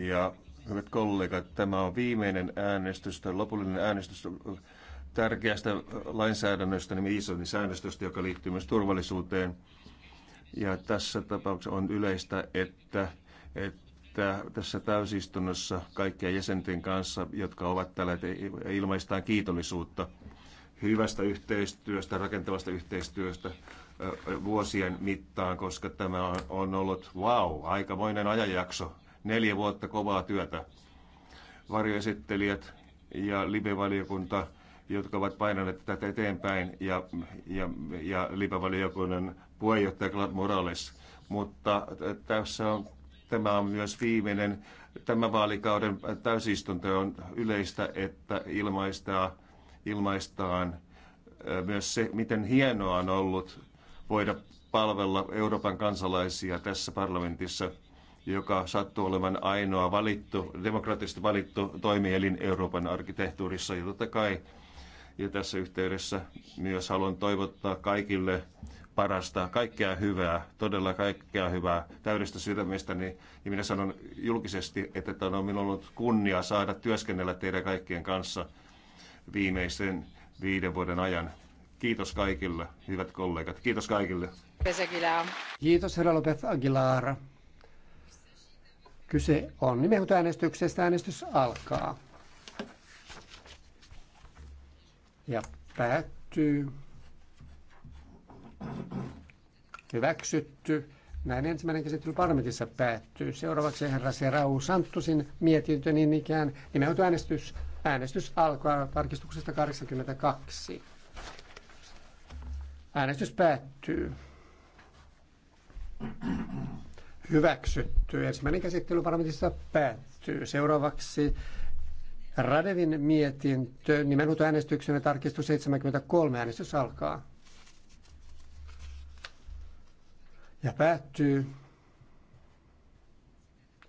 Ja hyvät kollegat, tämä on viimeinen äänestys, tai lopullinen äänestys tärkeästä lainsäädännöstä, nimi Islannin säännöstöstä, joka liittyy myös turvallisuuteen. Ja tässä tapauksessa on yleistä, että, että tässä täysistunnossa kaikkia jäsenten kanssa, jotka ovat täällä, ilmaistaan kiitollisuutta hyvästä yhteistyöstä, rakentavasta yhteistyöstä vuosien mittaan, koska tämä on ollut wow, aikamoinen ajanjakso neljä vuotta kovaa työtä. Varjoesittelijät ja live-valiokunta, jotka ovat painaneet tätä eteenpäin, ja, ja, ja live-valiokunnan puheenjohtaja Glad Morales. Mutta tässä on, tämä on myös viimeinen tämä vaalikauden täysistunto on yleistä, että ilmaistaa, ilmaistaan myös se, miten hienoa on ollut voida palvella Euroopan kansalaisia tässä parlamentissa – joka sattuu olemaan ainoa valittu, demokraattisesti valittu toimielin Euroopan arkkitehtuurissa. Ja totta kai ja tässä yhteydessä myös haluan toivottaa kaikille parasta, kaikkea hyvää, todella kaikkea hyvää täydestä sydämestäni. Niin, ja niin minä sanon julkisesti, että tämä on minulla ollut kunnia saada työskennellä teidän kaikkien kanssa viimeisen viiden vuoden ajan. Kiitos kaikille, hyvät kollegat. Kiitos kaikille. Kiitos, herra Lopez Aguilar. Kyse on nimenhuutoäänestyksestä. Äänestys alkaa. Ja päättyy. Hyväksytty. Näin ensimmäinen käsittely parlamentissa päättyy. Seuraavaksi herra Serau Santtusin mietintö niin ikään nimenhuutoäänestys. Äänestys alkaa tarkistuksesta 82. Äänestys päättyy hyväksytty. Ensimmäinen käsittely parlamentissa päättyy. Seuraavaksi Radevin mietintö ja tarkistus 73. Äänestys alkaa. Ja päättyy.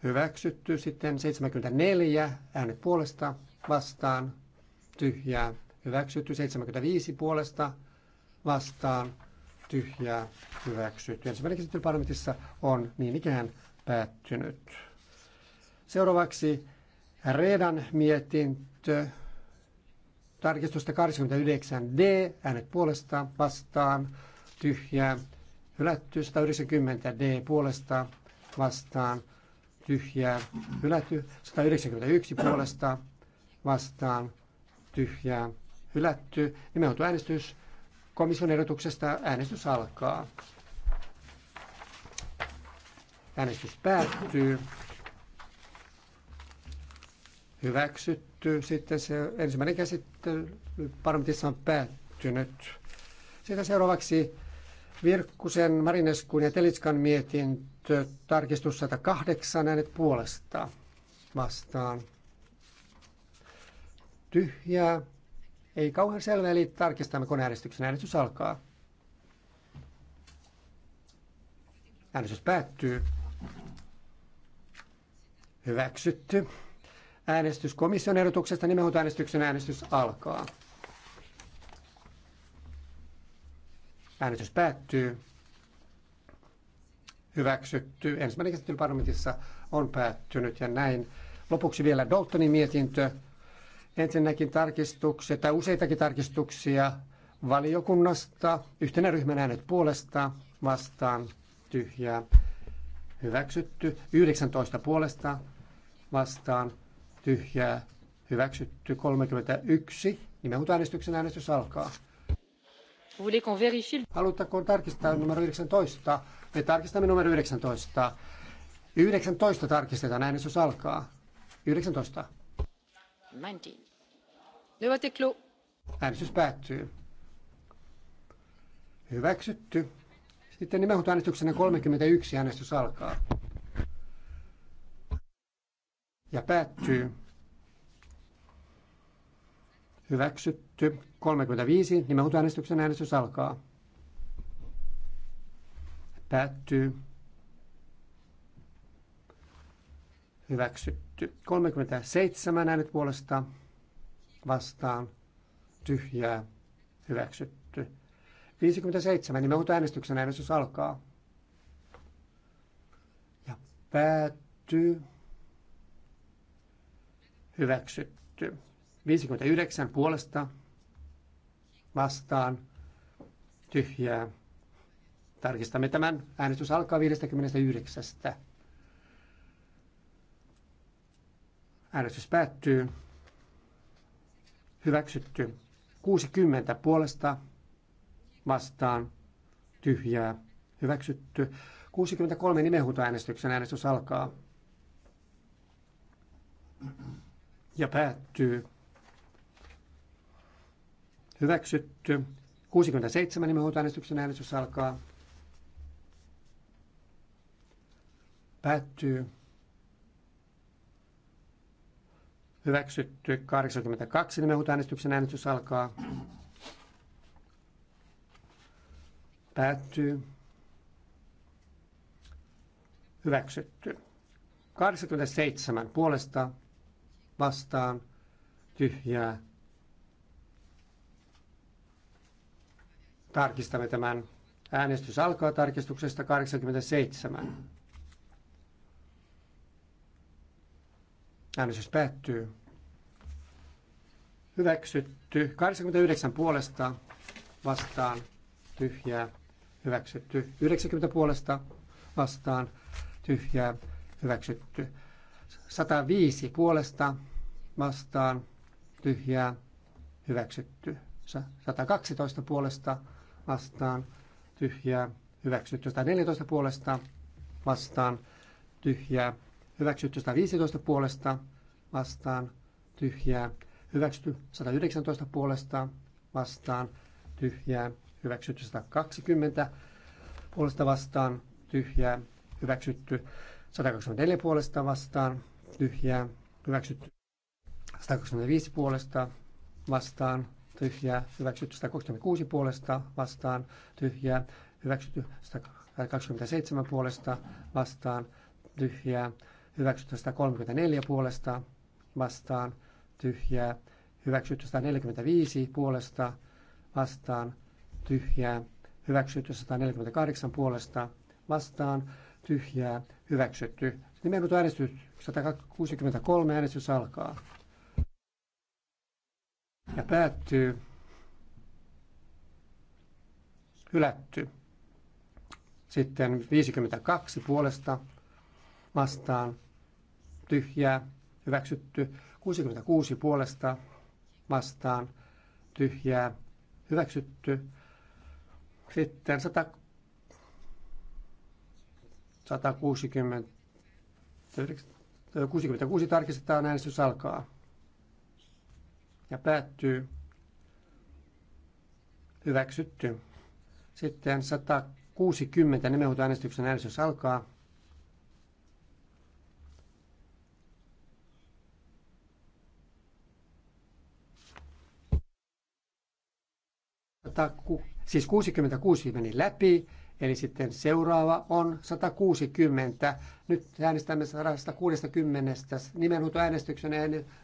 Hyväksytty sitten 74. Äänet puolesta vastaan. Tyhjää. Hyväksytty 75 puolesta vastaan tyhjää hyväksytty. Ensimmäinen käsittely parlamentissa on niin ikään päättynyt. Seuraavaksi Reedan mietintö tarkistusta 89D, äänet puolesta vastaan, tyhjää, hylätty 190D puolesta vastaan, tyhjää, hylätty 191 puolesta vastaan, tyhjää, hylätty. äänestys komission ehdotuksesta äänestys alkaa. Äänestys päättyy. Hyväksytty. Sitten se ensimmäinen käsittely parlamentissa on päättynyt. Sitten seuraavaksi Virkkusen, Marineskun ja Telitskan mietintö, tarkistus 108, äänet puolesta vastaan. Tyhjää, ei kauhean selvä, eli tarkistamme koneäänestyksen. Äänestys alkaa. Äänestys päättyy. Hyväksytty. Äänestys komission ehdotuksesta nimenhuutoäänestyksen äänestys alkaa. Äänestys päättyy. Hyväksytty. Ensimmäinen käsittely parlamentissa on päättynyt ja näin. Lopuksi vielä Daltonin mietintö ensinnäkin tarkistuksia tai useitakin tarkistuksia valiokunnasta. Yhtenä ryhmänä äänet puolesta vastaan tyhjää hyväksytty. 19 puolesta vastaan tyhjää hyväksytty. 31 äänestyksen äänestys alkaa. Haluatteko tarkistaa numero 19? Me tarkistamme numero 19. 19 tarkistetaan, äänestys alkaa. 19. 19. Neuvotteklu. Äänestys päättyy. Hyväksytty. Sitten nimenhuutoäänestyksenä 31 äänestys alkaa. Ja päättyy. Hyväksytty. 35. Nimenhuutoäänestyksen äänestys alkaa. Päättyy. hyväksytty. 37 äänet puolesta vastaan tyhjää hyväksytty. 57 nimenhuuto niin äänestyksen äänestys alkaa. Ja päättyy. Hyväksytty. 59 puolesta vastaan tyhjää. Tarkistamme tämän. Äänestys alkaa 59. Äänestys päättyy. Hyväksytty. 60 puolesta vastaan tyhjää. Hyväksytty. 63 nimenhuutoäänestyksen äänestys alkaa ja päättyy. Hyväksytty. 67 nimenhuutoäänestyksen äänestys alkaa. Päättyy. Hyväksytty 82 äänestyksen äänestys alkaa. Päättyy. Hyväksytty. 87 puolesta vastaan tyhjää. Tarkistamme tämän. Äänestys alkaa tarkistuksesta 87. Äänestys päättyy. Hyväksytty. 89 puolesta vastaan tyhjää. Hyväksytty. 90 puolesta vastaan tyhjää. Hyväksytty. 105 puolesta vastaan tyhjää. Hyväksytty. 112 puolesta vastaan tyhjää. Hyväksytty. 114 puolesta vastaan tyhjää Hyväksytty 115 puolesta vastaan tyhjää. Hyväksytty 119 puolesta vastaan tyhjää. Hyväksytty 120 puolesta vastaan tyhjää. Hyväksytty 124 puolesta vastaan tyhjää. Hyväksytty 125 puolesta vastaan tyhjää. Hyväksytty 126 puolesta vastaan tyhjää. Hyväksytty 127 puolesta vastaan tyhjää hyväksytty 134 puolesta vastaan, tyhjää, hyväksytty 145 puolesta vastaan, tyhjää, hyväksytty 148 puolesta vastaan, tyhjää, hyväksytty. Nimenomaan äänestys 163, äänestys alkaa. Ja päättyy. Hylätty. Sitten 52 puolesta vastaan tyhjää hyväksytty. 66 puolesta vastaan tyhjää hyväksytty. Sitten 100, 160, 66 tarkistetaan, äänestys alkaa ja päättyy hyväksytty. Sitten 160 nimenhuutoäänestyksen äänestys alkaa. 106, siis 66 meni läpi, eli sitten seuraava on 160. Nyt äänestämme 160. Nimenhuutoäänestyksen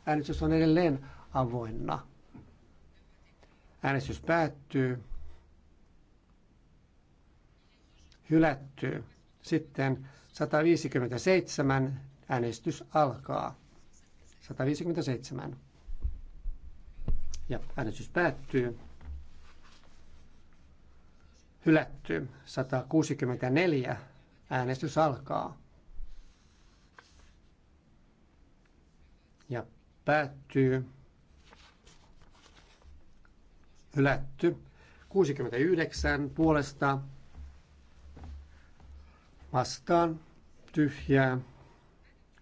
äänestys on edelleen avoinna. Äänestys päättyy. Hylätty. Sitten 157. Äänestys alkaa. 157. Ja äänestys päättyy. Hylätty. 164. Äänestys alkaa. Ja päättyy. Hylätty. 69 puolesta vastaan tyhjää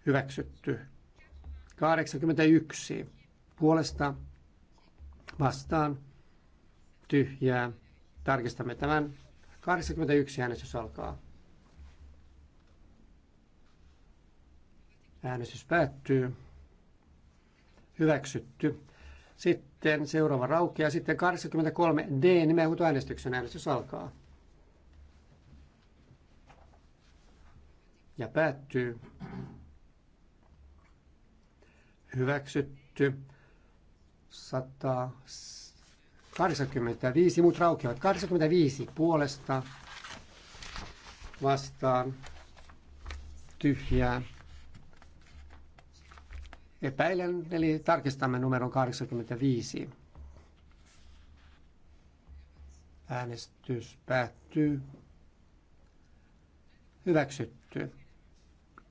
hyväksytty. 81 puolesta vastaan tyhjää Tarkistamme tämän. 81 äänestys alkaa. Äänestys päättyy. Hyväksytty. Sitten seuraava raukea. Sitten 83 D nimenhuutoäänestyksen äänestys alkaa. Ja päättyy. Hyväksytty. 100 85, muut raukeavat. 85 puolesta vastaan tyhjää. Epäilen, eli tarkistamme numeron 85. Äänestys päättyy. Hyväksytty.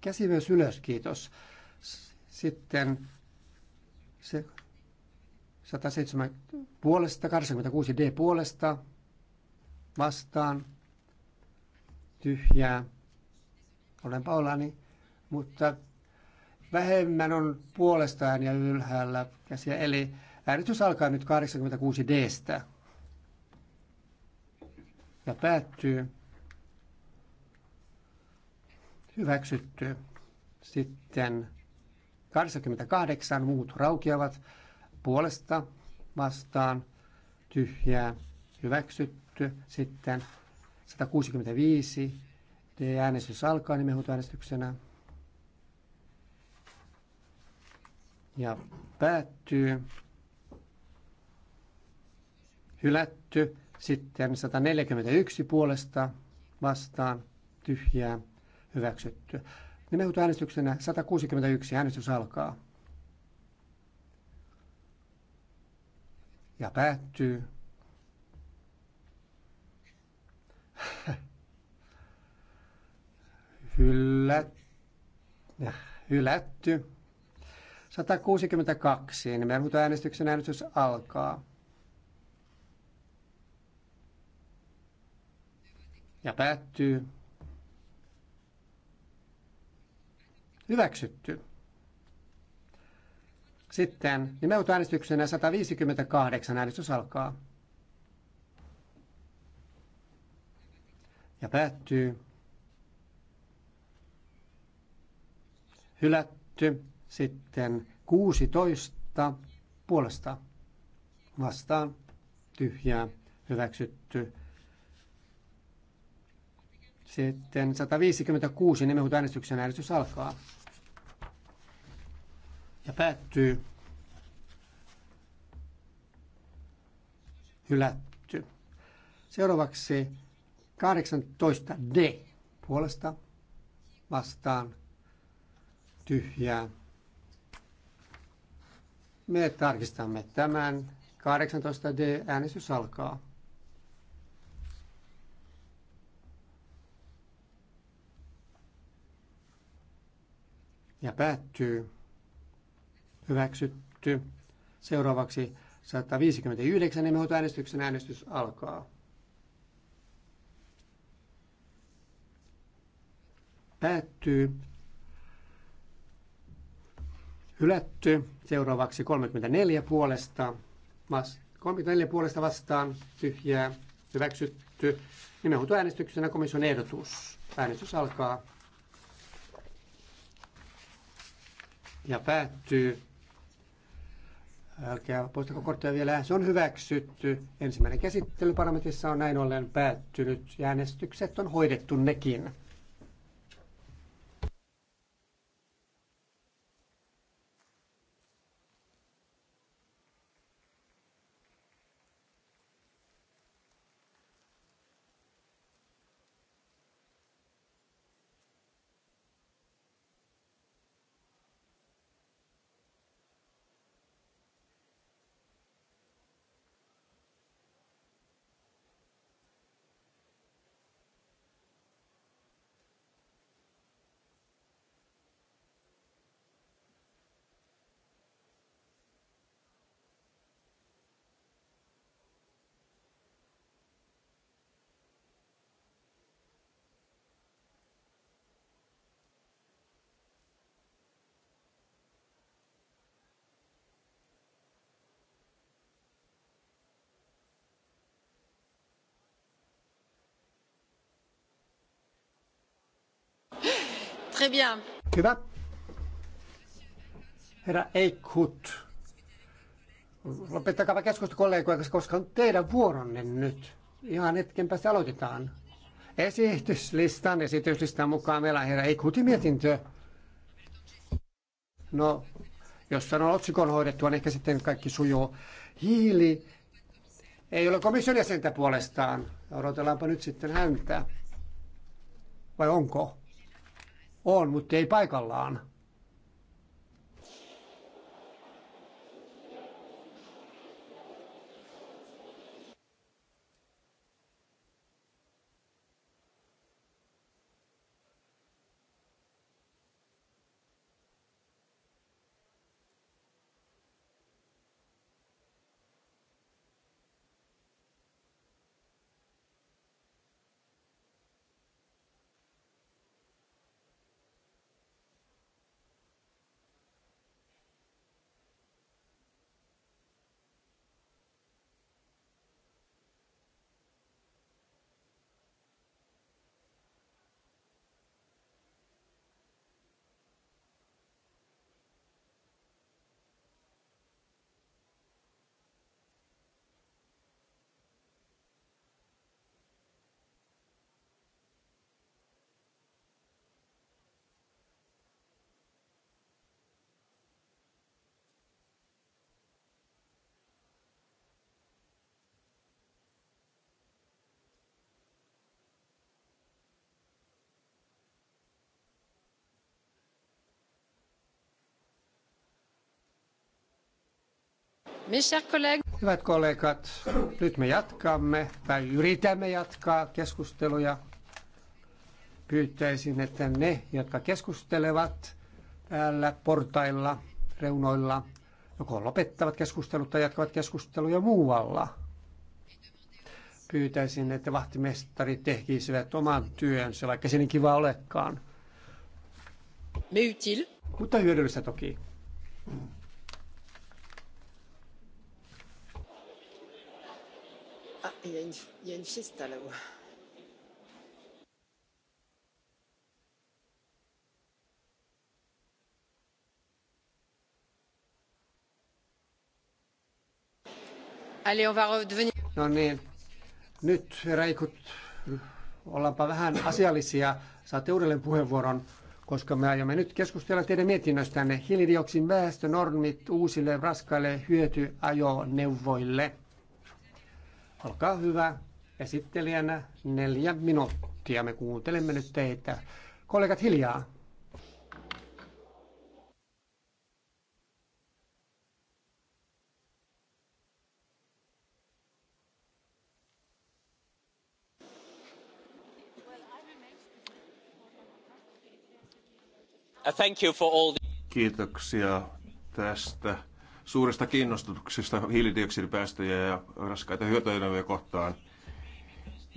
Käsi myös ylös, kiitos. Sitten se 107 puolesta, 86 D puolesta, vastaan, tyhjää. Olen paolani, mutta vähemmän on puolesta ääniä ylhäällä käsiä, eli äänestys alkaa nyt 86 Dstä ja päättyy hyväksytty. Sitten 88 muut raukeavat puolesta vastaan tyhjää hyväksytty. Sitten 165 D-äänestys alkaa nimenhuutoäänestyksenä ja päättyy. Hylätty. Sitten 141 puolesta vastaan tyhjää hyväksytty. Nimenhuutoäänestyksenä 161 äänestys alkaa. ja päättyy. Ja hylätty. 162. Nimenhuuto äänestyksen äänestys alkaa. Ja päättyy. Hyväksytty. Sitten nimenhuuto äänestyksenä 158 äänestys alkaa. Ja päättyy. Hylätty. Sitten 16 puolesta vastaan tyhjää hyväksytty. Sitten 156 nimenhuuto äänestyksen äänestys alkaa ja päättyy. Hylätty. Seuraavaksi 18 D puolesta vastaan tyhjää. Me tarkistamme tämän. 18 D äänestys alkaa. Ja päättyy hyväksytty. Seuraavaksi 159 äänestyksen äänestys alkaa. Päättyy. Hylätty. Seuraavaksi 34 puolesta. 34 puolesta vastaan tyhjää. Hyväksytty. äänestyksenä komission ehdotus. Äänestys alkaa. Ja päättyy Älkää poistako kortteja vielä. Se on hyväksytty. Ensimmäinen käsittely parlamentissa on näin ollen päättynyt ja äänestykset on hoidettu nekin. Très bien. Hyvä. Herra Eikhut, lopettakaa keskustelu kollegoja, koska on teidän vuoronne nyt. Ihan hetken päästä aloitetaan. Esityslistan, esityslistan mukaan meillä on herra Eikhutin mietintö. No, jos sanon otsikon hoidettua, niin ehkä sitten kaikki sujuu. Hiili ei ole komission jäsentä puolestaan. Odotellaanpa nyt sitten häntä. Vai onko? on, mutta ei paikallaan. Hyvät kollegat, nyt me jatkamme tai yritämme jatkaa keskusteluja. Pyytäisin, että ne, jotka keskustelevat täällä portailla, reunoilla, joko lopettavat keskustelut tai jatkavat keskusteluja muualla. Pyytäisin, että vahtimestarit tehkisivät oman työnsä, vaikka se niin kiva olekaan. Mutta hyödyllistä toki. y a une, il y a une fiesta là-haut. Allez, on va redevenir... No niin, nyt reikut, ollaanpa vähän asiallisia. Saatte uudelleen puheenvuoron, koska me aiomme nyt keskustella teidän mietinnöstänne hiilidioksin väestönormit uusille raskaille hyötyajoneuvoille. Olkaa hyvä. Esittelijänä neljä minuuttia. Me kuuntelemme nyt teitä. Kollegat hiljaa. Kiitoksia tästä suuresta kiinnostuksesta hiilidioksidipäästöjä ja raskaita hyötyajoneuvoja kohtaan.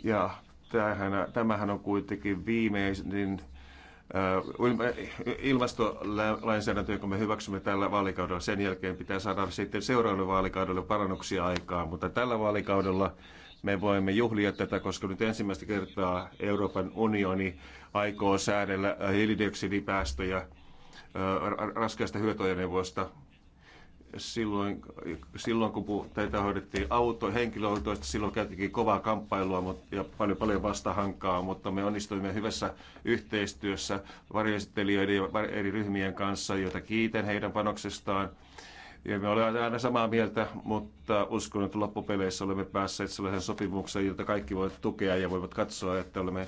Ja tämähän, tämähän on kuitenkin viimeisin äh, ilmastolainsäädäntö, jonka me hyväksymme tällä vaalikaudella. Sen jälkeen pitää saada sitten seuraavalle vaalikaudelle parannuksia aikaan, mutta tällä vaalikaudella me voimme juhlia tätä, koska nyt ensimmäistä kertaa Euroopan unioni aikoo säädellä hiilidioksidipäästöjä äh, raskaista hyötyajoneuvoista silloin, silloin kun tätä hoidettiin auto, henkilöautoista, silloin käytiin kovaa kamppailua mutta, ja paljon, paljon vastahankaa, mutta me onnistuimme hyvässä yhteistyössä varjoesittelijöiden ja eri ryhmien kanssa, joita kiitän heidän panoksestaan. Ja me olemme aina samaa mieltä, mutta uskon, että loppupeleissä olemme päässeet sellaisen sopimukseen, jota kaikki voivat tukea ja voivat katsoa, että olemme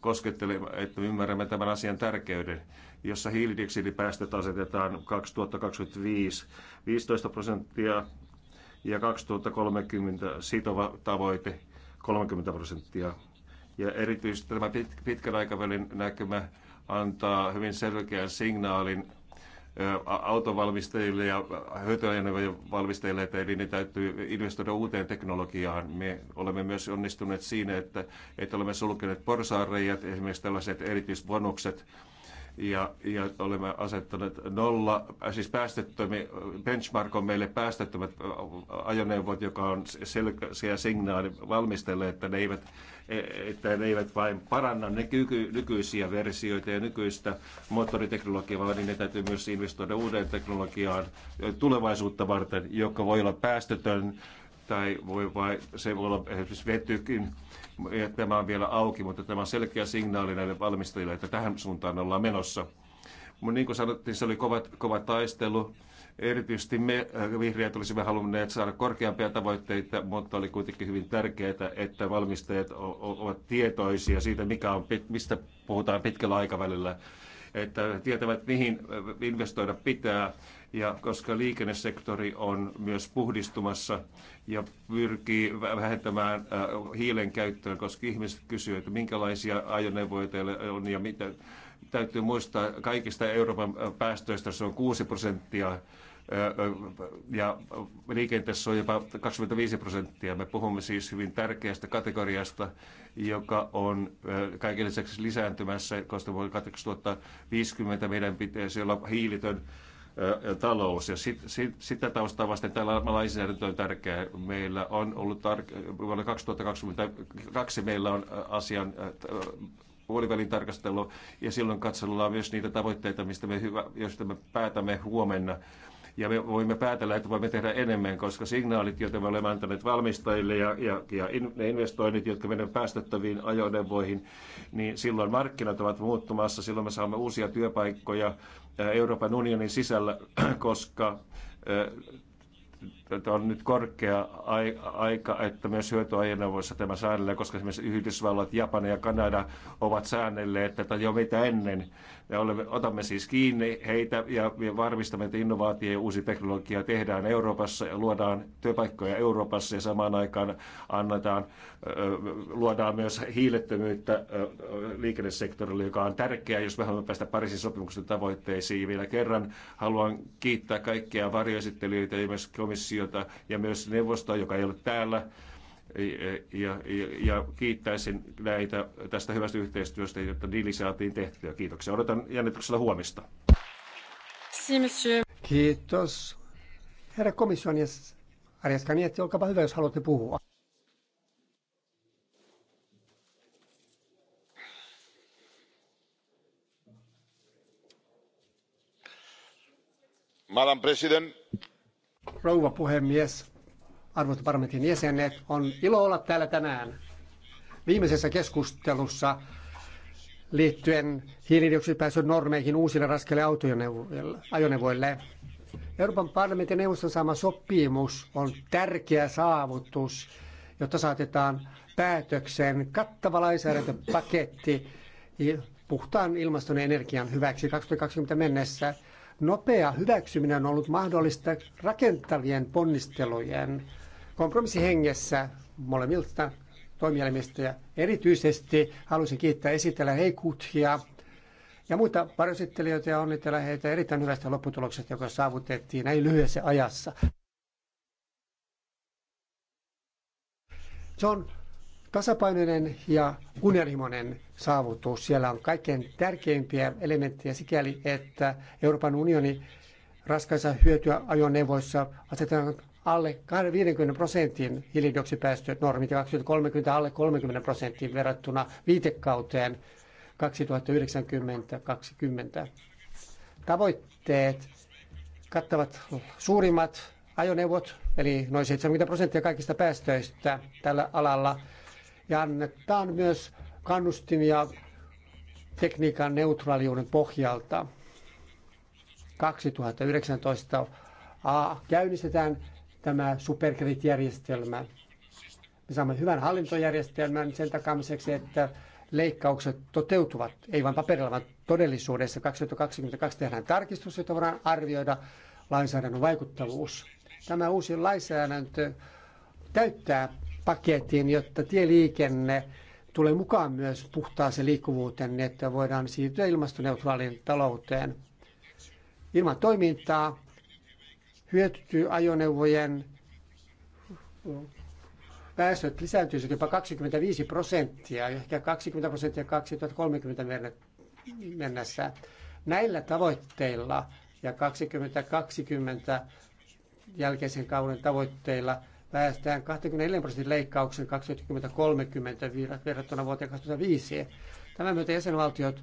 koskettele, että ymmärrämme tämän asian tärkeyden jossa hiilidioksidipäästöt asetetaan 2025 15 prosenttia ja 2030 sitova tavoite 30 prosenttia. Ja erityisesti tämä pitkän aikavälin näkymä antaa hyvin selkeän signaalin autovalmistajille ja hyötyajoneuvojen valmistajille, että eli ne täytyy investoida uuteen teknologiaan. Me olemme myös onnistuneet siinä, että, että olemme sulkeneet porsaanreijät, esimerkiksi tällaiset erityisbonukset, ja, ja olemme asettaneet nolla, äh, siis päästöttömi, benchmark on meille päästöttömät äh, ajoneuvot, joka on selkeä signaali valmistelle, että ne eivät, e-, että ne eivät vain paranna ne kyky, nykyisiä versioita ja nykyistä moottoriteknologiaa, vaan niin ne täytyy myös investoida uuteen teknologiaan äh, tulevaisuutta varten, joka voi olla päästötön tai voi vai, se voi olla esimerkiksi vetykin, ja tämä on vielä auki, mutta tämä on selkeä signaali näille valmistajille, että tähän suuntaan ollaan menossa. Mutta niin kuin sanottiin, se oli kova, kova taistelu. Erityisesti me äh, vihreät olisimme halunneet saada korkeampia tavoitteita, mutta oli kuitenkin hyvin tärkeää, että valmistajat ovat tietoisia siitä, mikä on, mistä puhutaan pitkällä aikavälillä, että tietävät, mihin äh, investoida pitää ja koska liikennesektori on myös puhdistumassa ja pyrkii vähentämään äh, hiilen käyttöä, koska ihmiset kysyvät, että minkälaisia ajoneuvoja teillä on ja mitä. Täytyy muistaa, kaikista Euroopan äh, päästöistä se on 6 prosenttia äh, ja liikenteessä on jopa 25 prosenttia. Me puhumme siis hyvin tärkeästä kategoriasta, joka on kaiken lisäksi lisääntymässä, koska vuonna 2050 meidän pitäisi olla hiilitön talous. Ja sit, sit, sitä taustaa vasten täällä lainsäädäntö on tärkeää. Meillä on ollut tar- vuonna 2022 meillä on asian puolivälin tarkastelu ja silloin katsellaan myös niitä tavoitteita, mistä me, hyvä, joista me päätämme huomenna. Ja me voimme päätellä, että voimme tehdä enemmän, koska signaalit, joita me olemme antaneet valmistajille ja, ja, ja in, ne investoinnit, jotka menevät päästettäviin ajoneuvoihin, niin silloin markkinat ovat muuttumassa, silloin me saamme uusia työpaikkoja, Euroopan unionin sisällä, koska on nyt korkea aika, että myös hyötyajoneuvoissa tämä säännellään, koska esimerkiksi Yhdysvallat, Japani ja Kanada ovat säännelleet tätä jo mitä ennen ja olemme, otamme siis kiinni heitä ja, me varmistamme, että innovaatio ja uusi teknologia tehdään Euroopassa ja luodaan työpaikkoja Euroopassa ja samaan aikaan annetaan, luodaan myös hiilettömyyttä liikennesektorille, joka on tärkeää, jos me haluamme päästä Pariisin sopimuksen tavoitteisiin. Vielä kerran haluan kiittää kaikkia varjoesittelijöitä ja myös komissiota ja myös neuvostoa, joka ei ole täällä ja, ja, ja kiittäisin näitä tästä hyvästä yhteistyöstä, jotta diili saatiin tehtyä. Kiitoksia. Odotan jännityksellä huomista. Kiitos. Herra komission Arias Kanietti, olkaapa hyvä, jos haluatte puhua. Madam President. Rouva puhemies, arvoisat parlamentin jäsenet, on ilo olla täällä tänään viimeisessä keskustelussa liittyen hiilidioksidipääsyn normeihin uusille raskaille ajoneuvoille. Euroopan parlamentin neuvoston saama sopimus on tärkeä saavutus, jotta saatetaan päätökseen kattava lainsäädäntöpaketti puhtaan ilmaston ja energian hyväksi 2020 mennessä. Nopea hyväksyminen on ollut mahdollista rakentavien ponnistelujen Kompromissihengessä molemmilta toimielimistä ja erityisesti halusin kiittää esitellä Heikuthia ja muita varjosittelijoita ja onnitella heitä erittäin hyvästä lopputuloksesta, joka saavutettiin näin lyhyessä ajassa. Se on tasapainoinen ja kunnianhimoinen saavutus. Siellä on kaikkein tärkeimpiä elementtejä sikäli, että Euroopan unioni raskaissa hyötyä ajoneuvoissa asetetaan alle 50 prosentin hiilidioksipäästöt normit ja 2030 alle 30 prosenttiin verrattuna viitekauteen 2090-2020. Tavoitteet kattavat suurimmat ajoneuvot, eli noin 70 prosenttia kaikista päästöistä tällä alalla. Ja annetaan myös kannustimia tekniikan neutraaliuden pohjalta. 2019 A, käynnistetään tämä superkreditjärjestelmä. Me saamme hyvän hallintojärjestelmän sen takaamiseksi, että leikkaukset toteutuvat, ei vain paperilla, vaan todellisuudessa. 2022 tehdään tarkistus, jota voidaan arvioida lainsäädännön vaikuttavuus. Tämä uusi lainsäädäntö täyttää paketin, jotta tieliikenne tulee mukaan myös puhtaaseen liikkuvuuteen, niin että voidaan siirtyä ilmastoneutraaliin talouteen. Ilman toimintaa hyötyy ajoneuvojen päästöt lisääntyisivät jopa 25 prosenttia, ehkä 20 prosenttia 2030 mennessä. Näillä tavoitteilla ja 2020 jälkeisen kauden tavoitteilla päästään 24 prosentin leikkauksen 2030 verrattuna vuoteen 2005. Tämän myötä jäsenvaltiot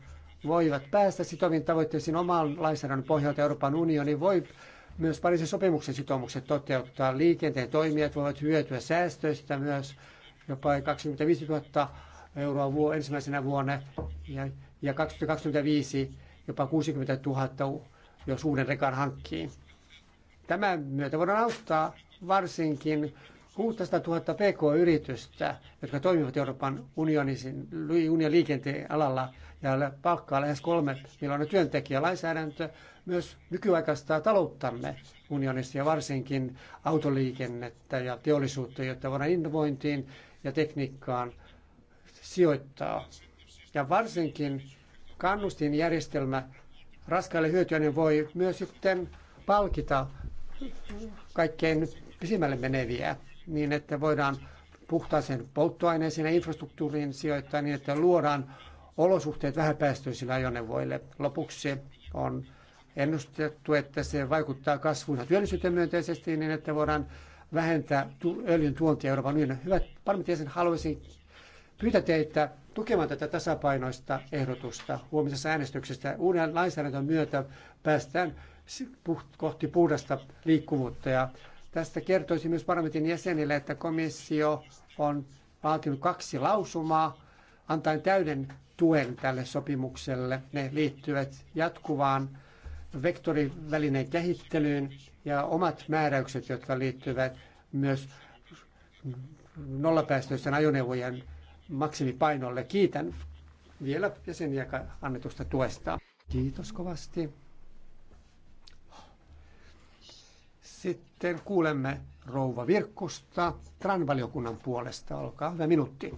voivat päästä sitoviin tavoitteisiin oman lainsäädännön pohjalta. Euroopan unioni voi myös Pariisin sopimuksen sitoumukset toteuttaa. Liikenteen toimijat voivat hyötyä säästöistä myös jopa 25 000 euroa vuo, ensimmäisenä vuonna ja, ja 2025 jopa 60 000, jos uuden rekan hankkii. Tämän myötä voidaan auttaa varsinkin 600 000 pk-yritystä, jotka toimivat Euroopan unionin, unionin liikenteen alalla ja palkkaa lähes kolme miljoonaa työntekijää. Lainsäädäntö myös nykyaikaistaa talouttamme unionissa ja varsinkin autoliikennettä ja teollisuutta, jotta voidaan innovointiin ja tekniikkaan sijoittaa. Ja varsinkin kannustinjärjestelmä raskaille hyötyjille voi myös sitten palkita kaikkein pisimmälle meneviä niin, että voidaan puhtaaseen polttoaineeseen ja infrastruktuuriin sijoittaa niin, että luodaan olosuhteet vähäpäästöisille ajoneuvoille. Lopuksi on ennustettu, että se vaikuttaa kasvuun ja työllisyyteen myönteisesti niin, että voidaan vähentää öljyn tuontia Euroopan unionin. Hyvät parlamentin haluaisin pyytää teitä tukemaan tätä tasapainoista ehdotusta huomisessa äänestyksestä. Uuden lainsäädännön myötä päästään kohti puhdasta liikkuvuutta ja tästä kertoisin myös parlamentin jäsenille, että komissio on vaatinut kaksi lausumaa antaen täyden tuen tälle sopimukselle. Ne liittyvät jatkuvaan vektorivälineen kehittelyyn ja omat määräykset, jotka liittyvät myös nollapäästöisten ajoneuvojen maksimipainolle. Kiitän vielä jäseniä annetusta tuesta. Kiitos kovasti. Sitten kuulemme rouva Virkkusta TRAN-valiokunnan puolesta. Olkaa hyvä minuutti.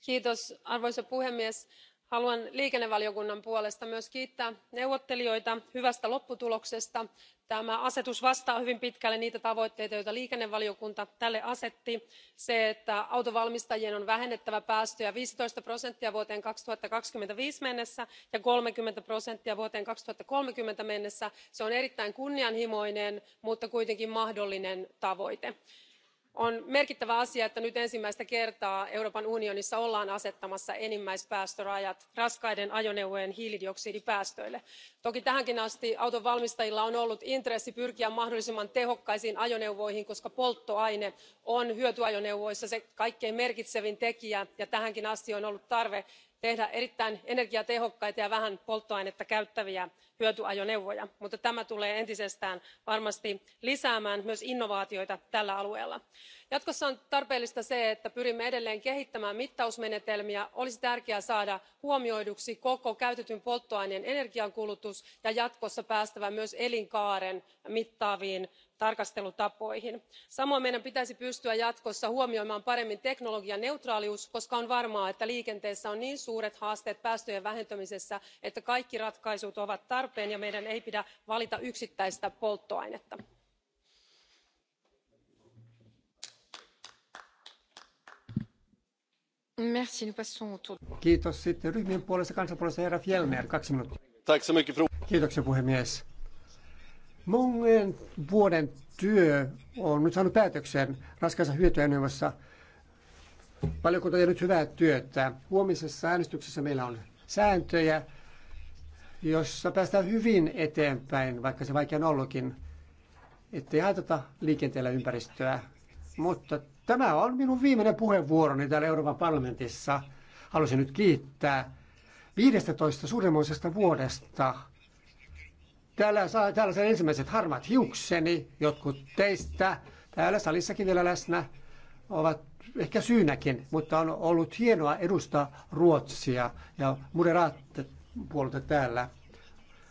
Kiitos arvoisa puhemies haluan liikennevaliokunnan puolesta myös kiittää neuvottelijoita hyvästä lopputuloksesta. tämä asetus vastaa hyvin pitkälle niitä tavoitteita joita liikennevaliokunta tälle asetti se että autonvalmistajien on vähennettävä päästöjä viisitoista prosenttia vuoteen kaksituhatta kaksikymmentäviisi mennessä ja kolmekymmentä prosenttia vuoteen kaksituhatta kolmekymmentä mennessä on erittäin kunnianhimoinen mutta kuitenkin mahdollinen tavoite on merkittävä asia että nyt ensimmäistä kertaa euroopan unionissa ollaan asettamassa enimmäispäästörajat raskaiden ajoneuvojen hiilidioksidipäästöille. toki tähänkin asti autonvalmistajilla on ollut intressi pyrkiä mahdollisimman tehokkaisiin ajoneuvoihin koska polttoaine on hyötyajoneuvoissa se kaikkein merkitsevin tekijä ja tähänkin asti on ollut tarve tehdä erittäin energiatehokkaita ja vähän polttoainetta käyttäviä hyötyajoneuvoja mutta tämä tulee entisestään varmasti lisäämään myös innovaatioita tällä alueella. jatkossa on tarpeellista se että pyrimme edelleen kehittämään mittausmenetelmiä. olisi tärkeää saada huomioiduksi koko käytetyn polttoaineen energiankulutus ja jatkossa päästävä myös elinkaaren mittaaviin tarkastelutapoihin. samoin meidän pitäisi pystyä jatkossa huomioimaan paremmin teknologianeutraalius koska on varmaa että liikenteessä on niin suuret haasteet päästöjen vähentämisessä että kaikki ratkaisut ovat tarpeen ja meidän ei pidä valita yksittäistä polttoainetta. puhemies Monen vuoden työ on nyt saanut päätöksen raskaansa hyötyä neuvossa. Valiokunta on nyt hyvää työtä. Huomisessa äänestyksessä meillä on sääntöjä, jossa päästään hyvin eteenpäin, vaikka se vaikea on ollutkin, ettei haitata liikenteellä ympäristöä. Mutta tämä on minun viimeinen puheenvuoroni täällä Euroopan parlamentissa. Haluaisin nyt kiittää 15 suuremmoisesta vuodesta Täällä, saa, täällä sen ensimmäiset harmat hiukseni, jotkut teistä täällä salissakin vielä läsnä ovat ehkä syynäkin, mutta on ollut hienoa edustaa Ruotsia ja puolta täällä.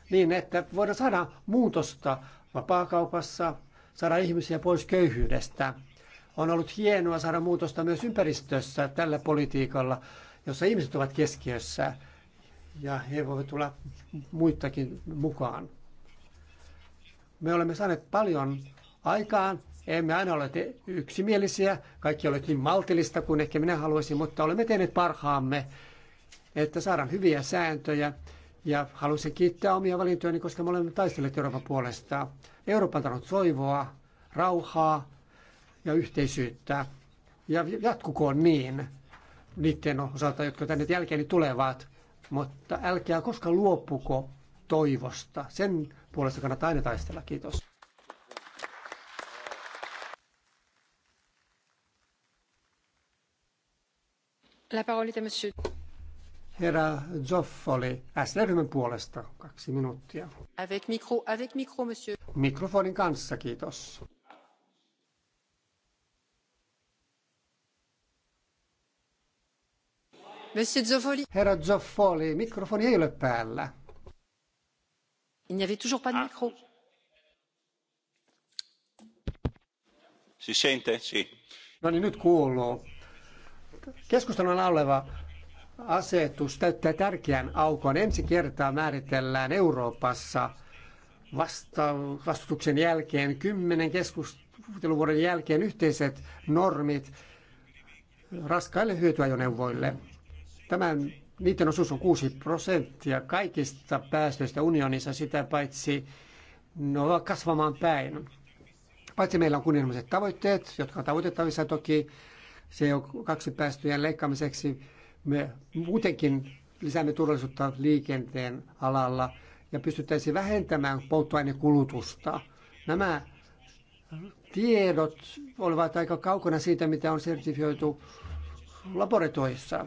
Niin, että voidaan saada muutosta vapaakaupassa, saada ihmisiä pois köyhyydestä. On ollut hienoa saada muutosta myös ympäristössä tällä politiikalla, jossa ihmiset ovat keskiössä ja he voivat tulla muitakin mukaan. Me olemme saaneet paljon aikaan. Emme aina ole yksimielisiä. Kaikki olet niin maltillista kuin ehkä minä haluaisin, mutta olemme tehneet parhaamme, että saadaan hyviä sääntöjä. Ja haluaisin kiittää omia valintojani, koska me olemme taistelleet Euroopan puolesta. Euroopan on toivoa, rauhaa ja yhteisyyttä. Ja jatkukoon niin niiden osalta, jotka tänne jälkeeni tulevat. Mutta älkää koskaan luopuko toivosta. Sen puolesta kannattaa aina taistella. Kiitos. La parole est à monsieur. Herra Zoffoli, s ryhmän puolesta, kaksi minuuttia. Avec micro, avec micro, monsieur. Mikrofonin kanssa, kiitos. Monsieur Zoffoli. Herra Zoffoli, mikrofoni ei ole päällä. Il n'y avait toujours pas de ah. micro. oleva no niin, asetus täyttää tärkeän aukon. Ensi kertaa määritellään Euroopassa vasta- vastustuksen jälkeen, kymmenen keskusteluvuoden jälkeen yhteiset normit raskaille hyötyajoneuvoille. Tämän niiden osuus on 6 prosenttia kaikista päästöistä unionissa, sitä paitsi ne no, ovat kasvamaan päin. Paitsi meillä on kunnianhimoiset tavoitteet, jotka on tavoitettavissa toki CO2-päästöjen leikkaamiseksi, me muutenkin lisäämme turvallisuutta liikenteen alalla ja pystyttäisiin vähentämään polttoainekulutusta. Nämä tiedot olivat aika kaukana siitä, mitä on sertifioitu laboratorioissa.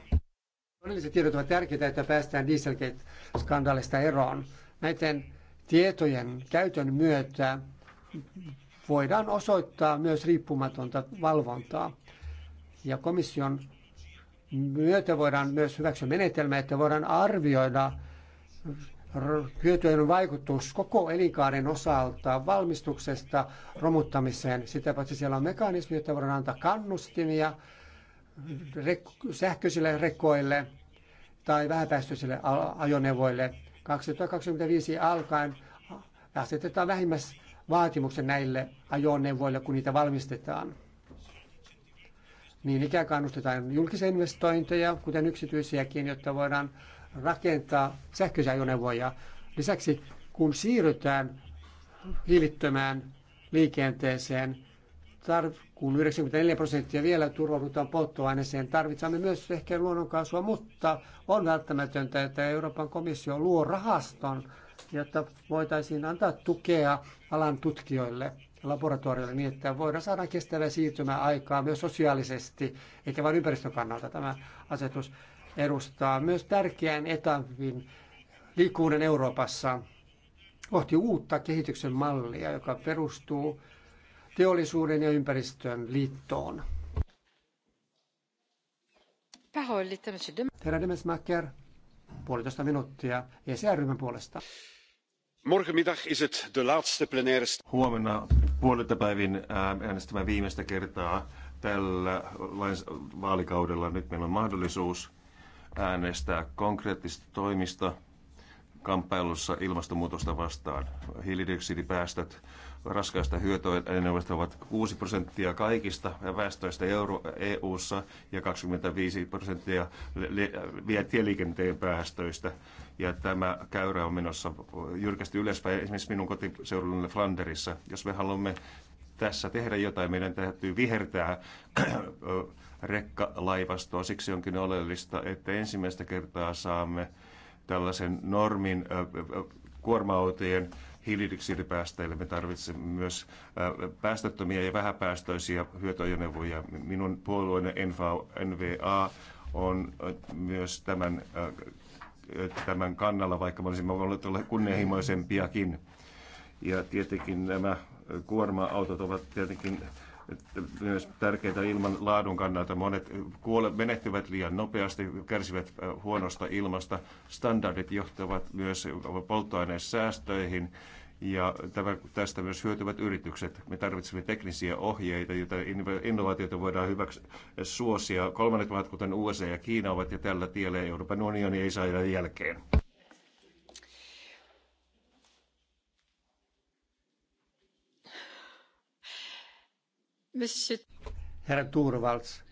Todelliset tiedot ovat tärkeitä, että päästään dieselgate-skandaalista eroon. Näiden tietojen käytön myötä voidaan osoittaa myös riippumatonta valvontaa. Ja komission myötä voidaan myös hyväksyä menetelmä, että voidaan arvioida hyötyjen vaikutus koko elinkaaren osalta valmistuksesta romuttamiseen. Sitä paitsi siellä on mekanismi, jota voidaan antaa kannustimia rek- sähköisille rekoille tai vähäpäästöisille ajoneuvoille. 2025 alkaen asetetaan vähimmäis näille ajoneuvoille, kun niitä valmistetaan. Niin ikään kannustetaan julkisia investointeja, kuten yksityisiäkin, jotta voidaan rakentaa sähköisiä ajoneuvoja. Lisäksi kun siirrytään hiilittömään liikenteeseen, tar- kun 94 prosenttia vielä turvaudutaan polttoaineeseen, tarvitsemme myös ehkä luonnonkaasua, mutta on välttämätöntä, että Euroopan komissio luo rahaston, jotta voitaisiin antaa tukea alan tutkijoille laboratorioille niin, että voidaan saada kestävä siirtymä aikaa myös sosiaalisesti, eikä vain ympäristön kannalta tämä asetus edustaa myös tärkeän etapin liikkuvuuden Euroopassa kohti uutta kehityksen mallia, joka perustuu teollisuuden ja ympäristön liittoon. Herra Demesmaker, puolitoista minuuttia ECR-ryhmän puolesta. Morgenmiddag is het de laatste plenaire... Huomenna puolilta päivin äänestämään viimeistä kertaa tällä vaalikaudella. Nyt meillä on mahdollisuus äänestää konkreettista toimista kamppailussa ilmastonmuutosta vastaan. Hiilidioksidipäästöt raskaista hyötyaineista ovat 6 prosenttia kaikista väestöistä Euro- EU-ssa ja 25 prosenttia tieliikenteen päästöistä. Ja tämä käyrä on menossa jyrkästi ylöspäin, esimerkiksi minun kotiseudullani Flanderissa. Jos me haluamme tässä tehdä jotain, meidän täytyy vihertää rekkalaivastoa. Siksi onkin oleellista, että ensimmäistä kertaa saamme tällaisen normin kuorma-autojen hiilidioksidipäästäjille. Me tarvitsemme myös äh, päästöttömiä ja vähäpäästöisiä hyötyajoneuvoja. Minun puolueeni NVA on äh, myös tämän, äh, tämän kannalla, vaikka me olisimme voineet olla kunnianhimoisempiakin. Ja tietenkin nämä kuorma-autot ovat tietenkin myös tärkeitä ilman laadun kannalta. Monet kuole, menehtyvät liian nopeasti, kärsivät huonosta ilmasta. Standardit johtavat myös polttoaineen säästöihin ja tämä, tästä myös hyötyvät yritykset. Me tarvitsemme teknisiä ohjeita, joita innovaatioita voidaan hyväksi suosia. Kolmannet maat, kuten USA ja Kiina, ovat jo tällä tiellä Euroopan unioni ei saa jälkeen. Herra Turvalds,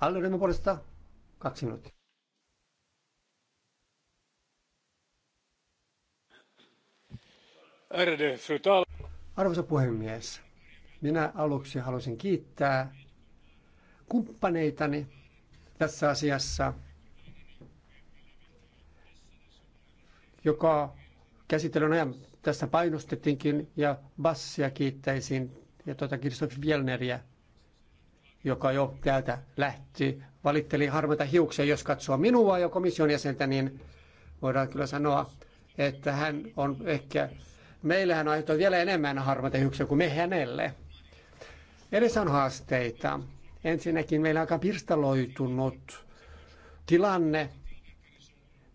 allioryhmän puolesta kaksi minuuttia. Arvoisa puhemies, minä aluksi haluaisin kiittää kumppaneitani tässä asiassa, joka käsittelyn ajan tässä painostettiinkin ja Bassia kiittäisin ja tuota Kirstof Vielneriä, joka jo täältä lähti. Valitteli harmaita hiuksia, jos katsoo minua ja komission jäsentä, niin voidaan kyllä sanoa, että hän on ehkä meillähän hän aiheuttaa vielä enemmän harmaita hiuksia kuin me hänelle. Edessä on haasteita. Ensinnäkin meillä on aika pirstaloitunut tilanne.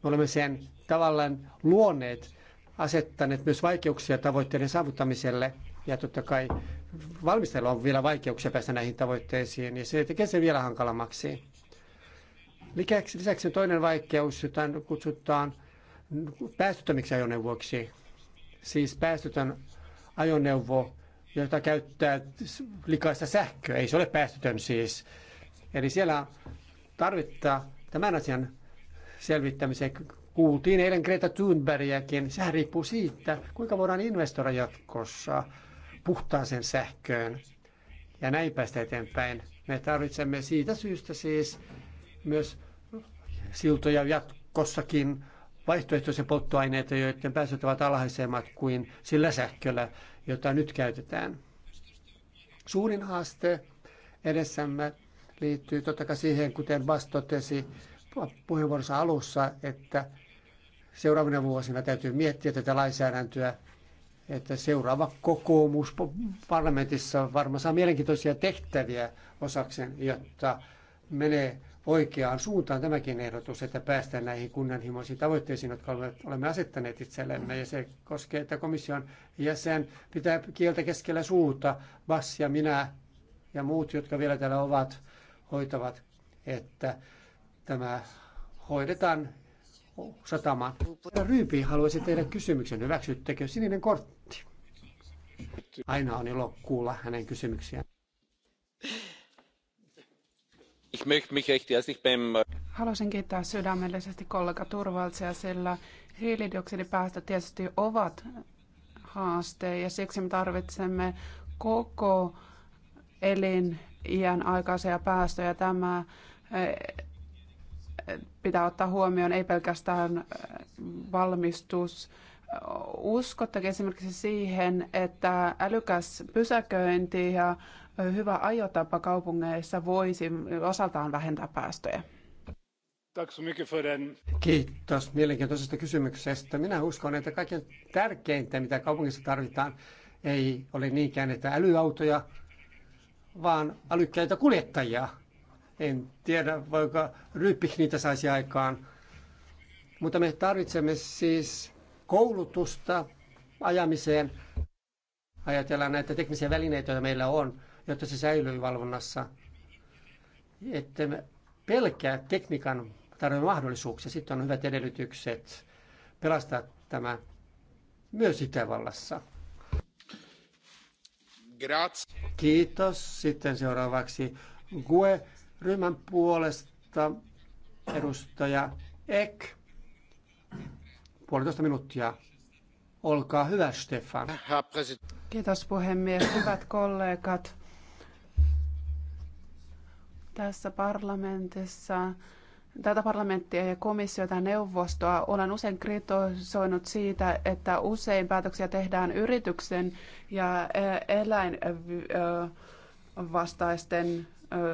Me olemme sen tavallaan luoneet, asettaneet myös vaikeuksia tavoitteiden saavuttamiselle. Ja totta kai valmistelu on vielä vaikeuksia päästä näihin tavoitteisiin, ja se tekee sen vielä hankalammaksi. Lisäksi, lisäksi toinen vaikeus, jota kutsutaan päästöttömiksi ajoneuvoiksi, siis päästötön ajoneuvo, jota käyttää likaista sähköä. Ei se ole päästötön siis. Eli siellä tarvittaa tämän asian selvittämiseen. Kuultiin eilen Greta Thunbergiäkin. Sehän riippuu siitä, kuinka voidaan investoida jatkossa puhtaaseen sähköön. Ja näin päästä eteenpäin. Me tarvitsemme siitä syystä siis myös siltoja jatkossakin vaihtoehtoisia polttoaineita, joiden päästöt ovat alhaisemmat kuin sillä sähköllä, jota nyt käytetään. Suurin haaste edessämme liittyy totta kai siihen, kuten Bas totesi puheenvuoronsa alussa, että seuraavina vuosina täytyy miettiä tätä lainsäädäntöä, että seuraava kokoomus parlamentissa varmaan saa mielenkiintoisia tehtäviä osakseen, jotta menee oikeaan suuntaan tämäkin ehdotus, että päästään näihin kunnianhimoisiin tavoitteisiin, jotka olemme asettaneet itsellemme. Ja se koskee, että komission jäsen pitää kieltä keskellä suuta, Bass ja minä ja muut, jotka vielä täällä ovat, hoitavat, että tämä hoidetaan satamaan. Ryypi haluaisi tehdä kysymyksen. Hyväksyttekö sininen kortti? Aina on ilo kuulla hänen kysymyksiään. Äh, Haluaisin kiittää sydämellisesti kollega Turvaltsia, sillä hiilidioksidipäästöt tietysti ovat haaste ja siksi me tarvitsemme koko elin iän aikaisia päästöjä. Tämä e, pitää ottaa huomioon, ei pelkästään e, valmistus. Uskotteko esimerkiksi siihen, että älykäs pysäköinti ja hyvä ajotapa kaupungeissa voisi osaltaan vähentää päästöjä? Kiitos mielenkiintoisesta kysymyksestä. Minä uskon, että kaiken tärkeintä, mitä kaupungissa tarvitaan, ei ole niinkään että älyautoja, vaan älykkäitä kuljettajia. En tiedä, voiko Ryppik niitä saisi aikaan. Mutta me tarvitsemme siis koulutusta ajamiseen. Ajatellaan näitä teknisiä välineitä, joita meillä on – jotta se säilyy valvonnassa. Että pelkää tekniikan tarjoamia mahdollisuuksia. Sitten on hyvät edellytykset pelastaa tämä myös Itävallassa. Grazie. Kiitos. Sitten seuraavaksi GUE-ryhmän puolesta edustaja Ek. Puolitoista minuuttia. Olkaa hyvä, Stefan. Kiitos puhemies. Hyvät kollegat tässä parlamentissa tätä parlamenttia ja komissiota ja neuvostoa olen usein kritisoinut siitä, että usein päätöksiä tehdään yrityksen ja eh, eläinvastaisten eh,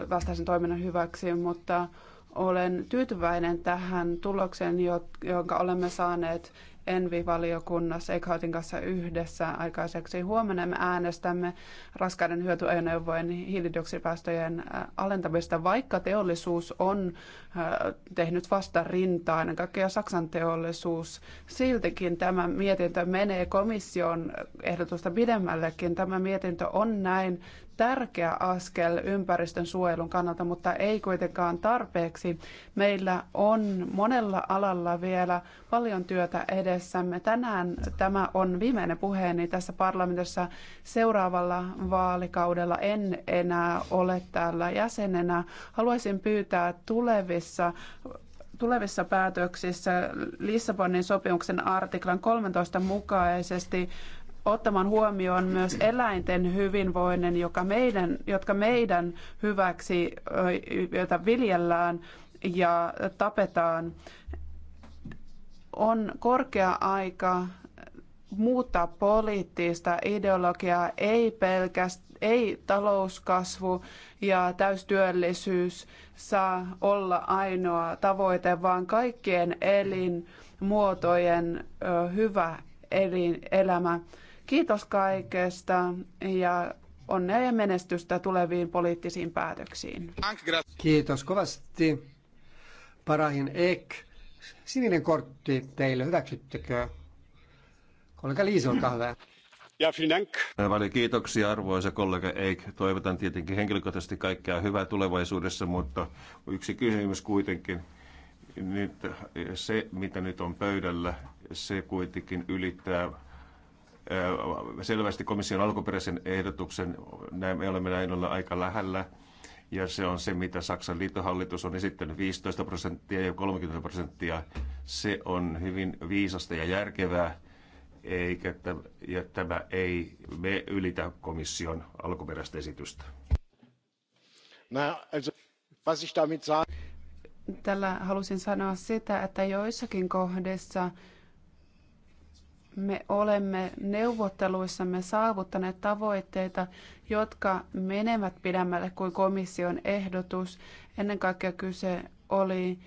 eh, vastaisen toiminnan hyväksi, mutta olen tyytyväinen tähän tulokseen, jonka olemme saaneet Envi-valiokunnassa Ekhautin kanssa yhdessä aikaiseksi. Huomenna me äänestämme raskaiden hyötyajoneuvojen hiilidioksidipäästöjen äh, alentamista, vaikka teollisuus on äh, tehnyt vasta rintaa, ennen kaikkea Saksan teollisuus. Siltikin tämä mietintö menee komission ehdotusta pidemmällekin. Tämä mietintö on näin tärkeä askel ympäristön suojelun kannalta, mutta ei kuitenkaan tarpeeksi. Meillä on monella alalla vielä paljon työtä edessämme. Tänään tämä on viimeinen puheeni tässä parlamentissa. Seuraavalla vaalikaudella en enää ole täällä jäsenenä. Haluaisin pyytää tulevissa tulevissa päätöksissä Lissabonin sopimuksen artiklan 13 mukaisesti ottamaan huomioon myös eläinten hyvinvoinnin, joka meidän, jotka meidän hyväksi, joita viljellään ja tapetaan. On korkea aika muuttaa poliittista ideologiaa, ei pelkästään ei talouskasvu ja täystyöllisyys saa olla ainoa tavoite, vaan kaikkien elinmuotojen hyvä elin, elämä. Kiitos kaikesta ja onnea ja menestystä tuleviin poliittisiin päätöksiin. Kiitos kovasti. Parahin Ek, sininen kortti teille, hyväksyttekö? Kollega Liisi, olkaa hyvä. Ja dank. Paljon kiitoksia arvoisa kollega Eik. Toivotan tietenkin henkilökohtaisesti kaikkea hyvää tulevaisuudessa, mutta yksi kysymys kuitenkin. Nyt se, mitä nyt on pöydällä, se kuitenkin ylittää selvästi komission alkuperäisen ehdotuksen. Näin, me olemme näin ollen aika lähellä ja se on se, mitä Saksan liittohallitus on esittänyt, 15 prosenttia ja 30 prosenttia. Se on hyvin viisasta ja järkevää, eikä tämä, ja tämä ei me ylitä komission alkuperäistä esitystä. Tällä halusin sanoa sitä, että joissakin kohdissa me olemme neuvotteluissamme saavuttaneet tavoitteita, jotka menevät pidemmälle kuin komission ehdotus. Ennen kaikkea kyse oli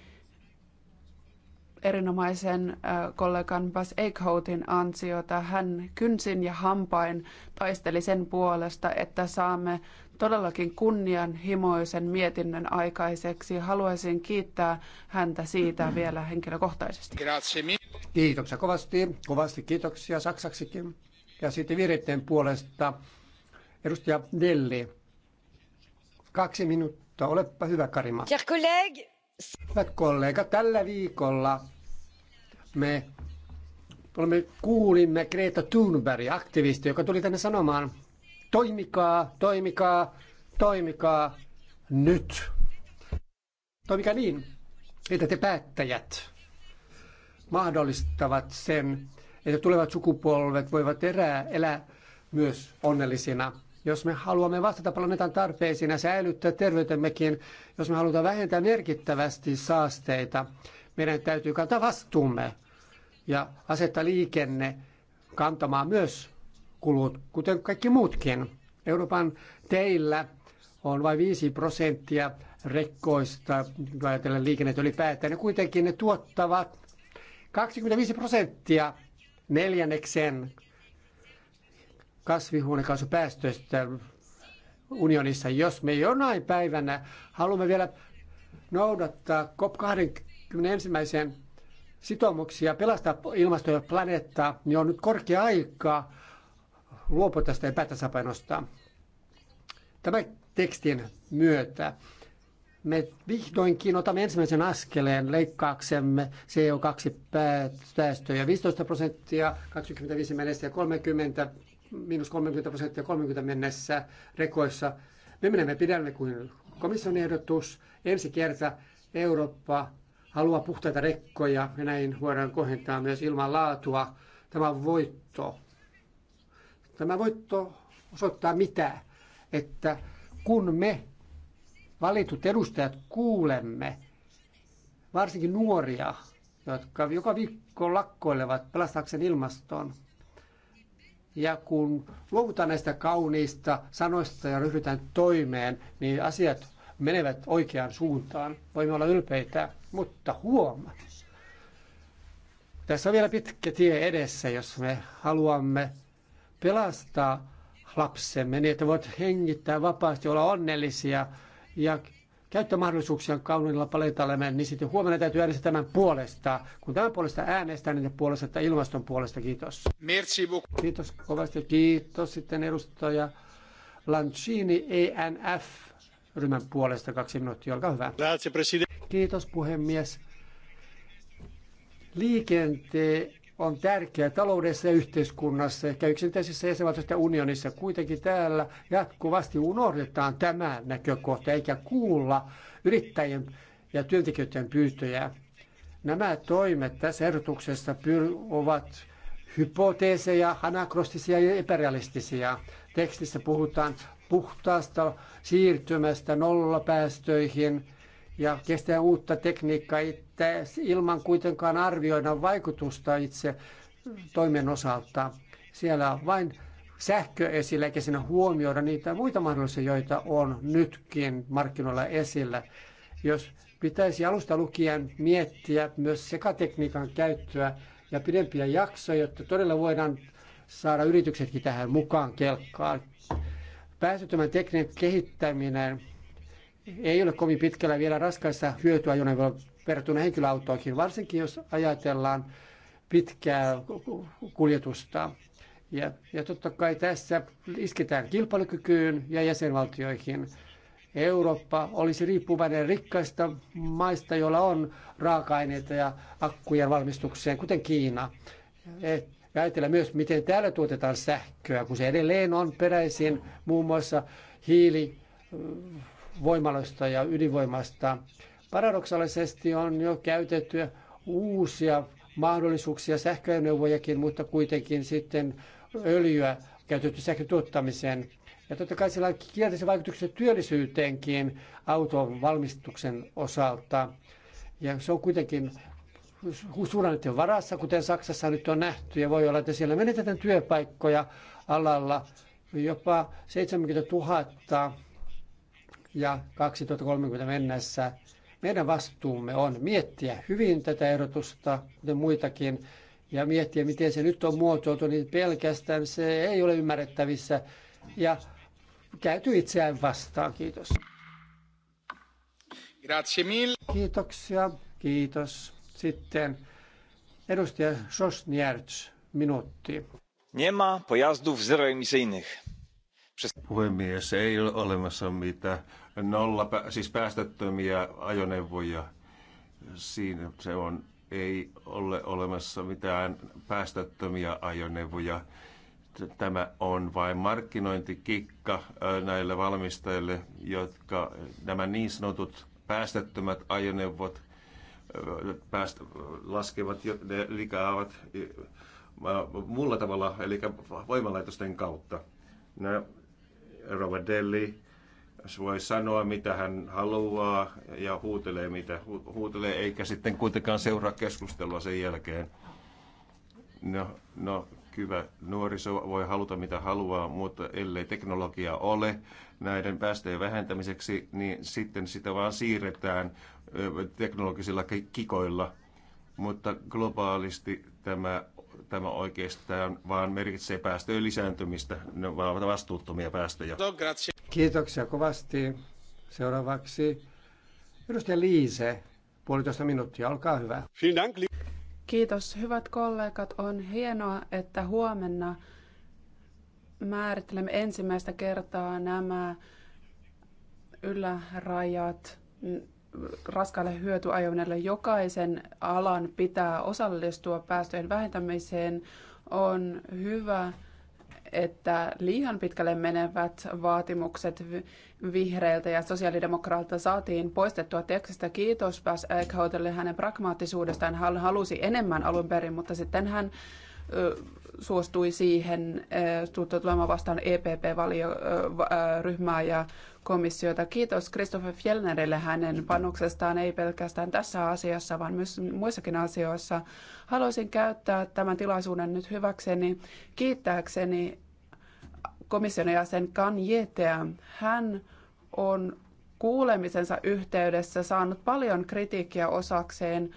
erinomaisen kollegan Bas Eichhoutin ansiota. Hän kynsin ja hampain taisteli sen puolesta, että saamme todellakin kunnianhimoisen mietinnön aikaiseksi. Haluaisin kiittää häntä siitä vielä henkilökohtaisesti. Kiitoksia kovasti. Kovasti kiitoksia Saksaksikin. Ja sitten vihreiden puolesta edustaja Delli. Kaksi minuuttia. Olepa hyvä, Karima. Hyvät kollegat, tällä viikolla me olemme kuulimme Greta Thunberg, aktivisti, joka tuli tänne sanomaan, Toimikaa, toimikaa, toimikaa nyt. Toimikaa niin, että te päättäjät mahdollistavat sen, että tulevat sukupolvet voivat erää, elää myös onnellisina. Jos me haluamme vastata planeetan tarpeisiin ja säilyttää terveytemmekin, jos me halutaan vähentää merkittävästi saasteita, meidän täytyy kantaa vastuumme ja asettaa liikenne kantamaan myös kulut, kuten kaikki muutkin. Euroopan teillä on vain 5 prosenttia rekkoista, ajatellaan liikennettä ylipäätään, ne kuitenkin ne tuottavat 25 prosenttia neljänneksen kasvihuonekaasupäästöistä unionissa. Jos me jonain päivänä haluamme vielä noudattaa COP21 sitoumuksia pelastaa ilmasto ja planeettaa, niin on nyt korkea aikaa luopua tästä epätasapainosta. Tämän tekstin myötä me vihdoinkin otamme ensimmäisen askeleen leikkaaksemme CO2-päästöjä 15 prosenttia, 25 mennessä ja 30, miinus 30 prosenttia 30 mennessä rekoissa. Me menemme pidemmälle kuin komission ehdotus. Ensi kerta Eurooppa haluaa puhtaita rekkoja ja näin voidaan kohentaa myös ilman laatua. Tämä on voitto Tämä voitto osoittaa mitä, että kun me valitut edustajat kuulemme, varsinkin nuoria, jotka joka viikko lakkoilevat pelastaakseen ilmastoon, ja kun luovutaan näistä kauniista sanoista ja ryhdytään toimeen, niin asiat menevät oikeaan suuntaan. Voimme olla ylpeitä, mutta huoma. Tässä on vielä pitkä tie edessä, jos me haluamme pelastaa lapsemme niin, että voit hengittää vapaasti, olla onnellisia ja käyttömahdollisuuksia mahdollisuuksia kauniilla paleitalla niin sitten huomenna täytyy äänestää tämän puolesta. Kun tämän puolesta äänestää, niin puolesta, että ilmaston puolesta, kiitos. Merci beaucoup. Kiitos kovasti, kiitos sitten edustaja Lancini ENF ryhmän puolesta kaksi minuuttia, olkaa hyvä. Grazie, Kiitos puhemies. Liikenteen on tärkeä taloudessa ja yhteiskunnassa, ehkä yksittäisissä jäsenvaltioissa unionissa. Kuitenkin täällä jatkuvasti unohdetaan tämä näkökohta, eikä kuulla yrittäjien ja työntekijöiden pyyntöjä. Nämä toimet tässä ehdotuksessa ovat hypoteeseja, anakrostisia ja epärealistisia. Tekstissä puhutaan puhtaasta siirtymästä nollapäästöihin, ja kestää uutta tekniikkaa että ilman kuitenkaan arvioida vaikutusta itse toimen osalta. Siellä on vain sähkö esillä, eikä siinä huomioida niitä muita mahdollisuuksia, joita on nytkin markkinoilla esillä. Jos pitäisi alusta lukien miettiä myös sekatekniikan käyttöä ja pidempiä jaksoja, jotta todella voidaan saada yrityksetkin tähän mukaan kelkkaan. Päästötömän tekniikan kehittäminen ei ole kovin pitkällä vielä raskaista hyötyä ajoneuvolla verrattuna henkilöautoihin, varsinkin jos ajatellaan pitkää kuljetusta. Ja, ja totta kai tässä isketään kilpailukykyyn ja jäsenvaltioihin. Eurooppa olisi riippuvainen rikkaista maista, joilla on raaka-aineita ja akkujen valmistukseen, kuten Kiina. Et, ja ajatella myös, miten täällä tuotetaan sähköä, kun se edelleen on peräisin muun muassa hiili voimaloista ja ydinvoimasta. Paradoksaalisesti on jo käytetty uusia mahdollisuuksia, sähköneuvojakin, mutta kuitenkin sitten öljyä käytetty sähkön tuottamiseen. Ja totta kai sillä on kielteisiä vaikutuksia työllisyyteenkin auton valmistuksen osalta. Ja se on kuitenkin suhdanneiden varassa, kuten Saksassa nyt on nähty, ja voi olla, että siellä menetetään työpaikkoja alalla jopa 70 000 ja 2030 mennessä. Meidän vastuumme on miettiä hyvin tätä ehdotusta, kuten muitakin, ja miettiä, miten se nyt on muotoiltu, niin pelkästään se ei ole ymmärrettävissä ja käyty itseään vastaan. Kiitos. Grazie mille. Kiitoksia. Kiitos. Sitten edustaja Sosnjärts, minuutti. Nie ma pojazdów zeroemisyjnych Puhemies, ei ole olemassa mitään nolla, siis päästöttömiä ajoneuvoja. Siinä se on, ei ole olemassa mitään päästöttömiä ajoneuvoja. Tämä on vain markkinointikikka näille valmistajille, jotka nämä niin sanotut päästöttömät ajoneuvot pääst, laskevat, ne likaavat muulla tavalla, eli voimalaitosten kautta. Nämä Rova Delli voi sanoa, mitä hän haluaa ja huutelee, mitä hu- huutelee, eikä sitten kuitenkaan seuraa keskustelua sen jälkeen. No, no kyllä, nuoriso voi haluta mitä haluaa, mutta ellei teknologia ole näiden päästöjen vähentämiseksi, niin sitten sitä vaan siirretään teknologisilla kikoilla. Mutta globaalisti tämä tämä oikeastaan vaan merkitsee päästöjen lisääntymistä, ne ovat vastuuttomia päästöjä. No, Kiitoksia kovasti. Seuraavaksi edustaja Liise, puolitoista minuuttia, olkaa hyvä. Kiitos. Hyvät kollegat, on hienoa, että huomenna määrittelemme ensimmäistä kertaa nämä ylärajat raskaille hyötyajoneuvoille jokaisen alan pitää osallistua päästöjen vähentämiseen. On hyvä, että liian pitkälle menevät vaatimukset vihreiltä ja sosiaalidemokraatilta saatiin poistettua tekstistä. Kiitos Bas Eichhautelle äh, hänen pragmaattisuudestaan. Hän halusi enemmän alun perin, mutta sitten hän suostui siihen tulemaan vastaan EPP-ryhmää ja komissiota. Kiitos Christopher Fjellnerille hänen panoksestaan, ei pelkästään tässä asiassa, vaan myös muissakin asioissa. Haluaisin käyttää tämän tilaisuuden nyt hyväkseni, kiittääkseni komission jäsen Jeteä. Hän on kuulemisensa yhteydessä saanut paljon kritiikkiä osakseen,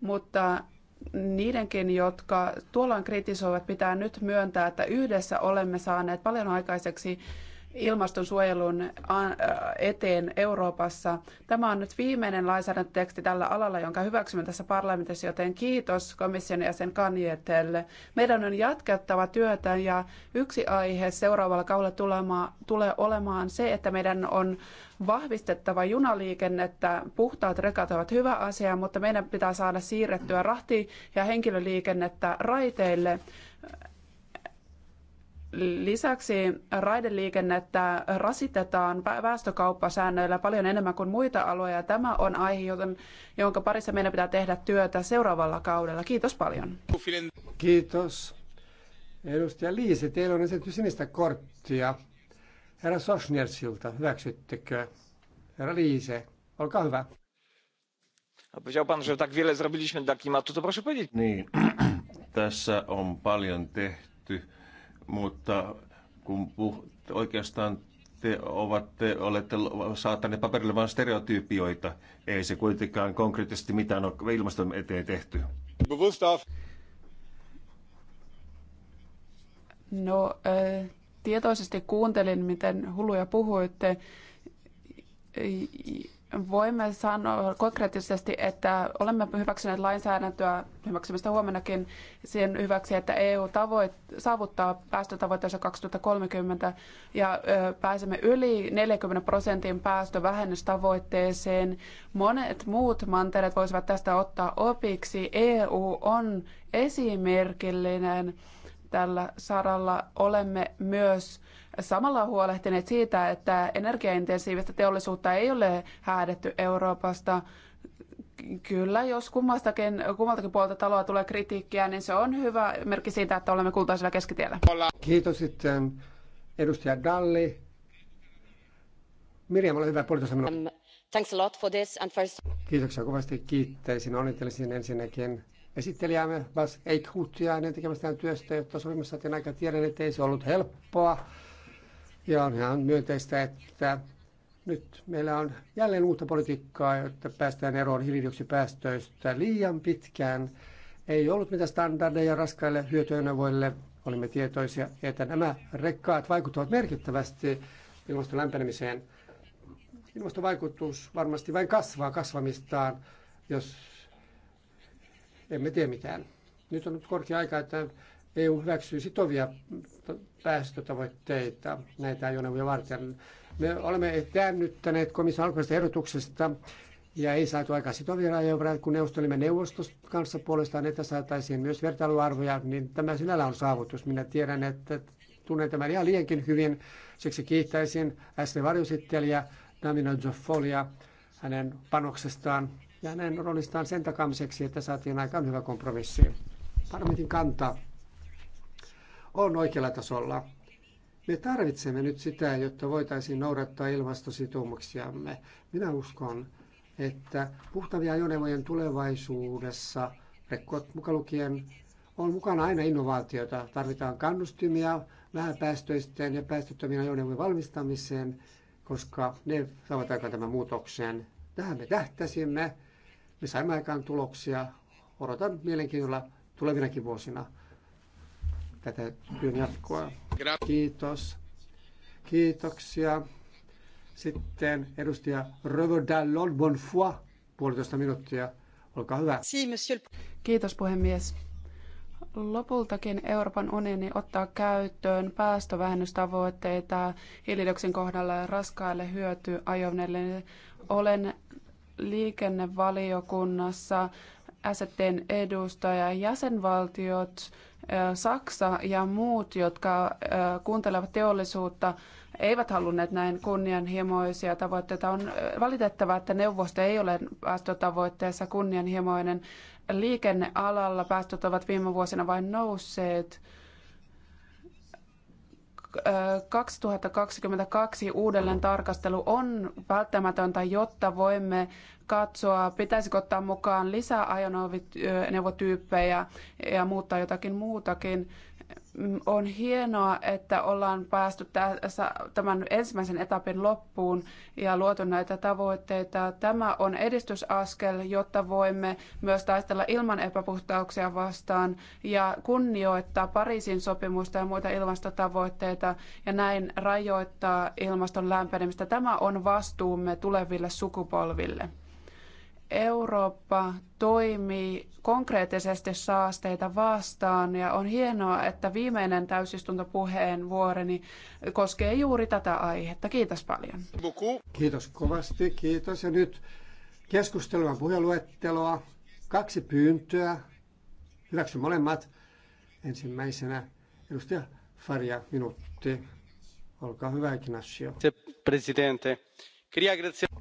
mutta niidenkin, jotka tuolloin kritisoivat, pitää nyt myöntää, että yhdessä olemme saaneet paljon aikaiseksi ilmastonsuojelun äh, eteen Euroopassa. Tämä on nyt viimeinen lainsäädäntöteksti tällä alalla, jonka hyväksymme tässä parlamentissa, joten kiitos komission jäsen Kanjetelle. Meidän on jatkettava työtä ja yksi aihe seuraavalla kaudella tulee olemaan se, että meidän on vahvistettava junaliikennettä. Puhtaat rekat ovat hyvä asia, mutta meidän pitää saada siirrettyä rahti- ja henkilöliikennettä raiteille Lisäksi raideliikennettä rasitetaan päästökauppasäännöillä paljon enemmän kuin muita aloja. Tämä on aihe, jonka parissa meidän pitää tehdä työtä seuraavalla kaudella. Kiitos paljon. Kiitos. Edustaja Liisi, teillä on esitetty sinistä korttia. Herra Sosnersilta, hyväksyttekö? Herra Liise, olkaa hyvä. Powiedział pan, że tak wiele zrobiliśmy dla klimatu, to proszę powiedzieć. Niin, tässä on paljon tehty mutta kun puh- oikeastaan te, ovat, te olette saattaneet paperille vain stereotypioita. Ei se kuitenkaan konkreettisesti mitään ole ilmaston eteen tehty. No, tietoisesti kuuntelin, miten huluja puhuitte voimme sanoa konkreettisesti, että olemme hyväksyneet lainsäädäntöä, hyväksymistä huomennakin sen hyväksi, että EU tavoit, saavuttaa päästötavoitteensa 2030 ja ö, pääsemme yli 40 prosentin päästövähennystavoitteeseen. Monet muut mantereet voisivat tästä ottaa opiksi. EU on esimerkillinen tällä saralla. Olemme myös samalla huolehtineet siitä, että energiaintensiivistä teollisuutta ei ole häädetty Euroopasta. Kyllä, jos kummastakin, kummaltakin puolta taloa tulee kritiikkiä, niin se on hyvä merkki siitä, että olemme kultaisella keskitiellä. Kiitos sitten edustaja Dalli. Mirjam, ole hyvä, puolitoista minuuttia. Um, thanks a lot for this and first... Kiitoksia kovasti, kiittäisin, onnittelisin ensinnäkin esittelijäämme Bas Eichhutia hänen tekemästään työstä, jotta sopimus saatiin aika tiedän, että ei se ollut helppoa. Ja on ihan myönteistä, että nyt meillä on jälleen uutta politiikkaa, jotta päästään eroon hiilidioksipäästöistä liian pitkään. Ei ollut mitään standardeja raskaille hyötyönevoille. Olimme tietoisia, että nämä rekkaat vaikuttavat merkittävästi ilmaston lämpenemiseen. Ilmastovaikutus varmasti vain kasvaa kasvamistaan, jos emme tee mitään. Nyt on nyt korkea aika, että EU hyväksyy sitovia päästötavoitteita näitä ajoneuvoja varten. Me olemme etäännyttäneet komission alkuperäisestä ehdotuksesta ja ei saatu aikaa sitovia rajoja, kun neuvostelimme neuvoston kanssa puolestaan, että saataisiin myös vertailuarvoja, niin tämä sinällä on saavutus. Minä tiedän, että tunnen tämän ihan liiankin hyvin, siksi kiittäisin SD-varjosittelijä Damino Zoffolia hänen panoksestaan ja hänen roolistaan sen takamiseksi, että saatiin aikaan hyvä kompromissi. Parlamentin kanta on oikealla tasolla. Me tarvitsemme nyt sitä, jotta voitaisiin noudattaa ilmastositoumuksiamme. Minä uskon, että puhtavia ajoneuvojen tulevaisuudessa, rekkot mukaan lukien, on mukana aina innovaatiota. Tarvitaan kannustimia vähäpäästöisten ja päästöttömien ajoneuvojen valmistamiseen, koska ne saavat aikaan tämän muutoksen. Tähän me tähtäsimme. Me saimme aikaan tuloksia. Odotan mielenkiinnolla tulevinakin vuosina tätä työn jatkoa. Kiitos. Kiitoksia. Sitten edustaja Revodallon Bonfoy, puolitoista minuuttia. Olkaa hyvä. Kiitos puhemies. Lopultakin Euroopan unioni ottaa käyttöön päästövähennystavoitteita hiilidioksin kohdalla ja raskaille hyötyajoneille. Olen liikennevaliokunnassa STn edustaja. Jäsenvaltiot Saksa ja muut, jotka kuuntelevat teollisuutta, eivät halunneet näin kunnianhimoisia tavoitteita. On valitettavaa, että neuvosto ei ole päästötavoitteessa kunnianhimoinen. Liikennealalla päästöt ovat viime vuosina vain nousseet. 2022 uudelleen tarkastelu on välttämätöntä, jotta voimme katsoa, pitäisikö ottaa mukaan lisää ajoneuvotyyppejä ja muuttaa jotakin muutakin. Mm, on hienoa, että ollaan päästy tämän ensimmäisen etapin loppuun ja luotu näitä tavoitteita. Tämä on edistysaskel, jotta voimme myös taistella ilman epäpuhtauksia vastaan ja kunnioittaa Pariisin sopimusta ja muita ilmastotavoitteita ja näin rajoittaa ilmaston lämpenemistä. Tämä on vastuumme tuleville sukupolville. Eurooppa toimii konkreettisesti saasteita vastaan ja on hienoa, että viimeinen vuoreni koskee juuri tätä aihetta. Kiitos paljon. Kiitos kovasti, kiitos. Ja nyt keskustelua puheluetteloa. Kaksi pyyntöä. Hyväksy molemmat. Ensimmäisenä edustaja Faria, minuutti. Olkaa hyvä, Ignacio. Presidente.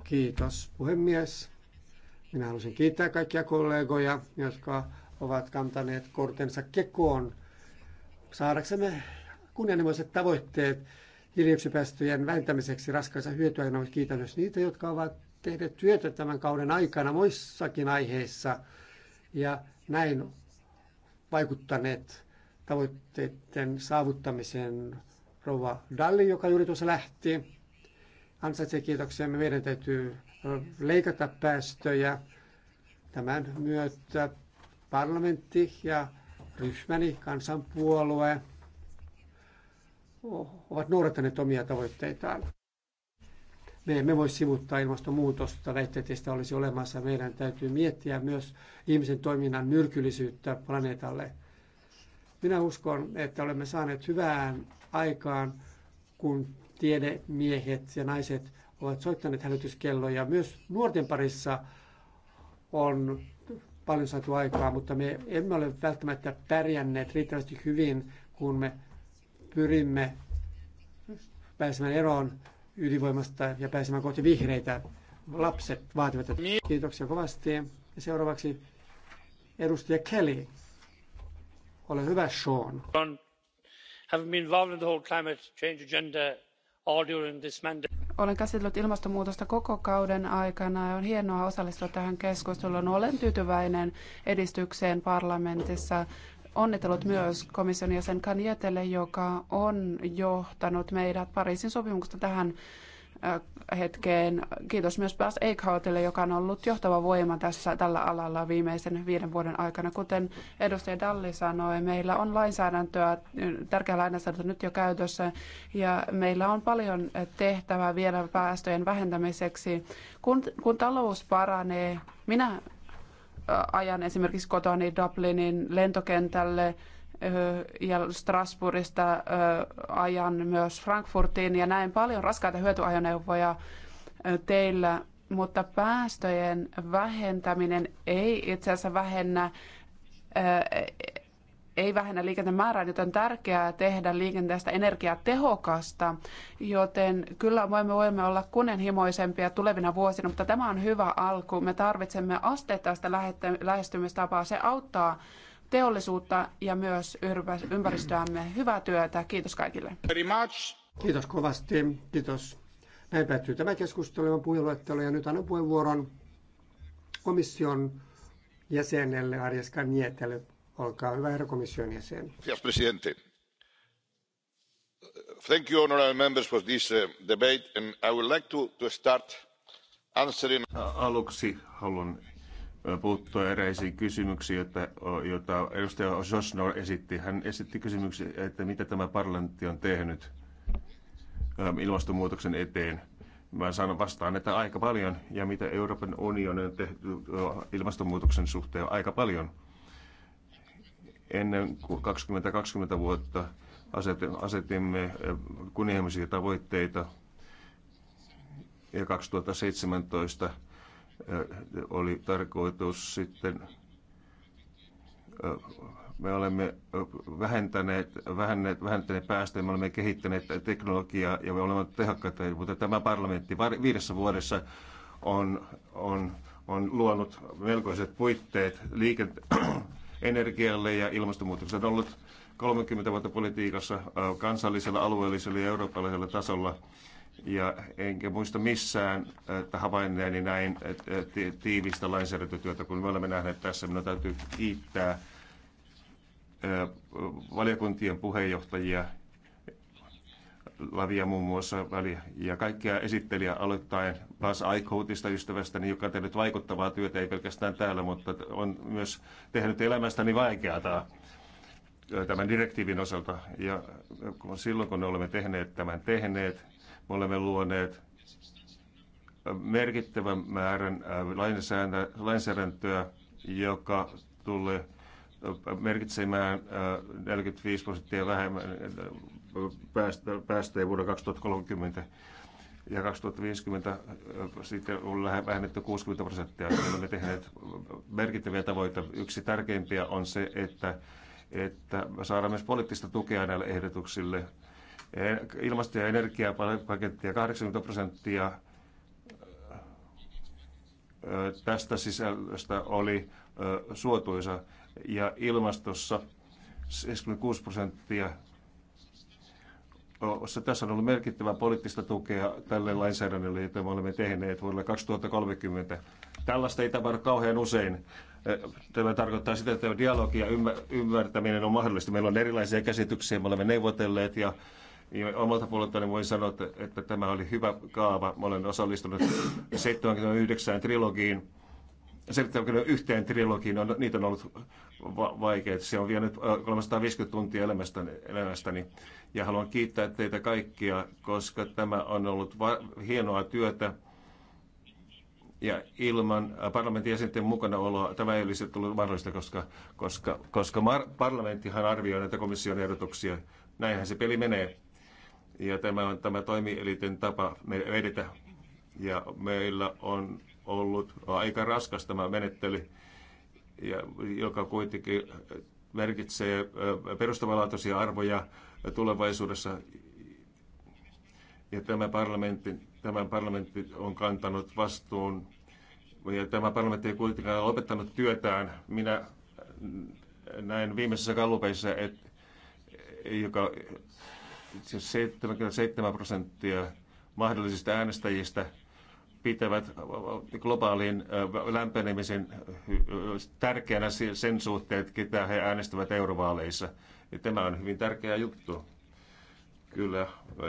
Kiitos, puhemies. Minä haluaisin kiittää kaikkia kollegoja, jotka ovat kantaneet kortensa kekoon saadaksemme kunnianhimoiset tavoitteet hiilidioksidipäästöjen vähentämiseksi raskaissa hyötyä. Ja kiitän myös niitä, jotka ovat tehneet työtä tämän kauden aikana muissakin aiheissa ja näin vaikuttaneet tavoitteiden saavuttamiseen. Rouva Dalli, joka juuri tuossa lähti, ansaitsee kiitoksia. Meidän täytyy leikata päästöjä. Tämän myötä parlamentti ja ryhmäni, kansanpuolue, ovat noudattaneet omia tavoitteitaan. Me emme voi sivuttaa ilmastonmuutosta, väitteetistä olisi olemassa. Meidän täytyy miettiä myös ihmisen toiminnan myrkyllisyyttä planeetalle. Minä uskon, että olemme saaneet hyvään aikaan, kun tiedemiehet ja naiset ovat soittaneet hälytyskelloja. Myös nuorten parissa on paljon saatu aikaa, mutta me emme ole välttämättä pärjänneet riittävästi hyvin, kun me pyrimme pääsemään eroon ydinvoimasta ja pääsemään kohti vihreitä. Lapset vaativat tätä. Kiitoksia kovasti. Ja seuraavaksi edustaja Kelly. Ole hyvä, Sean. Having been involved in the whole climate change agenda all during this mandate. Olen käsitellyt ilmastonmuutosta koko kauden aikana ja on hienoa osallistua tähän keskusteluun. Olen tyytyväinen edistykseen parlamentissa. Onnittelut myös komission jäsen Kanietelle, joka on johtanut meidät Pariisin sopimuksesta tähän hetkeen. Kiitos myös Bas Eichhautille, joka on ollut johtava voima tässä tällä alalla viimeisen viiden vuoden aikana. Kuten edustaja Dalli sanoi, meillä on lainsäädäntöä, tärkeä lainsäädäntö nyt jo käytössä, ja meillä on paljon tehtävää vielä päästöjen vähentämiseksi. Kun, kun talous paranee, minä ajan esimerkiksi kotoni Dublinin lentokentälle, ja Strasbourgista ajan myös Frankfurtiin ja näin paljon raskaita hyötyajoneuvoja teillä, mutta päästöjen vähentäminen ei itse asiassa vähennä ei vähennä liikenteen määrää, joten on tärkeää tehdä liikenteestä energiatehokasta, joten kyllä voimme, voimme olla kunnianhimoisempia tulevina vuosina, mutta tämä on hyvä alku. Me tarvitsemme asteittaista lähestymistapaa. Se auttaa teollisuutta ja myös ympäristöämme. Hyvää työtä. Kiitos kaikille. Kiitos kovasti. Kiitos. Näin päättyy tämä keskustelu ja puheenluettelo. Ja nyt annan puheenvuoron komission jäsenelle Arjas Nietelle. Olkaa hyvä, herra komission jäsen. Kiitos, presidentti. Thank you, honourable members, for this uh, debate, and I would like to, to start answering. Aluksi haluan puuttua eräisiin kysymyksiin, joita, joita edustaja Ososno esitti. Hän esitti kysymyksen, että mitä tämä parlamentti on tehnyt ilmastonmuutoksen eteen. Mä sanon vastaan, että aika paljon, ja mitä Euroopan unioni on tehty ilmastonmuutoksen suhteen, aika paljon. Ennen 2020 vuotta asetimme kunnianhimoisia tavoitteita, ja 2017 oli tarkoitus sitten, me olemme vähentäneet, vähentäneet vähentäneet päästöjä, me olemme kehittäneet teknologiaa ja me olemme tehokkaita, mutta tämä parlamentti viidessä vuodessa on, on, on luonut melkoiset puitteet liikente- energialle ja ilmastonmuutokselle. On ollut 30 vuotta politiikassa kansallisella, alueellisella ja eurooppalaisella tasolla ja enkä muista missään että havainneeni näin tiivistä lainsäädäntötyötä, kun me olemme nähneet tässä. Minun täytyy kiittää valiokuntien puheenjohtajia, Lavia muun muassa väliä, ja kaikkia esittelijä aloittain Bas Aikoutista ystävästäni, joka on tehnyt vaikuttavaa työtä, ei pelkästään täällä, mutta on myös tehnyt elämästäni vaikeaa tämän direktiivin osalta. Ja silloin kun olemme tehneet tämän tehneet, me olemme luoneet merkittävän määrän äh, lainsäädäntöä, joka tulee äh, merkitsemään 45 äh, prosenttia vähemmän päästöjä vuonna 2030 ja 2050 sitten on vähennetty 60 prosenttia. Me olemme tehneet merkittäviä tavoita. Yksi tärkeimpiä on se, että, että saadaan myös poliittista tukea näille ehdotuksille ilmasto- ja energiapakettia 80 prosenttia tästä sisällöstä oli suotuisa ja ilmastossa 76 prosenttia. Tässä on ollut merkittävää poliittista tukea tälle lainsäädännölle, jota me olemme tehneet vuodelle 2030. Tällaista ei tapahdu kauhean usein. Tämä tarkoittaa sitä, että dialogi ja ymmärtäminen on mahdollista. Meillä on erilaisia käsityksiä, me olemme neuvotelleet ja ja niin, omalta puoleltani voin sanoa, että, että tämä oli hyvä kaava. Mä olen osallistunut 79 trilogiin. 71 trilogiin, on, niitä on ollut va- vaikeita. Se on vienyt 350 tuntia elämästäni, elämästäni. Ja haluan kiittää teitä kaikkia, koska tämä on ollut va- hienoa työtä. Ja ilman parlamentin jäsenten mukanaoloa tämä ei olisi tullut mahdollista, koska, koska, koska mar- parlamenttihan arvioi näitä komission ehdotuksia. Näinhän se peli menee. Ja tämä on tämä toimielinten tapa edetä. Ja meillä on ollut aika raskas tämä menettely, ja, joka kuitenkin merkitsee perustavanlaatuisia arvoja tulevaisuudessa. Ja tämä parlamentti, tämä parlamentti on kantanut vastuun ja tämä parlamentti ei kuitenkaan lopettanut työtään. Minä näin viimeisessä kallupeissa, että, joka 77 prosenttia mahdollisista äänestäjistä pitävät globaalin lämpenemisen tärkeänä sen suhteen, että ketä he äänestävät eurovaaleissa. Ja tämä on hyvin tärkeä juttu. Kyllä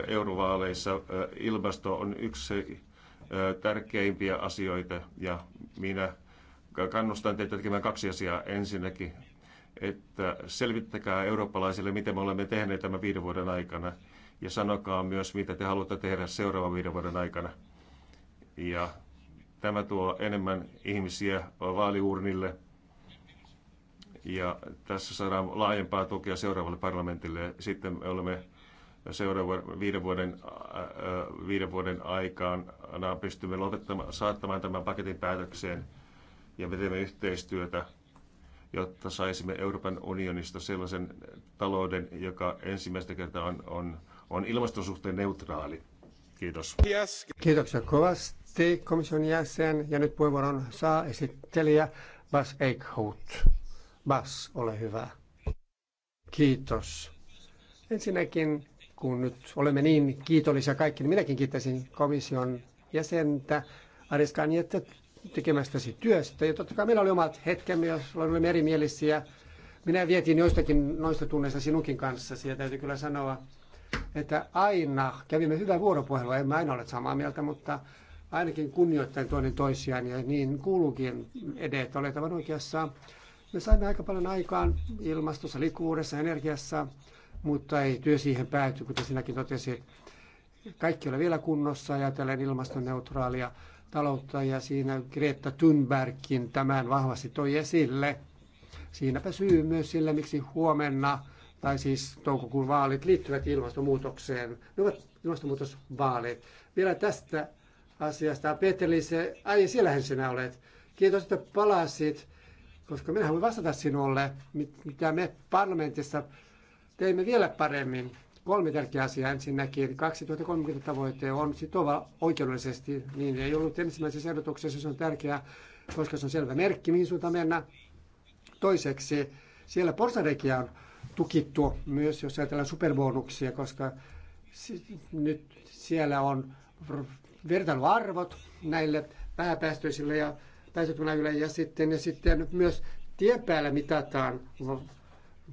eurovaaleissa ilmasto on yksi tärkeimpiä asioita ja minä kannustan teitä tekemään kaksi asiaa. Ensinnäkin että selvittäkää eurooppalaisille, mitä me olemme tehneet tämän viiden vuoden aikana, ja sanokaa myös, mitä te haluatte tehdä seuraavan viiden vuoden aikana. Ja tämä tuo enemmän ihmisiä vaaliurnille, ja tässä saadaan laajempaa tukea seuraavalle parlamentille. Sitten me olemme seuraavan viiden vuoden, äh, viiden vuoden aikana pystymme lopettamaan, saattamaan tämän paketin päätökseen ja me teemme yhteistyötä jotta saisimme Euroopan unionista sellaisen talouden, joka ensimmäistä kertaa on, on, on ilmastosuhteen neutraali. Kiitos. Yes. Kiitoksia kovasti komission jäsen. Ja nyt puheenvuoron saa esittelijä Bas Eichhout. Bas, ole hyvä. Kiitos. Ensinnäkin, kun nyt olemme niin kiitollisia kaikki, niin minäkin kiittäisin komission jäsentä Aris Kanjetta tekemästäsi työstä. Ja totta kai meillä oli omat hetkemme, jos olimme erimielisiä. Minä vietin joistakin noista tunneista sinunkin kanssa, ja täytyy kyllä sanoa, että aina kävimme hyvää vuoropuhelua. En mä aina ole samaa mieltä, mutta ainakin kunnioittain toinen toisiaan ja niin kuuluukin edetä. Olet aivan oikeassa. Me saimme aika paljon aikaan ilmastossa, liikkuvuudessa, energiassa, mutta ei työ siihen pääty, kuten sinäkin totesit. Kaikki ole vielä kunnossa ja ajatellen ilmastoneutraalia taloutta ja siinä Greta Thunbergkin tämän vahvasti toi esille. Siinäpä syy myös sille, miksi huomenna tai siis toukokuun vaalit liittyvät ilmastonmuutokseen. Ne ovat ilmastonmuutosvaalit. Vielä tästä asiasta. Peter Lise, ai siellähän sinä olet. Kiitos, että palasit, koska minä voin vastata sinulle, mitä me parlamentissa teimme vielä paremmin Kolme tärkeää asiaa. Ensinnäkin 2030 tavoite on sitova oikeudellisesti, niin ei ollut ensimmäisessä ehdotuksessa, se on tärkeää, koska se on selvä merkki, mihin suuntaan mennä. Toiseksi siellä porsareikiä on tukittu myös, jos ajatellaan superbonuksia, koska nyt siellä on vertailuarvot näille vähäpäästöisille ja päästöttömänä ja sitten, ja sitten myös tien päällä mitataan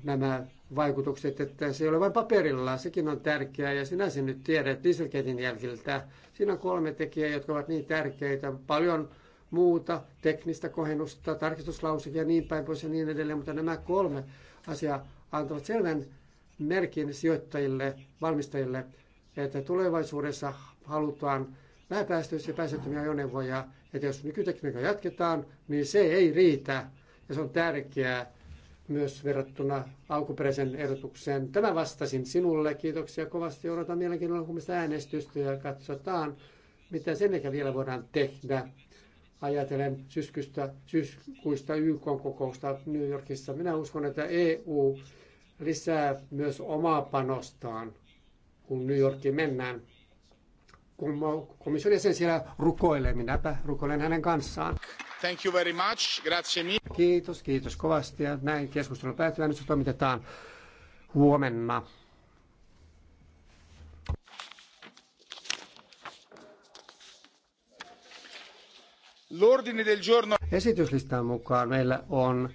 nämä vaikutukset, että se ei ole vain paperilla, sekin on tärkeää ja sinä sen nyt tiedät dieselketin jälkiltä. Siinä on kolme tekijää, jotka ovat niin tärkeitä, paljon muuta, teknistä kohennusta, tarkistuslausekia ja niin päin pois ja niin edelleen, mutta nämä kolme asiaa antavat selvän merkin sijoittajille, valmistajille, että tulevaisuudessa halutaan vähäpäästöisiä päästöttömiä ajoneuvoja, että jos nykytekniikka jatketaan, niin se ei riitä ja se on tärkeää myös verrattuna alkuperäisen ehdotukseen. Tämä vastasin sinulle. Kiitoksia kovasti. Odotan mielenkiinnolla huomista äänestystä ja katsotaan, mitä sen ehkä vielä voidaan tehdä. Ajatelen syskystä, syyskuista YK-kokousta New Yorkissa. Minä uskon, että EU lisää myös omaa panostaan, kun New Yorkiin mennään komission jäsen siellä rukoilee. Minäpä rukoilen hänen kanssaan. Thank you very much. Grazie mille. Kiitos, kiitos kovasti. Ja näin keskustelu päättyy. se toimitetaan huomenna. L'ordine del giorno. Esityslistan mukaan meillä on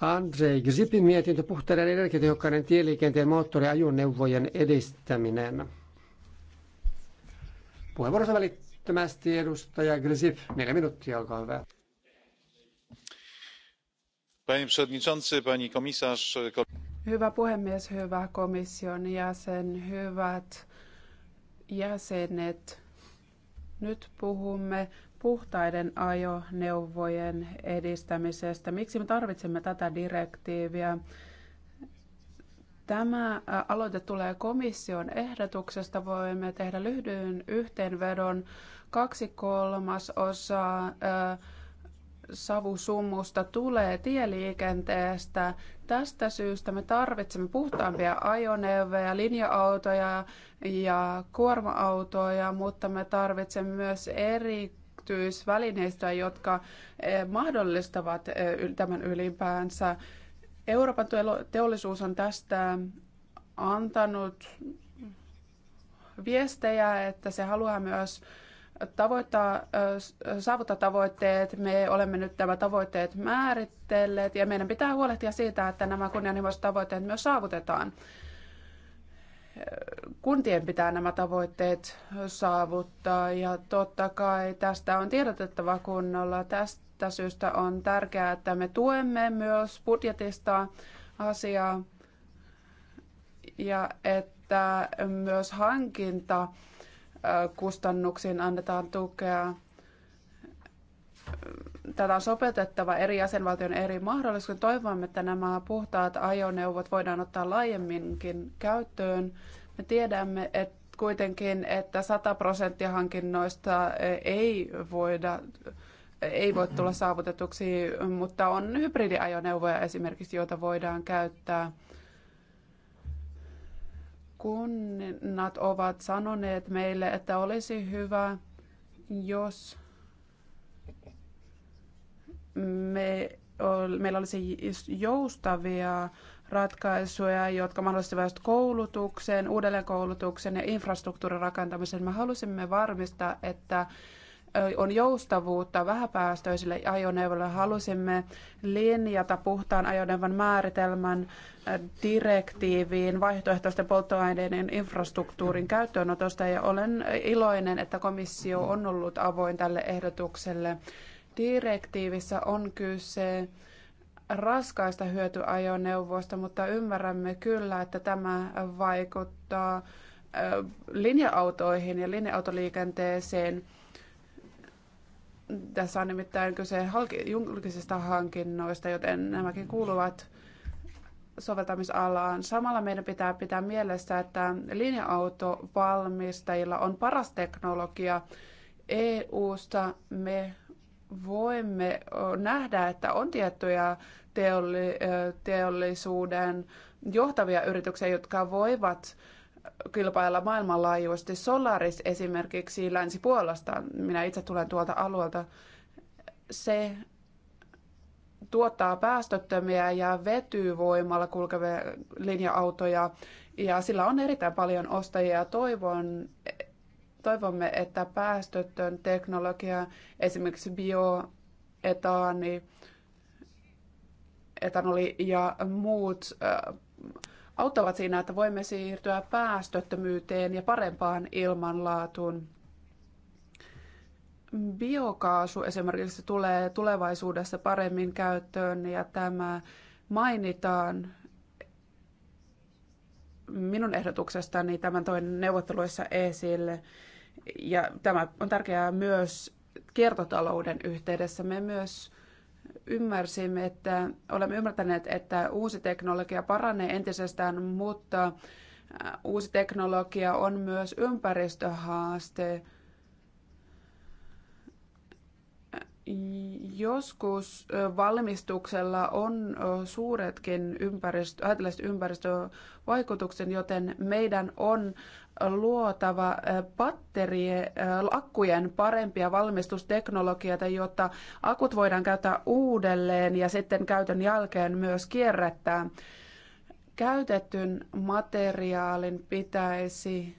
Andrei Gzipin mietintö puhtaiden energiatehokkaiden tieliikenteen moottoriajoneuvojen edistäminen. Puheenvuorossa välittömästi edustaja Grzyb. Neljä minuuttia, olkaa hyvä. Hyvä puhemies, hyvä komission jäsen, hyvät jäsenet. Nyt puhumme puhtaiden ajoneuvojen edistämisestä. Miksi me tarvitsemme tätä direktiiviä? tämä aloite tulee komission ehdotuksesta. Voimme tehdä lyhyen yhteenvedon. Kaksi kolmasosaa savusumusta tulee tieliikenteestä. Tästä syystä me tarvitsemme puhtaampia ajoneuvoja, linja-autoja ja kuorma-autoja, mutta me tarvitsemme myös erityisvälineistöä, jotka mahdollistavat tämän ylipäänsä. Euroopan teollisuus on tästä antanut viestejä, että se haluaa myös tavoittaa, saavuttaa tavoitteet. Me olemme nyt nämä tavoitteet määritelleet ja meidän pitää huolehtia siitä, että nämä kunnianhimoiset tavoitteet myös saavutetaan kuntien pitää nämä tavoitteet saavuttaa ja totta kai tästä on tiedotettava kunnolla. Tästä syystä on tärkeää, että me tuemme myös budjetista asiaa ja että myös hankinta kustannuksiin annetaan tukea tätä on sopeutettava eri jäsenvaltion eri mahdollisuuksiin. Toivomme, että nämä puhtaat ajoneuvot voidaan ottaa laajemminkin käyttöön. Me tiedämme että kuitenkin, että 100 prosenttia hankinnoista e, ei voida ei voi tulla saavutetuksi, mutta on hybridiajoneuvoja esimerkiksi, joita voidaan käyttää. Kunnat ovat sanoneet meille, että olisi hyvä, jos me, meillä olisi joustavia ratkaisuja, jotka mahdollistavat koulutuksen, uudelleenkoulutuksen ja infrastruktuurin rakentamisen. Me halusimme varmistaa, että on joustavuutta vähäpäästöisille ajoneuvoille. Halusimme linjata puhtaan ajoneuvon määritelmän direktiiviin vaihtoehtoisten polttoaineiden infrastruktuurin käyttöönotosta ja olen iloinen, että komissio on ollut avoin tälle ehdotukselle. Direktiivissä on kyse raskaista hyötyajoneuvoista, mutta ymmärrämme kyllä, että tämä vaikuttaa linja-autoihin ja linja-autoliikenteeseen. Tässä on nimittäin kyse julkisista hankinnoista, joten nämäkin kuuluvat soveltamisalaan. Samalla meidän pitää pitää mielessä, että linja-autovalmistajilla on paras teknologia. EU-sta me voimme nähdä, että on tiettyjä teolli, teollisuuden johtavia yrityksiä, jotka voivat kilpailla maailmanlaajuisesti. Solaris esimerkiksi Länsi-Puolasta, minä itse tulen tuolta alueelta, se tuottaa päästöttömiä ja vetyvoimalla kulkevia linja-autoja ja sillä on erittäin paljon ostajia. Toivon, Toivomme, että päästötön teknologia, esimerkiksi bioetaani, etanoli ja muut auttavat siinä, että voimme siirtyä päästöttömyyteen ja parempaan ilmanlaatuun. Biokaasu esimerkiksi tulee tulevaisuudessa paremmin käyttöön ja tämä mainitaan minun ehdotuksestani tämän toinen neuvotteluissa esille. Ja tämä on tärkeää myös kiertotalouden yhteydessä. Me myös ymmärsimme, että olemme ymmärtäneet, että uusi teknologia paranee entisestään, mutta uusi teknologia on myös ympäristöhaaste. Joskus valmistuksella on suuretkin ympäristö, ympäristövaikutukset, joten meidän on luotava batterie, akkujen parempia valmistusteknologioita, jotta akut voidaan käyttää uudelleen ja sitten käytön jälkeen myös kierrättää. Käytetyn materiaalin pitäisi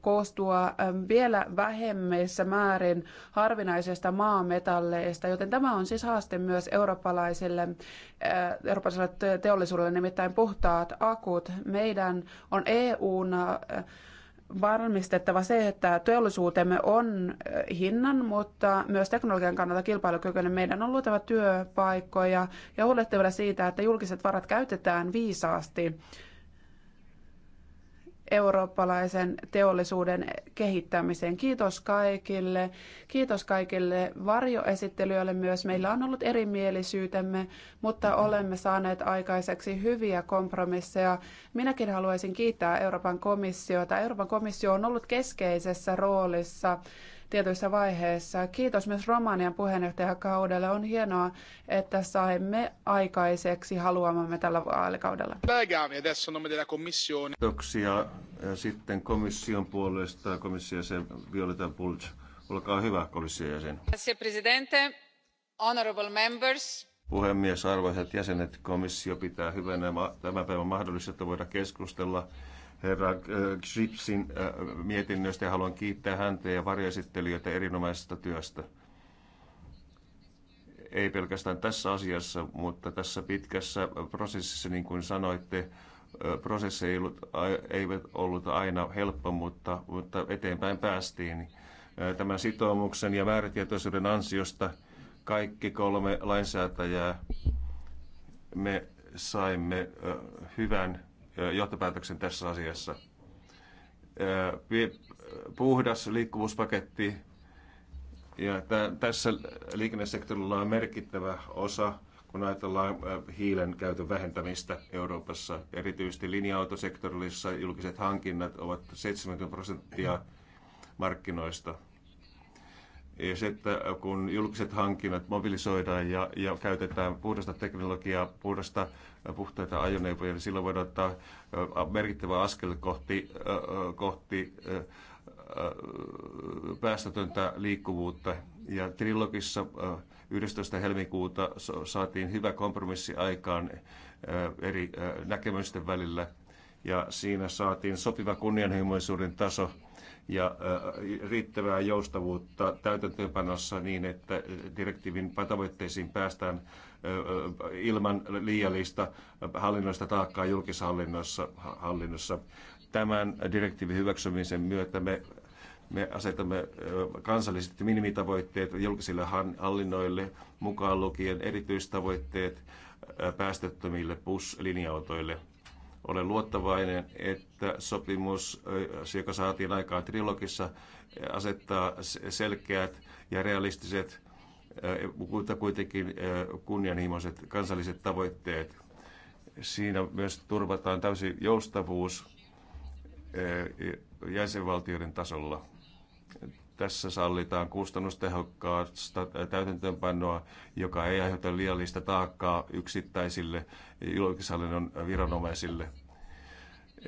koostua vielä vähemmissä määrin harvinaisesta maametalleista, joten tämä on siis haaste myös eurooppalaiselle, eurooppalaiselle teollisuudelle, nimittäin puhtaat akut. Meidän on EUn varmistettava se, että teollisuutemme on hinnan, mutta myös teknologian kannalta kilpailukykyinen. Meidän on luotava työpaikkoja ja huolehtiva siitä, että julkiset varat käytetään viisaasti eurooppalaisen teollisuuden kehittämiseen. Kiitos kaikille. Kiitos kaikille varjoesittelijöille myös. Meillä on ollut erimielisyytemme, mutta olemme saaneet aikaiseksi hyviä kompromisseja. Minäkin haluaisin kiittää Euroopan komissiota. Euroopan komissio on ollut keskeisessä roolissa tietyissä vaiheissa. Kiitos myös Romanian puheenjohtajakaudelle. On hienoa, että saimme aikaiseksi haluamamme tällä vaalikaudella. Kiitoksia. Sitten komission puolesta komission jäsen Violeta Bulge. Olkaa hyvä, komission jäsen. Honorable members, puhemies, arvoisat jäsenet, komissio pitää hyvänä tämän päivän mahdollisuutta voida keskustella herra äh, Gripsin äh, mietinnöstä ja haluan kiittää häntä ja varjoesittelijöitä erinomaisesta työstä. Ei pelkästään tässä asiassa, mutta tässä pitkässä prosessissa, niin kuin sanoitte, äh, prosessi ei ollut, eivät ollut aina helppo, mutta, mutta eteenpäin päästiin. Tämän sitoumuksen ja määrätietoisuuden ansiosta kaikki kolme lainsäätäjää me saimme hyvän johtopäätöksen tässä asiassa. Puhdas liikkuvuuspaketti, ja tässä liikennesektorilla on merkittävä osa, kun ajatellaan hiilen käytön vähentämistä Euroopassa. Erityisesti linja-autosektorilla julkiset hankinnat ovat 70 prosenttia markkinoista – ja se, että äh, kun julkiset hankinnat mobilisoidaan ja, ja käytetään puhdasta teknologiaa, puhdasta äh, puhtaita ajoneuvoja, niin silloin voidaan ottaa äh, merkittävä askel kohti, kohti päästötöntä liikkuvuutta. Ja trilogissa 11. helmikuuta saatiin hyvä kompromissi aikaan eri näkemysten välillä ja siinä saatiin sopiva kunnianhimoisuuden taso – ja riittävää joustavuutta täytäntöönpanossa niin, että direktiivin tavoitteisiin päästään ilman liiallista hallinnoista taakkaa julkishallinnossa. Hallinnossa. Tämän direktiivin hyväksymisen myötä me me asetamme kansalliset minimitavoitteet julkisille hallinnoille, mukaan lukien erityistavoitteet päästöttömille bus-linja-autoille. Olen luottavainen, että sopimus, äh, joka saatiin aikaan trilogissa, äh, asettaa selkeät ja realistiset, äh, mutta kuitenkin kunnianhimoiset kansalliset tavoitteet. Siinä myös turvataan täysin joustavuus jäsenvaltioiden tasolla tässä sallitaan kustannustehokkaasta täytäntöönpanoa, joka ei aiheuta liiallista taakkaa yksittäisille julkishallinnon viranomaisille.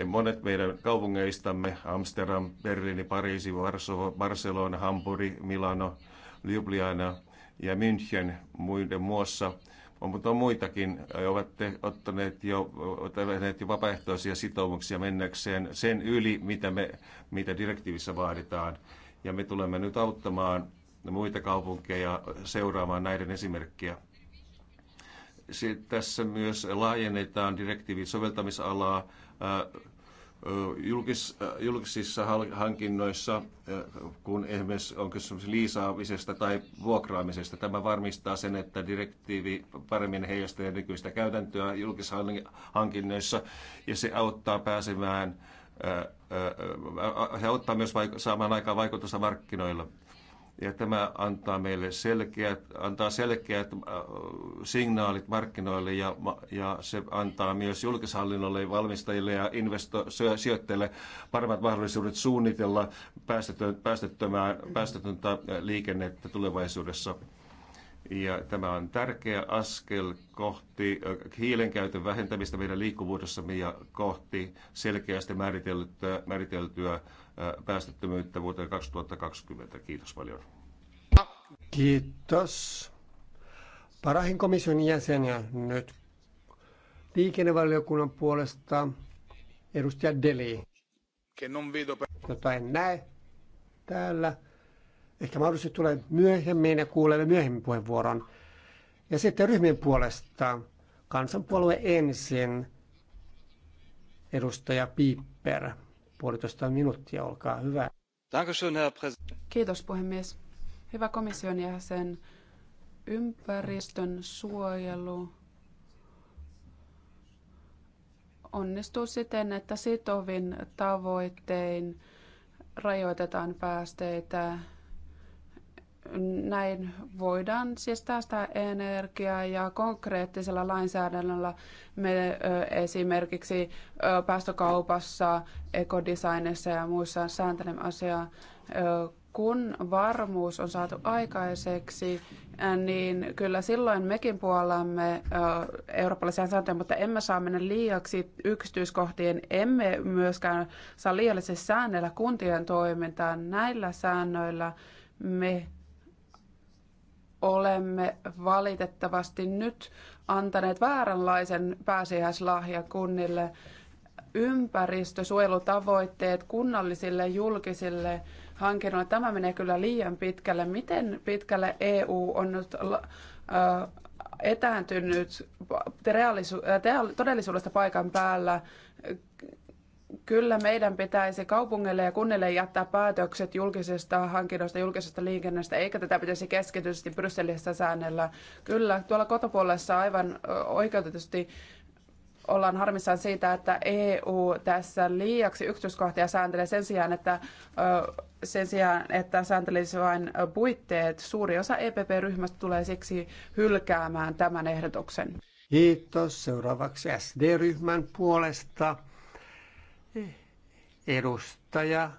Monet meidän kaupungeistamme, Amsterdam, Berliini, Pariisi, Varsova, Barcelona, Hamburg, Milano, Ljubljana ja München muiden muassa, mutta on muitakin, ovat te, ottaneet jo, tehneet jo vapaaehtoisia sitoumuksia mennäkseen sen yli, mitä, me, mitä direktiivissä vaaditaan ja me tulemme nyt auttamaan muita kaupunkeja seuraamaan näiden esimerkkiä. Sitten tässä myös laajennetaan direktiivin soveltamisalaa äh, äh, julkis, äh, julkisissa hankinnoissa, kun esimerkiksi on kysymys liisaamisesta tai vuokraamisesta. Tämä varmistaa sen, että direktiivi paremmin heijastelee nykyistä käytäntöä julkisissa hankinnoissa ja se auttaa pääsemään se ottaa myös saamaan aikaan vaikutusta markkinoilla. Ja tämä antaa meille selkeät, antaa selkeät signaalit markkinoille ja, ja se antaa myös julkishallinnolle, valmistajille ja investo, sijoittajille paremmat mahdollisuudet suunnitella päästötöntä liikennettä tulevaisuudessa. Ja tämä on tärkeä askel kohti hiilenkäytön käytön vähentämistä meidän liikkuvuudessamme ja kohti selkeästi määriteltyä, määriteltyä päästöttömyyttä vuoteen 2020. Kiitos paljon. Kiitos. Parahin komission jäseniä nyt liikennevaliokunnan puolesta edustaja Deli, no jota en näe täällä. Ehkä mahdollisesti tulee myöhemmin ja kuulemme myöhemmin puheenvuoron. Ja sitten ryhmien puolesta kansanpuolue ensin, edustaja Piipper, puolitoista minuuttia, olkaa hyvä. Kiitos puhemies. Hyvä komission jäsen, ympäristön suojelu onnistuu siten, että sitovin tavoittein rajoitetaan päästeitä näin voidaan siis tästä energiaa ja konkreettisella lainsäädännöllä me esimerkiksi päästökaupassa, ekodesignissa ja muissa sääntelemme asiaa. Kun varmuus on saatu aikaiseksi, niin kyllä silloin mekin puolamme eurooppalaisia sääntöjä, mutta emme saa mennä liiaksi yksityiskohtiin. Emme myöskään saa liiallisesti säännellä kuntien toimintaa näillä säännöillä me olemme valitettavasti nyt antaneet vääränlaisen pääsiäislahjan kunnille ympäristösuojelutavoitteet kunnallisille julkisille hankinnoille. Tämä menee kyllä liian pitkälle. Miten pitkälle EU on nyt äh, etääntynyt äh, todellisuudesta paikan päällä kyllä meidän pitäisi kaupungeille ja kunnille jättää päätökset julkisesta hankinnoista, julkisesta liikennestä, eikä tätä pitäisi keskityisesti Brysselissä säännellä. Kyllä, tuolla kotopuolessa aivan oikeutetusti ollaan harmissaan siitä, että EU tässä liiaksi yksityiskohtia sääntelee sen sijaan, että, sen sijaan, että sääntelisi vain puitteet. Suuri osa EPP-ryhmästä tulee siksi hylkäämään tämän ehdotuksen. Kiitos. Seuraavaksi SD-ryhmän puolesta Edustaja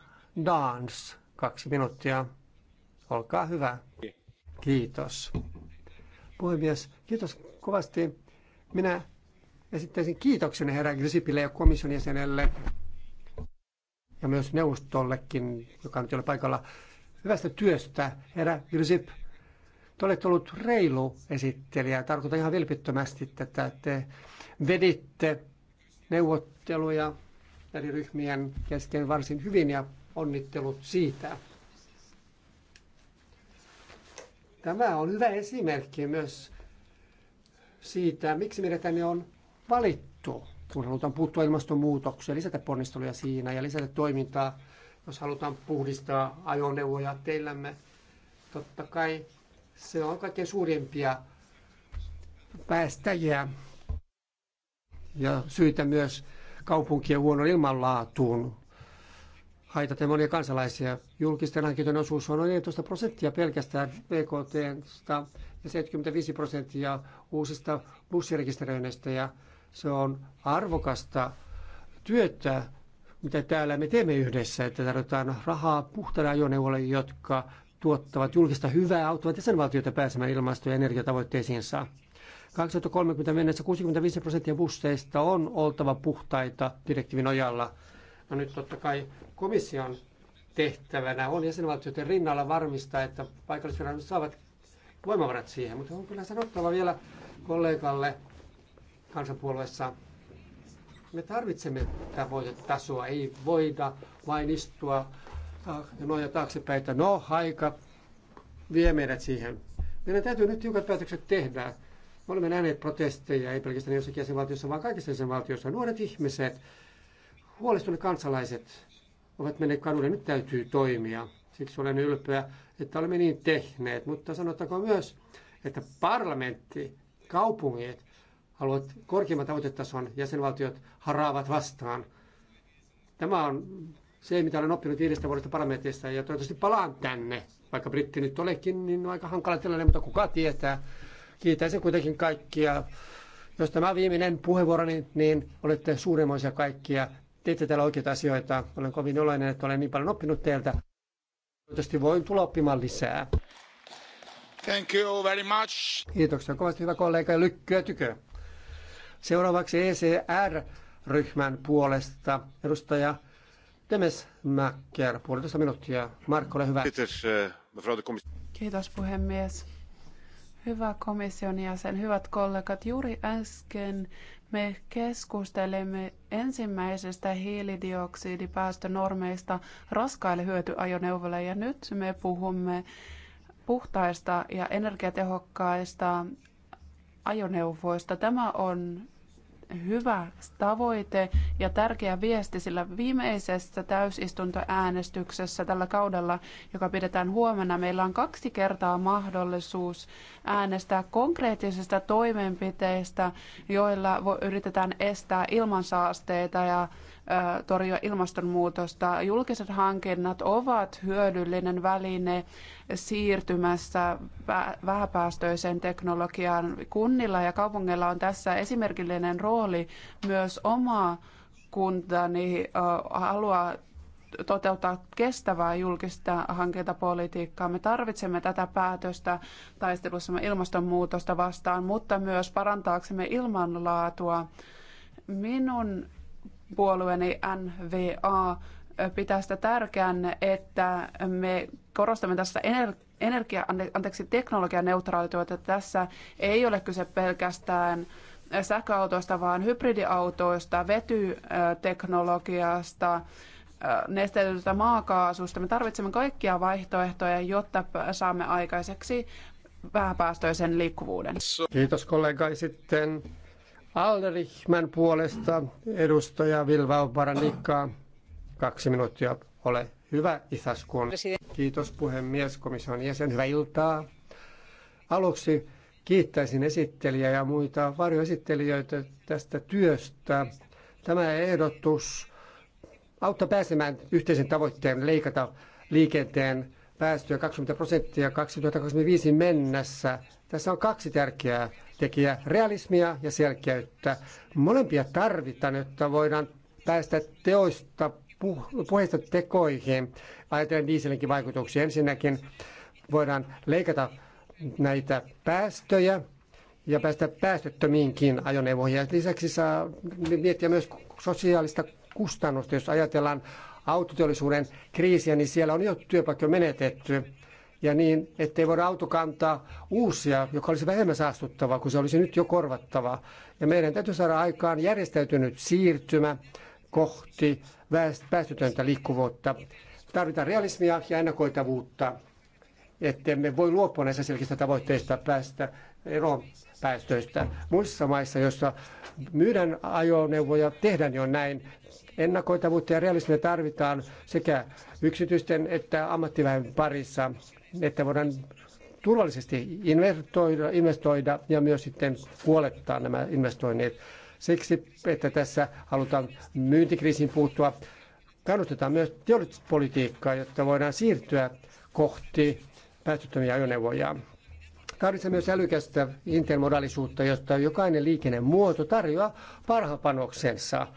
Dans, kaksi minuuttia. Olkaa hyvä. Kiitos. Puhemies, kiitos kovasti. Minä esittäisin kiitoksen herra Grisipille ja komission jäsenelle ja myös neuvostollekin, joka nyt ei ole paikalla, hyvästä työstä. Herra Grisip, te olette ollut reilu esittelijä. Tarkoitan ihan vilpittömästi tätä. Te veditte neuvotteluja eri ryhmien kesken varsin hyvin ja onnittelut siitä. Tämä on hyvä esimerkki myös siitä, miksi meidät tänne on valittu, kun halutaan puuttua ilmastonmuutokseen, lisätä ponnisteluja siinä ja lisätä toimintaa, jos halutaan puhdistaa ajoneuvoja teillämme. Totta kai se on kaikkein suurimpia päästäjiä ja syitä myös kaupunkien huono ilmanlaatuun. ja monia kansalaisia. Julkisten hankintojen osuus on noin 14 prosenttia pelkästään BKT ja 75 prosenttia uusista bussirekisteröinneistä. Ja se on arvokasta työtä, mitä täällä me teemme yhdessä, että tarvitaan rahaa puhtaille ajoneuvolle, jotka tuottavat julkista hyvää, auttavat jäsenvaltioita pääsemään ilmasto- ja energiatavoitteisiinsa. 2030 mennessä 65 prosenttia busseista on oltava puhtaita direktiivin ojalla. No nyt totta kai komission tehtävänä on jäsenvaltioiden rinnalla varmistaa, että paikallisviranomaiset saavat voimavarat siihen. Mutta on kyllä sanottava vielä kollegalle kansanpuolueessa, me tarvitsemme tavoitetasoa. Ei voida vain istua ah, ja noja taaksepäin, että no aika vie meidät siihen. Meidän täytyy nyt tiukat päätökset tehdä. Me olemme nähneet protesteja, ei pelkästään jossakin jäsenvaltiossa, vaan kaikissa jäsenvaltioissa. Nuoret ihmiset, huolestuneet kansalaiset ovat menneet kadulle. Nyt täytyy toimia. Siksi olen ylpeä, että olemme niin tehneet. Mutta sanottakoon myös, että parlamentti, kaupungit haluavat korkeimman tavoitetason, jäsenvaltiot haraavat vastaan. Tämä on se, mitä olen oppinut viidestä vuodesta parlamentista ja toivottavasti palaan tänne. Vaikka britti nyt olekin, niin on aika hankala tilanne, mutta kuka tietää. Kiitäisin kuitenkin kaikkia. Jos tämä on viimeinen puheenvuoroni, niin olette suuremmoisia kaikkia. Teette täällä oikeita asioita. Olen kovin iloinen, että olen niin paljon oppinut teiltä. Toivottavasti voin tulla oppimaan lisää. Thank you very much. Kiitoksia kovasti, hyvä kollega, ja lykkyä tykö. Seuraavaksi ECR-ryhmän puolesta edustaja Demes Mäkker, puolitoista minuuttia. Markko, ole hyvä. Kiitos, eh, Kiitos puhemies. Hyvä komission jäsen, hyvät kollegat, juuri äsken me keskustelimme ensimmäisestä hiilidioksidipäästönormeista raskaille hyötyajoneuvoille ja nyt me puhumme puhtaista ja energiatehokkaista ajoneuvoista. Tämä on hyvä tavoite ja tärkeä viesti, sillä viimeisessä täysistuntoäänestyksessä tällä kaudella, joka pidetään huomenna, meillä on kaksi kertaa mahdollisuus äänestää konkreettisista toimenpiteistä, joilla yritetään estää ilmansaasteita ja torjua ilmastonmuutosta. Julkiset hankinnat ovat hyödyllinen väline siirtymässä vähäpäästöiseen teknologiaan. Kunnilla ja kaupungeilla on tässä esimerkillinen rooli myös oma kuntani haluaa toteuttaa kestävää julkista hankintapolitiikkaa. Me tarvitsemme tätä päätöstä taistelussamme ilmastonmuutosta vastaan, mutta myös parantaaksemme ilmanlaatua. Minun puolueeni NVA pitää sitä tärkeänä, että me korostamme tässä energia, anteeksi, teknologianeutraalituota. Tässä ei ole kyse pelkästään sähköautoista, vaan hybridiautoista, vetyteknologiasta, nesteytetystä maakaasusta. Me tarvitsemme kaikkia vaihtoehtoja, jotta saamme aikaiseksi vähäpäästöisen liikkuvuuden. Kiitos kollega. Sitten Alderichman puolesta edustaja Vilva Baranikka. Kaksi minuuttia. Ole hyvä, Isaskuon. Kiitos puhemies, komission jäsen. Hyvää iltaa. Aluksi kiittäisin esittelijää ja muita varjoesittelijöitä tästä työstä. Tämä ehdotus auttaa pääsemään yhteisen tavoitteen leikata liikenteen päästöjä 20 prosenttia 2025 mennessä. Tässä on kaksi tärkeää tekijä, realismia ja selkeyttä. Molempia tarvitaan, jotta voidaan päästä teoista puheista tekoihin. Ajatellen dieselinkin vaikutuksia. Ensinnäkin voidaan leikata näitä päästöjä ja päästä päästöttömiinkin ajoneuvoihin. lisäksi saa miettiä myös sosiaalista kustannusta. Jos ajatellaan autoteollisuuden kriisiä, niin siellä on jo työpaikkoja menetetty ja niin, ettei voida autokantaa uusia, joka olisi vähemmän saastuttava kuin se olisi nyt jo korvattava. Ja meidän täytyy saada aikaan järjestäytynyt siirtymä kohti päästötöntä liikkuvuutta. Tarvitaan realismia ja ennakoitavuutta, me voi luopua näistä selkeistä tavoitteista päästä eroon päästöistä. Muissa maissa, joissa myydään ajoneuvoja, tehdään jo näin. Ennakoitavuutta ja realismia tarvitaan sekä yksityisten että ammattiväen parissa että voidaan turvallisesti investoida, investoida ja myös sitten kuolettaa nämä investoinnit. Siksi, että tässä halutaan myyntikriisiin puuttua, kannustetaan myös teollisuuspolitiikkaa, jotta voidaan siirtyä kohti päästöttömiä ajoneuvoja. Tarvitsemme myös älykästä intermodaalisuutta, jotta jokainen liikennemuoto tarjoaa parhaan panoksensa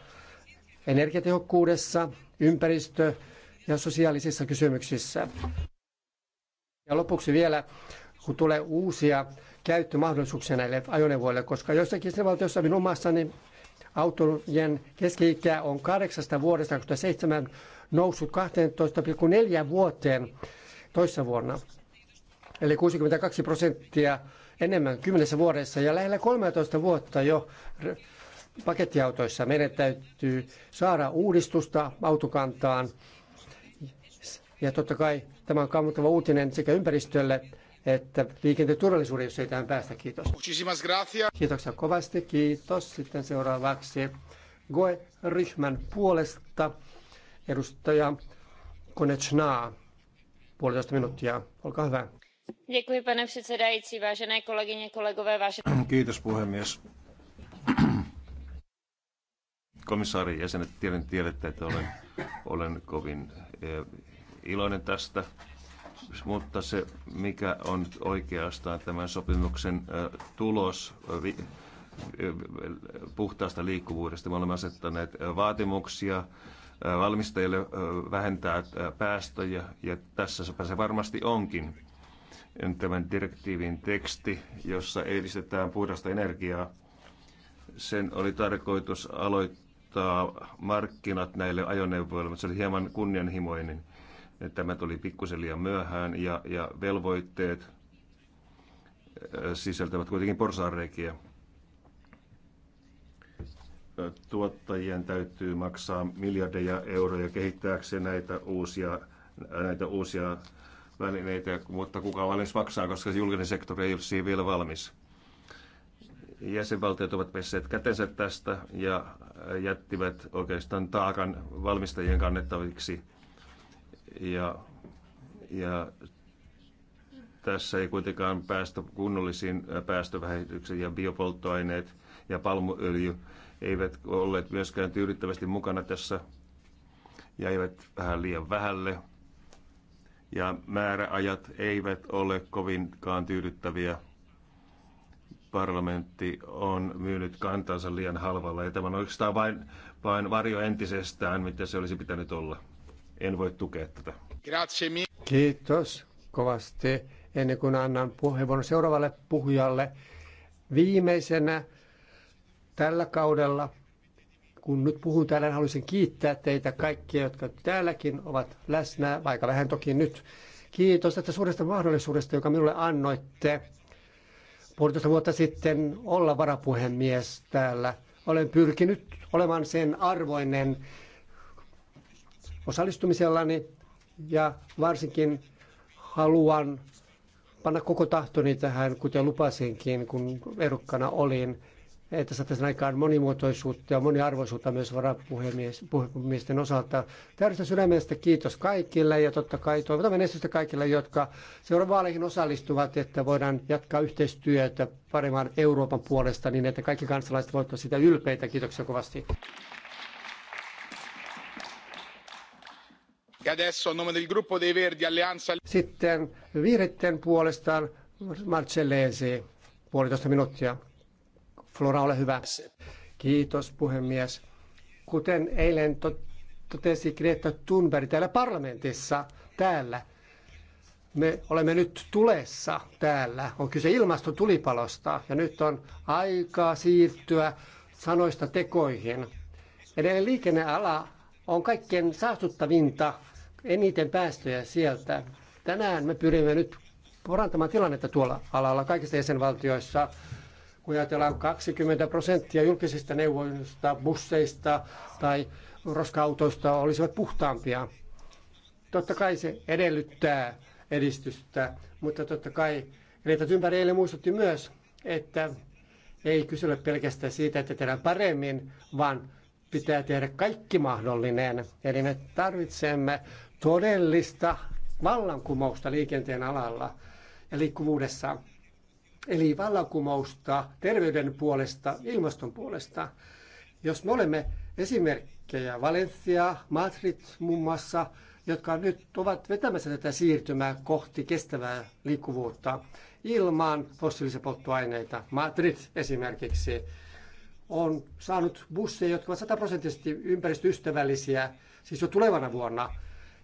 energiatehokkuudessa, ympäristö- ja sosiaalisissa kysymyksissä. Ja lopuksi vielä, kun tulee uusia käyttömahdollisuuksia näille ajoneuvoille, koska joissakin valtiossa minun maassani niin autojen keski-ikä on 8 vuodesta 2007 noussut 12,4 vuoteen toissa vuonna. Eli 62 prosenttia enemmän kymmenessä vuodessa ja lähellä 13 vuotta jo pakettiautoissa. Meidän täytyy saada uudistusta autokantaan ja totta kai tämä on kammottava uutinen sekä ympäristölle että liikenteen turvallisuuden, jos ei tähän päästä. Kiitos. Kiitoksia kovasti. Kiitos. Sitten seuraavaksi Goe Ryhmän puolesta edustaja Konechnaa. Puolitoista minuuttia. Olkaa hyvä. Kiitos puhemies. Komissaari jäsenet, tiedän, tiedätte, että olen, olen kovin eh, iloinen tästä, mutta se mikä on oikeastaan tämän sopimuksen tulos puhtaasta liikkuvuudesta, me olemme asettaneet vaatimuksia valmistajille vähentää päästöjä ja tässä se varmasti onkin tämän direktiivin teksti, jossa edistetään puhdasta energiaa. Sen oli tarkoitus aloittaa markkinat näille ajoneuvoille, mutta se oli hieman kunnianhimoinen. Tämä tuli pikkusen liian myöhään ja, ja velvoitteet sisältävät kuitenkin porsaanreikiä. Tuottajien täytyy maksaa miljardeja euroja kehittääkseen näitä uusia, näitä uusia välineitä, mutta kuka valmis maksaa, koska julkinen sektori ei ole siihen vielä valmis. Jäsenvaltiot ovat pesseet kätensä tästä ja jättivät oikeastaan taakan valmistajien kannettaviksi ja, ja tässä ei kuitenkaan päästä kunnollisiin päästövähennyksiin ja biopolttoaineet ja palmuöljy eivät olleet myöskään tyydyttävästi mukana tässä, jäivät vähän liian vähälle ja määräajat eivät ole kovinkaan tyydyttäviä. Parlamentti on myynyt kantansa liian halvalla ja tämä on oikeastaan vain, vain varjo entisestään, mitä se olisi pitänyt olla en voi tukea tätä. Kiitos kovasti. Ennen kuin annan puheenvuoron seuraavalle puhujalle, viimeisenä tällä kaudella, kun nyt puhun täällä, niin haluaisin kiittää teitä kaikkia, jotka täälläkin ovat läsnä, vaikka vähän toki nyt. Kiitos tästä suuresta mahdollisuudesta, joka minulle annoitte puolitoista vuotta sitten olla varapuhemies täällä. Olen pyrkinyt olemaan sen arvoinen, osallistumisellani ja varsinkin haluan panna koko tahtoni tähän, kuten lupasinkin, kun ehdokkaana olin, että saataisiin aikaan monimuotoisuutta ja moniarvoisuutta myös varapuhemiesten osalta. Täydestä sydämestä kiitos kaikille ja totta kai toivotan menestystä kaikille, jotka vaaleihin osallistuvat, että voidaan jatkaa yhteistyötä paremman Euroopan puolesta niin, että kaikki kansalaiset voivat olla sitä ylpeitä. Kiitoksia kovasti. Sitten vihreitten puolestaan Marcellesi, puolitoista minuuttia. Flora, ole hyvä. Kiitos puhemies. Kuten eilen totesi Greta Thunberg täällä parlamentissa, täällä, me olemme nyt tulessa täällä. On kyse ilmastotulipalosta ja nyt on aikaa siirtyä sanoista tekoihin. Edelleen liikenneala on kaikkein saastuttavinta eniten päästöjä sieltä. Tänään me pyrimme nyt parantamaan tilannetta tuolla alalla kaikissa jäsenvaltioissa. Kun ajatellaan 20 prosenttia julkisista neuvoista, busseista tai roska-autoista olisivat puhtaampia. Totta kai se edellyttää edistystä, mutta totta kai Greta Thunberg eilen muistutti myös, että ei kysyä pelkästään siitä, että tehdään paremmin, vaan pitää tehdä kaikki mahdollinen. Eli me tarvitsemme todellista vallankumousta liikenteen alalla ja liikkuvuudessa. Eli vallankumousta terveyden puolesta, ilmaston puolesta. Jos me olemme esimerkkejä, Valencia, Madrid muun muassa, jotka nyt ovat vetämässä tätä siirtymää kohti kestävää liikkuvuutta ilman fossiilisia polttoaineita. Madrid esimerkiksi on saanut busseja, jotka ovat sataprosenttisesti ympäristöystävällisiä, siis jo tulevana vuonna –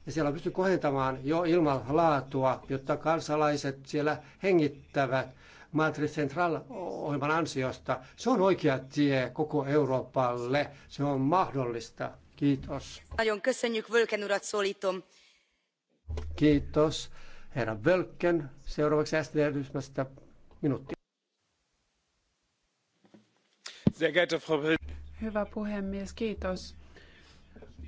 ja siellä on pysty kohentamaan jo ilman laatua, jotta kansalaiset siellä hengittävät Madrid Central-ohjelman ansiosta. Se on oikea tie koko Euroopalle. Se on mahdollista. Kiitos. Kiitos. Herra Völken, seuraavaksi sd ryhmästä minuutti. Hyvä puhemies, kiitos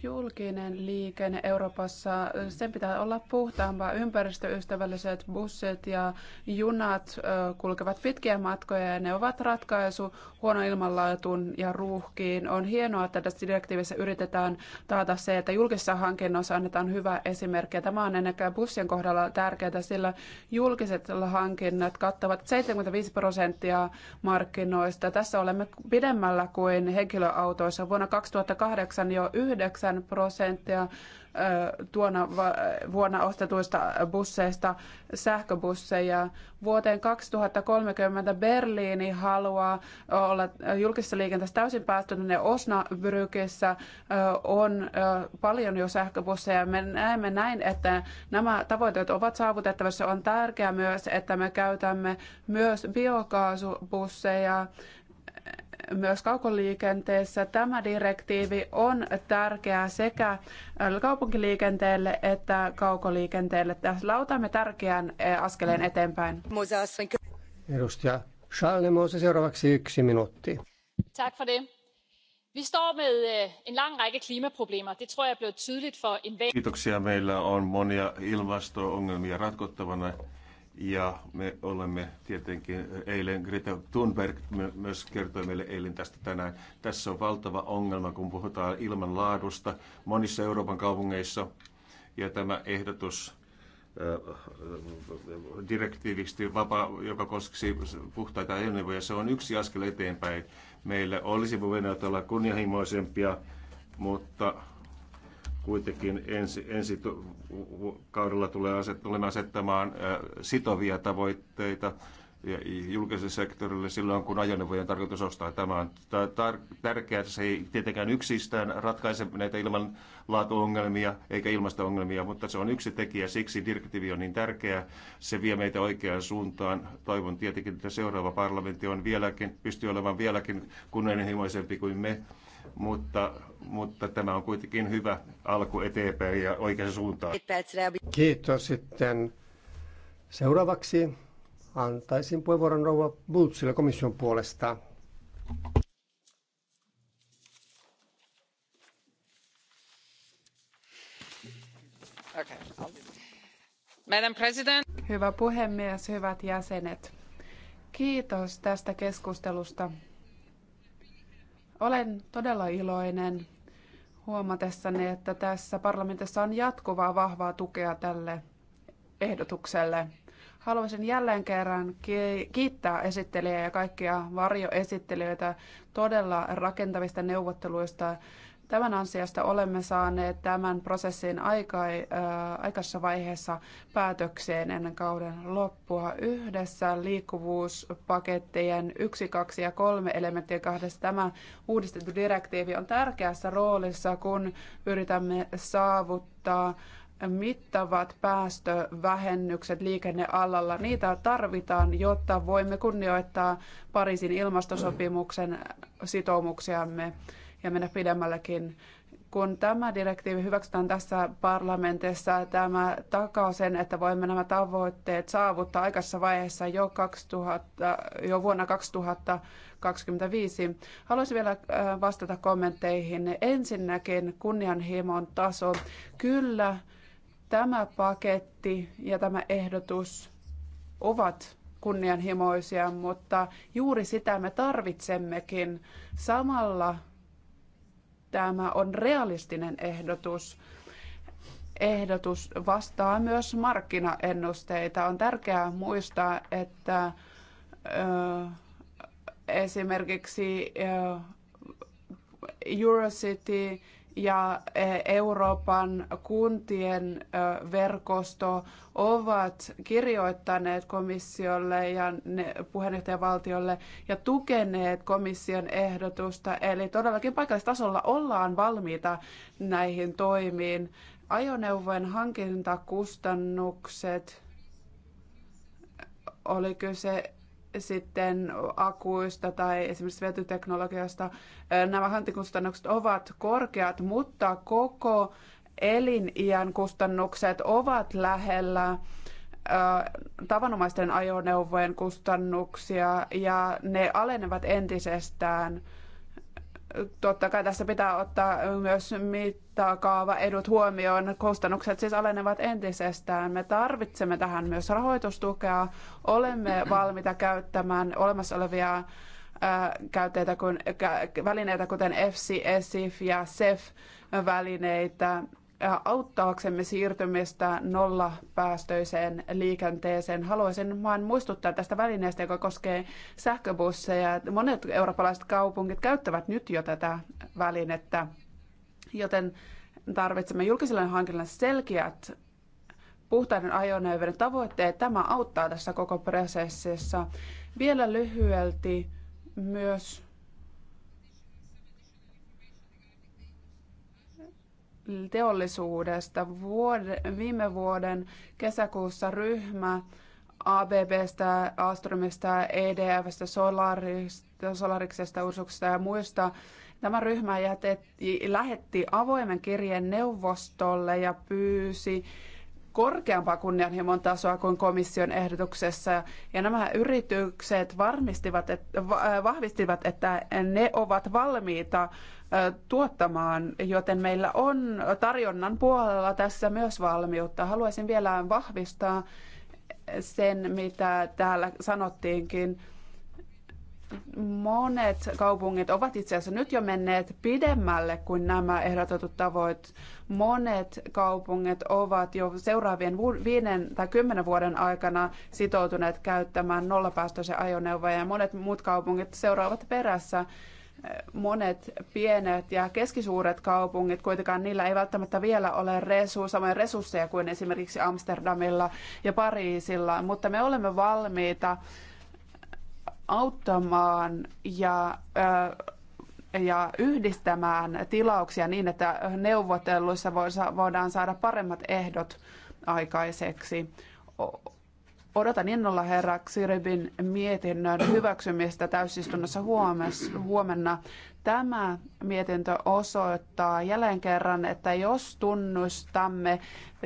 julkinen liikenne Euroopassa, sen pitää olla puhtaampaa. Ympäristöystävälliset busset ja junat kulkevat pitkiä matkoja ja ne ovat ratkaisu huono ilmanlaatuun ja ruuhkiin. On hienoa, että tässä direktiivissä yritetään taata se, että julkisessa hankinnoissa annetaan hyvä esimerkki. Tämä on ennen bussien kohdalla tärkeää, sillä julkiset hankinnat kattavat 75 prosenttia markkinoista. Tässä olemme pidemmällä kuin henkilöautoissa. Vuonna 2008 jo yhdeksän 9 prosenttia tuona vuonna ostetuista busseista sähköbusseja. Vuoteen 2030 Berliini haluaa olla julkisessa liikenteessä täysin päästötön ja Osnabrykissä on paljon jo sähköbusseja. Me näemme näin, että nämä tavoitteet ovat saavutettavissa. On tärkeää myös, että me käytämme myös biokaasubusseja myös kaukoliikenteessä. Tämä direktiivi on tärkeä sekä kaupunkiliikenteelle että kaukoliikenteelle. Tässä otamme tärkeän eh, askeleen eteenpäin. Edustaja Charles seuraavaksi yksi minuutti. Tack för det. Vi står med eh, en lång række klimaproblemer. Det tror jag er blev tydligt för en Kiitoksia. Meillä on monia ilmasto-ongelmia ratkottavana ja me olemme tietenkin eilen, Greta Thunberg myös kertoi meille eilen tästä tänään, tässä on valtava ongelma, kun puhutaan ilmanlaadusta monissa Euroopan kaupungeissa. Ja tämä ehdotus äh, direktiivisti, vapaa, joka koskisi puhtaita ajoneuvoja, se on yksi askel eteenpäin. Meillä olisi voinut olla kunnianhimoisempia, mutta kuitenkin ensi, ensi kaudella tulee aset, tulemme asettamaan sitovia tavoitteita julkiselle sektorille silloin, kun ajoneuvojen on tarkoitus ostaa. Tämä on tärkeää. Se ei tietenkään yksistään ratkaise näitä ilmanlaatuongelmia eikä ilmasto-ongelmia, mutta se on yksi tekijä. Siksi direktiivi on niin tärkeä. Se vie meitä oikeaan suuntaan. Toivon tietenkin, että seuraava parlamentti on vieläkin, pystyy olemaan vieläkin kunnianhimoisempi kuin me mutta, mutta tämä on kuitenkin hyvä alku eteenpäin ja oikeaan suuntaan. Kiitos sitten. Seuraavaksi antaisin puheenvuoron rouva Bultzille komission puolesta. Hyvä puhemies, hyvät jäsenet. Kiitos tästä keskustelusta. Olen todella iloinen huomatessani, että tässä parlamentissa on jatkuvaa vahvaa tukea tälle ehdotukselle. Haluaisin jälleen kerran kiittää esittelijää ja kaikkia varjoesittelijöitä todella rakentavista neuvotteluista Tämän ansiosta olemme saaneet tämän prosessin äh, aikaisessa vaiheessa päätökseen ennen kauden loppua yhdessä liikkuvuuspakettien 1, 2 ja 3 elementtien kahdessa. Tämä uudistettu direktiivi on tärkeässä roolissa, kun yritämme saavuttaa mittavat päästövähennykset liikennealalla. Niitä tarvitaan, jotta voimme kunnioittaa Pariisin ilmastosopimuksen sitoumuksiamme ja mennä pidemmällekin. Kun tämä direktiivi hyväksytään tässä parlamentissa, tämä takaa sen, että voimme nämä tavoitteet saavuttaa aikaisessa vaiheessa jo, 2000, jo vuonna 2025. Haluaisin vielä äh, vastata kommentteihin. Ensinnäkin kunnianhimon taso. Kyllä, tämä paketti ja tämä ehdotus ovat kunnianhimoisia, mutta juuri sitä me tarvitsemmekin. Samalla tämä on realistinen ehdotus. Ehdotus vastaa myös markkinaennusteita. On tärkeää muistaa, että esimerkiksi Eurocity ja e, Euroopan kuntien verkosto ovat kirjoittaneet komissiolle ja puheenjohtajavaltiolle ja tukeneet komission ehdotusta. Eli todellakin paikallistasolla ollaan valmiita näihin toimiin. Ajoneuvojen hankintakustannukset oli kyse sitten akuista tai esimerkiksi vetyteknologiasta. Nämä hankintakustannukset ovat korkeat, mutta koko eliniän kustannukset ovat lähellä tavanomaisten ajoneuvojen kustannuksia ja ne alenevat entisestään – totta kai tässä pitää ottaa myös mittakaava edut huomioon. Kustannukset siis alenevat entisestään. Me tarvitsemme tähän myös rahoitustukea. Olemme valmiita käyttämään olemassa olevia käytteitä kuin, välineitä, kuten EFSI, ESIF ja SEF-välineitä Äh, auttaaksemme siirtymistä nollapäästöiseen liikenteeseen. Haluaisin vain muistuttaa tästä välineestä, joka koskee sähköbusseja. Monet eurooppalaiset kaupungit käyttävät nyt jo tätä välinettä, joten tarvitsemme julkiselle hankinnalle selkeät puhtaiden ajoneuvojen tavoitteet. Tämä auttaa tässä koko prosessissa. Vielä lyhyelti myös teollisuudesta. Vuod- viime vuoden kesäkuussa ryhmä ABBstä, Astromista, EDFstä, Solarista, Solariksesta, Ursuksesta ja muista. Tämä ryhmä jätetti, lähetti avoimen kirjeen neuvostolle ja pyysi korkeampaa kunnianhimon tasoa kuin komission ehdotuksessa. Ja nämä yritykset varmistivat, että, vahvistivat, että ne ovat valmiita tuottamaan, joten meillä on tarjonnan puolella tässä myös valmiutta. Haluaisin vielä vahvistaa sen, mitä täällä sanottiinkin. Monet kaupungit ovat itse asiassa nyt jo menneet pidemmälle kuin nämä ehdotetut tavoit. Monet kaupungit ovat jo seuraavien viiden tai kymmenen vuoden aikana sitoutuneet käyttämään nollapäästöisiä ajoneuvoja ja monet muut kaupungit seuraavat perässä monet pienet ja keskisuuret kaupungit, kuitenkaan niillä ei välttämättä vielä ole resu, samoja resursseja kuin esimerkiksi Amsterdamilla ja Pariisilla, mutta me olemme valmiita auttamaan ja, ja yhdistämään tilauksia niin, että neuvotelluissa voidaan saada paremmat ehdot aikaiseksi Odotan innolla herra Ksiribin mietinnön hyväksymistä täysistunnossa huomenna. Tämä mietintö osoittaa jälleen kerran, että jos tunnustamme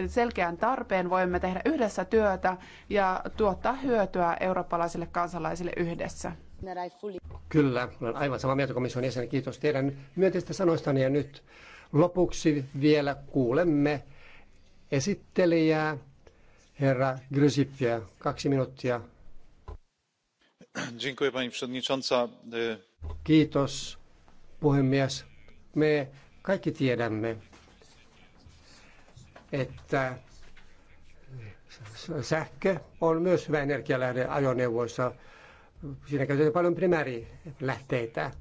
selkeän tarpeen, voimme tehdä yhdessä työtä ja tuottaa hyötyä eurooppalaisille kansalaisille yhdessä. Kyllä, olen aivan sama mieltä komission jäsen. Kiitos teidän myönteistä sanoistani ja nyt lopuksi vielä kuulemme esittelijää herra Grysipiä. Kaksi minuuttia. Dziękuję, pani przewodnicząca. Kiitos, puhemies. Me kaikki tiedämme, että sähkö on myös hyvä energialähde ajoneuvoissa. Siinä käytetään paljon primäärilähteitä.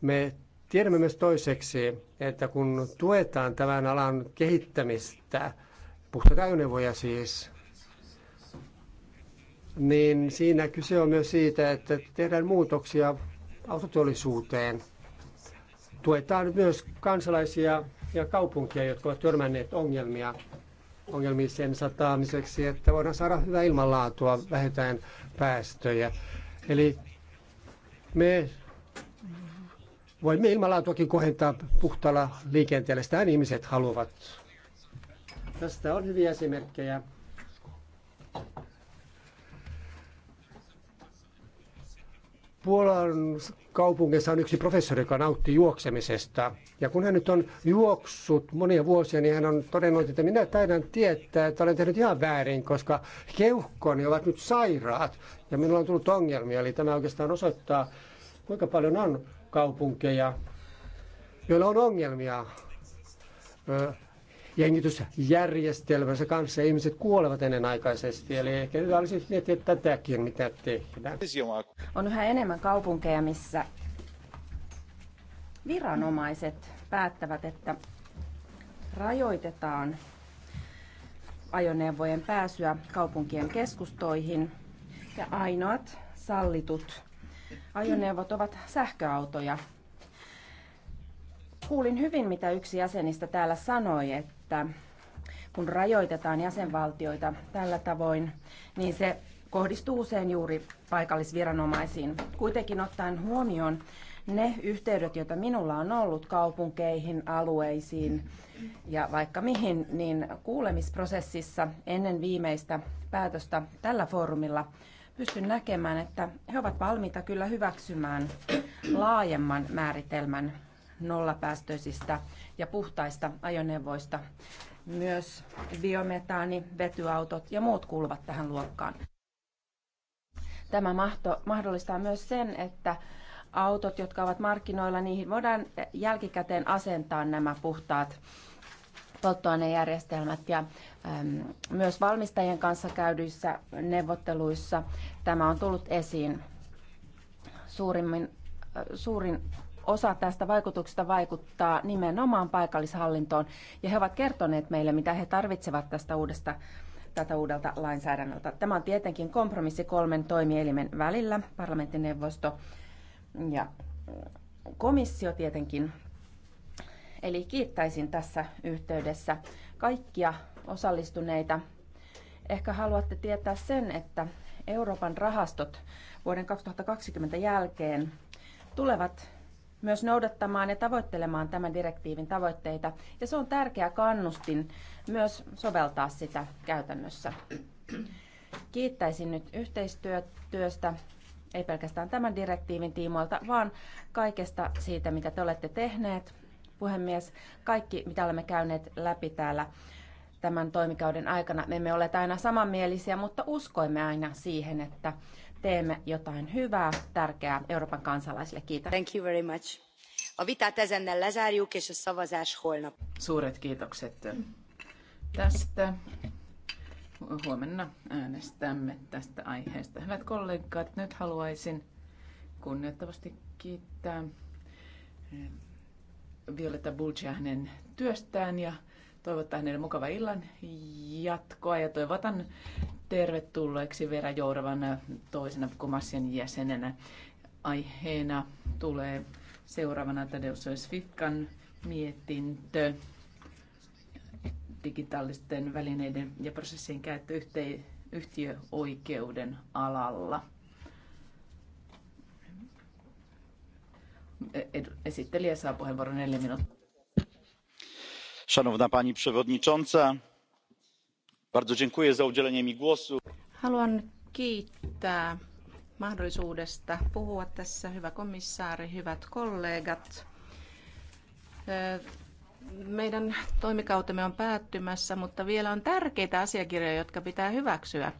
Me tiedämme myös toiseksi, että kun tuetaan tämän alan kehittämistä – puhtaita ajoneuvoja siis, niin siinä kyse on myös siitä, että tehdään muutoksia autoteollisuuteen. Tuetaan myös kansalaisia ja kaupunkia, jotka ovat törmänneet ongelmia ongelmiin sen sataamiseksi, että voidaan saada hyvää ilmanlaatua, vähentäen päästöjä. Eli me voimme ilmanlaatuakin kohentaa puhtaalla liikenteellä. Sitä ihmiset haluavat. Tästä on hyviä esimerkkejä. Puolan kaupungissa on yksi professori, joka nautti juoksemisesta. Ja kun hän nyt on juoksut monia vuosia, niin hän on todennut, että minä taidan tietää, että olen tehnyt ihan väärin, koska keuhkoni ovat nyt sairaat ja minulla on tullut ongelmia. Eli tämä oikeastaan osoittaa, kuinka paljon on kaupunkeja, joilla on ongelmia jengitysjärjestelmänsä kanssa. Ihmiset kuolevat ennenaikaisesti, eli ehkä hyvä olisi miettiä tätäkin, mitä tehdään. On yhä enemmän kaupunkeja, missä viranomaiset päättävät, että rajoitetaan ajoneuvojen pääsyä kaupunkien keskustoihin ja ainoat sallitut ajoneuvot ovat sähköautoja, Kuulin hyvin, mitä yksi jäsenistä täällä sanoi, että kun rajoitetaan jäsenvaltioita tällä tavoin, niin se kohdistuu usein juuri paikallisviranomaisiin. Kuitenkin ottaen huomioon ne yhteydet, joita minulla on ollut kaupunkeihin, alueisiin ja vaikka mihin, niin kuulemisprosessissa ennen viimeistä päätöstä tällä foorumilla pystyn näkemään, että he ovat valmiita kyllä hyväksymään laajemman määritelmän nollapäästöisistä ja puhtaista ajoneuvoista. Myös biometaani, vetyautot ja muut kuuluvat tähän luokkaan. Tämä mahto, mahdollistaa myös sen, että autot, jotka ovat markkinoilla, niihin voidaan jälkikäteen asentaa nämä puhtaat polttoainejärjestelmät ja äm, myös valmistajien kanssa käydyissä neuvotteluissa tämä on tullut esiin. Suurimmin, äh, suurin osa tästä vaikutuksesta vaikuttaa nimenomaan paikallishallintoon. Ja he ovat kertoneet meille, mitä he tarvitsevat tästä uudesta tätä uudelta lainsäädännöltä. Tämä on tietenkin kompromissi kolmen toimielimen välillä, parlamenttineuvosto ja komissio tietenkin. Eli kiittäisin tässä yhteydessä kaikkia osallistuneita. Ehkä haluatte tietää sen, että Euroopan rahastot vuoden 2020 jälkeen tulevat myös noudattamaan ja tavoittelemaan tämän direktiivin tavoitteita, ja se on tärkeä kannustin myös soveltaa sitä käytännössä. Kiittäisin nyt yhteistyöstä, ei pelkästään tämän direktiivin tiimoilta, vaan kaikesta siitä, mitä te olette tehneet. Puhemies, kaikki, mitä olemme käyneet läpi täällä tämän toimikauden aikana, me emme ole aina samanmielisiä, mutta uskoimme aina siihen, että teemme jotain hyvää, tärkeää Euroopan kansalaisille. Kiitos. Thank you very much. A vitát ezennel lezárjuk, és a szavazás holnap. Suuret kiitokset tästä. Huomenna äänestämme tästä aiheesta. Hyvät kollegat, nyt haluaisin kunnioittavasti kiittää eh, Violetta Bulcia hänen työstään ja toivottaa hänelle mukava illan jatkoa ja toivotan tervetulleeksi Vera Jourovan toisena komission jäsenenä. Aiheena tulee seuraavana Tadeusz Svitkan mietintö digitaalisten välineiden ja prosessien käyttö yhtiöoikeuden alalla. Esittelijä saa puheenvuoron neljä minuuttia. Szanowna Pani Przewodnicząca, Bardzo dziękuję za udzielenie mi głosu. Haluan kiittää mahdollisuudesta puhua tässä, hyvä komissaari, hyvät kollegat. Meidän toimikautemme on päättymässä, mutta vielä on tärkeitä asiakirjoja, jotka pitää hyväksyä.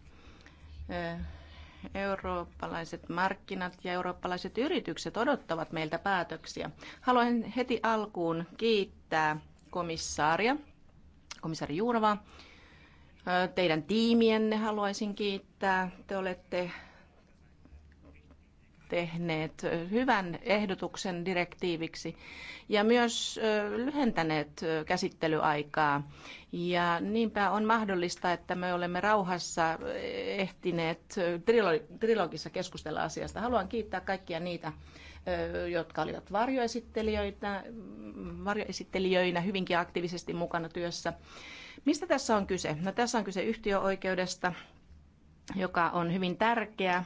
Eurooppalaiset markkinat ja eurooppalaiset yritykset odottavat meiltä päätöksiä. Haluan heti alkuun kiittää komissaaria, komissaari Juurovaa, Teidän tiimienne haluaisin kiittää. Te olette tehneet hyvän ehdotuksen direktiiviksi ja myös lyhentäneet käsittelyaikaa. Ja niinpä on mahdollista, että me olemme rauhassa ehtineet trilogissa keskustella asiasta. Haluan kiittää kaikkia niitä, jotka olivat varjoesittelijöitä, varjoesittelijöinä hyvinkin aktiivisesti mukana työssä. Mistä tässä on kyse? No, tässä on kyse yhtiöoikeudesta, joka on hyvin tärkeä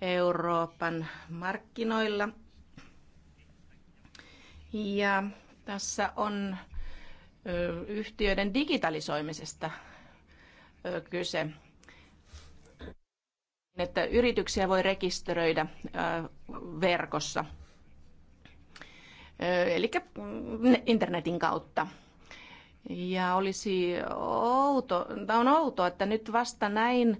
Euroopan markkinoilla. Ja tässä on yhtiöiden digitalisoimisesta kyse että yrityksiä voi rekisteröidä verkossa, eli internetin kautta. Ja olisi outo, on outoa, että nyt vasta näin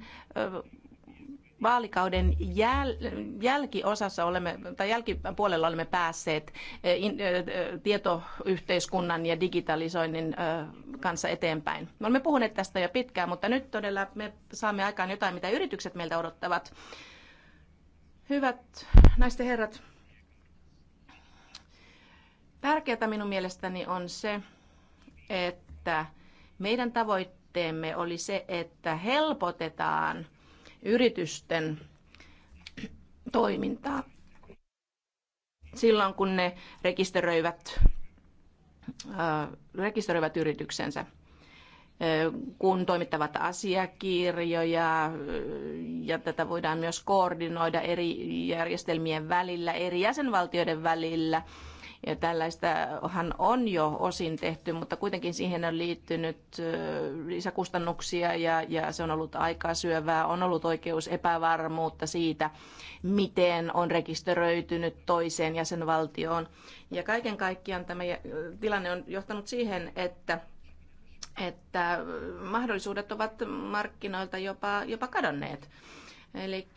vaalikauden jäl- jälkiosassa olemme, tai jälkipuolella olemme päässeet eh, in, eh, tietoyhteiskunnan ja digitalisoinnin eh, kanssa eteenpäin. Me olemme puhuneet tästä jo pitkään, mutta nyt todella me saamme aikaan jotain, mitä yritykset meiltä odottavat. Hyvät naisten herrat, tärkeää minun mielestäni on se, että meidän tavoitteemme oli se, että helpotetaan – yritysten toimintaa silloin, kun ne rekisteröivät, äh, rekisteröivät yrityksensä kun toimittavat asiakirjoja ja tätä voidaan myös koordinoida eri järjestelmien välillä, eri jäsenvaltioiden välillä ja tällaistahan on jo osin tehty, mutta kuitenkin siihen on liittynyt lisäkustannuksia ja, ja se on ollut aikaa syövää. On ollut oikeus epävarmuutta siitä, miten on rekisteröitynyt toiseen jäsenvaltioon. Ja kaiken kaikkiaan tämä tilanne on johtanut siihen, että että mahdollisuudet ovat markkinoilta jopa, jopa kadonneet. Eli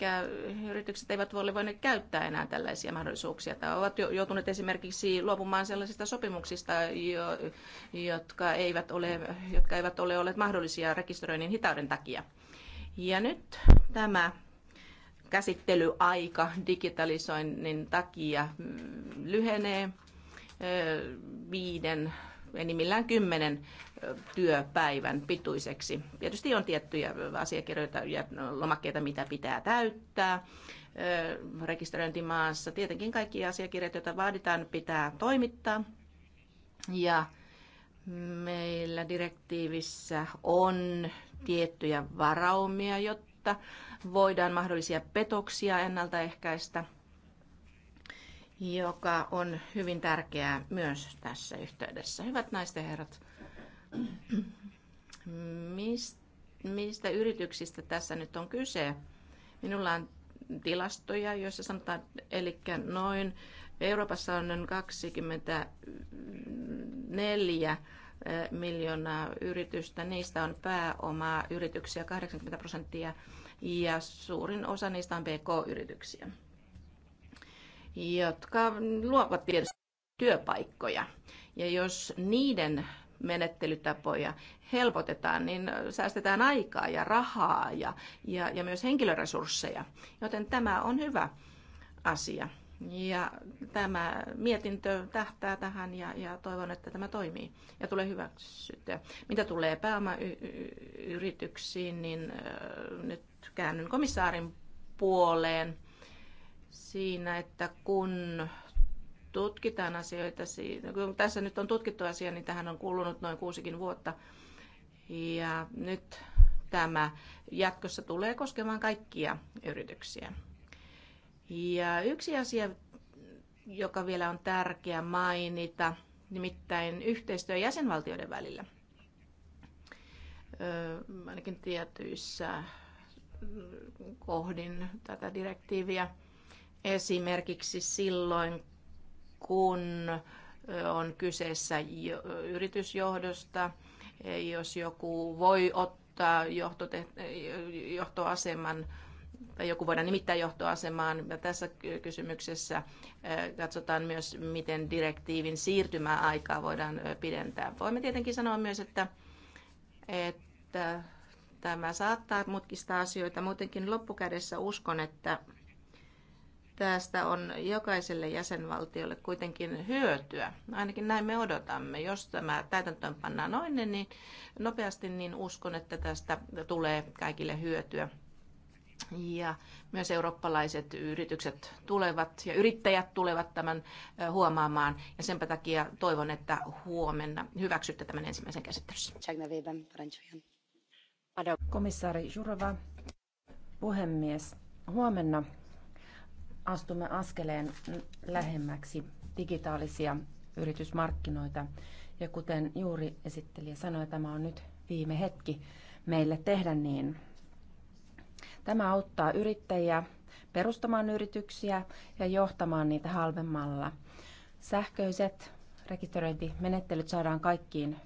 yritykset eivät ole voineet käyttää enää tällaisia mahdollisuuksia tai ovat joutuneet esimerkiksi luopumaan sellaisista sopimuksista, jotka eivät ole, jotka eivät ole olleet mahdollisia rekisteröinnin hitauden takia. Ja nyt tämä käsittelyaika digitalisoinnin takia lyhenee viiden enimmillään kymmenen työpäivän pituiseksi. Tietysti on tiettyjä asiakirjoita ja lomakkeita, mitä pitää täyttää rekisteröintimaassa. Tietenkin kaikki asiakirjat, joita vaaditaan, pitää toimittaa. Ja meillä direktiivissä on tiettyjä varaumia, jotta voidaan mahdollisia petoksia ennaltaehkäistä – joka on hyvin tärkeää myös tässä yhteydessä. Hyvät naiset ja herrat, mistä yrityksistä tässä nyt on kyse? Minulla on tilastoja, joissa sanotaan, eli noin Euroopassa on noin 24 eh, miljoonaa yritystä, niistä on pääomaa yrityksiä 80 prosenttia ja suurin osa niistä on PK-yrityksiä jotka luovat tietysti työpaikkoja. Ja jos niiden menettelytapoja helpotetaan, niin säästetään aikaa ja rahaa ja, ja, ja myös henkilöresursseja. Joten tämä on hyvä asia. Ja tämä mietintö tähtää tähän ja, ja toivon, että tämä toimii ja tulee hyväksyttyä. Mitä tulee pääomayrityksiin, niin nyt käännyn komissaarin puoleen siinä, että kun tutkitaan asioita, kun tässä nyt on tutkittu asia, niin tähän on kulunut noin kuusikin vuotta. Ja nyt tämä jatkossa tulee koskemaan kaikkia yrityksiä. Ja yksi asia, joka vielä on tärkeä mainita, nimittäin yhteistyö jäsenvaltioiden välillä. Öö, ainakin tietyissä kohdin tätä direktiiviä. Esimerkiksi silloin, kun on kyseessä yritysjohdosta, e, jos joku voi ottaa e, johtoaseman tai joku voidaan nimittää johtoasemaan. Ja tässä kysymyksessä e, katsotaan myös, miten direktiivin siirtymäaikaa voidaan pidentää. Voimme tietenkin sanoa myös, että, että tämä saattaa mutkistaa asioita. Muutenkin loppukädessä uskon, että Tästä on jokaiselle jäsenvaltiolle kuitenkin hyötyä. Ainakin näin me odotamme. Jos tämä täytäntöön pannaan noin, niin nopeasti, niin uskon, että tästä tulee kaikille hyötyä. Ja myös eurooppalaiset yritykset tulevat ja yrittäjät tulevat tämän huomaamaan. Ja senpä takia toivon, että huomenna hyväksytte tämän ensimmäisen käsittelyssä. Komissaari Jurova, puhemies, huomenna astumme askeleen lähemmäksi digitaalisia yritysmarkkinoita. Ja kuten juuri esittelijä sanoi, tämä on nyt viime hetki meille tehdä niin. Tämä auttaa yrittäjiä perustamaan yrityksiä ja johtamaan niitä halvemmalla. Sähköiset rekisteröintimenettelyt saadaan kaikkiin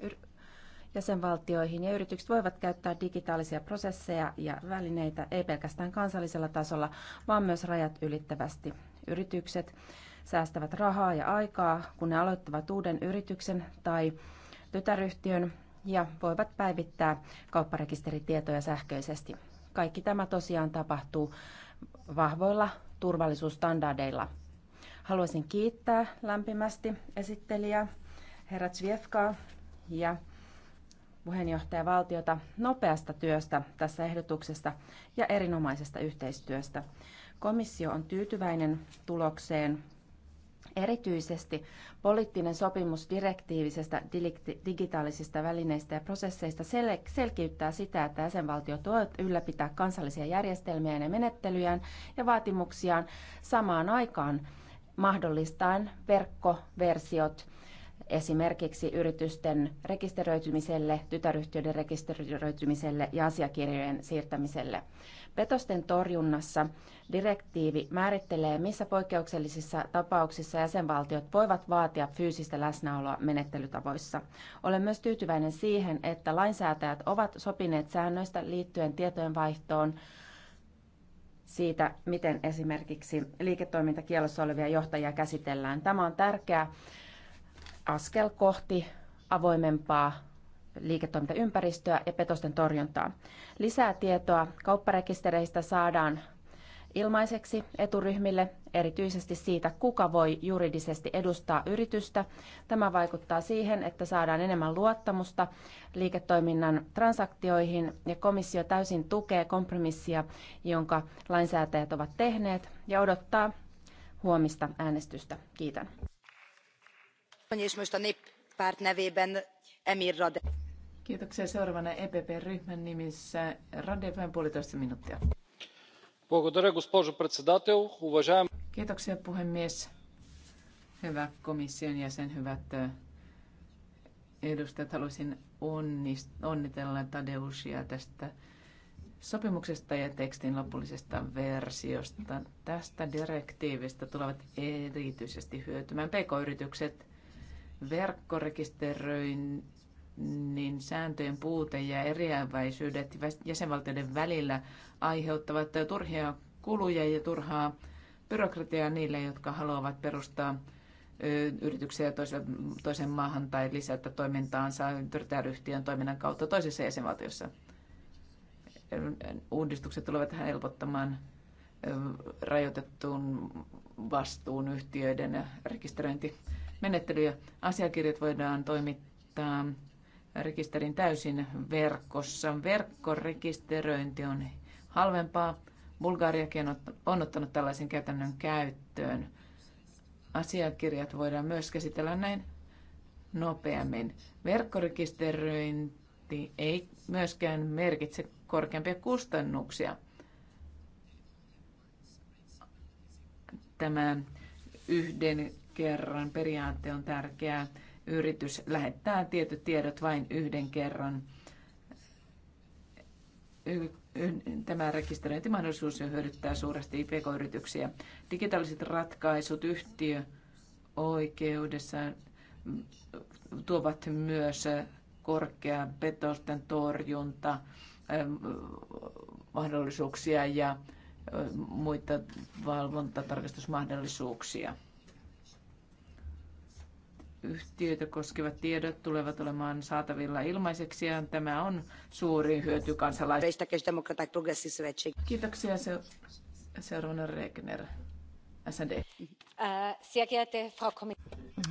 jäsenvaltioihin ja yritykset voivat käyttää digitaalisia prosesseja ja välineitä ei pelkästään kansallisella tasolla, vaan myös rajat ylittävästi. Yritykset säästävät rahaa ja aikaa, kun ne aloittavat uuden yrityksen tai tytäryhtiön ja voivat päivittää kaupparekisteritietoja sähköisesti. Kaikki tämä tosiaan tapahtuu vahvoilla turvallisuusstandardeilla. Haluaisin kiittää lämpimästi esittelijää herra Zviefkaa ja puheenjohtajavaltiota nopeasta työstä tässä ehdotuksessa ja erinomaisesta yhteistyöstä. Komissio on tyytyväinen tulokseen. Erityisesti poliittinen sopimus direktiivisestä digitaalisista välineistä ja prosesseista sel- selkiyttää sitä, että jäsenvaltiot voivat ylläpitää kansallisia järjestelmiä, ja menettelyjään ja vaatimuksiaan samaan aikaan mahdollistaen verkkoversiot esimerkiksi yritysten rekisteröitymiselle, tytäryhtiöiden rekisteröitymiselle ja asiakirjojen siirtämiselle. Petosten torjunnassa direktiivi määrittelee, missä poikkeuksellisissa tapauksissa jäsenvaltiot voivat vaatia fyysistä läsnäoloa menettelytavoissa. Olen myös tyytyväinen siihen, että lainsäätäjät ovat sopineet säännöistä liittyen tietojen vaihtoon siitä, miten esimerkiksi liiketoimintakielossa olevia johtajia käsitellään. Tämä on tärkeää askel kohti avoimempaa liiketoimintaympäristöä ja petosten torjuntaa. Lisää tietoa kaupparekistereistä saadaan ilmaiseksi eturyhmille, erityisesti siitä, kuka voi juridisesti edustaa yritystä. Tämä vaikuttaa siihen, että saadaan enemmän luottamusta liiketoiminnan transaktioihin ja komissio täysin tukee kompromissia, jonka lainsäätäjät ovat tehneet ja odottaa huomista äänestystä. Kiitän. Kiitoksia. Seuraavana EPP-ryhmän nimissä minuuttia. Kiitoksia puhemies. Hyvä komission jäsen, hyvät edustajat. Haluaisin onnitella Tadeusia tästä sopimuksesta ja tekstin lopullisesta versiosta. Tästä direktiivistä tulevat erityisesti hyötymään pk-yritykset – verkkorekisteröinnin sääntöjen puute ja eriäväisyydet jäsenvaltioiden välillä aiheuttavat turhia kuluja ja turhaa byrokratiaa niille, jotka haluavat perustaa yrityksiä toiseen, toiseen maahan tai lisätä toimintaansa yrittäjäryhtiön toiminnan kautta toisessa jäsenvaltiossa. Uudistukset tulevat helpottamaan rajoitettuun vastuun yhtiöiden rekisteröinti menettelyjä. Asiakirjat voidaan toimittaa rekisterin täysin verkossa. Verkkorekisteröinti on halvempaa. Bulgariakin on ottanut tällaisen käytännön käyttöön. Asiakirjat voidaan myös käsitellä näin nopeammin. Verkkorekisteröinti ei myöskään merkitse korkeampia kustannuksia. Tämä yhden kerran. Periaate on tärkeää. Yritys lähettää tietyt tiedot vain yhden kerran. Tämä rekisteröintimahdollisuus hyödyttää suuresti IPK-yrityksiä. Digitaaliset ratkaisut yhtiö oikeudessa mm, tuovat myös korkea petosten torjunta, mahdollisuuksia ja muita valvontatarkastusmahdollisuuksia yhtiöitä koskevat tiedot tulevat olemaan saatavilla ilmaiseksi ja tämä on suuri hyöty kansalaisille. Kiitoksia. Se, seuraavana Regner. SND. Eh,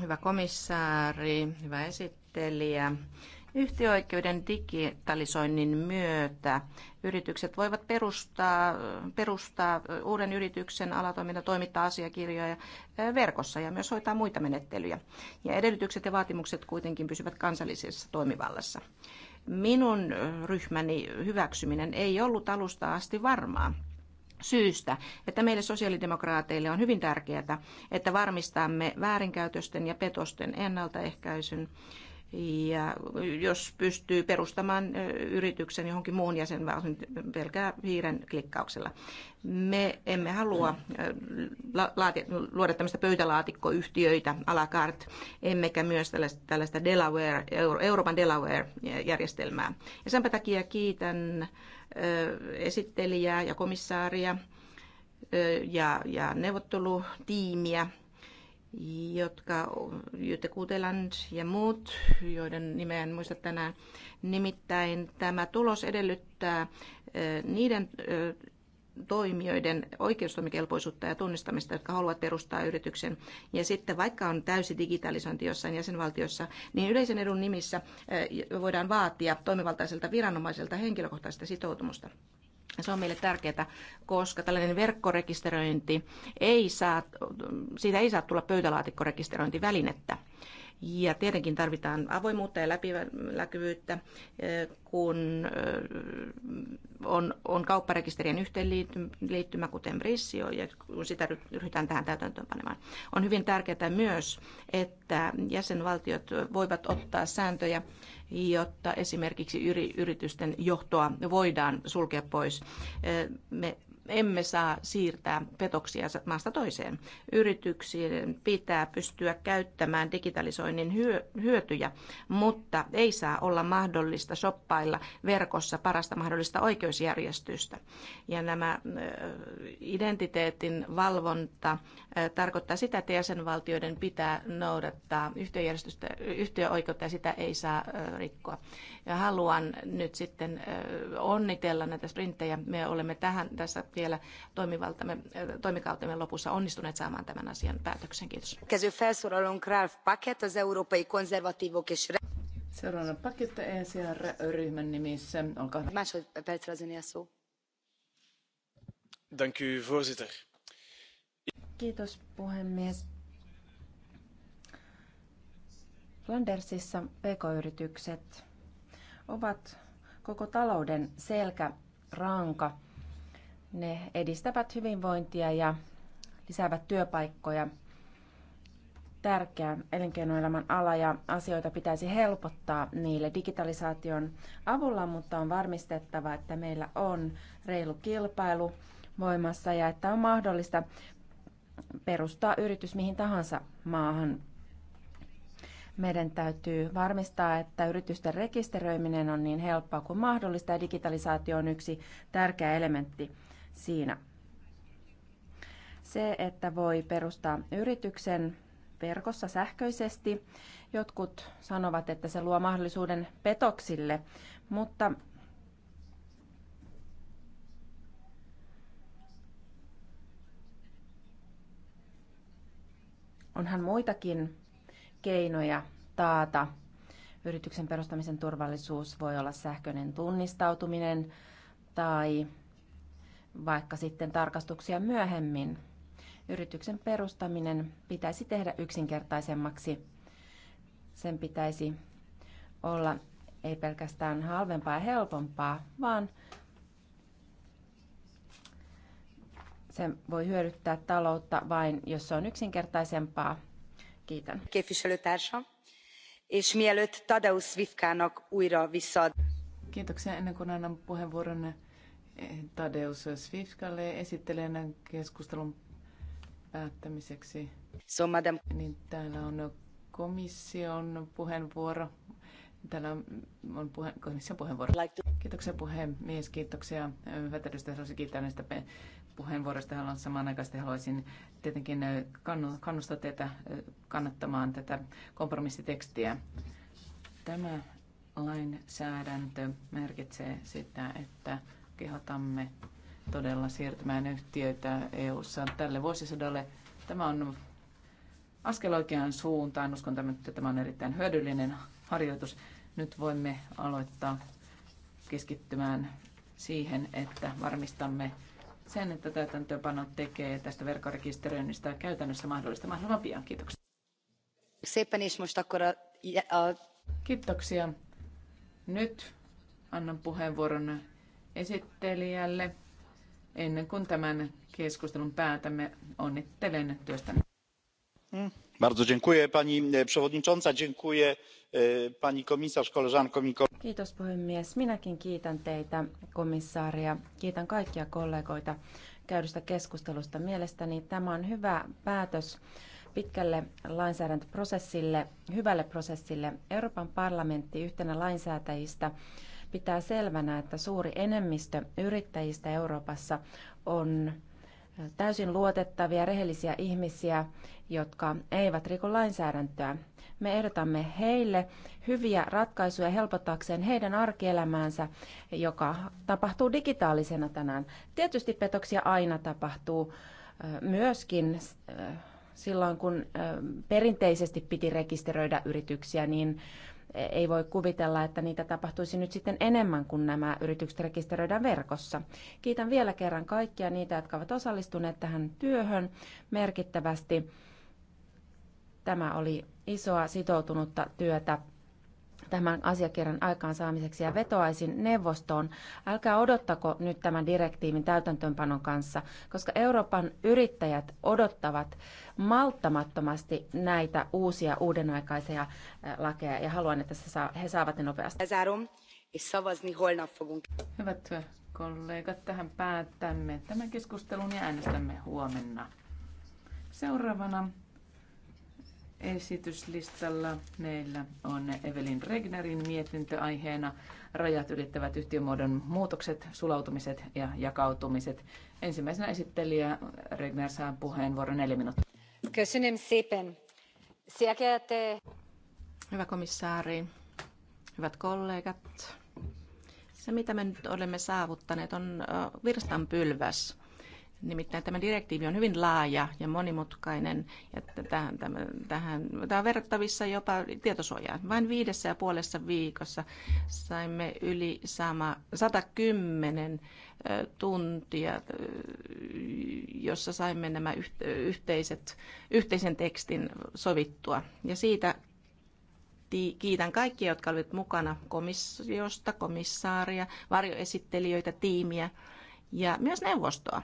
hyvä komissaari, hyvä esittelijä. Yhtiöoikeuden digitalisoinnin myötä yritykset voivat perustaa, perustaa uuden yrityksen alatoiminta toimittaa asiakirjoja verkossa ja myös hoitaa muita menettelyjä. Ja edellytykset ja vaatimukset kuitenkin pysyvät kansallisessa toimivallassa. Minun ryhmäni hyväksyminen ei ollut alusta asti varmaa syystä, että meille sosiaalidemokraateille on hyvin tärkeää, että varmistamme väärinkäytösten ja petosten ennaltaehkäisyn ja jos pystyy perustamaan yrityksen johonkin muun jäsenvaltion pelkää hiiren klikkauksella. Me emme halua laati, luoda tämmöistä pöytälaatikkoyhtiöitä a la carte, emmekä myös tällaista, tällaista Delaware, Euroopan Delaware-järjestelmää. Ja senpä takia kiitän esittelijää ja komissaaria ja, ja neuvottelutiimiä jotka Jytte Kuuteland ja muut, joiden nimeä en muista tänään. Nimittäin tämä tulos edellyttää niiden toimijoiden oikeustoimikelpoisuutta ja tunnistamista, jotka haluavat perustaa yrityksen. Ja sitten vaikka on täysi digitalisointi jossain jäsenvaltiossa, niin yleisen edun nimissä voidaan vaatia toimivaltaiselta viranomaiselta henkilökohtaista sitoutumusta. Se on meille tärkeää, koska tällainen verkkorekisteröinti ei saa, siitä ei saa tulla pöytälaatikkorekisteröintivälinettä. Ja tietenkin tarvitaan avoimuutta ja läpinäkyvyyttä, eh, kun eh, on, on kaupparekisterien yhteenliittymä, kuten Brissio, ja kun sitä ryhdytään tähän täytäntöönpanemaan. On hyvin tärkeää myös, että jäsenvaltiot voivat ottaa sääntöjä jotta esimerkiksi yritysten johtoa voidaan sulkea pois. Me emme saa siirtää petoksia maasta toiseen. Yrityksien pitää pystyä käyttämään digitalisoinnin hyötyjä, mutta ei saa olla mahdollista shoppailla verkossa parasta mahdollista oikeusjärjestystä. Ja nämä identiteetin valvonta tarkoittaa sitä, että jäsenvaltioiden pitää noudattaa yhtiöjärjestystä, yhtiöoikeutta ja sitä ei saa rikkoa. Ja haluan nyt sitten onnitella näitä sprinttejä. Me olemme tähän tässä vielä toimivaltamme, toimikautemme lopussa onnistuneet saamaan tämän asian päätöksen. Kiitos. Seuraava paketti ECR-ryhmän nimissä. Olkaa hyvä. Másodpercre Dank u, voorzitter Kiitos puhemies. Flandersissa pk-yritykset ovat koko talouden selkäranka. Ne edistävät hyvinvointia ja lisäävät työpaikkoja. Tärkeä elinkeinoelämän ala ja asioita pitäisi helpottaa niille digitalisaation avulla, mutta on varmistettava, että meillä on reilu kilpailu voimassa ja että on mahdollista perustaa yritys mihin tahansa maahan. Meidän täytyy varmistaa, että yritysten rekisteröiminen on niin helppoa kuin mahdollista ja digitalisaatio on yksi tärkeä elementti siinä. Se, että voi perustaa yrityksen verkossa sähköisesti. Jotkut sanovat, että se luo mahdollisuuden petoksille, mutta Onhan muitakin keinoja taata yrityksen perustamisen turvallisuus. Voi olla sähköinen tunnistautuminen tai vaikka sitten tarkastuksia myöhemmin. Yrityksen perustaminen pitäisi tehdä yksinkertaisemmaksi. Sen pitäisi olla ei pelkästään halvempaa ja helpompaa, vaan Se voi hyödyttää taloutta vain, jos se on yksinkertaisempaa. Kiitän. És mielőtt Tadeusz Vivkának újra vissza... Kiitoksia ennen kuin annan puheenvuoron eh, Tadeus Svifkalle esittelen keskustelun päättämiseksi. So, madam. Niin, täällä on komission puheenvuoro. Täällä on puhe, komission puheenvuoro. Like to... Kiitoksia puhemies, kiitoksia. Eh, hyvät edustajat, haluaisin kiittää näistä puheenvuorosta haluan samanaikaisesti haluaisin tietenkin kannustaa teitä kannattamaan tätä kompromissitekstiä. Tämä lainsäädäntö merkitsee sitä, että kehotamme todella siirtymään yhtiöitä EU-ssa tälle vuosisadalle. Tämä on askel oikeaan suuntaan. Uskon, että tämä on erittäin hyödyllinen harjoitus. Nyt voimme aloittaa keskittymään siihen, että varmistamme sen, että täytäntöönpano tekee tästä verkkorekisteröinnistä käytännössä mahdollista mahdollisimman pian. Kiitoksia. Kiitoksia. Nyt annan puheenvuoron esittelijälle. Ennen kuin tämän keskustelun päätämme, onnittelen työstäni. Mm. Kiitos puhemies. Minäkin kiitän teitä, komissaaria. Kiitän kaikkia kollegoita käydystä keskustelusta. Mielestäni tämä on hyvä päätös pitkälle lainsäädäntöprosessille, hyvälle prosessille. Euroopan parlamentti yhtenä lainsäätäjistä pitää selvänä, että suuri enemmistö yrittäjistä Euroopassa on täysin luotettavia, rehellisiä ihmisiä, jotka eivät riko lainsäädäntöä. Me ehdotamme heille hyviä ratkaisuja helpottaakseen heidän arkielämäänsä, joka tapahtuu digitaalisena tänään. Tietysti petoksia aina tapahtuu myöskin silloin, kun perinteisesti piti rekisteröidä yrityksiä, niin ei voi kuvitella, että niitä tapahtuisi nyt sitten enemmän, kuin nämä yritykset rekisteröidään verkossa. Kiitän vielä kerran kaikkia niitä, jotka ovat osallistuneet tähän työhön merkittävästi. Tämä oli isoa sitoutunutta työtä tämän asiakirjan aikaansaamiseksi ja vetoaisin neuvostoon. Älkää odottako nyt tämän direktiivin täytäntöönpanon kanssa, koska Euroopan yrittäjät odottavat malttamattomasti näitä uusia uudenaikaisia lakeja ja haluan, että he saavat ne nopeasti. Hyvät kollegat, tähän päätämme tämän keskustelun ja äänestämme huomenna. Seuraavana Esityslistalla meillä on Evelin Regnerin mietintö aiheena rajat ylittävät yhtiömuodon muutokset, sulautumiset ja jakautumiset. Ensimmäisenä esittelijä Regner saa puheenvuoron neljä minuuttia. Kysynym Sipen. Hyvä komissaari, hyvät kollegat. Se, mitä me nyt olemme saavuttaneet, on virstanpylväs Nimittäin tämä direktiivi on hyvin laaja ja monimutkainen, ja tähän, tähän, tämä on verrattavissa jopa tietosuojaan. Vain viidessä ja puolessa viikossa saimme yli sama, 110 tuntia, jossa saimme nämä yhteiset, yhteisen tekstin sovittua. Ja siitä kiitän kaikkia, jotka olivat mukana komissiosta, komissaaria, varjoesittelijöitä, tiimiä ja myös neuvostoa.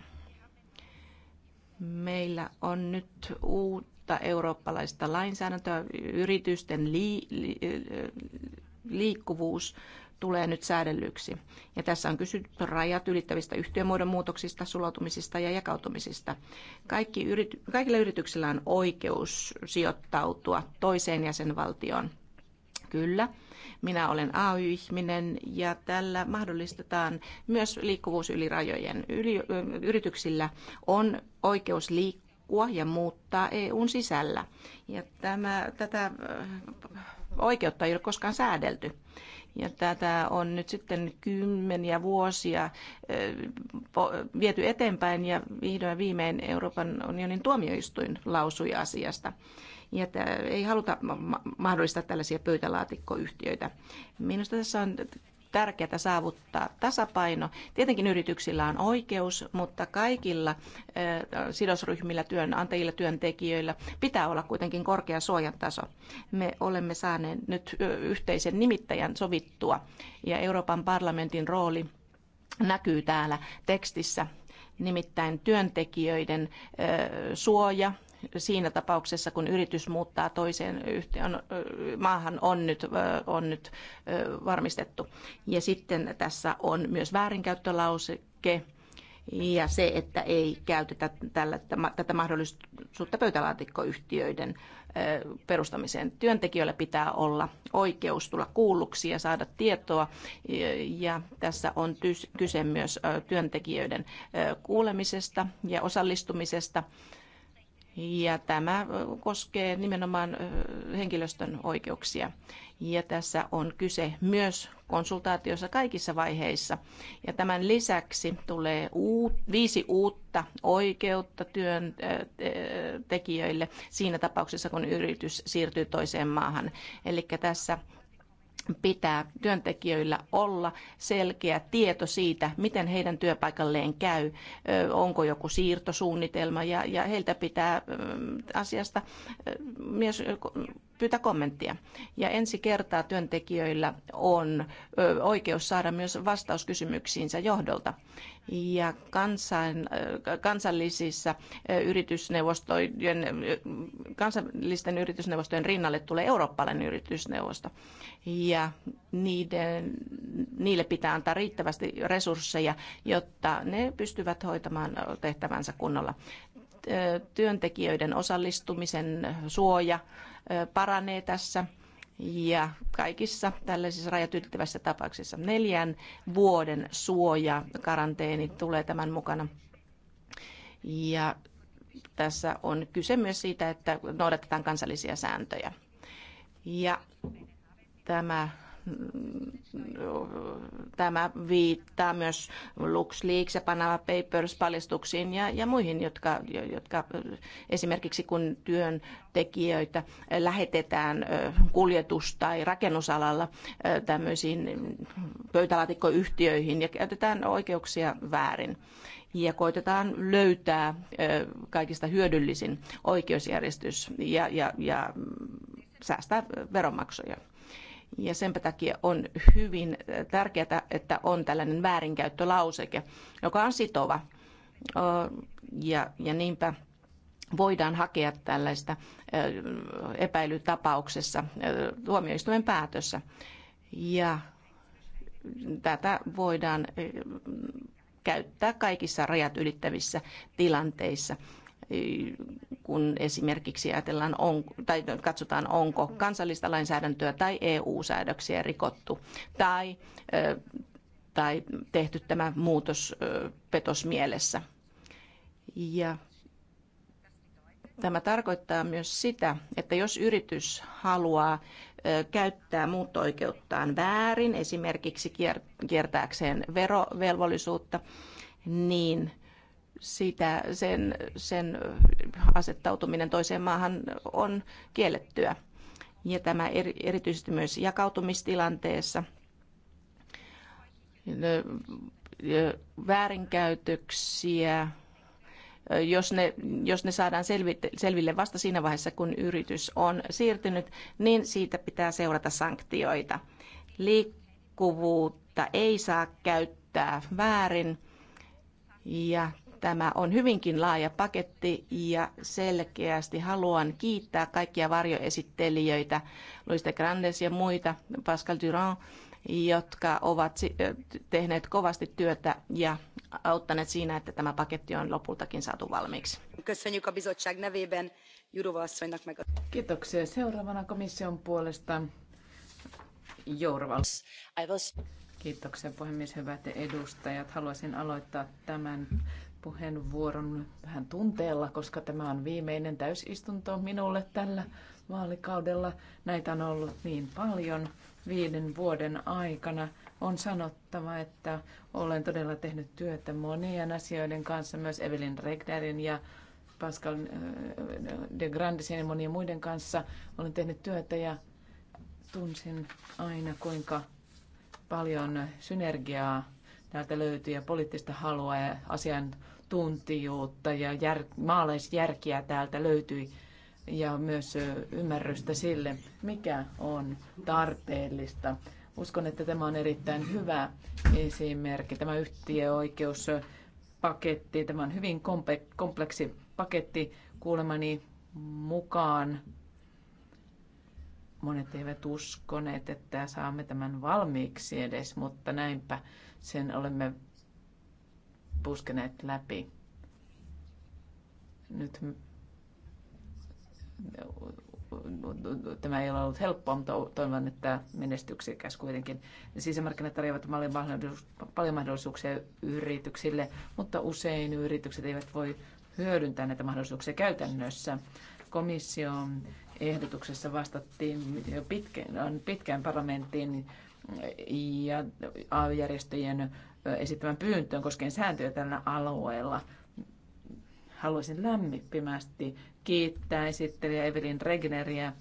Meillä on nyt uutta eurooppalaista lainsäädäntöä. Yritysten li- li- liikkuvuus tulee nyt säädellyksi. Ja tässä on kysytty rajat ylittävistä yhtiömuodon muutoksista, sulautumisista ja jakautumisista. Kaikki yrity- kaikilla yrityksillä on oikeus sijoittautua toiseen jäsenvaltioon. Kyllä, minä olen AY-ihminen ja tällä mahdollistetaan myös liikkuvuus yli rajojen. Yli, yrityksillä on oikeus liikkua ja muuttaa EUn sisällä. Ja tämä, tätä äh, oikeutta ei ole koskaan säädelty. Ja tätä on nyt sitten kymmeniä vuosia äh, viety eteenpäin ja vihdoin viimein Euroopan unionin tuomioistuin lausui asiasta. Ja että ei haluta mahdollistaa tällaisia pöytälaatikkoyhtiöitä. Minusta tässä on tärkeää saavuttaa tasapaino. Tietenkin yrityksillä on oikeus, mutta kaikilla eh, sidosryhmillä, työnantajilla, työntekijöillä pitää olla kuitenkin korkea suojantaso. Me olemme saaneet nyt yhteisen nimittäjän sovittua ja Euroopan parlamentin rooli näkyy täällä tekstissä nimittäin työntekijöiden eh, suoja siinä tapauksessa, kun yritys muuttaa toiseen yhteen, maahan on nyt, on nyt varmistettu. Ja sitten tässä on myös väärinkäyttölauseke ja se, että ei käytetä tällä, tätä mahdollisuutta pöytälaatikkoyhtiöiden perustamiseen. Työntekijöillä pitää olla oikeus tulla kuulluksi ja saada tietoa, ja tässä on kyse myös työntekijöiden kuulemisesta ja osallistumisesta ja tämä koskee nimenomaan henkilöstön oikeuksia. Ja tässä on kyse myös konsultaatiossa kaikissa vaiheissa. Ja tämän lisäksi tulee uut, viisi uutta oikeutta työntekijöille siinä tapauksessa, kun yritys siirtyy toiseen maahan. Eli tässä pitää työntekijöillä olla selkeä tieto siitä, miten heidän työpaikalleen käy, onko joku siirtosuunnitelma ja, heiltä pitää asiasta myös pyytää kommenttia. Ja ensi kertaa työntekijöillä on oikeus saada myös vastaus kysymyksiinsä johdolta. Ja kansain, kansallisissa yritysneuvostojen, kansallisten yritysneuvostojen rinnalle tulee eurooppalainen yritysneuvosto. Ja niiden, niille pitää antaa riittävästi resursseja, jotta ne pystyvät hoitamaan tehtävänsä kunnolla työntekijöiden osallistumisen suoja paranee tässä ja kaikissa tällaisissa rajat ylittävissä tapauksissa neljän vuoden suoja karanteeni tulee tämän mukana. Ja tässä on kyse myös siitä, että noudatetaan kansallisia sääntöjä. Ja tämä tämä viittaa myös LuxLeaks ja Panama Papers-paljastuksiin ja, ja muihin, jotka, jotka esimerkiksi kun työntekijöitä lähetetään kuljetus- tai rakennusalalla tämmöisiin pöytälaatikkoyhtiöihin ja käytetään oikeuksia väärin ja koitetaan löytää kaikista hyödyllisin oikeusjärjestys ja, ja, ja säästää veronmaksuja. Ja senpä takia on hyvin tärkeää, että on tällainen väärinkäyttölauseke, joka on sitova. Ja, ja niinpä voidaan hakea tällaista epäilytapauksessa tuomioistuimen päätössä. Ja tätä voidaan käyttää kaikissa rajat ylittävissä tilanteissa kun esimerkiksi ajatellaan, on, tai katsotaan, onko kansallista lainsäädäntöä tai EU-säädöksiä rikottu, tai, tai tehty tämä muutos petosmielessä. Ja Tämä tarkoittaa myös sitä, että jos yritys haluaa käyttää muuttoikeuttaan väärin, esimerkiksi kiertääkseen verovelvollisuutta, niin sitä, sen, sen asettautuminen toiseen maahan on kiellettyä. Ja tämä eri, erityisesti myös jakautumistilanteessa. Väärinkäytöksiä, jos ne, jos ne saadaan selville vasta siinä vaiheessa, kun yritys on siirtynyt, niin siitä pitää seurata sanktioita. Liikkuvuutta ei saa käyttää väärin ja Tämä on hyvinkin laaja paketti ja selkeästi haluan kiittää kaikkia varjoesittelijöitä, Luis de Grandes ja muita, Pascal Durand, jotka ovat tehneet kovasti työtä ja auttaneet siinä, että tämä paketti on lopultakin saatu valmiiksi. Kiitoksia. Seuraavana komission puolesta Jourval. Kiitoksia puhemies, hyvät edustajat. Haluaisin aloittaa tämän puheenvuoron vähän tunteella, koska tämä on viimeinen täysistunto minulle tällä vaalikaudella. Näitä on ollut niin paljon viiden vuoden aikana. On sanottava, että olen todella tehnyt työtä monien asioiden kanssa, myös Evelyn Regnerin ja Pascal äh, de Grandisen ja monien muiden kanssa. Olen tehnyt työtä ja tunsin aina, kuinka paljon synergiaa täältä löytyy ja poliittista halua ja asiantuntijuutta ja jär, maalaisjärkiä täältä löytyi ja myös ymmärrystä sille, mikä on tarpeellista. Uskon, että tämä on erittäin hyvä esimerkki. Tämä yhtiöoikeuspaketti, tämä on hyvin kompleksi paketti kuulemani mukaan. Monet eivät uskoneet, että saamme tämän valmiiksi edes, mutta näinpä sen olemme puskeneet läpi. Nyt tämä ei ole ollut helppoa, mutta toivon, että menestyksekäs kuitenkin. Sisämarkkinat tarjoavat paljon mahdollisuuksia yrityksille, mutta usein yritykset eivät voi hyödyntää näitä mahdollisuuksia käytännössä. Komission ehdotuksessa vastattiin jo pitkään, pitkään parlamenttiin ja AY-järjestöjen esittämän pyyntöön koskien sääntöjä tällä alueella. Haluaisin lämmittimästi kiittää esittelijä Evelin Regneriä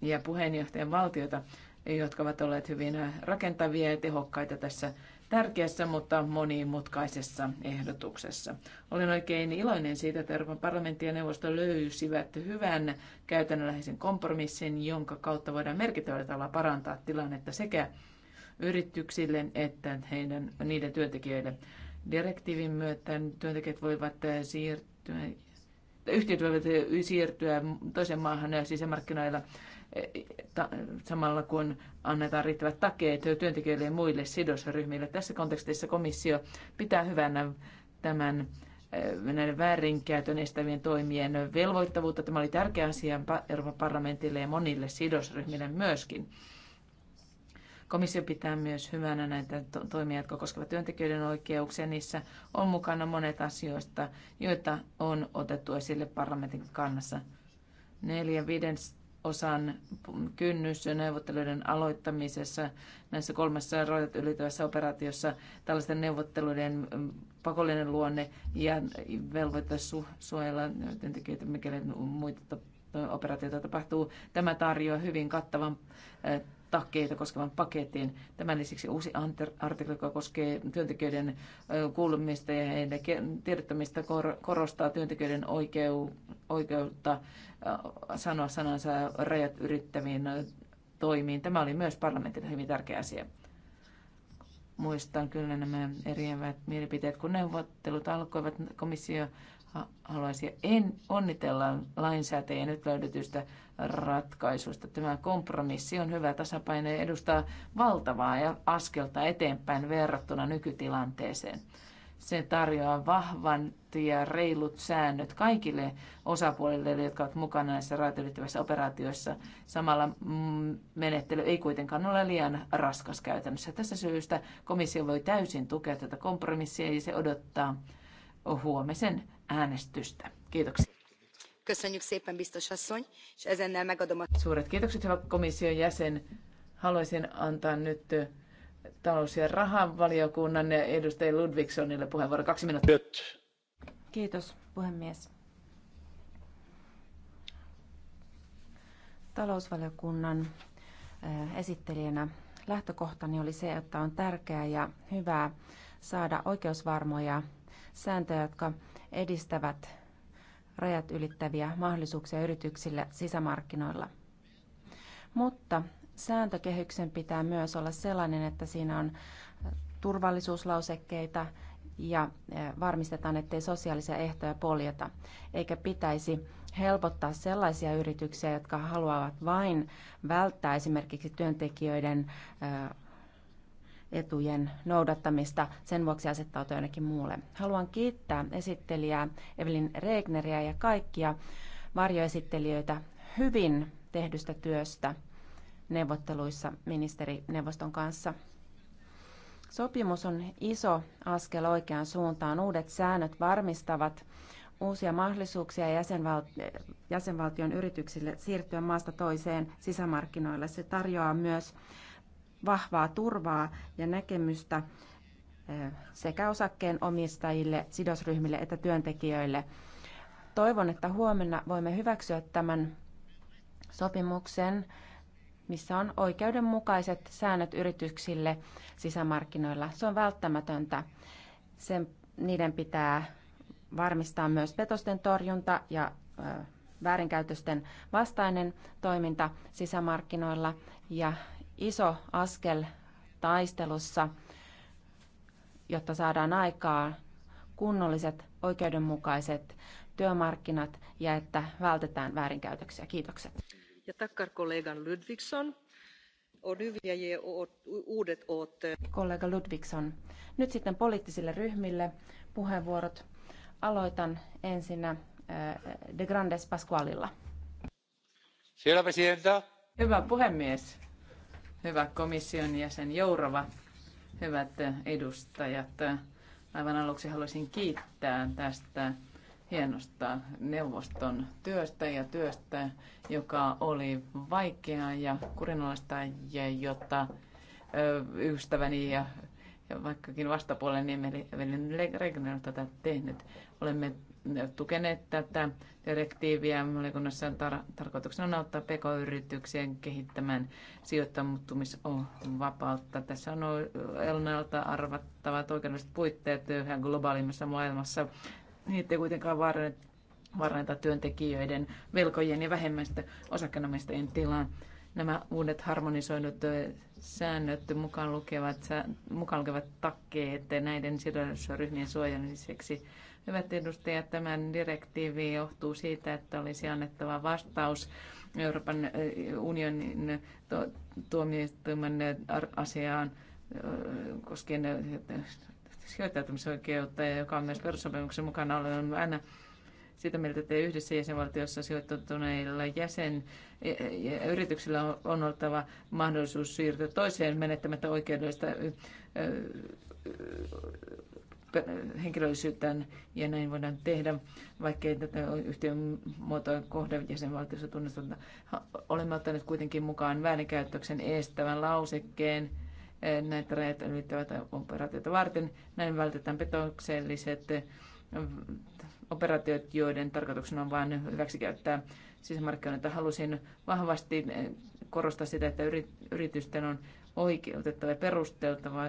ja puheenjohtajan valtiota, jotka ovat olleet hyvin rakentavia ja tehokkaita tässä tärkeässä, mutta monimutkaisessa ehdotuksessa. Olen oikein iloinen siitä, että Euroopan parlamentti ja neuvosto löysivät hyvän käytännönläheisen kompromissin, jonka kautta voidaan merkittävällä tavalla parantaa tilannetta sekä yrityksille että heidän, niiden työntekijöille. Direktiivin myötä työntekijät voivat siirtyä yhtiöt voivat siirtyä toisen maahan sisämarkkinoilla samalla kun annetaan riittävät takeet työntekijöille ja muille sidosryhmille. Tässä kontekstissa komissio pitää hyvänä tämän eh, näiden väärinkäytön estävien toimien velvoittavuutta. Tämä oli tärkeä asia Euroopan parlamentille ja monille sidosryhmille myöskin. Komissio pitää myös hyvänä näitä toimia, jotka koskevat työntekijöiden oikeuksia. Niissä on mukana monet asioista, joita on otettu esille parlamentin kannassa. Neljän viides osan kynnys neuvotteluiden aloittamisessa näissä kolmessa rajat ylittävässä operaatiossa tällaisten neuvotteluiden mm, pakollinen luonne ja velvoite su- suojella työntekijöitä, mikäli muita operaatioita tapahtuu. Tämä tarjoaa hyvin kattavan äh, takkeita koskevan paketin. Tämän lisäksi uusi artikla, joka koskee työntekijöiden kuulumista ja heidän tiedottamista, korostaa työntekijöiden oikeu- oikeutta sanoa sanansa rajat yrittäviin toimiin. Tämä oli myös parlamentille hyvin tärkeä asia. Muistan kyllä nämä eriävät mielipiteet, kun neuvottelut alkoivat komissio haluaisin en onnitella lainsäätäjä nyt löydetystä ratkaisusta. Tämä kompromissi on hyvä tasapaino ja edustaa valtavaa ja askelta eteenpäin verrattuna nykytilanteeseen. Se tarjoaa vahvan ja reilut säännöt kaikille osapuolille, jotka ovat mukana näissä rajoitettavissa operaatioissa. Samalla mm, menettely ei kuitenkaan ole liian raskas käytännössä. Tässä syystä komissio voi täysin tukea tätä kompromissia ja se odottaa huomisen äänestystä. Kiitoksia. Köszönjük szépen, biztos asszony, és ezennel megadom a... Suuret kiitokset, hyvä komission jäsen. Haluaisin antaa nyt talous- ja rahavaliokunnan edustaja Ludvigsonille puheenvuoro. Kaksi minuuttia. Kiitos, puhemies. Talousvaliokunnan esittelijänä lähtökohtani oli se, että on tärkeää ja hyvää saada oikeusvarmoja sääntöjä, jotka edistävät rajat ylittäviä mahdollisuuksia yrityksille sisämarkkinoilla. Mutta sääntökehyksen pitää myös olla sellainen, että siinä on turvallisuuslausekkeita ja e, varmistetaan, ettei sosiaalisia ehtoja poljeta, eikä pitäisi helpottaa sellaisia yrityksiä, jotka haluavat vain välttää esimerkiksi työntekijöiden e, etujen noudattamista sen vuoksi asettautua jonnekin muulle. Haluan kiittää esittelijää Evelin Regneriä ja kaikkia varjoesittelijöitä hyvin tehdystä työstä neuvotteluissa ministerineuvoston kanssa. Sopimus on iso askel oikeaan suuntaan. Uudet säännöt varmistavat uusia mahdollisuuksia jäsenval- jäsenvaltion yrityksille siirtyä maasta toiseen sisämarkkinoille. Se tarjoaa myös vahvaa turvaa ja näkemystä eh, sekä osakkeen omistajille, sidosryhmille että työntekijöille. Toivon, että huomenna voimme hyväksyä tämän sopimuksen, missä on oikeudenmukaiset säännöt yrityksille sisämarkkinoilla. Se on välttämätöntä. Sen, niiden pitää varmistaa myös petosten torjunta ja eh, väärinkäytösten vastainen toiminta sisämarkkinoilla ja iso askel taistelussa, jotta saadaan aikaa kunnolliset, oikeudenmukaiset työmarkkinat ja että vältetään väärinkäytöksiä. Kiitokset. Ja takkar kollegan Ludvigsson. Och nu vill jag ge ordet åt... Kollega Ludvigsson. Nyt sitten poliittisille ryhmille puheenvuorot. Aloitan ensinnä eh, De Grandes Pasqualilla. Hyvä puhemies hyvä komission jäsen Jourova, hyvät edustajat. Aivan aluksi haluaisin kiittää tästä hienosta neuvoston työstä ja työstä, joka oli vaikeaa ja kurinalaista ja jota ystäväni ja, ja vaikkakin vastapuolen niin Regner tätä tehnyt. Olemme tukeneet tätä direktiiviä. Valiokunnassa tar- tarkoituksena on auttaa pk-yrityksien kehittämään sijoittamattomuusvapautta. Tässä on Elnalta arvattavat oikeudelliset puitteet yhä globaalimmassa maailmassa. Niitä ei kuitenkaan varanneta työntekijöiden, velkojen ja vähemmästä osakkeenomistajien tilaan nämä uudet harmonisoidut säännöt mukaan lukevat, mukaan lukevat takkeet näiden sidosryhmien suojelemiseksi Hyvät edustajat, tämän direktiivi johtuu siitä, että olisi annettava vastaus Euroopan unionin tuomioistuimen asiaan koskien sijoittautumisoikeutta, joka on myös perussopimuksen mukana ollut aina sitä mieltä, että yhdessä jäsenvaltiossa sijoittuneilla jäsen e, e, ja yrityksillä on oltava mahdollisuus siirtyä toiseen menettämättä oikeudellista henkilöllisyyttään ja näin voidaan tehdä, vaikkei tätä yhtiön muotoa kohde jäsenvaltiossa tunnisteta. Olemme ottaneet kuitenkin mukaan väärinkäyttöksen estävän lausekkeen eh, näitä rajat ylittävät operaatioita varten. Näin vältetään petokselliset eh, operaatiot, joiden tarkoituksena on vain hyväksikäyttää sisämarkkinoita. Halusin vahvasti eh, korostaa sitä, että yritysten on oikeutettava ja perusteltava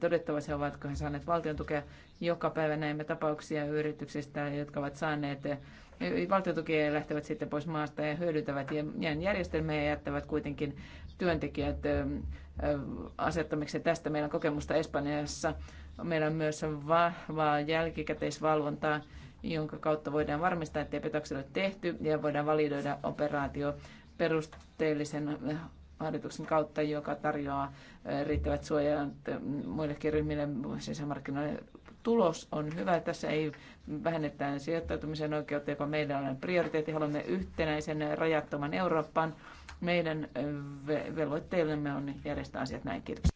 todettava se, ovatko he saaneet valtion tukea. Joka päivä näemme tapauksia yrityksistä, jotka ovat saaneet valtiotukia ja lähtevät sitten pois maasta ja hyödyntävät järjestelmää ja jättävät kuitenkin työntekijät asettamiksi. Tästä meillä on kokemusta Espanjassa. Meillä on myös vahvaa jälkikäteisvalvontaa, jonka kautta voidaan varmistaa, ettei petoksia ole tehty ja voidaan validoida operaatio perusteellisen ehdotuksen kautta, joka tarjoaa riittävät suojat muillekin ryhmille sisämarkkinoille. Tulos on hyvä. Tässä ei vähennetään sijoittautumisen oikeutta, joka meillä on prioriteetti. Haluamme yhtenäisen rajattoman Euroopan. Meidän velvoitteillemme on järjestää asiat näin. Kiitos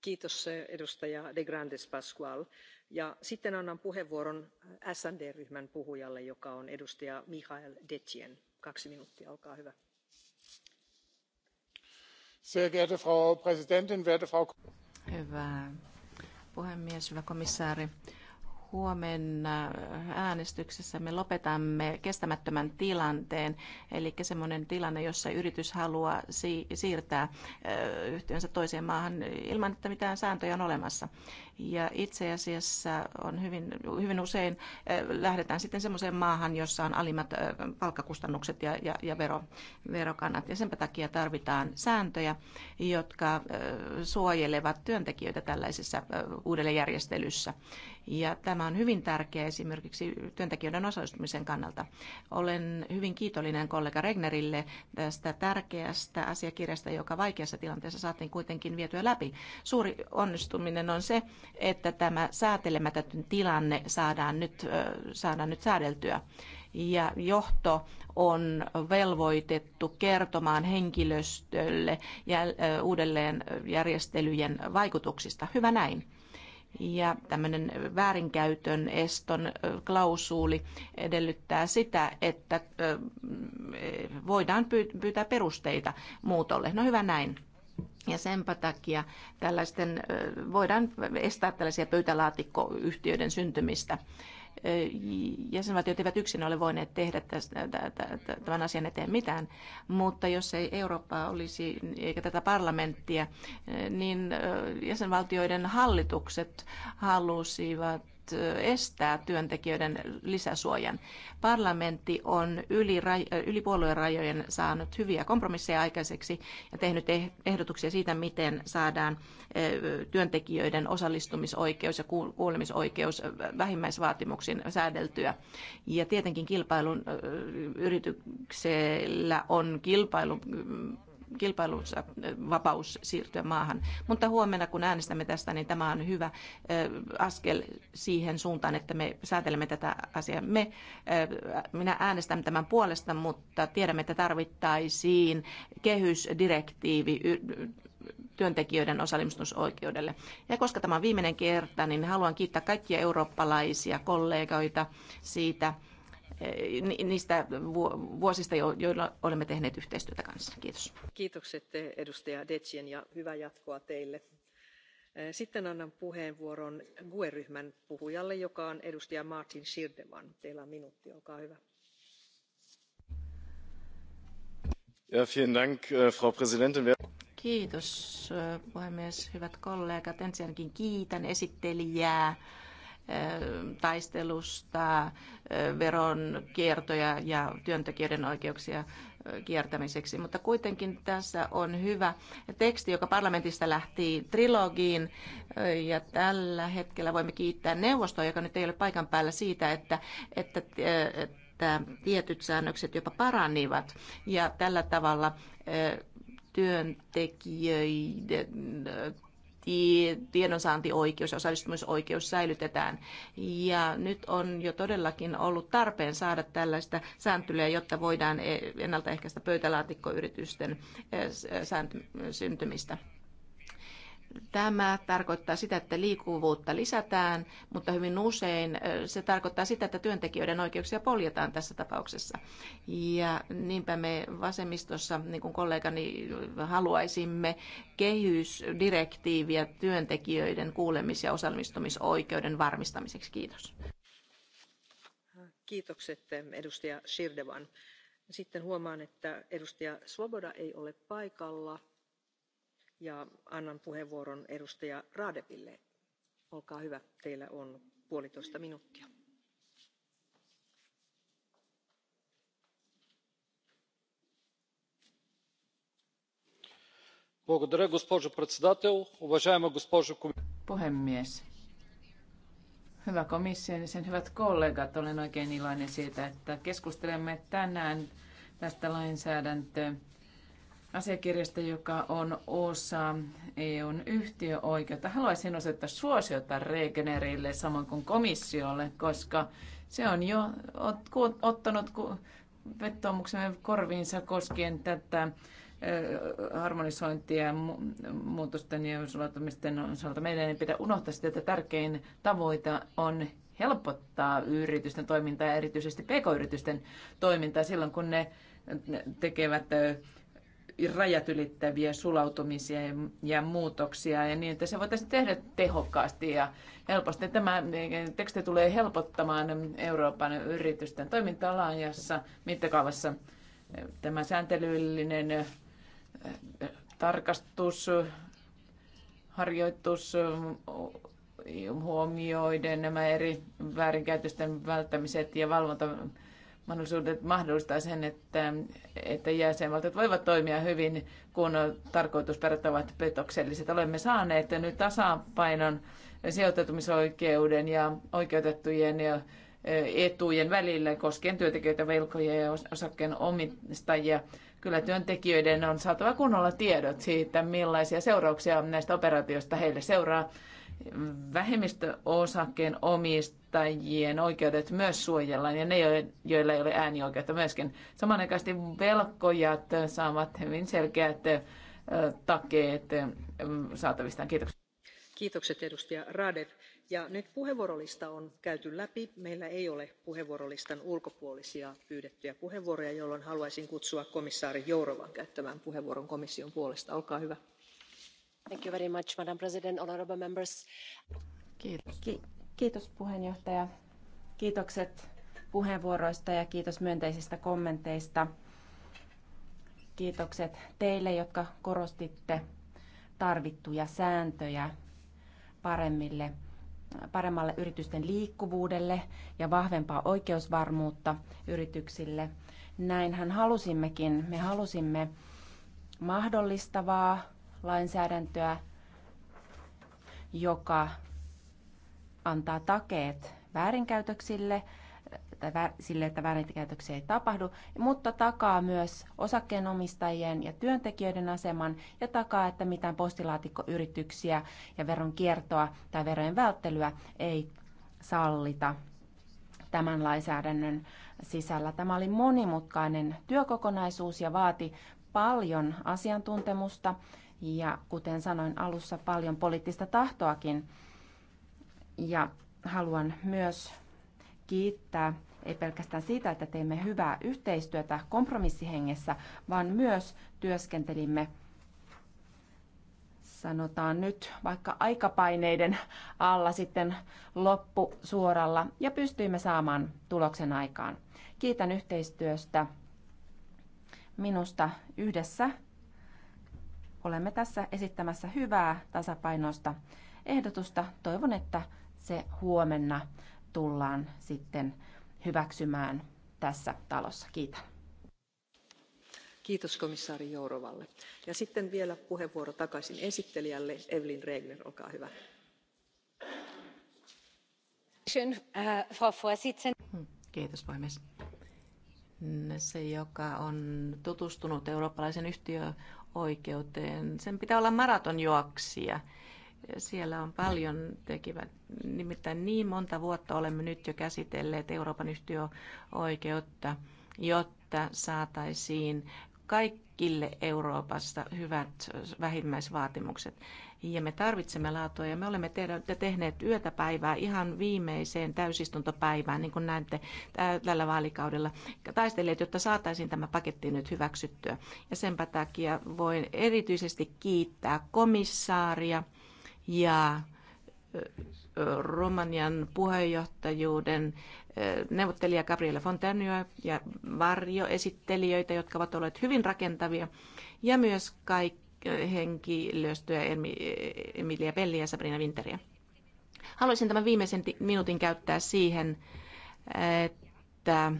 kiitos edustaja de grandes pascual ja sitten annan puheenvuoron s ryhmän puhujalle joka on edustaja mihail detjen kaksi minuuttia olkaa hyvä. Sehr geehrte Frau Präsidentin, werte Frau... puhemies, hyvä komissaari huomenna äänestyksessä me lopetamme kestämättömän tilanteen, eli semmoinen tilanne, jossa yritys haluaa siirtää yhtiönsä toiseen maahan ilman, että mitään sääntöjä on olemassa. Ja itse asiassa on hyvin, hyvin usein eh, lähdetään sitten semmoiseen maahan, jossa on alimmat eh, palkkakustannukset ja, ja, ja vero, verokannat. Ja sen takia tarvitaan sääntöjä, jotka eh, suojelevat työntekijöitä tällaisessa uudelleenjärjestelyssä. Ja tämä on hyvin tärkeä esimerkiksi työntekijöiden osallistumisen kannalta. Olen hyvin kiitollinen kollega Regnerille tästä tärkeästä asiakirjasta, joka vaikeassa tilanteessa saatiin kuitenkin vietyä läpi. Suuri onnistuminen on se, että tämä säätelemätön tilanne saadaan nyt, saadaan nyt säädeltyä. Ja johto on velvoitettu kertomaan henkilöstölle uudelleen järjestelyjen vaikutuksista. Hyvä näin ja tämmöinen väärinkäytön eston klausuuli edellyttää sitä, että voidaan pyytää perusteita muutolle. No hyvä näin. Ja senpä takia tällaisten, voidaan estää tällaisia pöytälaatikkoyhtiöiden syntymistä jäsenvaltiot eivät yksin ole voineet tehdä tästä, tämän asian eteen mitään, mutta jos ei Eurooppaa olisi eikä tätä parlamenttia, niin jäsenvaltioiden hallitukset halusivat estää työntekijöiden lisäsuojan. Parlamentti on yli, yli puolueen rajojen saanut hyviä kompromisseja aikaiseksi ja tehnyt eh-, ehdotuksia siitä, miten saadaan työntekijöiden osallistumisoikeus ja kuulemisoikeus vähimmäisvaatimuksiin säädeltyä. Ja tietenkin kilpailun yrityksellä on kilpailun kilpailuvapaus äh, siirtyä maahan. Mutta huomenna, kun äänestämme tästä, niin tämä on hyvä äh, askel siihen suuntaan, että me säätelemme tätä asiaa. Me, äh, minä äänestän tämän puolesta, mutta tiedämme, että tarvittaisiin kehysdirektiivi työntekijöiden osallistumisoikeudelle. Ja koska tämä on viimeinen kerta, niin haluan kiittää kaikkia eurooppalaisia kollegoita siitä, niistä vuosista, joilla olemme tehneet yhteistyötä kanssa. Kiitos. Kiitokset edustaja Detsien ja hyvää jatkoa teille. Sitten annan puheenvuoron GUE-ryhmän puhujalle, joka on edustaja Martin Schirdeman. Teillä on minuutti, olkaa hyvä. Ja, vielen Dank, äh, Frau Präsidentin. Kiitos äh, puhemies, hyvät kollegat. Ensinnäkin kiitän esittelijää taistelusta, veron kiertoja ja työntekijöiden oikeuksia kiertämiseksi. Mutta kuitenkin tässä on hyvä teksti, joka parlamentista lähti trilogiin. Ja tällä hetkellä voimme kiittää neuvostoa, joka nyt ei ole paikan päällä siitä, että, että, että tietyt säännökset jopa paranivat. Ja tällä tavalla työntekijöiden tiedonsaantioikeus ja osallistumisoikeus säilytetään. Ja nyt on jo todellakin ollut tarpeen saada tällaista sääntelyä, jotta voidaan e- ennaltaehkäistä pöytälaatikkoyritysten e- syntymistä. Tämä tarkoittaa sitä, että liikkuvuutta lisätään, mutta hyvin usein se tarkoittaa sitä, että työntekijöiden oikeuksia poljetaan tässä tapauksessa. Ja niinpä me vasemmistossa, niin kuin kollegani, haluaisimme kehysdirektiiviä työntekijöiden kuulemis- ja osallistumisoikeuden varmistamiseksi. Kiitos. Kiitokset edustaja Shirdevan. Sitten huomaan, että edustaja Svoboda ei ole paikalla ja annan puheenvuoron edustaja Raadeville. Olkaa hyvä, teillä on puolitoista minuuttia. Puhemies, hyvä komissio ja sen hyvät kollegat, olen oikein iloinen siitä, että keskustelemme tänään tästä lainsäädäntöön asiakirjasta, joka on osa EUn yhtiöoikeutta. Haluaisin osoittaa suosiota Regenerille samoin kuin komissiolle, koska se on jo ottanut vetoomuksemme korviinsa koskien tätä harmonisointia ja muutosten ja sulautumisten osalta. Meidän ei pidä unohtaa sitä, että tärkein tavoite on helpottaa yritysten toimintaa ja erityisesti pk-yritysten toimintaa silloin, kun ne tekevät rajat ylittäviä sulautumisia ja muutoksia ja niin, että se voitaisiin tehdä tehokkaasti ja helposti. Tämä teksti tulee helpottamaan Euroopan yritysten toiminta-alajassa mittakaavassa tämä sääntelyllinen eh, tarkastus, harjoitus huomioiden nämä eri väärinkäytösten välttämiset ja valvonta mahdollisuudet mahdollistaa sen, että, että jäsenvaltiot voivat toimia hyvin, kun tarkoitusperät ovat petokselliset. Olemme saaneet nyt tasapainon sijoitetumisoikeuden ja oikeutettujen ja eh, etujen välillä koskien työntekijöitä, velkoja ja osakkeen omistajia. Kyllä työntekijöiden on saatava kunnolla tiedot siitä, millaisia seurauksia näistä operaatioista heille seuraa. Vähemmistöosakkeen omistajia kuluttajien oikeudet myös suojellaan ja ne, joilla ei ole äänioikeutta myöskin. Samanaikaisesti velkojat saavat hyvin selkeät takeet saatavistaan. Kiitoksia. Kiitokset edustaja Radev. Ja nyt puheenvuorolista on käyty läpi. Meillä ei ole puheenvuorolistan ulkopuolisia pyydettyjä puheenvuoroja, jolloin haluaisin kutsua komissaari Jourovan käyttämään puheenvuoron komission puolesta. Olkaa hyvä. Thank you very much, Madam President, honorable members. Kiitos. Ki- Kiitos puheenjohtaja. Kiitokset puheenvuoroista ja kiitos myönteisistä kommenteista. Kiitokset teille, jotka korostitte tarvittuja sääntöjä paremmille, paremmalle yritysten liikkuvuudelle ja vahvempaa oikeusvarmuutta yrityksille. Näinhän halusimmekin. Me halusimme mahdollistavaa lainsäädäntöä, joka antaa takeet väärinkäytöksille tai sille, että väärinkäytöksiä ei tapahdu, mutta takaa myös osakkeenomistajien ja työntekijöiden aseman ja takaa, että mitään postilaatikkoyrityksiä ja veron kiertoa tai verojen välttelyä ei sallita tämän lainsäädännön sisällä. Tämä oli monimutkainen työkokonaisuus ja vaati paljon asiantuntemusta ja kuten sanoin alussa paljon poliittista tahtoakin ja haluan myös kiittää ei pelkästään siitä, että teimme hyvää yhteistyötä kompromissihengessä, vaan myös työskentelimme sanotaan nyt vaikka aikapaineiden alla sitten loppu suoralla ja pystyimme saamaan tuloksen aikaan. Kiitän yhteistyöstä. Minusta yhdessä olemme tässä esittämässä hyvää tasapainoista ehdotusta. Toivon, että se huomenna tullaan sitten hyväksymään tässä talossa. Kiitän. Kiitos komissaari Jourovalle. Ja sitten vielä puheenvuoro takaisin esittelijälle. Evelyn Regner, olkaa hyvä. Äh, hmm, kiitos puhemies. Se, joka on tutustunut eurooppalaisen yhtiöoikeuteen, sen pitää olla maratonjuoksija – siellä on paljon tekivät, nimittäin niin monta vuotta olemme nyt jo käsitelleet Euroopan yhtiöoikeutta, jotta saataisiin kaikille Euroopasta hyvät vähimmäisvaatimukset. Ja me tarvitsemme laatua ja me olemme tehneet yötä päivää ihan viimeiseen täysistuntopäivään, niin kuin näette tällä vaalikaudella, taistelleet, jotta saataisiin tämä paketti nyt hyväksyttyä. Ja sen takia voin erityisesti kiittää komissaaria, ja Romanian puheenjohtajuuden neuvottelija Gabriele Fontenio ja varjoesittelijöitä, jotka ovat olleet hyvin rakentavia, ja myös kaikki henkilöstöä Emilia Pelli ja Sabrina Winteriä. Haluaisin tämän viimeisen minuutin käyttää siihen, että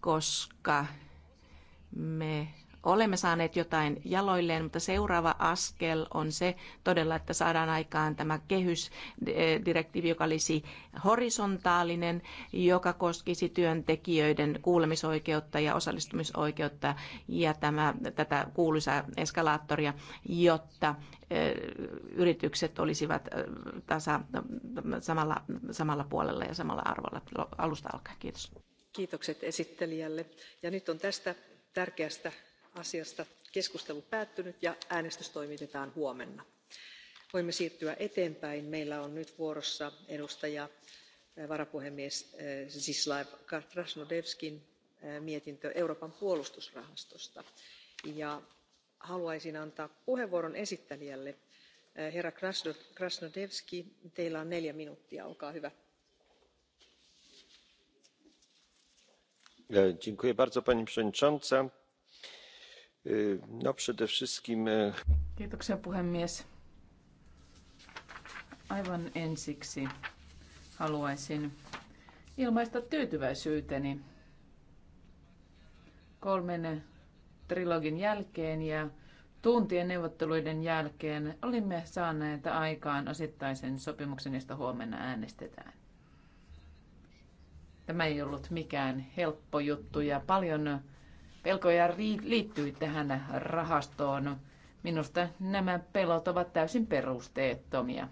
koska me olemme saaneet jotain jaloilleen, mutta seuraava askel on se todella, että saadaan aikaan tämä kehysdirektiivi, joka olisi horisontaalinen, joka koskisi työntekijöiden kuulemisoikeutta ja osallistumisoikeutta ja tämä, tätä kuuluisaa eskalaattoria, jotta yritykset olisivat tasa, samalla, samalla puolella ja samalla arvolla alusta alkaen. Kiitos. Kiitokset esittelijälle. Ja nyt on tästä tärkeästä asiasta keskustelu päättynyt ja äänestys toimitetaan huomenna. voimme siirtyä eteenpäin. meillä on nyt vuorossa edustaja varapuhemies zdzislaw krasnodbskin mietintö euroopan puolustusrahastosta ja haluaisin antaa puheenvuoron esittelijälle. herra krasnodbski teillä on neljä minuuttia olkaa hyvä. pani przewodnicząca! No przede wszystkim... Kiitoksia puhemies. Aivan ensiksi haluaisin ilmaista tyytyväisyyteni kolmen trilogin jälkeen ja tuntien neuvotteluiden jälkeen olimme saaneet aikaan osittaisen sopimuksen, josta huomenna äänestetään. Tämä ei ollut mikään helppo juttu ja paljon pelkoja liittyy tähän rahastoon. Minusta nämä pelot ovat täysin perusteettomia.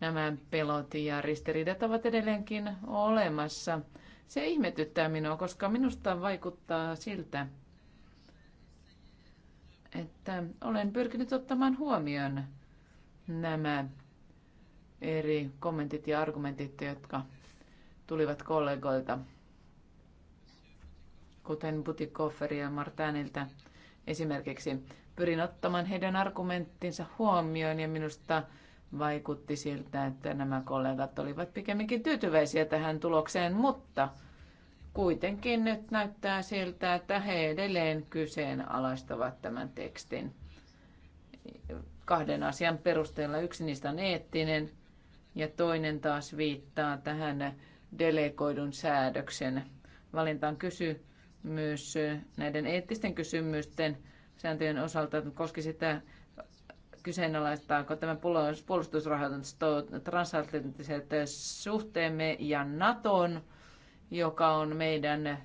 Nämä pelot ja ristiriidat ovat edelleenkin olemassa. Se ihmetyttää minua, koska minusta vaikuttaa siltä, että olen pyrkinyt ottamaan huomioon nämä eri kommentit ja argumentit, jotka tulivat kollegoilta kuten Butikofferia ja Martäniltä esimerkiksi. Pyrin ottamaan heidän argumenttinsa huomioon ja minusta vaikutti siltä, että nämä kollegat olivat pikemminkin tyytyväisiä tähän tulokseen, mutta kuitenkin nyt näyttää siltä, että he edelleen kyseenalaistavat tämän tekstin kahden asian perusteella. Yksi niistä on eettinen ja toinen taas viittaa tähän delegoidun säädöksen valintaan. Kysy, myös näiden eettisten kysymysten sääntöjen osalta koski sitä kyseenalaistaako tämä puolustusrahoitus transatlanttiset suhteemme ja Naton, joka on meidän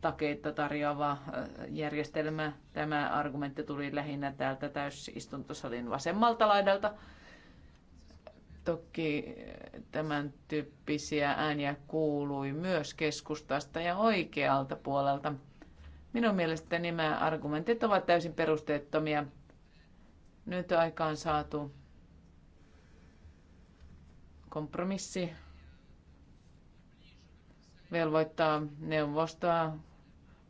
takeita tarjoava järjestelmä. Tämä argumentti tuli lähinnä täältä täysistuntosalin vasemmalta laidalta. Toki tämän tyyppisiä ääniä kuului myös keskustasta ja oikealta puolelta. Minun mielestäni nämä argumentit ovat täysin perusteettomia. Nyt aikaan saatu kompromissi velvoittaa neuvostoa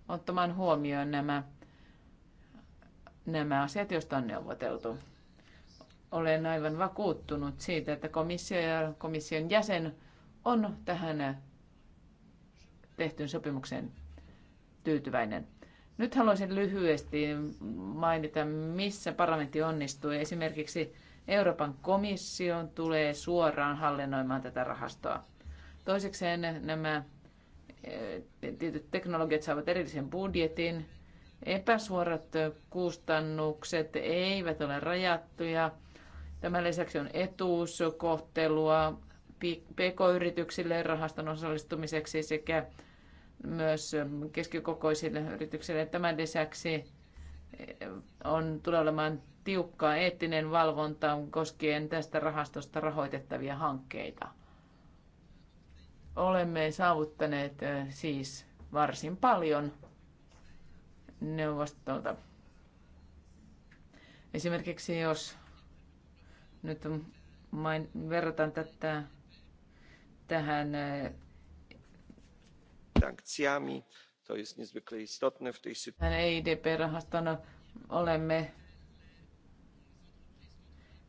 ottamaan huomioon nämä, nämä asiat, joista on neuvoteltu. Olen aivan vakuuttunut siitä, että komissio ja komission jäsen on tähän tehtyyn sopimukseen tyytyväinen. Nyt haluaisin lyhyesti mainita, missä parlamentti onnistui. Esimerkiksi Euroopan komissio tulee suoraan hallinnoimaan tätä rahastoa. Toisekseen nämä eh, tietyt teknologiat saavat erillisen budjetin. Epäsuorat kustannukset eivät ole rajattuja Tämän lisäksi on etuuskohtelua pk-yrityksille rahaston osallistumiseksi sekä myös keskikokoisille yrityksille. Tämän lisäksi eh, on tulee olemaan tiukka eettinen valvonta koskien tästä rahastosta rahoitettavia hankkeita. Olemme saavuttaneet eh, siis varsin paljon neuvostolta. Esimerkiksi jos nyt main, verrataan tätä tähän äh, sankcjami. To jest niezwykle istotne w tej sytuacji. E EIDP-rahastona olemme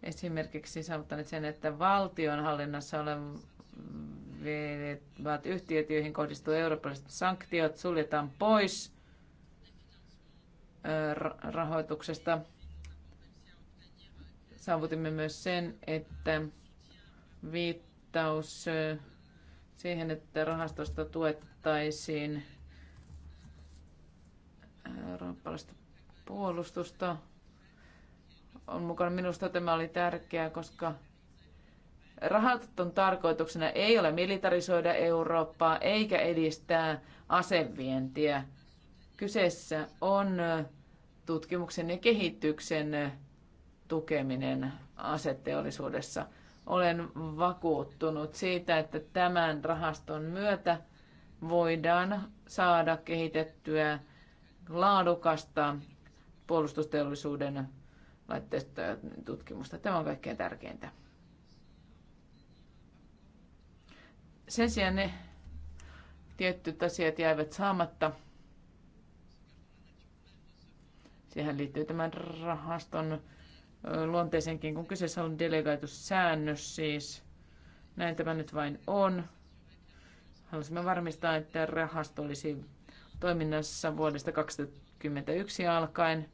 esimerkiksi saavuttaneet sen, että valtion hallinnassa olevat yhtiöt, joihin kohdistuu eurooppalaiset sanktiot, suljetaan pois äh, rahoituksesta – Saavutimme myös sen, että viittaus siihen, että rahastosta tuettaisiin eurooppalaista puolustusta on mukana. Minusta tämä oli tärkeää, koska rahaston tarkoituksena ei ole militarisoida Eurooppaa eikä edistää asevientiä. Kyseessä on tutkimuksen ja kehityksen tukeminen aseteollisuudessa. Olen vakuuttunut siitä, että tämän rahaston myötä voidaan saada kehitettyä laadukasta puolustusteollisuuden laitteista tutkimusta. Tämä on kaikkein tärkeintä. Sen sijaan ne tietyt asiat jäivät saamatta. Siihen liittyy tämän rahaston luonteeseenkin, kun kyseessä on delegoitu säännös siis. Näin tämä nyt vain on. Haluaisimme varmistaa, että rahasto olisi toiminnassa vuodesta 2021 alkaen.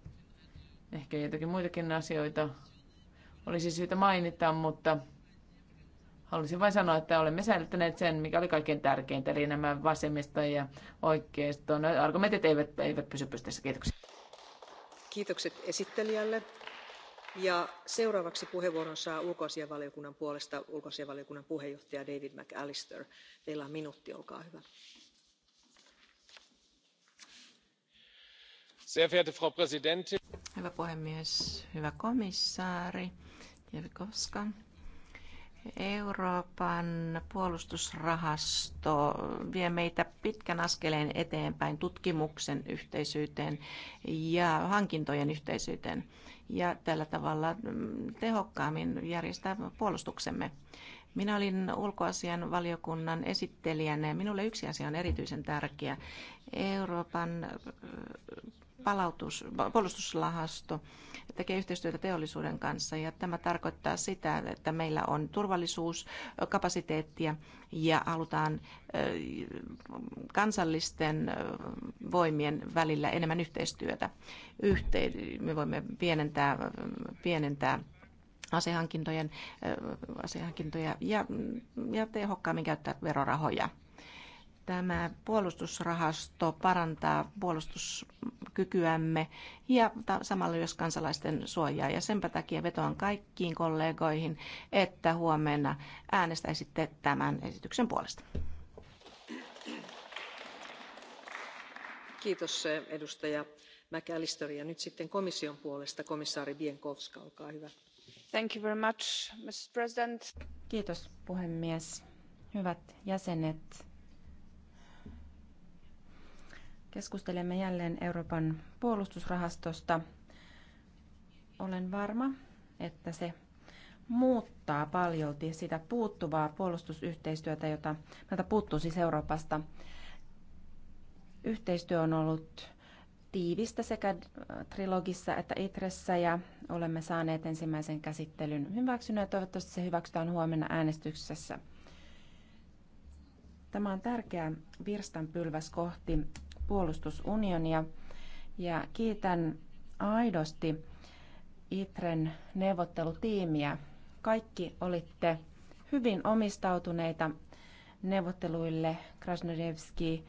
Ehkä jotakin muitakin asioita olisi syytä mainita, mutta halusin vain sanoa, että olemme säilyttäneet sen, mikä oli kaikkein tärkeintä, eli nämä vasemmista ja oikeiston argumentit eivät, eivät pysy pystyssä. Kiitoksia. Kiitokset esittelijälle. Ja seuraavaksi puheenvuoron saa ulkoasianvaliokunnan puolesta ulkoasianvaliokunnan puheenjohtaja David McAllister. Teillä on minuutti, olkaa hyvä. arvoisa puhemies, hyvä komissaari Jevkoska. Euroopan puolustusrahasto vie meitä pitkän askeleen eteenpäin tutkimuksen yhteisyyteen ja hankintojen yhteisyyteen ja tällä tavalla mm, tehokkaammin järjestää puolustuksemme. Minä olin ulkoasian valiokunnan esittelijänä ja minulle yksi asia on erityisen tärkeä. Euroopan palautus, puolustuslahasto tekee yhteistyötä teollisuuden kanssa ja tämä tarkoittaa sitä, että meillä on turvallisuuskapasiteettia ja halutaan kansallisten voimien välillä enemmän yhteistyötä. Yhteen, me voimme pienentää, pienentää asehankintoja ja, ja tehokkaammin käyttää verorahoja. Tämä puolustusrahasto parantaa puolustuskykyämme ja samalla myös kansalaisten suojaa. Ja senpä takia vetoan kaikkiin kollegoihin, että huomenna äänestäisitte tämän esityksen puolesta. Kiitos eh, edustaja McAllister. Ja nyt sitten komission puolesta komissaari Bienkowska, olkaa hyvä. Thank you very much, Mr. President. Kiitos puhemies. Hyvät jäsenet, Keskustelemme jälleen Euroopan puolustusrahastosta. Olen varma, että se muuttaa paljolti sitä puuttuvaa puolustusyhteistyötä, jota meiltä puuttuu siis Euroopasta. Yhteistyö on ollut tiivistä sekä äh, trilogissa että itressä ja olemme saaneet ensimmäisen käsittelyn hyväksynnän ja toivottavasti se hyväksytään huomenna äänestyksessä. Tämä on tärkeä virstanpylväs kohti puolustusunionia ja kiitän aidosti ITREN neuvottelutiimiä. Kaikki olitte hyvin omistautuneita neuvotteluille. Krasnodevski,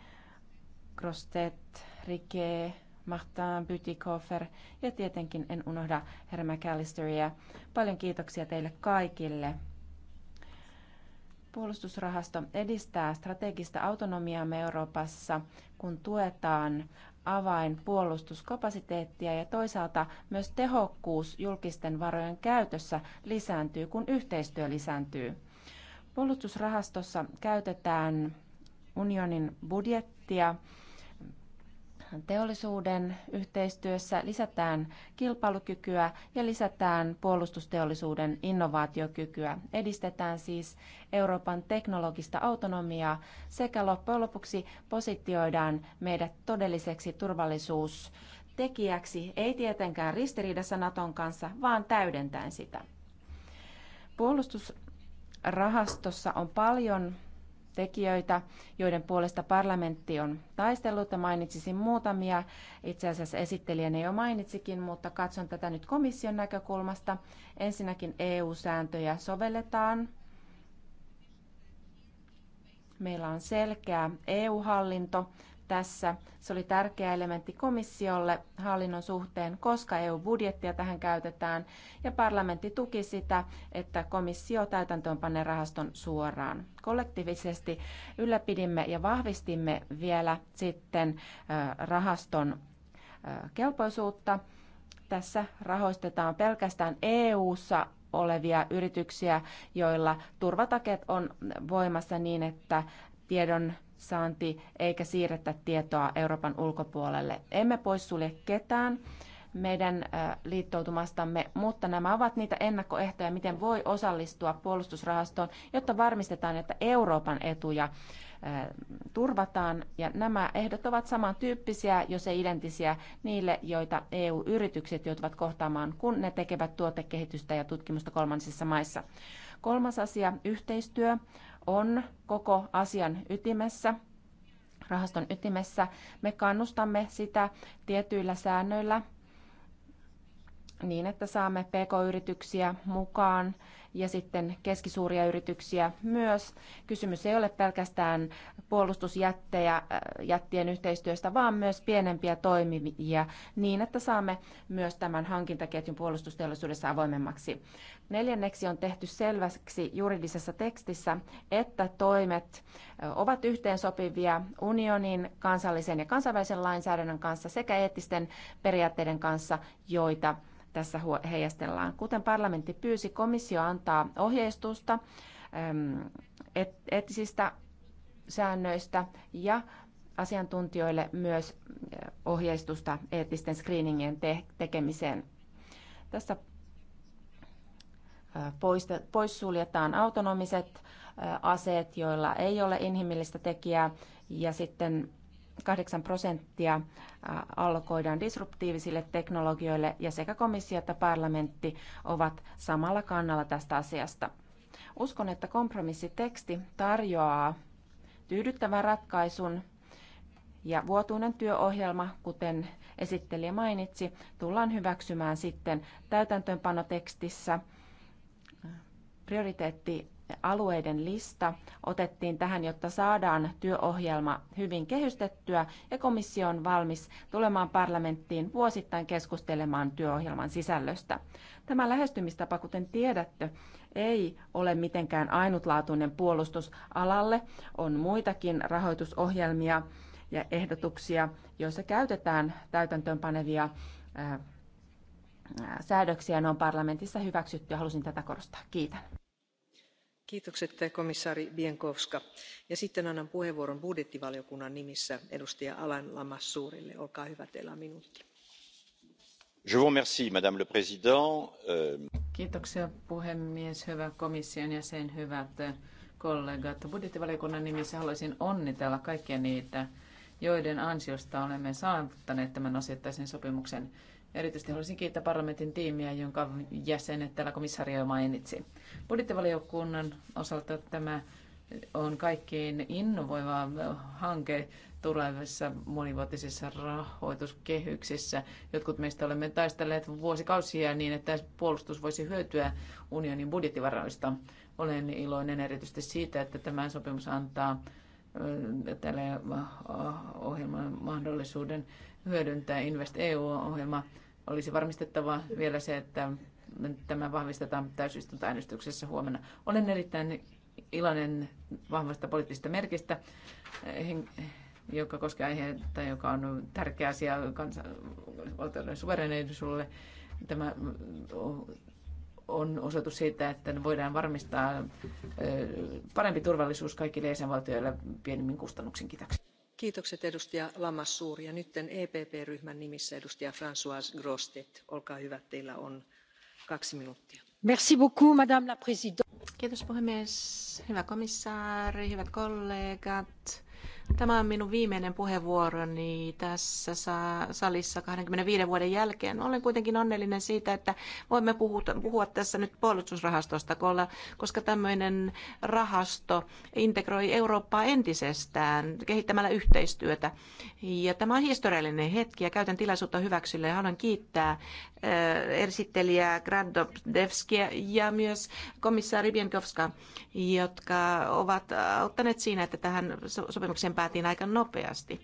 Krostet, Rike, Martin Bütikofer ja tietenkin en unohda Herma Callisteria. Paljon kiitoksia teille kaikille. Puolustusrahasto edistää strategista autonomiaamme Euroopassa, kun tuetaan avainpuolustuskapasiteettia ja toisaalta myös tehokkuus julkisten varojen käytössä lisääntyy, kun yhteistyö lisääntyy. Puolustusrahastossa käytetään unionin budjettia teollisuuden yhteistyössä, lisätään kilpailukykyä ja lisätään puolustusteollisuuden innovaatiokykyä. Edistetään siis Euroopan teknologista autonomiaa sekä loppujen lopuksi positioidaan meidät todelliseksi turvallisuustekijäksi, ei tietenkään ristiriidassa Naton kanssa, vaan täydentäen sitä. Puolustusrahastossa on paljon tekijöitä, joiden puolesta parlamentti on taistellut. Ja mainitsisin muutamia, itse asiassa ei jo mainitsikin, mutta katson tätä nyt komission näkökulmasta. Ensinnäkin EU-sääntöjä sovelletaan. Meillä on selkeä EU-hallinto, tässä. Se oli tärkeä elementti komissiolle hallinnon suhteen, koska EU-budjettia tähän käytetään ja parlamentti tuki sitä, että komissio täytäntöönpanne rahaston suoraan. Kollektiivisesti ylläpidimme ja vahvistimme vielä sitten rahaston kelpoisuutta. Tässä rahoistetaan pelkästään EU-ssa olevia yrityksiä, joilla turvataket on voimassa niin, että tiedon saanti eikä siirretä tietoa Euroopan ulkopuolelle. Emme poissulje ketään meidän liittoutumastamme, mutta nämä ovat niitä ennakkoehtoja, miten voi osallistua puolustusrahastoon, jotta varmistetaan, että Euroopan etuja turvataan. Ja nämä ehdot ovat samantyyppisiä, jos ei identisiä niille, joita EU-yritykset joutuvat kohtaamaan, kun ne tekevät tuotekehitystä ja tutkimusta kolmansissa maissa. Kolmas asia, yhteistyö on koko asian ytimessä, rahaston ytimessä. Me kannustamme sitä tietyillä säännöillä niin, että saamme pk-yrityksiä mukaan ja sitten keskisuuria yrityksiä myös. Kysymys ei ole pelkästään puolustusjättien äh, yhteistyöstä, vaan myös pienempiä toimivia niin, että saamme myös tämän hankintaketjun puolustusteollisuudessa avoimemmaksi. Neljänneksi on tehty selväksi juridisessa tekstissä, että toimet äh, ovat yhteensopivia unionin kansallisen ja kansainvälisen lainsäädännön kanssa sekä eettisten periaatteiden kanssa, joita tässä heijastellaan. Kuten parlamentti pyysi, komissio antaa ohjeistusta eettisistä säännöistä ja asiantuntijoille myös ohjeistusta eettisten screeningien te- tekemiseen. Tässä poissuljetaan autonomiset aseet, joilla ei ole inhimillistä tekijää, ja sitten 8 prosenttia allokoidaan disruptiivisille teknologioille ja sekä komissio että parlamentti ovat samalla kannalla tästä asiasta. Uskon, että kompromissiteksti tarjoaa tyydyttävän ratkaisun ja vuotuinen työohjelma, kuten esittelijä mainitsi, tullaan hyväksymään sitten täytäntöönpanotekstissä prioriteetti alueiden lista otettiin tähän, jotta saadaan työohjelma hyvin kehystettyä ja komissio on valmis tulemaan parlamenttiin vuosittain keskustelemaan työohjelman sisällöstä. Tämä lähestymistapa, kuten tiedätte, ei ole mitenkään ainutlaatuinen puolustus alalle. On muitakin rahoitusohjelmia ja ehdotuksia, joissa käytetään täytäntöönpanevia säädöksiä. Ne on parlamentissa hyväksytty ja halusin tätä korostaa. Kiitän kiitokset komissaari biekowska ja sitten annan puheenvuoron budjettivaliokunnan nimissä edustaja alain lamassourelle olkaa hyvä teillä on minuutti. Euh, Kiitoksia puhemies, hyvä komission jäsen, hyvät kollegat. Budjettivaliokunnan nimissä haluaisin onnitella kaikkia niitä, joiden ansiosta olemme saavuttaneet tämän osittaisen sopimuksen. Ja erityisesti haluaisin kiittää parlamentin tiimiä, jonka jäsenet täällä komissario jo mainitsi. Budjettivaliokunnan osalta tämä on kaikkein innovoiva hanke tulevissa monivuotisissa rahoituskehyksissä. Jotkut meistä olemme taistelleet vuosikausia niin, että puolustus voisi hyötyä unionin budjettivaroista. Olen iloinen erityisesti siitä, että tämä sopimus antaa äh, tälle äh, ohjelman mahdollisuuden hyödyntää Invest EU-ohjelma olisi varmistettava vielä se, että tämä vahvistetaan täysistuntoäänestyksessä huomenna. Olen erittäin iloinen vahvasta poliittisesta merkistä, eh, joka koskee aiheita, joka on tärkeä asia kansanvaltioiden suvereneisuudelle. Tämä eh, on osoitus siitä, että voidaan varmistaa eh, parempi turvallisuus kaikille jäsenvaltioille pienemmin kustannuksin. kitaksi kiitokset edustaja lamassoure ja nyt epp ryhmän nimissä edustaja franoise grossette olkaa hyvä teillä on kaksi minuuttia. arvoisa puhemies hyvä komissaari hyvät kollegat Tämä on minun viimeinen puheenvuoroni tässä salissa 25 vuoden jälkeen. Olen kuitenkin onnellinen siitä, että voimme puhua tässä nyt puolustusrahastosta, koska tämmöinen rahasto integroi Eurooppaa entisestään kehittämällä yhteistyötä. Ja tämä on historiallinen hetki ja käytän tilaisuutta hyväksylle ja haluan kiittää Äh, esittelijä Grandovskia ja myös komissaari Bienkovska, jotka ovat auttaneet äh, siinä, että tähän sopimukseen päätiin aika nopeasti.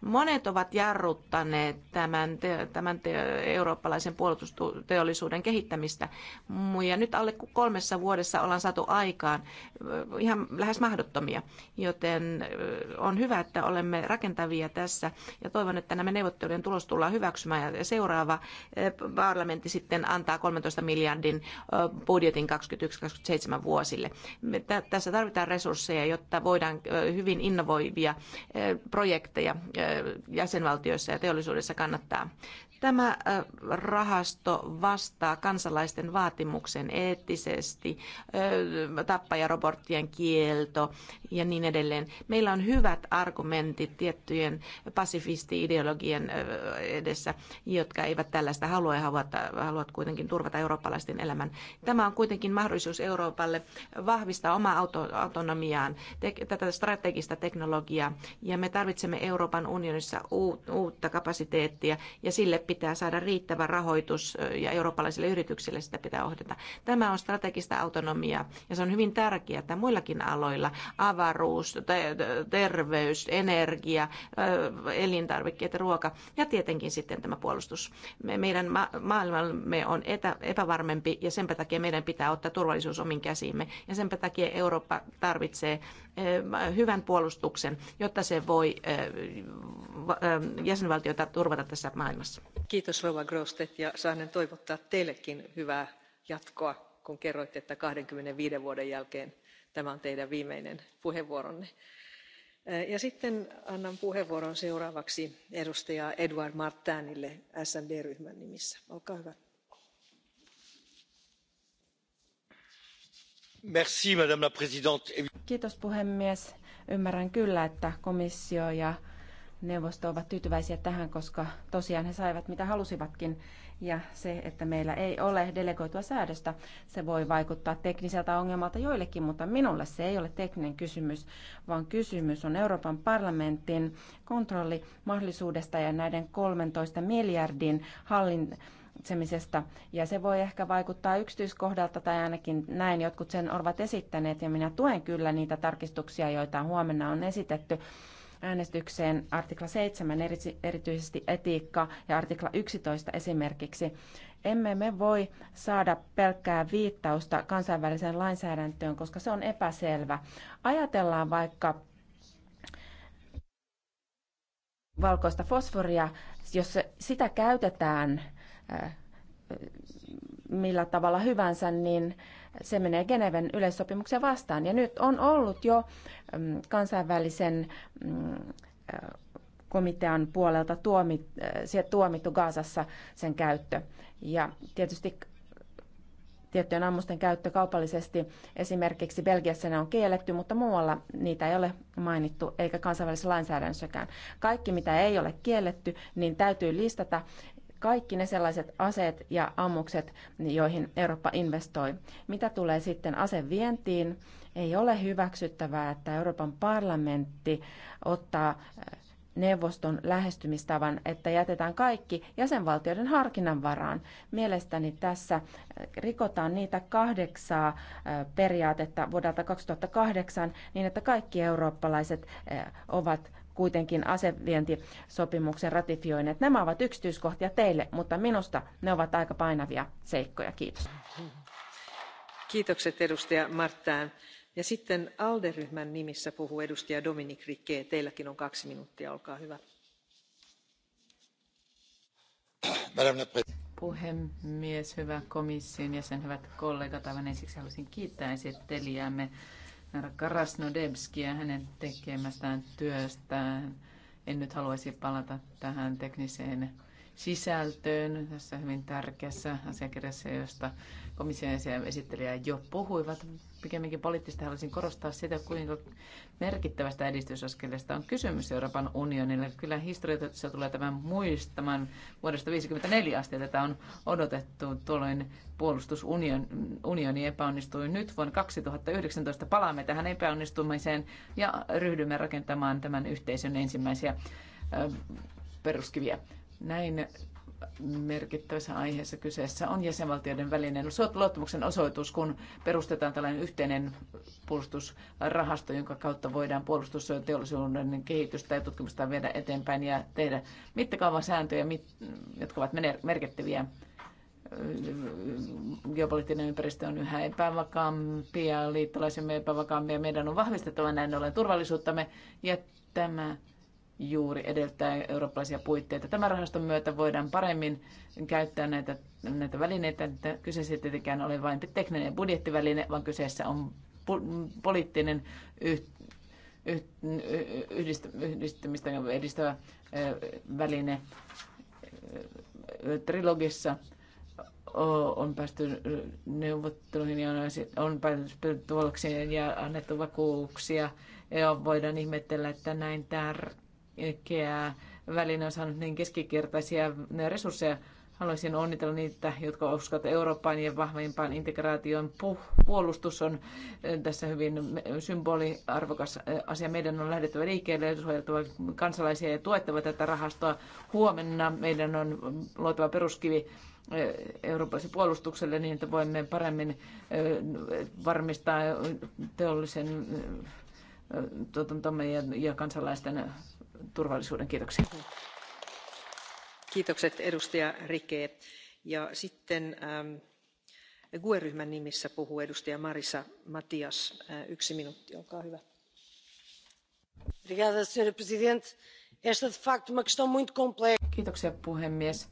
Monet ovat jarruttaneet tämän, te, tämän te, eurooppalaisen puolustusteollisuuden kehittämistä. Ja nyt alle kolmessa vuodessa ollaan saatu aikaan ihan lähes mahdottomia, joten on hyvä, että olemme rakentavia tässä ja toivon, että nämä neuvottelujen tulos tullaan hyväksymään ja seuraava parlamentti sitten antaa 13 miljardin budjetin 2021-2027 vuosille. Tässä tarvitaan resursseja, jotta voidaan hyvin innovoivia projekteja jäsenvaltioissa ja teollisuudessa kannattaa Tämä äh, rahasto vastaa kansalaisten vaatimuksen eettisesti, äh, tappajaroborttien kielto ja niin edelleen. Meillä on hyvät argumentit tiettyjen pasifisti ideologien äh, edessä, jotka eivät tällaista halua ja haluat, haluat kuitenkin turvata eurooppalaisten elämän. Tämä on kuitenkin mahdollisuus Euroopalle vahvistaa omaa auto, autonomiaan, te, tätä strategista teknologiaa, ja me tarvitsemme Euroopan unionissa uutta kapasiteettia, ja sille pitää saada riittävä rahoitus ja eurooppalaisille yrityksille sitä pitää ohjata. Tämä on strategista autonomiaa ja se on hyvin tärkeää, että muillakin aloilla avaruus, terveys, energia, elintarvikkeet, ruoka ja tietenkin sitten tämä puolustus. Meidän ma- maailmamme on etä- epävarmempi ja sen takia meidän pitää ottaa turvallisuus omin käsiimme ja sen takia Eurooppa tarvitsee hyvän puolustuksen, jotta se voi jäsenvaltioita turvata tässä maailmassa. Kiitos Rova Grostet ja saanen toivottaa teillekin hyvää jatkoa, kun kerroitte, että 25 vuoden jälkeen tämä on teidän viimeinen puheenvuoronne. Ja sitten annan puheenvuoron seuraavaksi edustaja eduard Martinille d ryhmän nimissä. Olkaa hyvä. arvoisa Kiitos puhemies. Ymmärrän kyllä, että komissio ja neuvosto ovat tyytyväisiä tähän, koska tosiaan he saivat mitä halusivatkin. Ja se, että meillä ei ole delegoitua säädöstä, se voi vaikuttaa tekniseltä ongelmalta joillekin, mutta minulle se ei ole tekninen kysymys, vaan kysymys on Euroopan parlamentin kontrollimahdollisuudesta ja näiden 13 miljardin hallin, Ja se voi ehkä vaikuttaa yksityiskohdalta tai ainakin näin jotkut sen ovat esittäneet ja minä tuen kyllä niitä tarkistuksia, joita huomenna on esitetty äänestykseen artikla 7, erityisesti etiikka, ja artikla 11 esimerkiksi. Emme me voi saada pelkkää viittausta kansainväliseen lainsäädäntöön, koska se on epäselvä. Ajatellaan vaikka valkoista fosforia, jos sitä käytetään äh, millä tavalla hyvänsä, niin se menee Geneven yleissopimuksen vastaan. Ja nyt on ollut jo mm, kansainvälisen mm, komitean puolelta tuomittu Gaasassa sen käyttö. Ja tietysti tiettyjen ammusten käyttö kaupallisesti esimerkiksi Belgiassa ne on kielletty, mutta muualla niitä ei ole mainittu eikä kansainvälisessä lainsäädännössäkään. Kaikki, mitä ei ole kielletty, niin täytyy listata kaikki ne sellaiset aseet ja ammukset, joihin Eurooppa investoi. Mitä tulee sitten asevientiin, ei ole hyväksyttävää, että Euroopan parlamentti ottaa äh, neuvoston lähestymistavan, että jätetään kaikki jäsenvaltioiden harkinnan varaan. Mielestäni tässä äh, rikotaan niitä kahdeksaa äh, periaatetta vuodelta 2008 niin, että kaikki eurooppalaiset ovat kuitenkin asevientisopimuksen ratifioineet. Nämä ovat yksityiskohtia teille, mutta minusta ne ovat aika painavia seikkoja. Kiitos. Kiitokset edustaja Marttään. Ja sitten ALDE-ryhmän nimissä puhuu edustaja Dominik Rikke. Teilläkin on kaksi minuuttia, olkaa hyvä. Puhemies, hyvä komission jäsen, hyvät kollegat. Aivan ensiksi haluaisin kiittää esittelijäämme ja hänen tekemästään työstään. En nyt haluaisi palata tähän tekniseen sisältöön tässä hyvin tärkeässä asiakirjassa, josta komission ja esittelijä jo puhuivat. Pikemminkin poliittisesti haluaisin korostaa sitä, kuinka merkittävästä edistysaskeleesta on kysymys Euroopan unionille. Kyllä historiassa tulee tämän muistamaan. Vuodesta 1954 asti tätä on odotettu. Tuolloin puolustusunioni epäonnistui. Nyt vuonna 2019 palaamme tähän epäonnistumiseen ja ryhdymme rakentamaan tämän yhteisön ensimmäisiä peruskiviä. Näin merkittävässä aiheessa kyseessä on jäsenvaltioiden välinen luottamuksen osoitus, kun perustetaan tällainen yhteinen puolustusrahasto, jonka kautta voidaan puolustusteollisuuden kehitystä ja tutkimusta viedä eteenpäin ja tehdä mittakaavan sääntöjä, jotka ovat merkittäviä. Geopoliittinen ympäristö on yhä epävakaampi ja liittolaisemme ja Meidän on vahvistettava näin ollen turvallisuuttamme ja tämä juuri edeltää eurooppalaisia puitteita. Tämän rahaston myötä voidaan paremmin käyttää näitä, näitä välineitä. Kyseessä ei tietenkään ole vain tekninen budjettiväline, vaan kyseessä on poliittinen yh, yh, yhdistymistä edistävä väline. Trilogissa on päästy neuvotteluihin ja on päästy tuloksiin ja annettu vakuuksia. Ja voidaan ihmetellä, että näin tärkeä keä väline on saanut niin keskikertaisia resursseja. Haluaisin onnitella niitä, jotka uskovat Eurooppaan ja vahvimpaan integraation. Puolustus on eh, tässä hyvin symboliarvokas eh, asia. Meidän on lähdettävä liikkeelle, suojeltava kansalaisia ja tuettava tätä rahastoa. Huomenna meidän on luotava peruskivi eh, eurooppalaiselle puolustukselle niin, että voimme paremmin varmistaa teollisen tuotantomme ja kansalaisten turvallisuuden. Kiitoksia. Kiitokset edustaja Rike. Ja sitten ähm, GUE-ryhmän nimissä puhuu edustaja Marisa Matias. Äh, yksi minuutti, olkaa hyvä. Kiitoksia puhemies.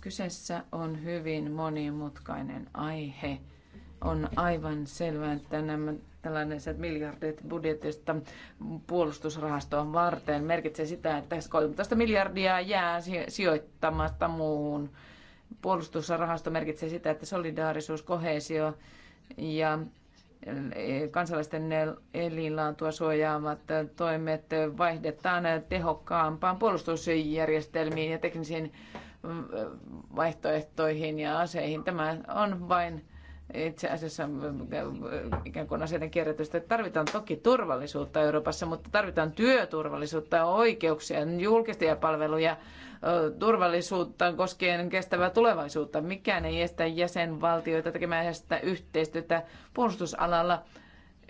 Kyseessä on hyvin monimutkainen aihe on aivan selvää, että nämä tällaiset miljardit budjetista puolustusrahastoon varten merkitsee sitä, että 13 miljardia jää sijoittamatta muuhun. Puolustusrahasto merkitsee sitä, että solidaarisuus, kohesio ja eh, kansalaisten elinlaatua suojaavat toimet vaihdetaan tehokkaampaan puolustusjärjestelmiin ja teknisiin eh, vaihtoehtoihin ja aseihin. Tämä on vain itse asiassa äh, äh, ikään kuin asioiden kierrätystä. Tarvitaan toki turvallisuutta Euroopassa, mutta tarvitaan työturvallisuutta, oikeuksia, julkisia palveluja, äh, turvallisuutta koskien kestävää tulevaisuutta. Mikään ei estä jäsenvaltioita tekemään sitä yhteistyötä puolustusalalla.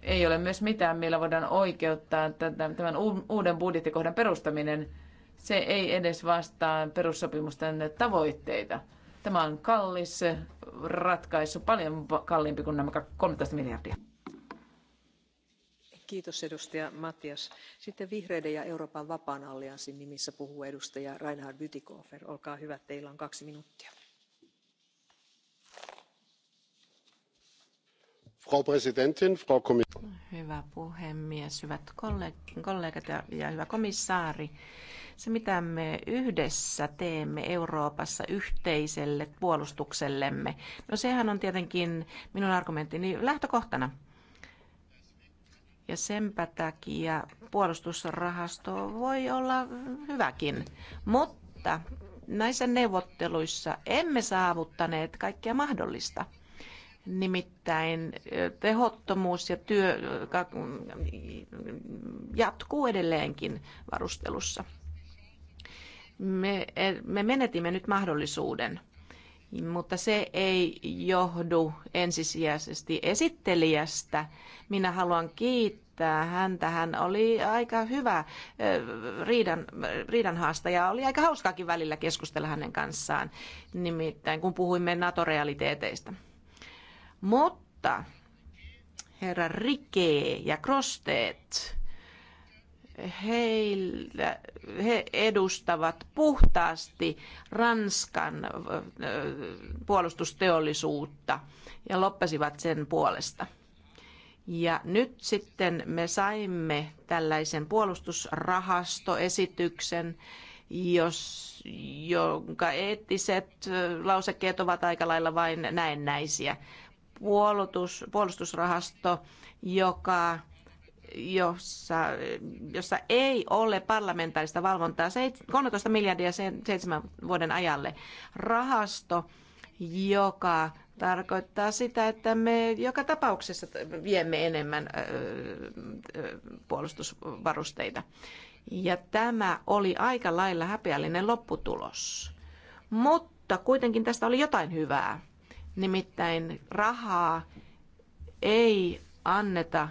Ei ole myös mitään, millä voidaan oikeuttaa tämän uuden budjettikohdan perustaminen. Se ei edes vastaa perussopimusten tavoitteita. Tämä on kallis ratkaisu, paljon kalliimpi kuin nämä 13 miljardia. Kiitos edustaja Matias. Sitten vihreiden ja Euroopan vapaan allianssin nimissä puhuu edustaja Reinhard Bütikofer. Olkaa hyvä, teillä on kaksi minuuttia. Frau Präsidentin, Frau Hyvä puhemies, hyvät kollegat ja hyvä komissaari. Se, mitä me yhdessä teemme Euroopassa yhteiselle puolustuksellemme, no sehän on tietenkin minun argumenttini lähtökohtana. Ja senpä takia puolustusrahasto voi olla hyväkin, mutta näissä neuvotteluissa emme saavuttaneet kaikkea mahdollista. Nimittäin tehottomuus ja työ jatkuu edelleenkin varustelussa me, eh, me menetimme nyt mahdollisuuden, mutta se ei johdu ensisijaisesti esittelijästä. Minä haluan kiittää häntä. Hän oli aika hyvä eh, riidan, riidanhaastaja. Oli aika hauskaakin välillä keskustella hänen kanssaan, nimittäin kun puhuimme NATO-realiteeteista. Mutta herra Rike ja Krosteet he edustavat puhtaasti Ranskan puolustusteollisuutta ja loppesivat sen puolesta. Ja nyt sitten me saimme tällaisen puolustusrahastoesityksen, jos, jonka eettiset lausekkeet ovat aika lailla vain näennäisiä. Puolustus, puolustusrahasto, joka jossa, jossa ei ole parlamentaarista valvontaa 13 miljardia sen seitsemän vuoden ajalle. Rahasto, joka tarkoittaa sitä, että me joka tapauksessa viemme enemmän puolustusvarusteita. Ja tämä oli aika lailla häpeällinen lopputulos. Mutta kuitenkin tästä oli jotain hyvää. Nimittäin rahaa ei anneta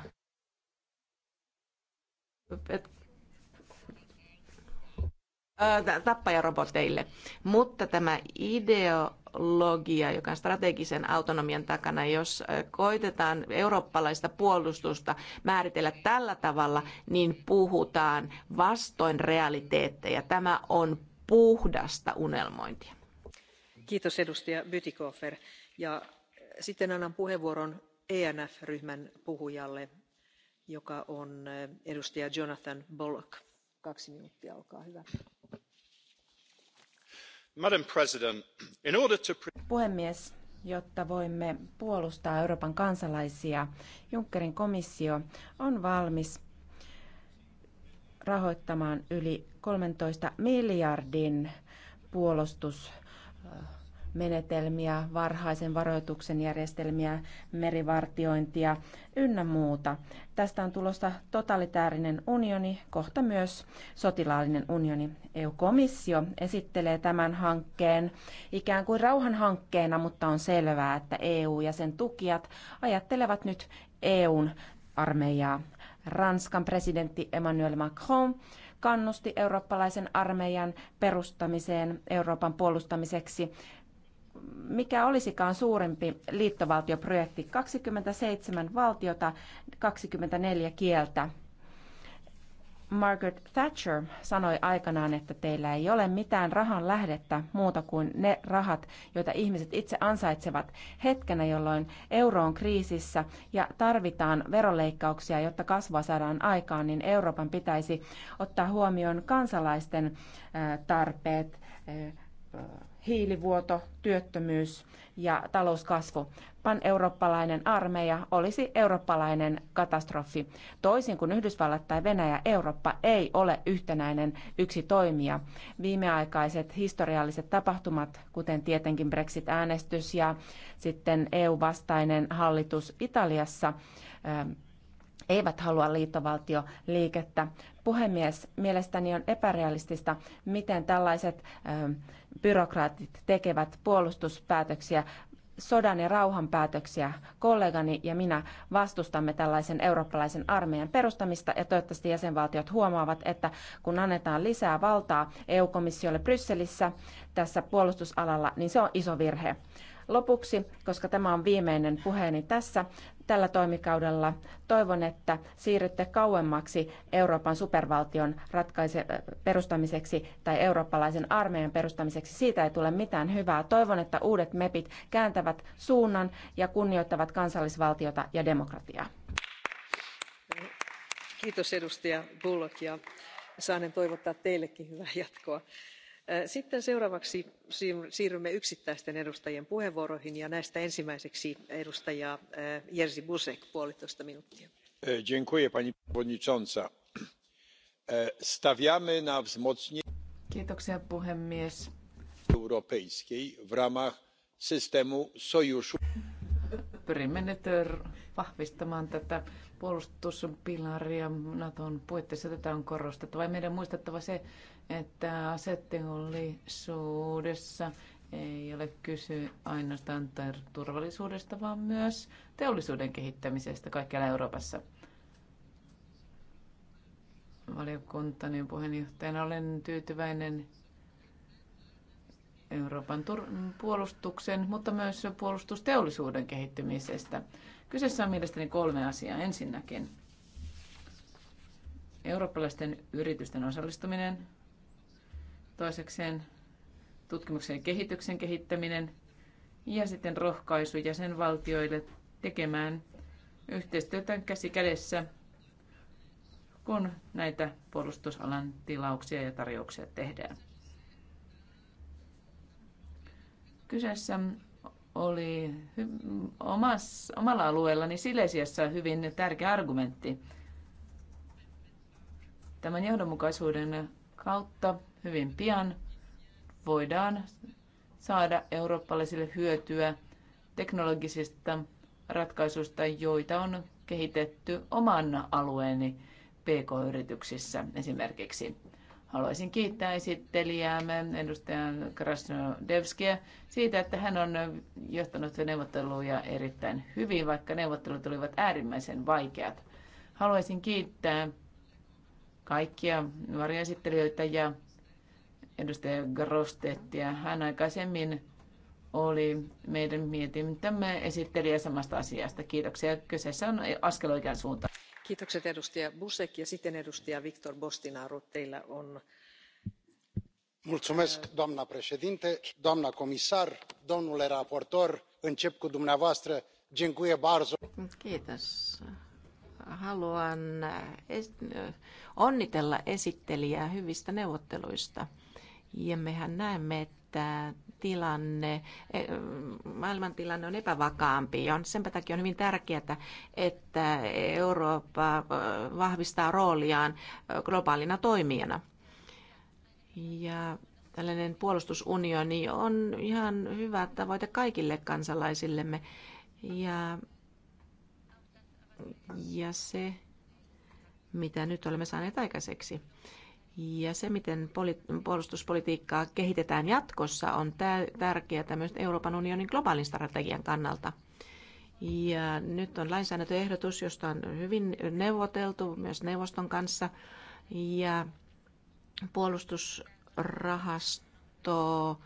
tappajarobotteille. Mutta tämä ideologia, joka on strategisen autonomian takana, jos koitetaan eurooppalaista puolustusta määritellä tällä tavalla, niin puhutaan vastoin realiteetteja. Tämä on puhdasta unelmointia. Kiitos edustaja Bytikofer. Ja sitten annan puheenvuoron ENF-ryhmän puhujalle joka on edustaja Jonathan Bullock. Kaksi minuuttia, olkaa hyvä. Madam Puhemies, jotta voimme puolustaa Euroopan kansalaisia, Junckerin komissio on valmis rahoittamaan yli kolmetoista miljardin puolustus menetelmiä, varhaisen varoituksen järjestelmiä, merivartiointia ynnä muuta. Tästä on tulossa totalitaarinen unioni, kohta myös sotilaallinen unioni. EU-komissio esittelee tämän hankkeen ikään kuin rauhan hankkeena, mutta on selvää, että EU ja sen tukijat ajattelevat nyt EUn armeijaa. Ranskan presidentti Emmanuel Macron kannusti eurooppalaisen armeijan perustamiseen Euroopan puolustamiseksi mikä olisikaan suurempi liittovaltioprojekti. 27 valtiota, 24 kieltä. Margaret Thatcher sanoi aikanaan, että teillä ei ole mitään rahan lähdettä muuta kuin ne rahat, joita ihmiset itse ansaitsevat hetkenä, jolloin euro on kriisissä ja tarvitaan veroleikkauksia, jotta kasvua saadaan aikaan, niin Euroopan pitäisi ottaa huomioon kansalaisten tarpeet hiilivuoto, työttömyys ja talouskasvu. Pan-eurooppalainen armeija olisi eurooppalainen katastrofi. Toisin kuin Yhdysvallat tai Venäjä, Eurooppa ei ole yhtenäinen yksi toimija. Viimeaikaiset historialliset tapahtumat, kuten tietenkin Brexit-äänestys ja sitten EU-vastainen hallitus Italiassa, eivät halua liittovaltioliikettä. Puhemies, mielestäni on epärealistista, miten tällaiset byrokraatit tekevät puolustuspäätöksiä, sodan ja rauhan päätöksiä. Kollegani ja minä vastustamme tällaisen eurooppalaisen armeijan perustamista ja toivottavasti jäsenvaltiot huomaavat, että kun annetaan lisää valtaa EU-komissiolle Brysselissä tässä puolustusalalla, niin se on iso virhe lopuksi, koska tämä on viimeinen puheeni tässä, tällä toimikaudella. Toivon, että siirrytte kauemmaksi Euroopan supervaltion ratkaise- perustamiseksi tai eurooppalaisen armeijan perustamiseksi. Siitä ei tule mitään hyvää. Toivon, että uudet MEPit kääntävät suunnan ja kunnioittavat kansallisvaltiota ja demokratiaa. Kiitos edustaja Bullock ja saanen toivottaa teillekin hyvää jatkoa sitten seuraavaksi siirrymme yksittäisten edustajien puheenvuoroihin ja näistä ensimmäiseksi edustaja jerzy buzek puolitoista minuuttia. E, pani puhemies stawiamy na wzmocnienie europejskiej w ramach systemu sojuszu. pyrimme nyt e, vahvistamaan tätä puolustuspilaria Naton puitteissa. Tätä on korostettava. Ja meidän muistettava se, että asetteollisuudessa ei ole kyse ainoastaan turvallisuudesta, vaan myös teollisuuden kehittämisestä kaikkialla Euroopassa. Valiokuntani puheenjohtajana olen tyytyväinen Euroopan puolustuksen, mutta myös puolustusteollisuuden kehittymisestä. Kyseessä on mielestäni kolme asiaa. Ensinnäkin eurooppalaisten yritysten osallistuminen, toisekseen tutkimuksen ja kehityksen kehittäminen ja sitten rohkaisu jäsenvaltioille tekemään yhteistyötä käsi kädessä, kun näitä puolustusalan tilauksia ja tarjouksia tehdään. Kyseessä oli omas, omalla alueellani Silesiassa hyvin tärkeä argumentti. Tämän johdonmukaisuuden kautta hyvin pian voidaan saada eurooppalaisille hyötyä teknologisista ratkaisuista, joita on kehitetty oman alueeni pk-yrityksissä esimerkiksi. Haluaisin kiittää esittelijäämme edustaja Krasnodevskia siitä, että hän on johtanut neuvotteluja erittäin hyvin, vaikka neuvottelut olivat äärimmäisen vaikeat. Haluaisin kiittää kaikkia varjoesittelijöitä ja edustaja Grostettia. Hän aikaisemmin oli meidän mietintämme esittelijä samasta asiasta. Kiitoksia. Kyseessä on askel oikean suuntaan doamnă președintă doamnă comisar domnule raportor încep cu dumneavoastră haluan onnitella esittelijää hyvistä neuvotteluista ja mehän näemme että että tilanne, e, tilanne on epävakaampi. Ja on, sen takia on hyvin tärkeää, että Eurooppa vahvistaa rooliaan globaalina toimijana. Ja tällainen puolustusunioni on ihan hyvä tavoite kaikille kansalaisillemme. Ja, ja se, mitä nyt olemme saaneet aikaiseksi. Ja se, miten puolustuspolitiikkaa kehitetään jatkossa, on tärkeää myös Euroopan unionin globaalin strategian kannalta. Ja nyt on lainsäädäntöehdotus, josta on hyvin neuvoteltu myös neuvoston kanssa. Ja puolustusrahasto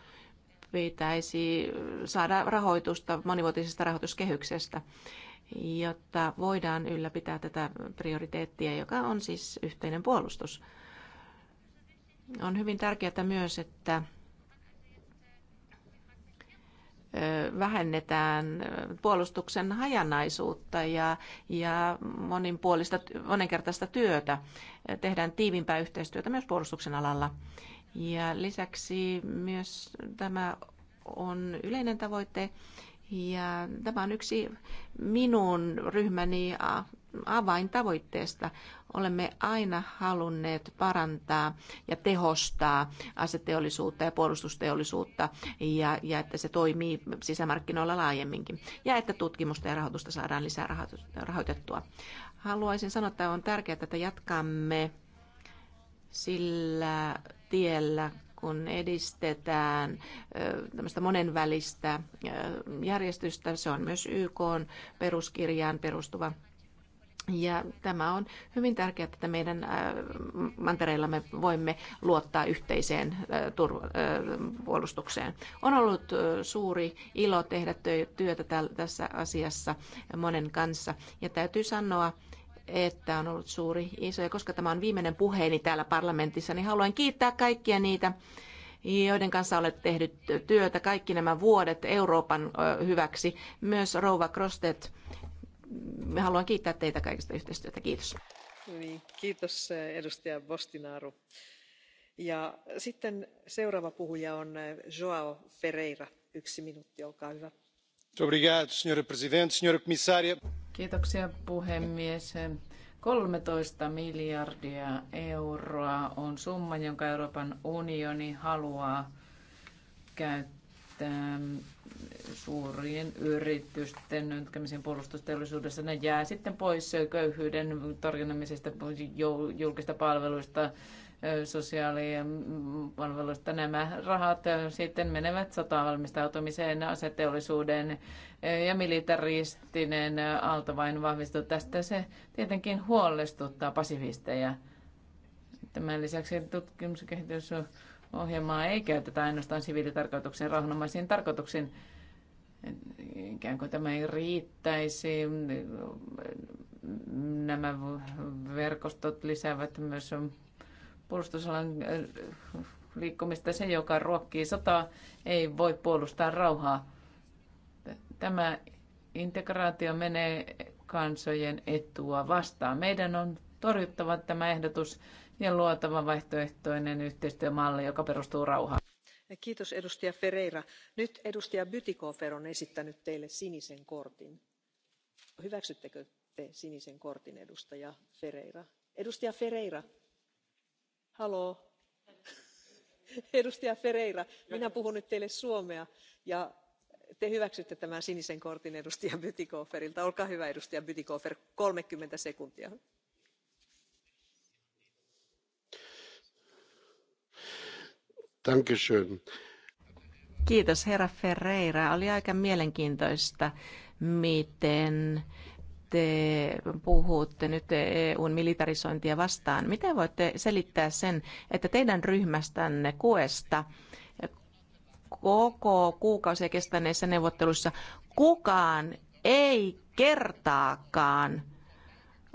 pitäisi saada rahoitusta monivuotisesta rahoituskehyksestä, jotta voidaan ylläpitää tätä prioriteettia, joka on siis yhteinen puolustus. On hyvin tärkeää myös, että vähennetään puolustuksen hajanaisuutta ja, ja monipuolista, monenkertaista työtä. Tehdään tiivimpää yhteistyötä myös puolustuksen alalla. Ja lisäksi myös tämä on yleinen tavoite ja tämä on yksi minun ryhmäni avaintavoitteesta. Olemme aina halunneet parantaa ja tehostaa aseteollisuutta ja puolustusteollisuutta ja, ja että se toimii sisämarkkinoilla laajemminkin ja että tutkimusta ja rahoitusta saadaan lisää rahoitettua. Haluaisin sanoa, että on tärkeää, että jatkamme sillä tiellä, kun edistetään tämmöistä monenvälistä järjestystä. Se on myös YK peruskirjaan perustuva ja tämä on hyvin tärkeää, että meidän äh, mantereilla me voimme luottaa yhteiseen äh, äh, puolustukseen. On ollut suuri ilo tehdä työtä tässä asiassa monen kanssa. Ja täytyy sanoa, että on ollut suuri iso. Ja koska tämä on viimeinen puheeni täällä parlamentissa, niin haluan kiittää kaikkia niitä, joiden kanssa olet tehnyt työtä kaikki nämä vuodet Euroopan hyväksi. Myös Rouva Krostet me haluan kiittää teitä kaikesta yhteistyötä. Kiitos. No niin, kiitos eh, edustaja Bostinaru. Ja sitten seuraava puhuja on eh, Joao Ferreira. Yksi minuutti, olkaa hyvä. Kiitoksia puhemies. 13 miljardia euroa on summa, jonka Euroopan unioni haluaa käyttää suurien yritysten nytkemisen puolustusteollisuudessa, ne jää sitten pois köyhyyden tarkennamisesta julkista palveluista, sosiaalipalveluista. Nämä rahat sitten menevät valmistautumiseen aseteollisuuden ja militaristinen aalto vain vahvistuu. Tästä se tietenkin huolestuttaa pasifisteja. Tämän lisäksi tutkimus- ja kehitys- ohjelmaa ei käytetä ainoastaan siviilitarkoituksiin, rauhanomaisiin tarkoituksiin. Ikään kuin tämä ei riittäisi. Nämä verkostot lisäävät myös puolustusalan äh, liikkumista. Se, joka ruokkii sotaa, ei voi puolustaa rauhaa. Tämä integraatio menee kansojen etua vastaan. Meidän on torjuttava tämä ehdotus ja luotava vaihtoehtoinen yhteistyömalli, joka perustuu rauhaan. Kiitos edustaja Ferreira. Nyt edustaja Bytikofer on esittänyt teille sinisen kortin. Hyväksyttekö te sinisen kortin edustaja Ferreira? Edustaja Ferreira, haloo. Edustaja Ferreira, minä puhun nyt teille suomea ja te hyväksytte tämän sinisen kortin edustaja Bytikoferilta. Olkaa hyvä edustaja Bytikofer, 30 sekuntia Dankeschön. Kiitos herra Ferreira. Oli aika mielenkiintoista, miten te puhutte nyt EUn militarisointia vastaan. Miten voitte selittää sen, että teidän ryhmästänne kuesta koko kuukausia kestäneissä neuvotteluissa kukaan ei kertaakaan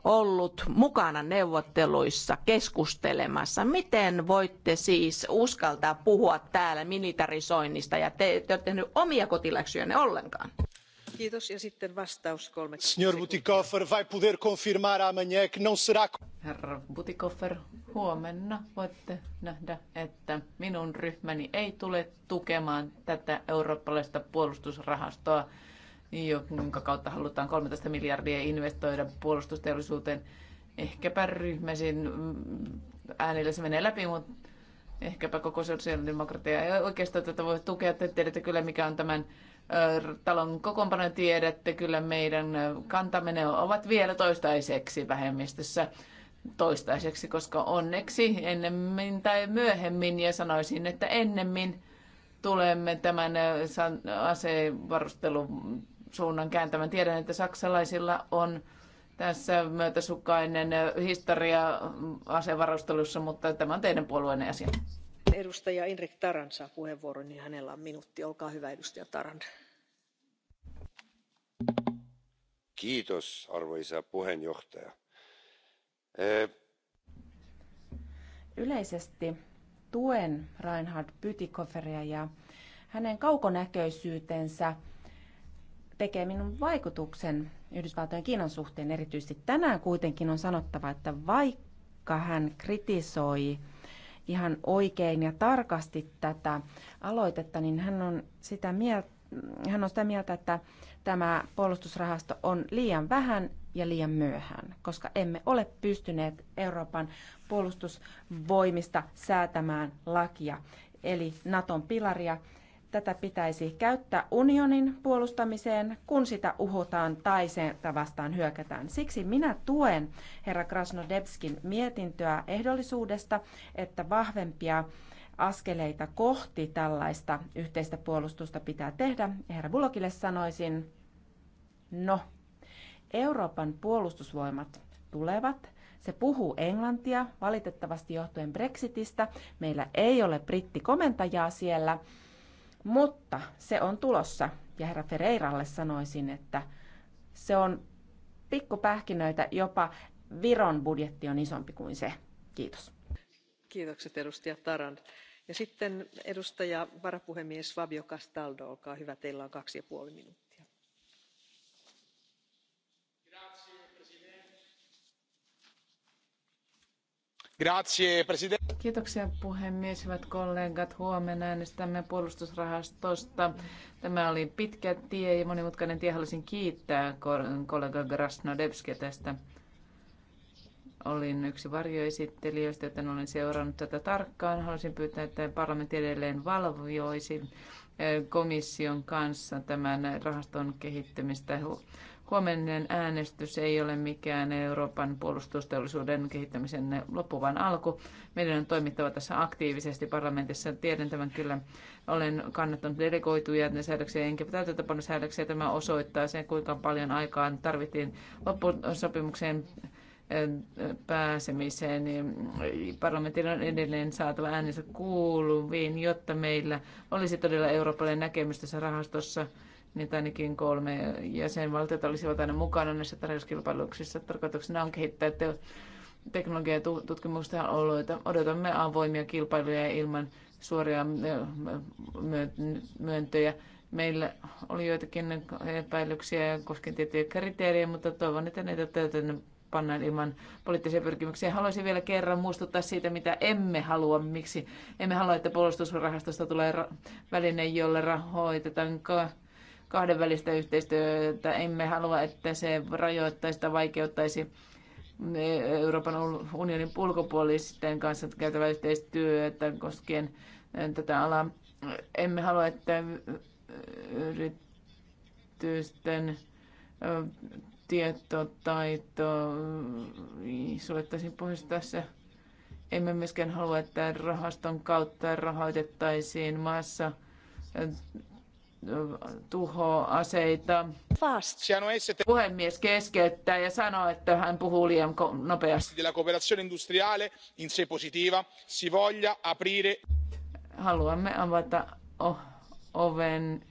ollut mukana neuvotteluissa keskustelemassa. Miten voitte siis uskaltaa puhua täällä militarisoinnista ja te ette ole tehneet omia kotiläksyjänne ollenkaan? Kiitos ja sitten vastaus kolme. Signor Butikoffer, vai poder confirmar amanhã que non será... Herra Butikoffer, huomenna voitte nähdä, että minun ryhmäni ei tule tukemaan tätä eurooppalaista puolustusrahastoa jonka kautta halutaan 13 miljardia investoida puolustusteollisuuteen. Ehkäpä ryhmäsin mm, äänillä se menee läpi, mutta ehkäpä koko sosiaalidemokratia ei oikeastaan tätä voi tukea. Te tiedätte kyllä, mikä on tämän talon kokoonpano, tiedätte kyllä meidän kantamme. ovat vielä toistaiseksi vähemmistössä toistaiseksi, koska onneksi ennemmin tai myöhemmin, ja sanoisin, että ennemmin tulemme tämän asevarustelun suunnan kääntämään. Tiedän, että saksalaisilla on tässä myötäsukainen historia asevarustelussa, mutta tämä on teidän puolueen asia. Edustaja Inrik Taran saa puheenvuoron, niin hänellä on minuutti. Olkaa hyvä, edustaja Taran. Kiitos, arvoisa puheenjohtaja. Yleisesti tuen Reinhard Pytikoferia ja hänen kaukonäköisyytensä tekee minun vaikutuksen Yhdysvaltojen Kiinan suhteen erityisesti. Tänään kuitenkin on sanottava, että vaikka hän kritisoi ihan oikein ja tarkasti tätä aloitetta, niin hän on sitä mieltä, hän on sitä mieltä, että tämä puolustusrahasto on liian vähän ja liian myöhään, koska emme ole pystyneet Euroopan puolustusvoimista säätämään lakia, eli Naton pilaria, tätä pitäisi käyttää unionin puolustamiseen, kun sitä uhotaan tai sitä vastaan hyökätään. Siksi minä tuen herra Krasnodebskin mietintöä ehdollisuudesta, että vahvempia askeleita kohti tällaista yhteistä puolustusta pitää tehdä. Herra Bulokille sanoisin, no, Euroopan puolustusvoimat tulevat se puhuu englantia, valitettavasti johtuen Brexitistä. Meillä ei ole brittikomentajaa siellä mutta se on tulossa. Ja herra Ferreiralle sanoisin, että se on pikkupähkinöitä, jopa Viron budjetti on isompi kuin se. Kiitos. Kiitokset edustaja Tarand. Ja sitten edustaja varapuhemies Fabio Castaldo, olkaa hyvä, teillä on kaksi ja puoli minuuttia Grazie, Kiitoksia puhemies, hyvät kollegat. Huomenna äänestämme puolustusrahastosta. Tämä oli pitkä tie ja monimutkainen tie. Haluaisin kiittää kollega Grasnodebskia tästä. Olin yksi varjoesittelijöistä, joten olen seurannut tätä tarkkaan. Haluaisin pyytää, että parlamentti edelleen valvioisi eh, komission kanssa tämän rahaston kehittämistä huominen äänestys ei ole mikään Euroopan puolustusteollisuuden kehittämisen loppuvan alku. Meidän on toimittava tässä aktiivisesti parlamentissa. Tiedän tämän kyllä. Olen kannattanut delegoituja säädöksiä enkä säädöksiä. Tämä osoittaa sen, kuinka paljon aikaa tarvittiin loppusopimukseen pääsemiseen, parlamentin on edelleen saatava äänensä kuuluviin, jotta meillä olisi todella eurooppalainen näkemys tässä rahastossa – niin ainakin kolme jäsenvaltiota olisivat aina mukana näissä tarjouskilpailuksissa. Tarkoituksena on kehittää te- teknologia- ja tutkimusta oloita. Odotamme avoimia kilpailuja ilman suoria myöntöjä. Meillä oli joitakin epäilyksiä koskien tiettyjä kriteerejä, mutta toivon, että näitä täytän pannaan ilman poliittisia pyrkimyksiä. Haluaisin vielä kerran muistuttaa siitä, mitä emme halua, miksi emme halua, että puolustusrahastosta tulee väline, jolla rahoitetaan kahdenvälistä yhteistyötä. Emme halua, että se rajoittaisi tai vaikeuttaisi Euroopan unionin ulkopuolisten kanssa käytävää yhteistyötä koskien tätä alaa. Emme halua, että yritysten tietotaito suljettaisiin pois tässä. Emme myöskään halua, että rahaston kautta rahoitettaisiin maassa tuhoaseita. Fast. Puhemies keskeyttää ja sanoo, että hän puhuu liian nopeasti. Della cooperazione industriale in sé positiva si voglia aprire. Haluamme avata oven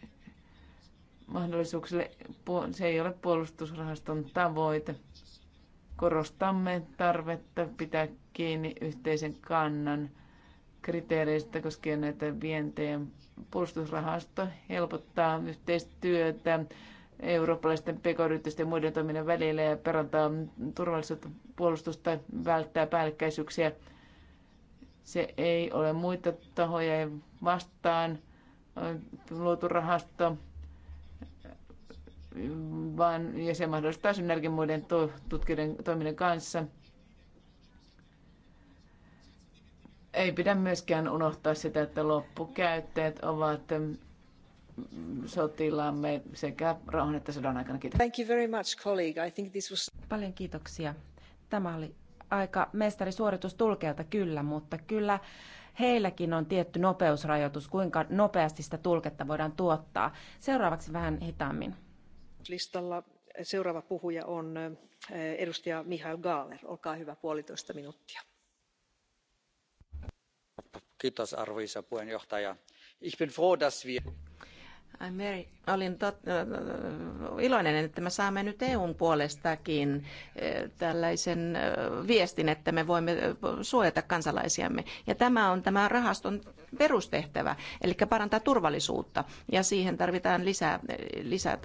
mahdollisuuksille. Se ei ole puolustusrahaston tavoite. Korostamme tarvetta pitää kiinni yhteisen kannan kriteereistä koskien näitä vientejä puolustusrahasto helpottaa yhteistyötä eurooppalaisten pk-yritysten ja muiden toiminnan välillä ja parantaa turvallisuutta, puolustusta, välttää päällekkäisyyksiä. Se ei ole muita tahoja vastaan luotu rahasto, vaan, ja se mahdollistaa synergian muiden tutkijoiden toiminnan kanssa – Ei pidä myöskään unohtaa sitä, että loppukäyttäjät ovat mm, sotilaamme sekä rauhan että sodan aikana. Kiitos. Thank you very much, colleague. I think this was... Paljon kiitoksia. Tämä oli aika mestarisuoritus tulkeelta kyllä, mutta kyllä heilläkin on tietty nopeusrajoitus, kuinka nopeasti sitä tulketta voidaan tuottaa. Seuraavaksi vähän hitaammin. Listalla seuraava puhuja on edustaja Mihail Gaaler. Olkaa hyvä, puolitoista minuuttia arvoisa puhemies ich bin froh iloinen, että me saamme nyt EUn puolestakin tällaisen viestin, että me voimme suojata kansalaisiamme. Ja tämä on tämä rahaston perustehtävä, eli parantaa turvallisuutta, ja siihen tarvitaan lisää, lisää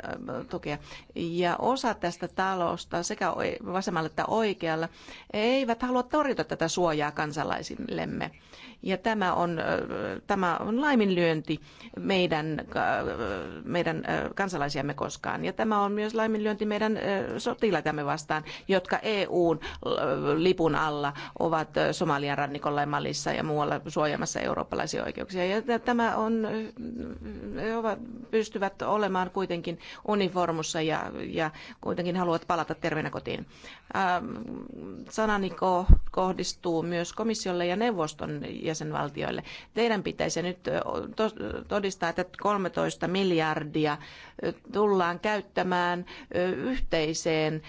tukea. Ja osa tästä talosta sekä vasemmalla että oikealla eivät halua torjua tätä suojaa kansalaisillemme. Ja tämä on, tämä on laiminlyönti meidän, meidän kansalaisiamme koskaan. Ja tämä on myös laiminlyönti meidän sotilaitamme vastaan, jotka EUn lipun alla ovat Somalian rannikolla ja Malissa ja muualla suojamassa eurooppalaisia oikeuksia. Ja tämä on, ovat, pystyvät olemaan kuitenkin uniformussa ja, ja kuitenkin haluavat palata terveenä kotiin. Ähm, sanani kohdistuu myös komissiolle ja neuvoston jäsenvaltioille. Teidän pitäisi nyt todistaa, että 13 miljardia tullaan käyttämään yhteiseen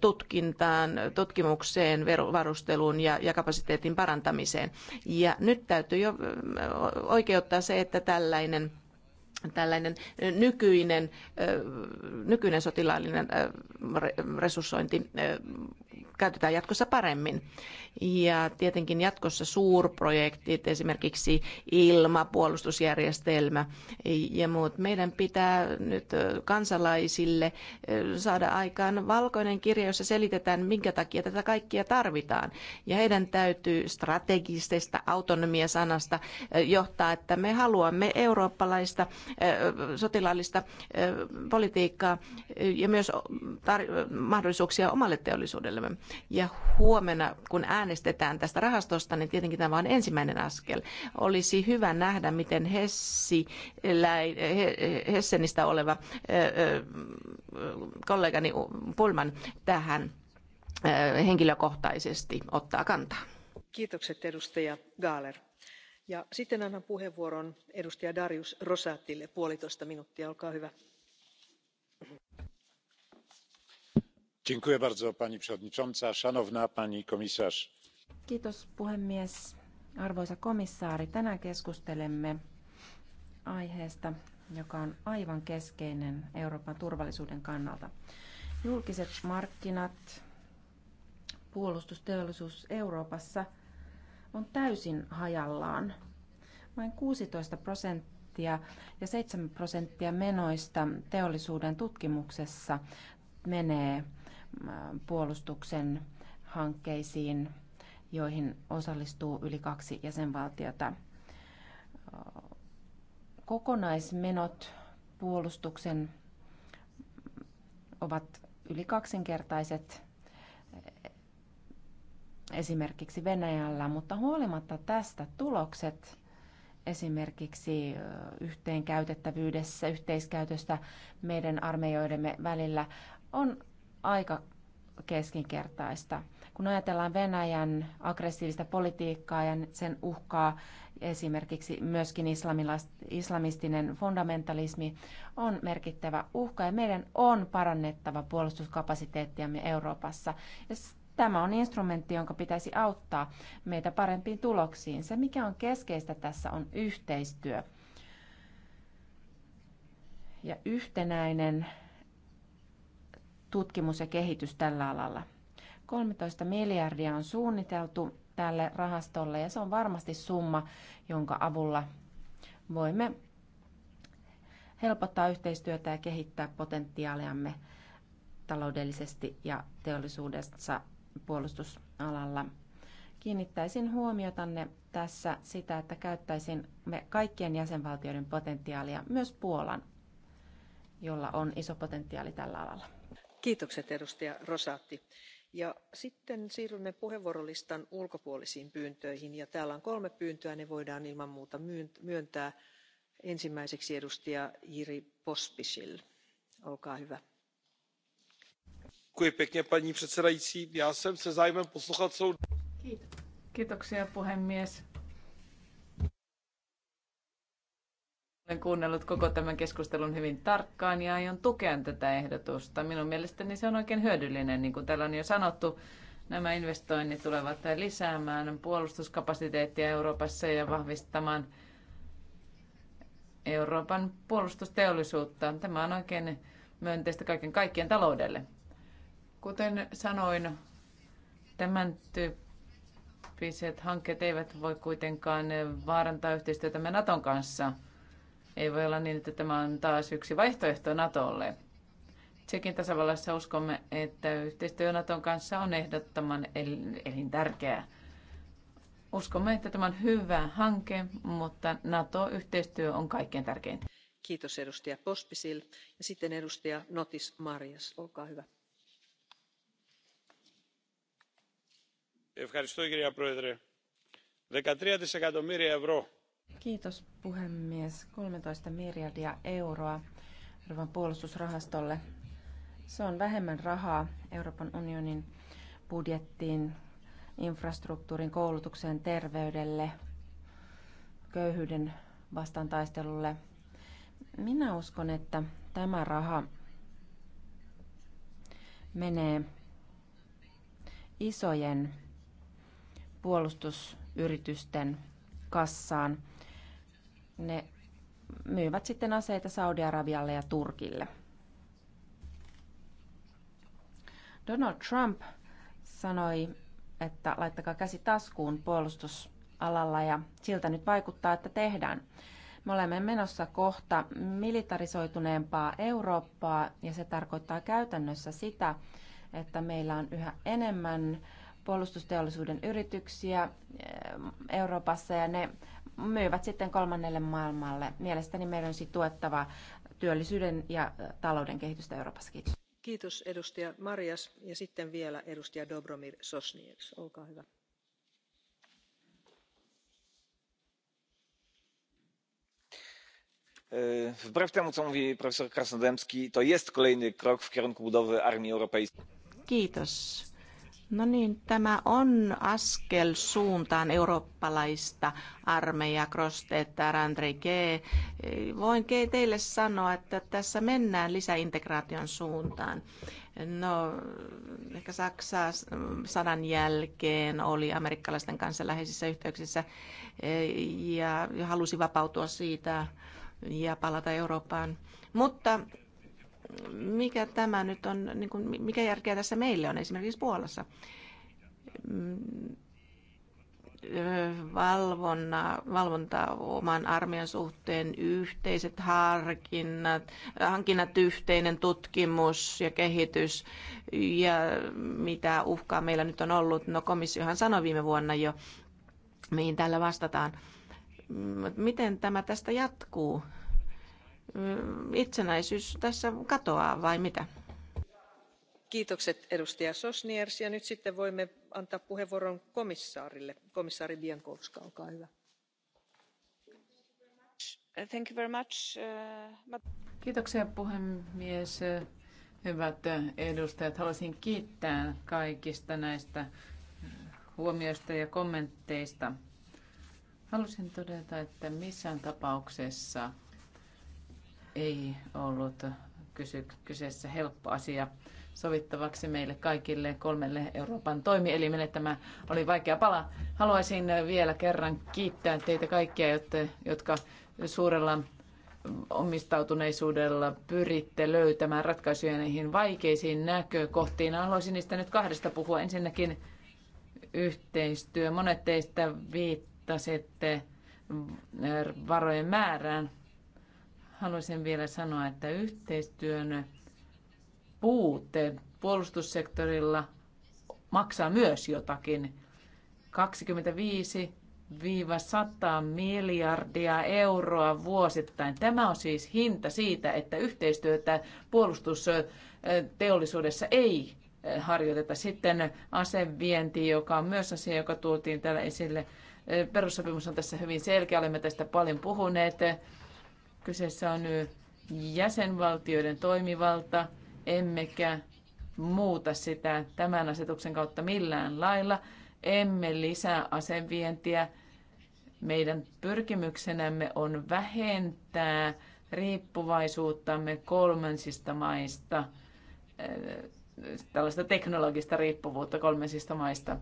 tutkintaan, tutkimukseen, varusteluun ja, ja kapasiteetin parantamiseen. Ja nyt täytyy jo oikeuttaa se, että tällainen tällainen nykyinen, nykyinen sotilaallinen resurssointi käytetään jatkossa paremmin. Ja tietenkin jatkossa suurprojektit, esimerkiksi ilmapuolustusjärjestelmä ja muut. Meidän pitää nyt kansalaisille saada aikaan valkoinen kirja, jossa selitetään, minkä takia tätä kaikkia tarvitaan. Ja heidän täytyy strategisesta autonomia-sanasta johtaa, että me haluamme eurooppalaista sotilaallista politiikkaa ja myös mahdollisuuksia omalle teollisuudellemme. Ja huomenna, kun äänestetään, äänestetään tästä rahastosta, niin tietenkin tämä on ensimmäinen askel. Olisi hyvä nähdä, miten Hessi, Hessenistä oleva kollegani Pulman tähän henkilökohtaisesti ottaa kantaa. Kiitokset edustaja Gaaler. Ja sitten annan puheenvuoron edustaja Darius Rosatille puolitoista minuuttia. Olkaa hyvä. Kiitos puhemies. Arvoisa komissaari, tänään keskustelemme aiheesta, joka on aivan keskeinen Euroopan turvallisuuden kannalta. Julkiset markkinat, puolustusteollisuus Euroopassa on täysin hajallaan. Vain kuusitoista prosenttia ja 7 prosenttia menoista teollisuuden tutkimuksessa menee puolustuksen hankkeisiin, joihin osallistuu yli kaksi jäsenvaltiota. Kokonaismenot puolustuksen ovat yli kaksinkertaiset esimerkiksi Venäjällä, mutta huolimatta tästä tulokset esimerkiksi yhteenkäytettävyydessä, käytettävyydessä, yhteiskäytöstä meidän armeijoidemme välillä on aika keskinkertaista. Kun ajatellaan Venäjän aggressiivista politiikkaa ja sen uhkaa, esimerkiksi myöskin islamistinen fundamentalismi on merkittävä uhka ja meidän on parannettava puolustuskapasiteettiamme Euroopassa. Ja tämä on instrumentti, jonka pitäisi auttaa meitä parempiin tuloksiin. Se, mikä on keskeistä tässä, on yhteistyö. Ja yhtenäinen tutkimus ja kehitys tällä alalla. 13 miljardia on suunniteltu tälle rahastolle ja se on varmasti summa, jonka avulla voimme helpottaa yhteistyötä ja kehittää potentiaaliamme taloudellisesti ja teollisuudessa puolustusalalla. Kiinnittäisin huomiotanne tässä sitä, että käyttäisin me kaikkien jäsenvaltioiden potentiaalia, myös Puolan, jolla on iso potentiaali tällä alalla kiitokset edustaja rosati ja sitten siirrymme puheenvuorolistan ulkopuolisiin pyyntöihin ja täällä on kolme pyyntöä ne voidaan ilman muuta myöntää. ensimmäiseksi edustaja jiří pospíšil olkaa hyvä. arvoisa předsedající já jsem kiitoksia puhemies Olen kuunnellut koko tämän keskustelun hyvin tarkkaan ja aion tukea tätä ehdotusta. Minun mielestäni se on oikein hyödyllinen, niin kuin täällä on jo sanottu. Nämä investoinnit tulevat lisäämään puolustuskapasiteettia Euroopassa ja vahvistamaan Euroopan puolustusteollisuutta. Tämä on oikein myönteistä kaiken kaikkien taloudelle. Kuten sanoin, tämän tyyppiset hankkeet eivät voi kuitenkaan vaarantaa yhteistyötämme Naton kanssa – ei voi olla niin, että tämä on taas yksi vaihtoehto Natolle. Tsekin tasavallassa uskomme, että yhteistyö Naton kanssa on ehdottoman elintärkeää. Uskomme, että tämä on hyvä hanke, mutta NATO-yhteistyö on kaikkein tärkein. Kiitos edustaja Pospisil. Ja sitten edustaja Notis Marias, olkaa hyvä. Ευχαριστώ κυρία Πρόεδρε. 13 δισεκατομμύρια ευρώ Kiitos puhemies. 13 miljardia euroa Euroopan puolustusrahastolle. Se on vähemmän rahaa Euroopan unionin budjettiin, infrastruktuurin, koulutukseen, terveydelle, köyhyyden vastaan taistelulle. Minä uskon, että tämä raha menee isojen puolustusyritysten kassaan ne myyvät sitten aseita Saudi-Arabialle ja Turkille. Donald Trump sanoi, että laittakaa käsi taskuun puolustusalalla ja siltä nyt vaikuttaa, että tehdään. Me olemme menossa kohta militarisoituneempaa Eurooppaa ja se tarkoittaa käytännössä sitä, että meillä on yhä enemmän puolustusteollisuuden yrityksiä eh, Euroopassa ja ne myyvät sitten kolmannelle maailmalle. Mielestäni meidän olisi tuettava työllisyyden ja talouden kehitystä Euroopassa. Kiitos. Kiitos edustaja Marias ja sitten vielä edustaja Dobromir Sosnieks. Olkaa hyvä. E, wbrew temu co mówi profesor krasnodębski to jest kolejny krok w kierunku budowy armii europejskiej. Kiitos. No niin, tämä on askel suuntaan eurooppalaista armeijaa, Krostetta, Randrike. Voin teille sanoa, että tässä mennään lisäintegraation suuntaan. No, ehkä Saksa sadan jälkeen oli amerikkalaisten kanssa läheisissä yhteyksissä eh, ja halusi vapautua siitä ja palata Eurooppaan. Mutta mikä tämä nyt on, niin kuin, mikä järkeä tässä meille on esimerkiksi Puolassa? Mm, valvonna, valvonta oman armeijan suhteen, yhteiset harkinnat, hankinnat, yhteinen tutkimus ja kehitys ja mitä uhkaa meillä nyt on ollut. No komissiohan sanoi viime vuonna jo, mihin tällä vastataan. Mm, miten tämä tästä jatkuu? itsenäisyys tässä katoaa vai mitä? Kiitokset edustaja Sosniers ja nyt sitten voimme antaa puheenvuoron komissaarille. Komissaari Biankowska, olkaa hyvä. Thank you very much. Uh, Kiitoksia puhemies. Hyvät edustajat, haluaisin kiittää kaikista näistä huomioista ja kommentteista. Halusin todeta, että missään tapauksessa ei ollut kysy, kyseessä helppo asia sovittavaksi meille kaikille kolmelle Euroopan toimielimelle. Tämä oli vaikea pala. Haluaisin vielä kerran kiittää teitä kaikkia, jotka suurella omistautuneisuudella pyritte löytämään ratkaisuja näihin vaikeisiin näkökohtiin. Haluaisin niistä nyt kahdesta puhua. Ensinnäkin yhteistyö. Monet teistä viittasitte varojen määrään haluaisin vielä sanoa, että yhteistyön puute puolustussektorilla maksaa myös jotakin. 25 100 miljardia euroa vuosittain. Tämä on siis hinta siitä, että yhteistyötä puolustusteollisuudessa ei harjoiteta. Sitten asevienti, joka on myös asia, joka tuotiin täällä esille. Perussopimus on tässä hyvin selkeä, olemme tästä paljon puhuneet. Kyseessä on jäsenvaltioiden toimivalta, emmekä muuta sitä tämän asetuksen kautta millään lailla. Emme lisää asevientiä. Meidän pyrkimyksenämme on vähentää riippuvaisuuttamme kolmansista maista, eh, tällaista teknologista riippuvuutta kolmansista maista.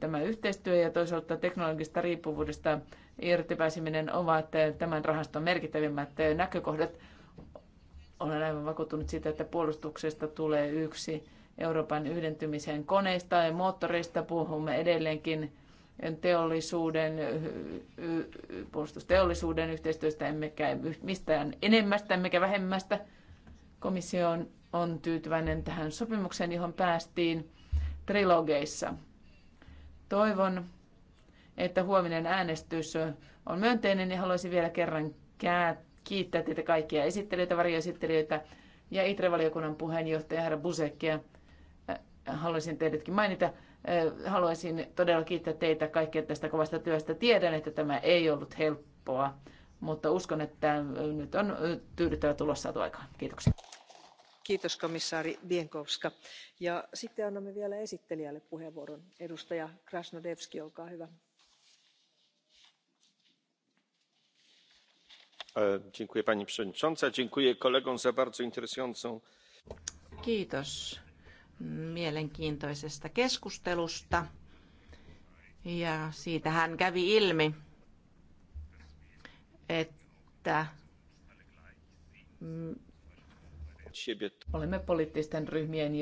tämä yhteistyö ja toisaalta teknologisesta riippuvuudesta pääseminen ovat tämän rahaston merkittävimmät näkökohdat. Olen aivan vakuuttunut siitä, että puolustuksesta tulee yksi Euroopan yhdentymisen koneista ja moottoreista. Puhumme edelleenkin teollisuuden, puolustusteollisuuden yhteistyöstä, emmekä mistään enemmästä, emmekä vähemmästä. Komissio on, on tyytyväinen tähän sopimukseen, johon päästiin trilogeissa. Toivon, että huominen äänestys on myönteinen ja haluaisin vielä kerran kiittää teitä kaikkia esittelijöitä, varjoesittelijöitä ja ITRE-valiokunnan puheenjohtaja herra Busekkiä. Äh, haluaisin teidätkin mainita. Äh, haluaisin todella kiittää teitä kaikkia tästä kovasta työstä. Tiedän, että tämä ei ollut helppoa, mutta uskon, että nyt on äh, tyydyttävä tulos saatu aikaan. Kiitoksia kiitos komissaari biekowska ja sitten annamme vielä esittelijälle puheenvuoron. edustaja krasnodbski olkaa hyvä. E, pani przewodnicząca! dziękuję kolegom za bardzo interesującą. kiitos mielenkiintoisesta keskustelusta ja siitähän kävi ilmi että Olemme poliittisten ryhmien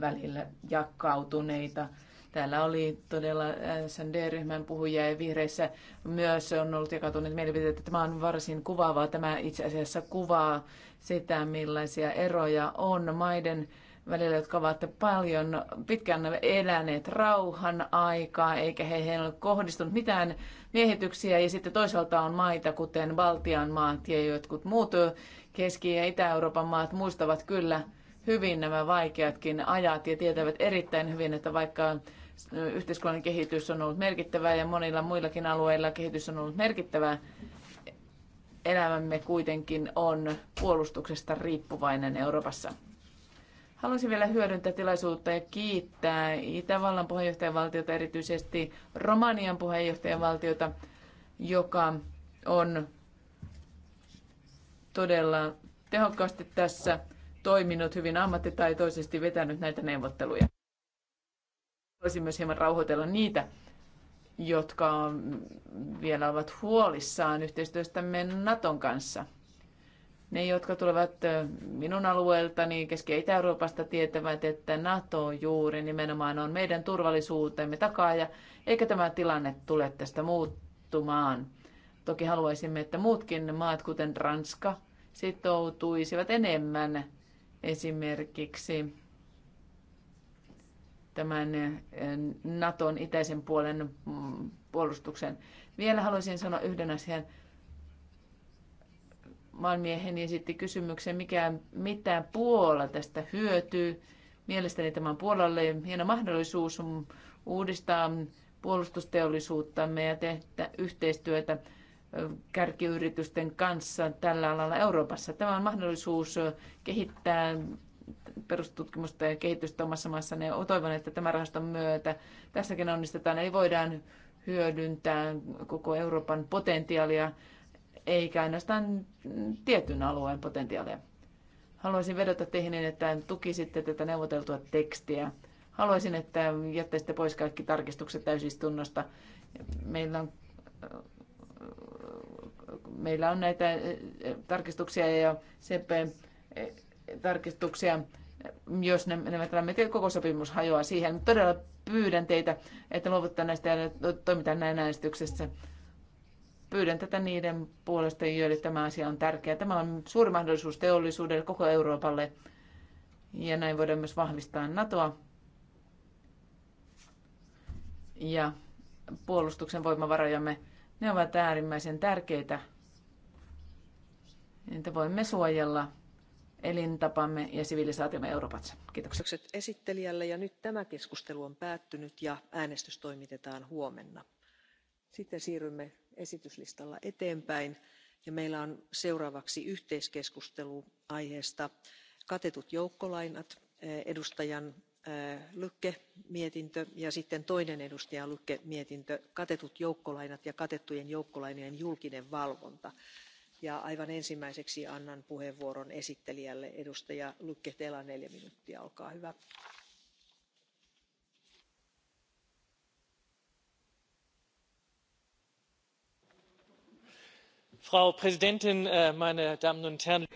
välillä jakautuneita. Täällä oli todella SND-ryhmän puhuja ja vihreissä myös on ollut jakautuneet mielipiteet. Tämä on varsin kuvaavaa. Tämä itse asiassa kuvaa sitä, millaisia eroja on maiden välillä, jotka ovat paljon pitkään eläneet rauhan aikaa, eikä heihin ole kohdistunut mitään miehityksiä. Ja sitten toisaalta on maita, kuten Baltian maat ja jotkut muut Keski- ja Itä-Euroopan maat muistavat kyllä hyvin nämä vaikeatkin ajat ja tietävät erittäin hyvin, että vaikka yhteiskunnan kehitys on ollut merkittävää ja monilla muillakin alueilla kehitys on ollut merkittävää, elämämme kuitenkin on puolustuksesta riippuvainen Euroopassa. Haluaisin vielä hyödyntää tilaisuutta ja kiittää Itävallan puheenjohtajavaltiota, erityisesti Romanian puheenjohtajavaltiota, joka on todella tehokkaasti tässä toiminut hyvin ammattitaitoisesti, vetänyt näitä neuvotteluja. Haluaisin myös hieman rauhoitella niitä, jotka vielä ovat huolissaan yhteistyöstämme Naton kanssa. Ne, jotka tulevat minun alueeltani Keski- ja Itä-Euroopasta, tietävät, että NATO juuri nimenomaan on meidän turvallisuutemme takaa, ja eikä tämä tilanne tule tästä muuttumaan. Toki haluaisimme, että muutkin maat, kuten Ranska, sitoutuisivat enemmän esimerkiksi tämän Naton itäisen puolen mm, puolustuksen. Vielä haluaisin sanoa yhden asian maanmieheni esitti kysymyksen, mikä, mitä Puola tästä hyötyy. Mielestäni tämä on Puolalle hieno mahdollisuus um, uudistaa puolustusteollisuuttamme ja tehdä yhteistyötä kärkiyritysten kanssa tällä alalla Euroopassa. Tämä on mahdollisuus kehittää perustutkimusta ja kehitystä omassa maassani ja toivon, että tämä rahaston myötä tässäkin onnistetaan. Ei voidaan hyödyntää koko Euroopan potentiaalia eikä ainoastaan tietyn alueen potentiaalia. Haluaisin vedota teihin, niin, että tukisitte tätä neuvoteltua tekstiä. Haluaisin, että jättäisitte pois kaikki tarkistukset täysistunnosta. Meillä on, meillä on näitä eh, tarkistuksia ja CP-tarkistuksia, jos ne menevät läpi, koko sopimus hajoaa siihen. Todella pyydän teitä, että luovuttaa näistä ja toimitaan näin äänestyksessä pyydän tätä niiden puolesta, joille tämä asia on tärkeä. Tämä on suuri mahdollisuus teollisuudelle, koko Euroopalle ja näin voidaan myös vahvistaa NATOa ja puolustuksen voimavarojamme. Ne ovat äärimmäisen tärkeitä. Niitä voimme suojella elintapamme ja sivilisaatiomme Euroopassa. Kiitokset. Kiitokset esittelijälle ja nyt tämä keskustelu on päättynyt ja äänestys toimitetaan huomenna. Sitten siirrymme esityslistalla eteenpäin ja meillä on seuraavaksi yhteiskeskustelu aiheesta katetut joukkolainat eh, edustajan eh, Lykke mietintö ja sitten toinen edustaja Lykke mietintö katetut joukkolainat ja katettujen joukkolainojen julkinen valvonta. Ja aivan ensimmäiseksi annan puheenvuoron esittelijälle edustaja teillä on neljä minuuttia, olkaa hyvä. Frau Präsidentin, äh, meine Damen und Herren.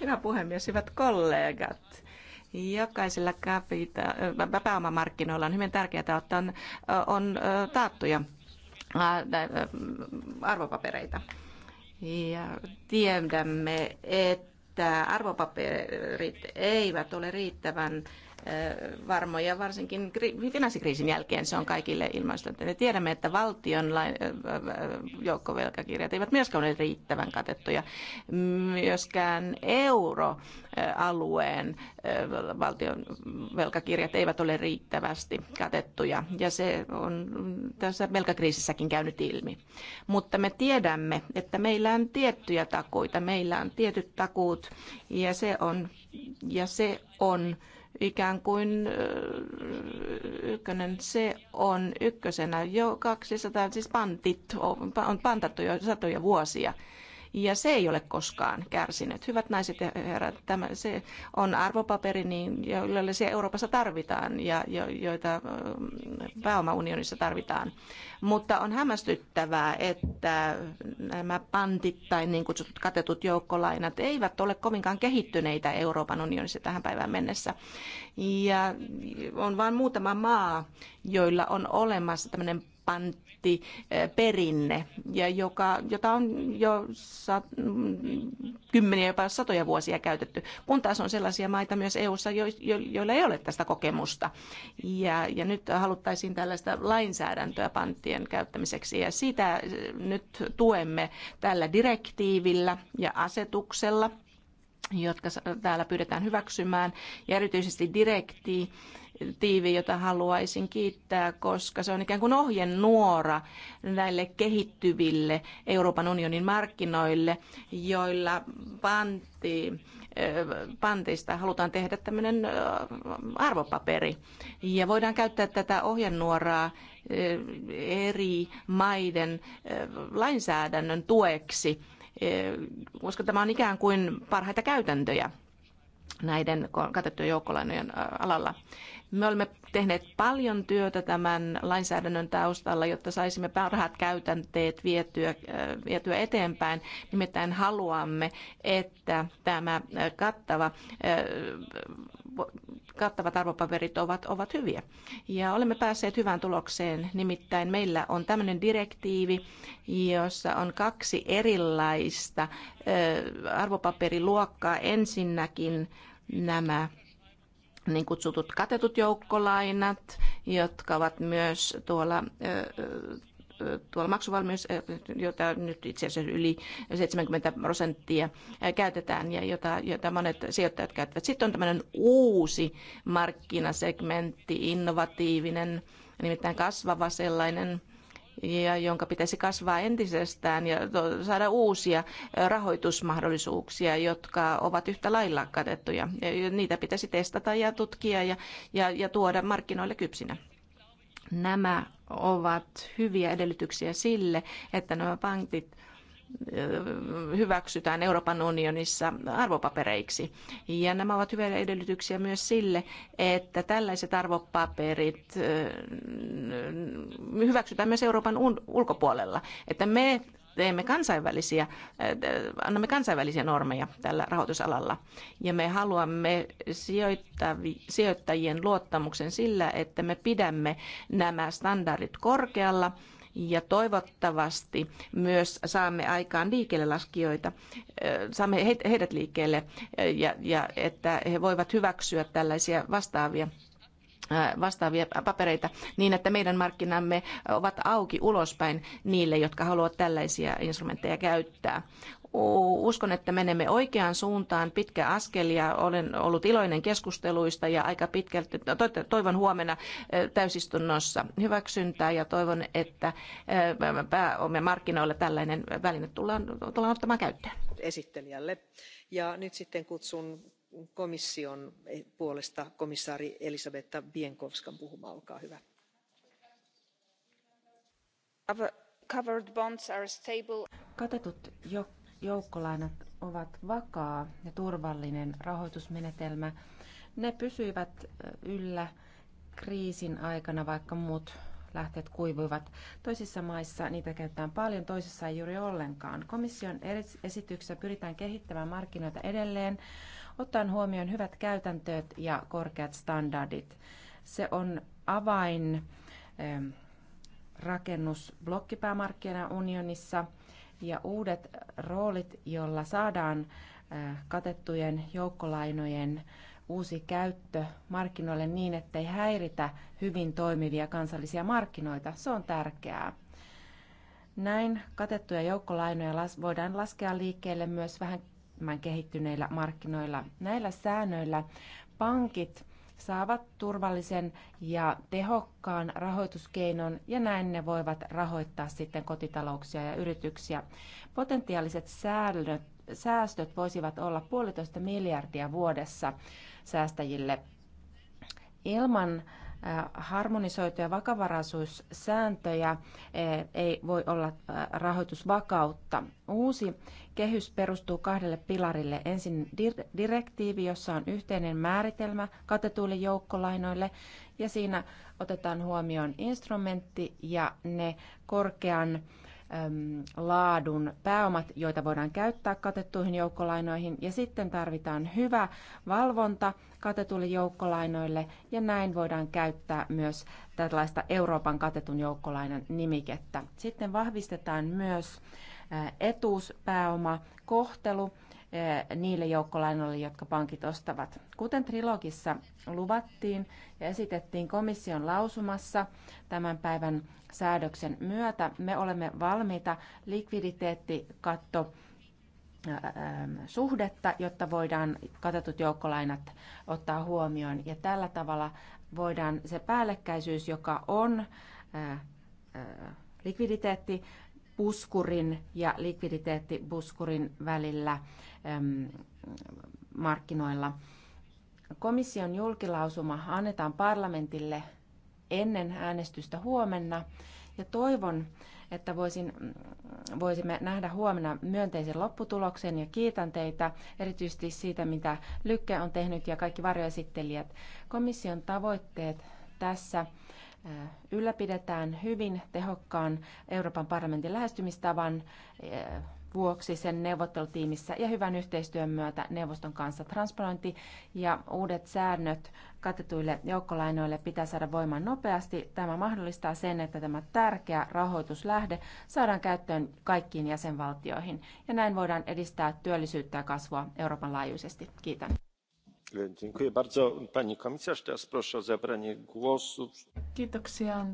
Hyvä puhemies, hyvät kollegat. Jokaisella äh, pääomamarkkinoilla on hyvin tärkeää että on, äh, on taattuja arvopapereita. Ja tiedämme, että arvopaperit eivät ole riittävän Eh, varmoja, varsinkin finanssikriisin jälkeen se on kaikille ilmaista. Me tiedämme, että valtion joukkovelkakirjat eivät myöskään ole riittävän katettuja. Myöskään euroalueen valtion velkakirjat eivät ole riittävästi katettuja, ja se on tässä velkakriisissäkin käynyt ilmi. Mutta me tiedämme, että meillä on tiettyjä takuita, meillä on tietyt takuut, ja se on, ja se on ikään kuin ykkönen, se on ykkösenä jo 200, siis pantit, on pantattu jo satoja vuosia ja se ei ole koskaan kärsinyt. Hyvät naiset ja herrat, tämä, se on arvopaperi, niin, joille se Euroopassa tarvitaan ja jo, joita pääomaunionissa tarvitaan. Mutta on hämmästyttävää, että nämä pantit tai niin kutsutut katetut joukkolainat eivät ole kovinkaan kehittyneitä Euroopan unionissa tähän päivään mennessä. Ja on vain muutama maa, joilla on olemassa tämmöinen perinne ja joka, jota on jo sat, kymmeniä, jopa satoja vuosia käytetty, kun taas on sellaisia maita myös EU-ssa, jo, jo, joilla ei ole tästä kokemusta. Ja, ja nyt haluttaisiin tällaista lainsäädäntöä panttien käyttämiseksi, ja sitä äh, nyt tuemme tällä direktiivillä ja asetuksella jotka täällä pyydetään hyväksymään, ja erityisesti direktiivi tiivi, jota haluaisin kiittää, koska se on ikään kuin ohjenuora näille kehittyville Euroopan unionin markkinoille, joilla panti, pantista halutaan tehdä tämmöinen arvopaperi. Ja voidaan käyttää tätä ohjenuoraa eri maiden lainsäädännön tueksi, koska tämä on ikään kuin parhaita käytäntöjä näiden katettujen joukkolainojen alalla. Me olemme tehneet paljon työtä tämän lainsäädännön taustalla, jotta saisimme parhaat käytänteet vietyä, äh, vietyä eteenpäin. Nimittäin haluamme, että tämä äh, kattava, äh, kattavat arvopaperit ovat, ovat hyviä. Ja olemme päässeet hyvään tulokseen. Nimittäin meillä on tämmöinen direktiivi, jossa on kaksi erilaista arvopaperiluokkaa. Ensinnäkin nämä niin kutsutut katetut joukkolainat, jotka ovat myös tuolla tuolla maksuvalmius, jota nyt itse asiassa yli 70 prosenttia käytetään ja jota, jota monet sijoittajat käyttävät. Sitten on tämmöinen uusi markkinasegmentti, innovatiivinen, nimittäin kasvava sellainen, ja jonka pitäisi kasvaa entisestään ja saada uusia rahoitusmahdollisuuksia, jotka ovat yhtä lailla katettuja. Niitä pitäisi testata ja tutkia ja, ja, ja tuoda markkinoille kypsinä. Nämä ovat hyviä edellytyksiä sille, että nämä pankit hyväksytään Euroopan unionissa arvopapereiksi. Ja nämä ovat hyviä edellytyksiä myös sille, että tällaiset arvopaperit hyväksytään myös Euroopan ulkopuolella. Että me teemme kansainvälisiä, annamme kansainvälisiä normeja tällä rahoitusalalla. Ja me haluamme sijoittajien luottamuksen sillä, että me pidämme nämä standardit korkealla – ja toivottavasti myös saamme aikaan liikelaskijoita, äh, saamme heidät liikkeelle äh, ja, ja että he voivat hyväksyä tällaisia vastaavia vastaavia papereita niin, että meidän markkinamme ovat auki ulospäin niille, jotka haluavat tällaisia instrumentteja käyttää. Uskon, että menemme oikeaan suuntaan. Pitkä askel ja olen ollut iloinen keskusteluista ja aika pitkälti no, toivon huomenna täysistunnossa hyväksyntää ja toivon, että pääomamarkkinoilla tällainen väline tullaan, tullaan ottamaan käyttöön. Esittelijälle. Ja nyt sitten kutsun komission puolesta komissaari Elisabetta Bienkowskan puhumaan Olkaa hyvä. Katetut joukkolainat ovat vakaa ja turvallinen rahoitusmenetelmä. Ne pysyivät yllä kriisin aikana, vaikka muut lähteet kuivuivat. Toisissa maissa niitä käytetään paljon, toisissa ei juuri ollenkaan. Komission esityksessä pyritään kehittämään markkinoita edelleen ottaen huomioon hyvät käytäntöt ja korkeat standardit. Se on avain rakennus unionissa ja uudet roolit, joilla saadaan katettujen joukkolainojen uusi käyttö markkinoille niin, ettei häiritä hyvin toimivia kansallisia markkinoita. Se on tärkeää. Näin katettuja joukkolainoja voidaan laskea liikkeelle myös vähän vähemmän kehittyneillä markkinoilla. Näillä säännöillä pankit saavat turvallisen ja tehokkaan rahoituskeinon ja näin ne voivat rahoittaa sitten kotitalouksia ja yrityksiä. Potentiaaliset säännöt, säästöt voisivat olla puolitoista miljardia vuodessa säästäjille. Ilman harmonisoituja vakavaraisuussääntöjä ei voi olla rahoitusvakautta. Uusi kehys perustuu kahdelle pilarille. Ensin direktiivi, jossa on yhteinen määritelmä katetuille joukkolainoille ja siinä otetaan huomioon instrumentti ja ne korkean laadun pääomat, joita voidaan käyttää katettuihin joukkolainoihin, ja sitten tarvitaan hyvä valvonta katetulle joukkolainoille, ja näin voidaan käyttää myös tällaista Euroopan katetun joukkolainan nimikettä. Sitten vahvistetaan myös etuuspääoma kohtelu Eh, niille joukkolainoille, jotka pankit ostavat. Kuten trilogissa luvattiin ja esitettiin komission lausumassa tämän päivän säädöksen myötä, me olemme valmiita likviditeettikatto eh, suhdetta, jotta voidaan katetut joukkolainat ottaa huomioon. Ja tällä tavalla voidaan se päällekkäisyys, joka on eh, likviditeettipuskurin ja likviditeettipuskurin välillä markkinoilla. Komission julkilausuma annetaan parlamentille ennen äänestystä huomenna ja toivon, että voisin, voisimme nähdä huomenna myönteisen lopputuloksen ja kiitän teitä erityisesti siitä, mitä Lykke on tehnyt ja kaikki varjoesittelijät. Komission tavoitteet tässä ylläpidetään hyvin tehokkaan Euroopan parlamentin lähestymistavan vuoksi sen neuvottelutiimissä ja hyvän yhteistyön myötä neuvoston kanssa. Transparointi ja uudet säännöt katetuille joukkolainoille pitää saada voimaan nopeasti. Tämä mahdollistaa sen, että tämä tärkeä rahoituslähde saadaan käyttöön kaikkiin jäsenvaltioihin. Ja näin voidaan edistää työllisyyttä ja kasvua Euroopan laajuisesti. Kiitän. Kiitoksia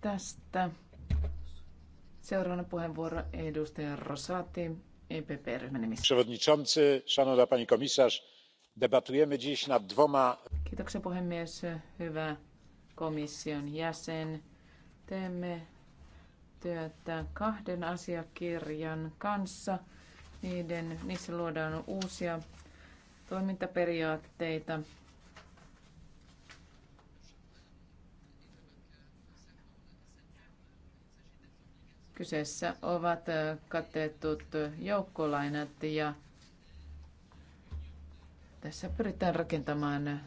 tästä Seuraavana puheenvuoro edustaja Rosati, EPP-ryhmän nimissä. Przewodniczący, szanowna pani komisarz, debatujemy dziś nad dwoma... Kiitoksia puhemies, hyvä komission jäsen. Teemme työtä kahden asiakirjan kanssa. Niiden, niissä luodaan uusia toimintaperiaatteita Kyseessä ovat katettut joukkolainat ja tässä pyritään rakentamaan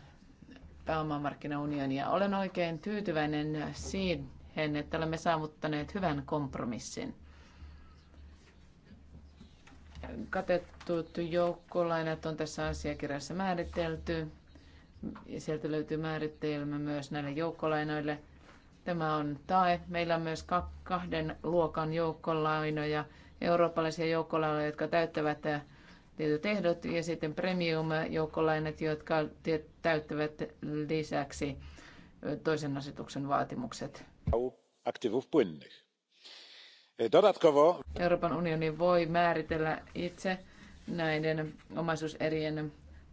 pääomamarkkinaunionia. Olen oikein tyytyväinen siihen, että olemme saavuttaneet hyvän kompromissin. Katettut joukkolainat on tässä asiakirjassa määritelty. Ja sieltä löytyy määritelmä myös näille joukkolainoille. Tämä on tae. Meillä on myös kahden luokan joukkolainoja, eurooppalaisia joukkolainoja, jotka täyttävät äh, tietyt ehdot, ja sitten premium-joukkolainat, jotka täyttävät lisäksi toisen asetuksen vaatimukset. E, Euroopan unioni voi määritellä itse näiden omaisuuserien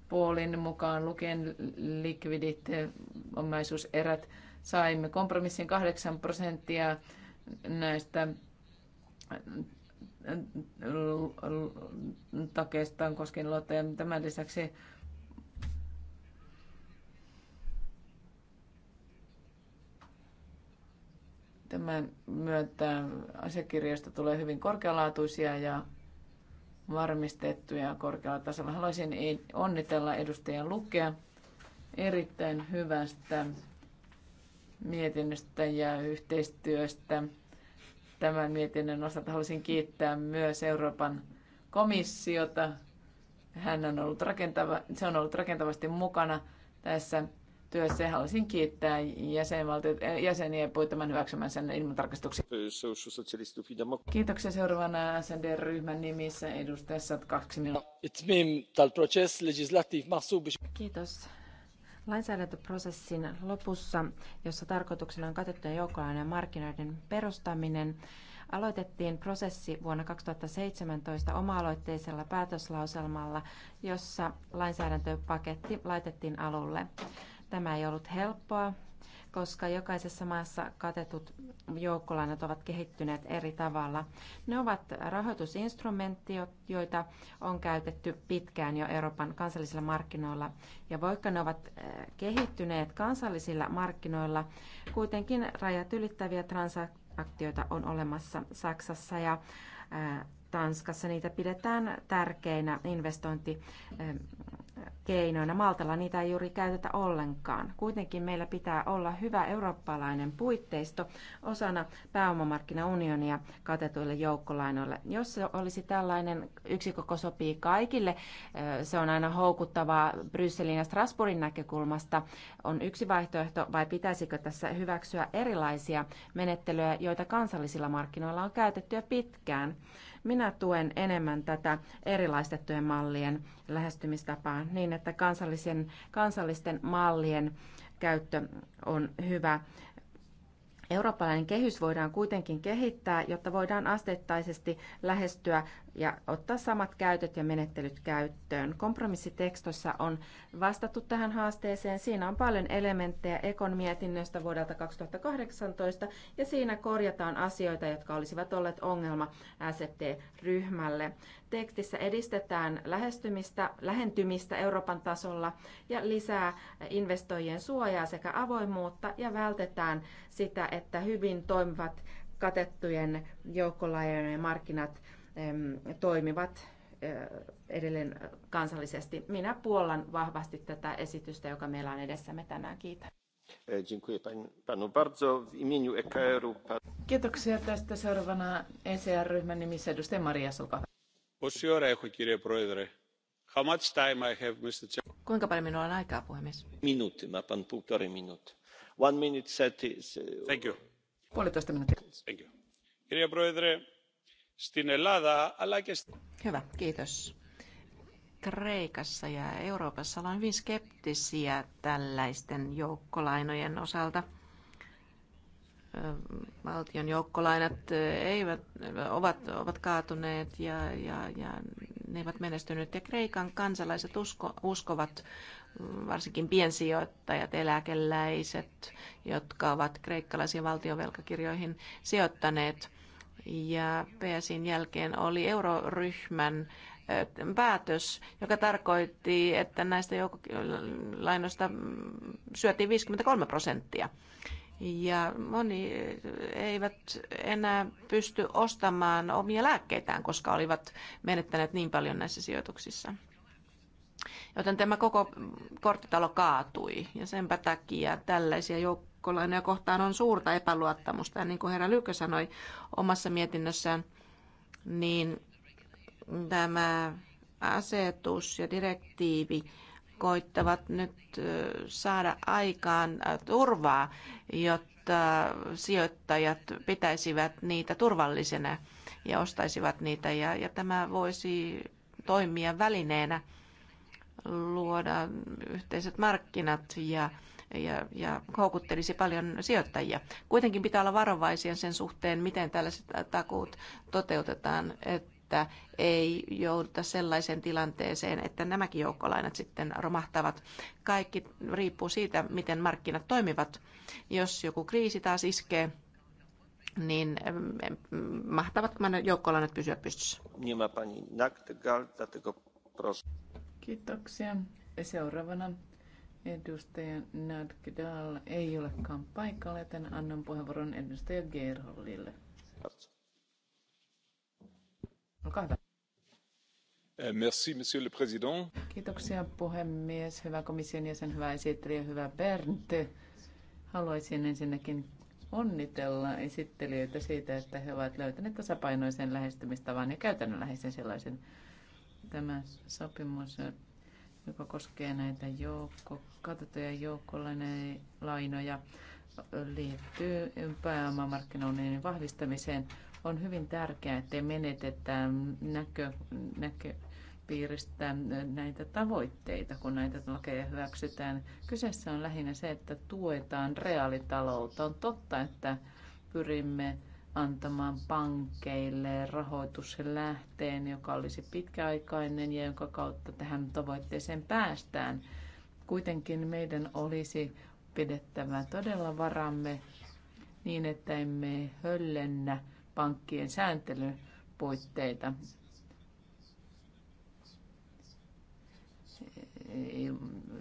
puolin mukaan lukien likvidit e, omaisuuserät Saimme kompromissin 8 prosenttia näistä äh, äh, takeistaan koskien luottoja. Tämän lisäksi tämän myötä asiakirjoista tulee hyvin korkealaatuisia ja varmistettuja korkealla tasolla. Haluaisin onnitella edustajan lukea erittäin hyvästä mietinnöstä ja yhteistyöstä. Tämän mietinnön osalta haluaisin kiittää myös Euroopan komissiota. Hän on ollut rakentava, se on ollut rakentavasti mukana tässä työssä haluaisin kiittää jäsenvaltiot, eh, jäseniä tämän sen ilmatarkastuksen. Kiitoksia seuraavana SND-ryhmän nimissä edustajassa kaksi minuuttia. Kiitos. Lainsäädäntöprosessin lopussa, jossa tarkoituksena on katettujen joukkolainojen markkinoiden perustaminen, aloitettiin prosessi vuonna 2017 oma-aloitteisella päätöslauselmalla, jossa lainsäädäntöpaketti laitettiin alulle. Tämä ei ollut helppoa, koska jokaisessa maassa katetut joukkolainat ovat kehittyneet eri tavalla. Ne ovat rahoitusinstrumentti, joita on käytetty pitkään jo Euroopan kansallisilla markkinoilla. Ja vaikka ne ovat eh, kehittyneet kansallisilla markkinoilla, kuitenkin rajat ylittäviä transaktioita on olemassa Saksassa ja eh, Tanskassa. Niitä pidetään tärkeinä investointikeinoina. Maltalla niitä ei juuri käytetä ollenkaan. Kuitenkin meillä pitää olla hyvä eurooppalainen puitteisto osana pääomamarkkinaunionia katetuille joukkolainoille. Jos se olisi tällainen yksikoko sopii kaikille, se on aina houkuttavaa Brysselin ja Strasbourgin näkökulmasta, on yksi vaihtoehto, vai pitäisikö tässä hyväksyä erilaisia menettelyjä, joita kansallisilla markkinoilla on käytetty jo pitkään? Minä tuen enemmän tätä erilaistettujen mallien lähestymistapaa niin, että kansallisen, kansallisten mallien käyttö on hyvä. Eurooppalainen kehys voidaan kuitenkin kehittää, jotta voidaan asteittaisesti lähestyä ja ottaa samat käytöt ja menettelyt käyttöön. Kompromissitekstossa on vastattu tähän haasteeseen. Siinä on paljon elementtejä Ekon mietinnöstä vuodelta 2018 ja siinä korjataan asioita, jotka olisivat olleet ongelma SFT-ryhmälle. Tekstissä edistetään lähestymistä, lähentymistä Euroopan tasolla ja lisää investoijien suojaa sekä avoimuutta ja vältetään sitä, että hyvin toimivat katettujen joukkolainojen markkinat – toimivat edelleen kansallisesti. Minä puollan vahvasti tätä esitystä, joka meillä on edessämme tänään. Kiitän. E, e Kiitoksia tästä. Seuraavana ECR-ryhmän nimissä edustaja Maria, olkaa How much time I have, Mr. Kuinka paljon minulla on aikaa, puhemies? Minuutti, mä pan puhtori minuutti. One minute set is... Thank you. Puolitoista minuuttia. Thank you. Kirja Proedre, Hyvä, kiitos. Kreikassa ja Euroopassa ollaan hyvin skeptisiä tällaisten joukkolainojen osalta. Valtion joukkolainat eivät, ovat, ovat kaatuneet ja, ja, ja ne eivät menestyneet. Ja Kreikan kansalaiset usko, uskovat, varsinkin piensijoittajat, eläkeläiset, jotka ovat kreikkalaisiin valtionvelkakirjoihin sijoittaneet – ja PSin jälkeen oli euroryhmän päätös, joka tarkoitti, että näistä joukkolainoista syötiin 53 prosenttia. Ja moni eivät enää pysty ostamaan omia lääkkeitään, koska olivat menettäneet niin paljon näissä sijoituksissa. Joten tämä koko korttitalo kaatui ja senpä takia tällaisia joukkoja joukkolainoja kohtaan on suurta epäluottamusta. Ja niin kuin herra Lykkö sanoi omassa mietinnössään, niin tämä asetus ja direktiivi koittavat nyt saada aikaan turvaa, jotta sijoittajat pitäisivät niitä turvallisena ja ostaisivat niitä. Ja, ja tämä voisi toimia välineenä luoda yhteiset markkinat ja ja, ja houkuttelisi paljon sijoittajia. Kuitenkin pitää olla varovaisia sen suhteen, miten tällaiset takuut toteutetaan, että ei jouduta sellaiseen tilanteeseen, että nämäkin joukkolainat sitten romahtavat. Kaikki riippuu siitä, miten markkinat toimivat. Jos joku kriisi taas iskee, niin mm, mahtavatko nämä joukkolainat pysyä pystyssä? Kiitoksia. Seuraavana Edustaja Nadgdal ei olekaan paikalla, joten annan puheenvuoron edustaja Gerhollille. Olkaa hyvä. Eh, merci, monsieur le président. Kiitoksia puhemies, hyvä komission jäsen, hyvä esittelijä, hyvä Bernd. Haluaisin ensinnäkin onnitella esittelijöitä siitä, että he ovat löytäneet tasapainoisen lähestymistavan ja käytännönläheisen sellaisen. Tämä sopimus joka koskee näitä joukko, katettuja joukkolainoja, liittyy pääomamarkkinoinnin vahvistamiseen. On hyvin tärkeää, ettei menetetä näkö, näkö, piiristä näitä tavoitteita, kun näitä lakeja hyväksytään. Kyseessä on lähinnä se, että tuetaan reaalitaloutta. On totta, että pyrimme antamaan pankeille rahoituslähteen, joka olisi pitkäaikainen ja jonka kautta tähän tavoitteeseen päästään. Kuitenkin meidän olisi pidettävä todella varamme niin, että emme höllennä pankkien sääntelypuitteita.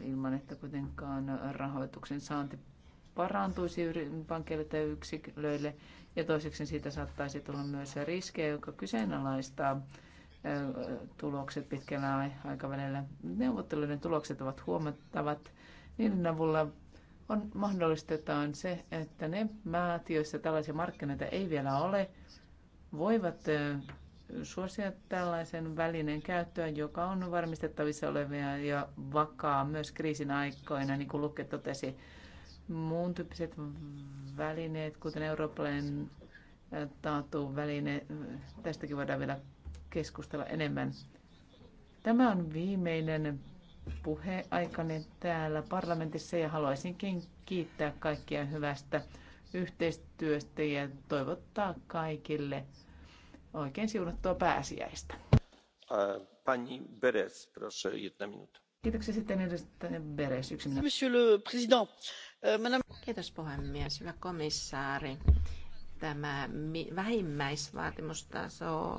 ilman, että kuitenkaan rahoituksen saanti parantuisi pankeille tai yksilöille ja toiseksi siitä saattaisi tulla myös riskejä, jotka kyseenalaistaa tulokset pitkällä aikavälillä. Neuvotteluiden tulokset ovat huomattavat. Niiden avulla on, mahdollistetaan se, että ne maat, joissa tällaisia markkinoita ei vielä ole, voivat suosia tällaisen välineen käyttöä, joka on varmistettavissa olevia ja vakaa myös kriisin aikoina, niin kuin Lukke totesi muun tyyppiset välineet, kuten eurooppalainen taattu väline, tästäkin voidaan vielä keskustella enemmän. Tämä on viimeinen puheaikani täällä parlamentissa ja haluaisinkin kiittää kaikkia hyvästä yhteistyöstä ja toivottaa kaikille oikein siunattua pääsiäistä. Pani Beres, proszę, jedna minuutta. Kiitoksia sitten edustaja Beres, yksi minuutti. Monsieur le Président, Kiitos puhemies. Hyvä komissaari. Tämä vähimmäisvaatimustaso,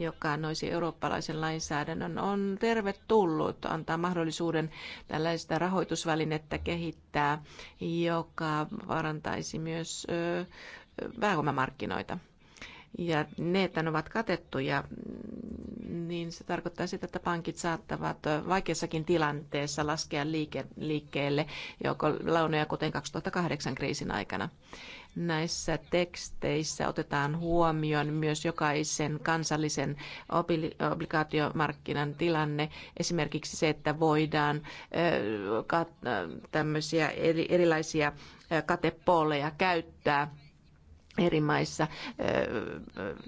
joka noisi eurooppalaisen lainsäädännön, on tervetullut antaa mahdollisuuden tällaista rahoitusvälinettä kehittää, joka parantaisi myös pääomamarkkinoita ja ne, että ne ovat katettuja, niin se tarkoittaa sitä, että pankit saattavat vaikeassakin tilanteessa laskea liike, liikkeelle joko launoja, kuten 2008 kriisin aikana. Näissä teksteissä otetaan huomioon myös jokaisen kansallisen obligaatiomarkkinan tilanne, esimerkiksi se, että voidaan tämmöisiä erilaisia katepooleja käyttää eri maissa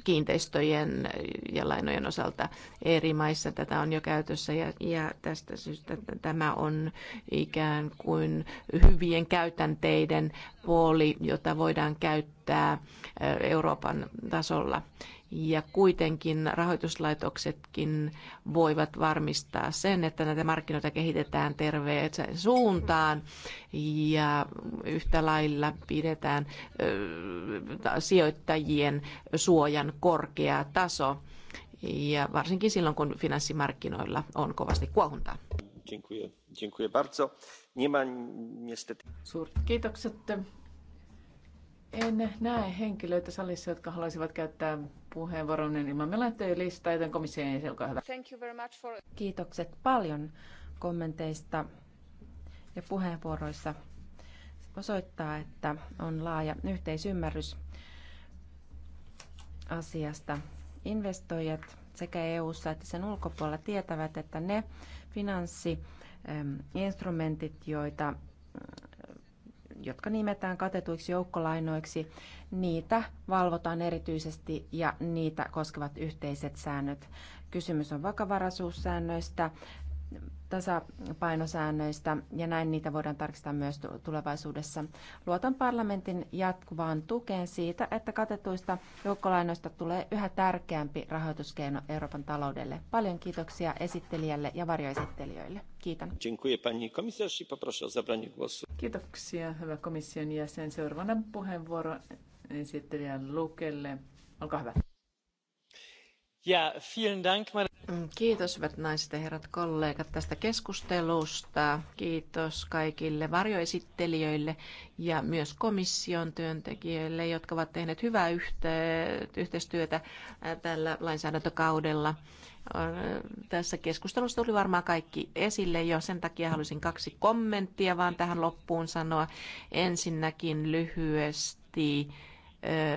kiinteistöjen ja lainojen osalta eri maissa tätä on jo käytössä ja, ja tästä syystä tämä on ikään kuin hyvien käytänteiden puoli, jota voidaan käyttää Euroopan tasolla ja kuitenkin rahoituslaitoksetkin voivat varmistaa sen, että näitä markkinoita kehitetään terveen suuntaan ja yhtä lailla pidetään sijoittajien suojan korkea taso. Ja varsinkin silloin, kun finanssimarkkinoilla on kovasti kuohuntaa. Suuret kiitokset. En näe henkilöitä salissa, jotka haluaisivat käyttää puheenvuoron niin ilman listaa, joten komissio ei olkaa hyvä. Thank you very much for... Kiitokset paljon kommenteista ja puheenvuoroissa. Osoittaa, että on laaja yhteisymmärrys asiasta. Investoijat sekä EU:ssa että sen ulkopuolella tietävät, että ne finanssiinstrumentit, joita jotka nimetään katetuiksi joukkolainoiksi, niitä valvotaan erityisesti ja niitä koskevat yhteiset säännöt. Kysymys on vakavaraisuussäännöistä, tasapainosäännöistä ja näin niitä voidaan tarkistaa myös tulevaisuudessa. Luotan parlamentin jatkuvaan tukeen siitä, että katetuista joukkolainoista tulee yhä tärkeämpi rahoituskeino Euroopan taloudelle. Paljon kiitoksia esittelijälle ja varjoesittelijöille. Kiitän. Kiitoksia, hyvä komission jäsen. Seuraavana puheenvuoro esittelijän Lukelle. Olkaa hyvä. Ja, vielen dank, Kiitos, hyvät naiset ja herrat kollegat, tästä keskustelusta. Kiitos kaikille varjoesittelijöille ja myös komission työntekijöille, jotka ovat tehneet hyvää yhteistyötä äh, tällä lainsäädäntökaudella. Äh, tässä keskustelussa tuli varmaan kaikki esille jo, sen takia halusin kaksi kommenttia vaan tähän loppuun sanoa. Ensinnäkin lyhyesti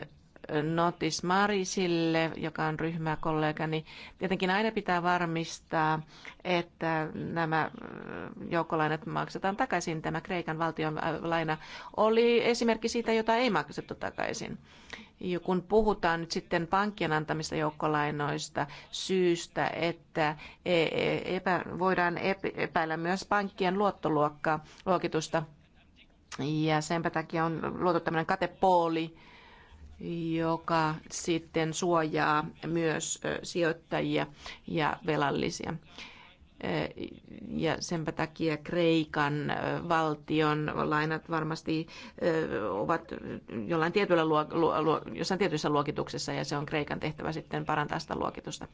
äh, Notis Marisille, joka on ryhmäkollegani. Tietenkin aina pitää varmistaa, että nämä äh, joukkolainat maksetaan takaisin. Tämä Kreikan valtion äh, laina oli esimerkki siitä, jota ei maksettu takaisin. Ja kun puhutaan nyt sitten pankkien antamista joukkolainoista syystä, että e, e, epä, voidaan epäillä myös pankkien luottoluokkaa, luokitusta, ja senpä takia on luotu tämmöinen katepooli, joka sitten suojaa myös sijoittajia ja velallisia. Ja senpä takia Kreikan valtion lainat varmasti ovat jollain tietyllä luo, luo, jossain tietyissä luokituksessa ja se on Kreikan tehtävä sitten parantaa sitä luokitusta.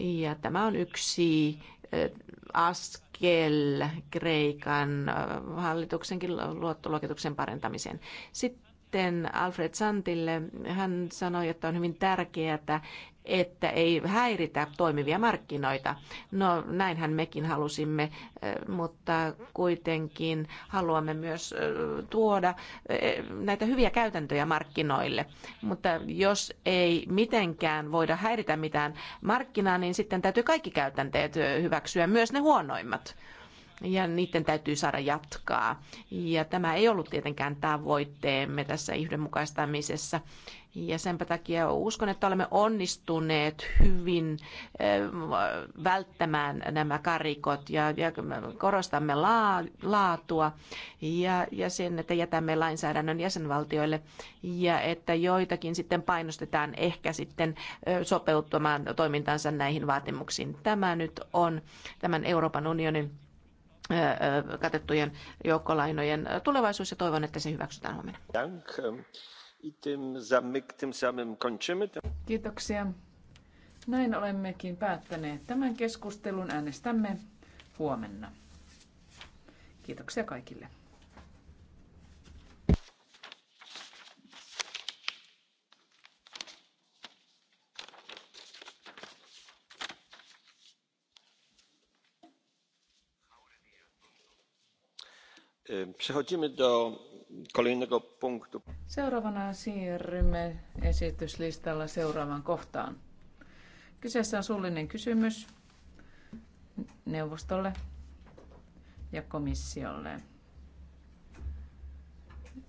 Ja tämä on yksi askel Kreikan hallituksenkin luottoluokituksen parantamiseen. Sitten sitten Alfred Santille. Hän sanoi, että on hyvin tärkeää, että ei häiritä toimivia markkinoita. No näinhän mekin halusimme, eh, mutta kuitenkin haluamme myös eh, tuoda eh, näitä hyviä käytäntöjä markkinoille. Mutta jos ei mitenkään voida häiritä mitään markkinaa, niin sitten täytyy kaikki käytänteet hyväksyä, myös ne huonoimmat ja niiden täytyy saada jatkaa. Ja tämä ei ollut tietenkään tavoitteemme tässä yhdenmukaistamisessa. Ja senpä takia uskon, että olemme onnistuneet hyvin välttämään nämä karikot ja, ja korostamme laa, laatua ja, ja sen, että jätämme lainsäädännön jäsenvaltioille ja että joitakin sitten painostetaan ehkä sitten sopeuttamaan toimintansa näihin vaatimuksiin. Tämä nyt on tämän Euroopan unionin katettujen joukkolainojen tulevaisuus ja toivon, että se hyväksytään huomenna. Kiitoksia. Näin olemmekin päättäneet tämän keskustelun. Äänestämme huomenna. Kiitoksia kaikille. Przechodzimy do kolejnego punktu. Seuraavana siirrymme esityslistalla seuraavaan kohtaan. Kyseessä on suullinen kysymys neuvostolle ja komissiolle.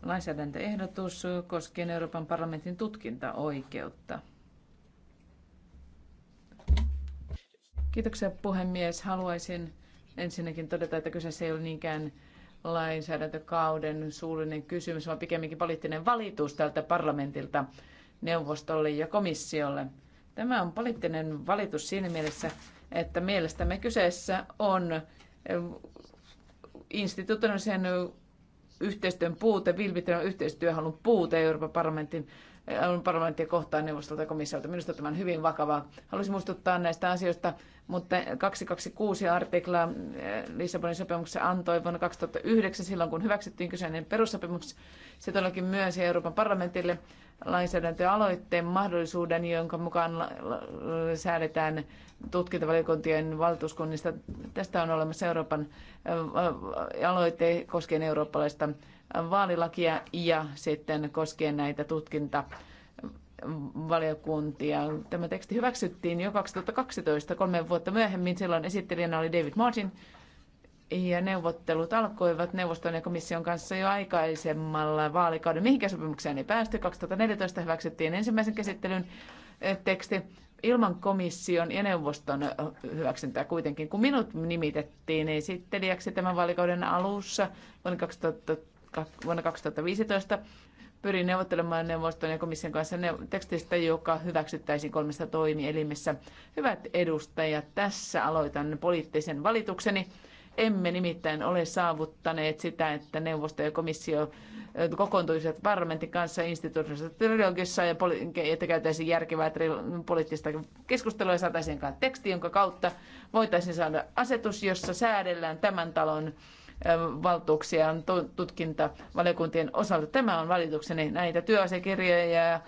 Lainsäädäntöehdotus koskien Euroopan parlamentin tutkintaoikeutta. Kiitoksia puhemies. Haluaisin ensinnäkin todeta, että kyseessä ei ole niinkään lainsäädäntökauden suullinen kysymys, vaan pikemminkin poliittinen valitus tältä parlamentilta neuvostolle ja komissiolle. Tämä on poliittinen valitus siinä mielessä, että mielestämme kyseessä on institutionaalisen yhteistyön puute, vilpitön yhteistyöhalun puute Euroopan parlamentin parlamenttia kohtaan neuvostolta ja komissiolta. Minusta tämä on hyvin vakavaa. Haluaisin muistuttaa näistä asioista, mutta 226 artikla eh, Lissabonin sopimuksessa antoi vuonna 2009, silloin kun hyväksyttiin kyseinen perussopimus, se todellakin myös Euroopan parlamentille lainsäädäntöaloitteen mahdollisuuden, jonka mukaan säädetään tutkintavaliokuntien valtuuskunnista. Tästä on olemassa Euroopan eh, aloite koskien eurooppalaista vaalilakia ja sitten koskien näitä tutkinta valiokuntia. Tämä teksti hyväksyttiin jo 2012, kolme vuotta myöhemmin. Silloin esittelijänä oli David Martin. Ja neuvottelut alkoivat neuvoston ja komission kanssa jo aikaisemmalla vaalikauden. Mihinkä sopimukseen ei päästy? 2014 hyväksyttiin ensimmäisen käsittelyn eh, teksti ilman komission ja neuvoston eh, hyväksyntää kuitenkin. Kun minut nimitettiin esittelijäksi tämän vaalikauden alussa vuonna 2000, vuonna 2015 pyrin neuvottelemaan neuvoston ja komission kanssa tekstistä, joka hyväksyttäisiin kolmessa toimielimessä. Hyvät edustajat, tässä aloitan poliittisen valitukseni. Emme nimittäin ole saavuttaneet sitä, että neuvosto ja komissio kokoontuisivat parlamentin kanssa instituutioissa trilogissa ja että käytäisiin järkevää poliittista keskustelua ja saataisiin teksti, jonka kautta voitaisiin saada asetus, jossa säädellään tämän talon valtuuksia valiokuntien osalta. Tämä on valitukseni näitä työasiakirjoja ja,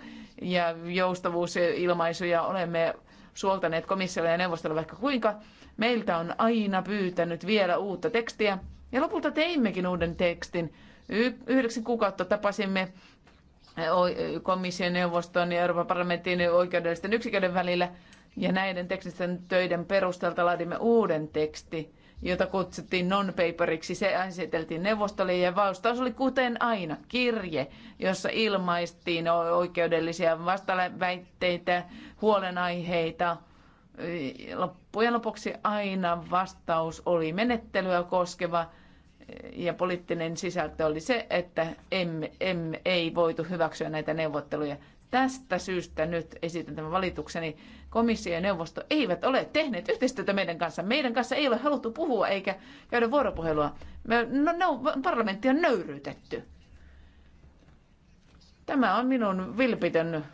ja joustavuusilmaisuja olemme suoltaneet komissiolle ja neuvostolle vaikka kuinka. Meiltä on aina pyytänyt vielä uutta tekstiä ja lopulta teimmekin uuden tekstin. Y- yhdeksän kuukautta tapasimme komission, neuvoston ja Euroopan parlamentin oikeudellisten yksiköiden välillä ja näiden teknisten töiden perusteelta laadimme uuden teksti jota kutsuttiin non-paperiksi, se esiteltiin neuvostoliin ja vastaus oli kuten aina kirje, jossa ilmaistiin oikeudellisia vastaväitteitä, huolenaiheita. Loppujen lopuksi aina vastaus oli menettelyä koskeva ja poliittinen sisältö oli se, että emme, emme, ei voitu hyväksyä näitä neuvotteluja. Tästä syystä nyt esitän tämän valitukseni komissio ja neuvosto eivät ole tehneet yhteistyötä meidän kanssa. Meidän kanssa ei ole haluttu puhua eikä käydä vuoropuhelua. Me, no, no, parlamentti on nöyryytetty. Tämä on minun vilpitön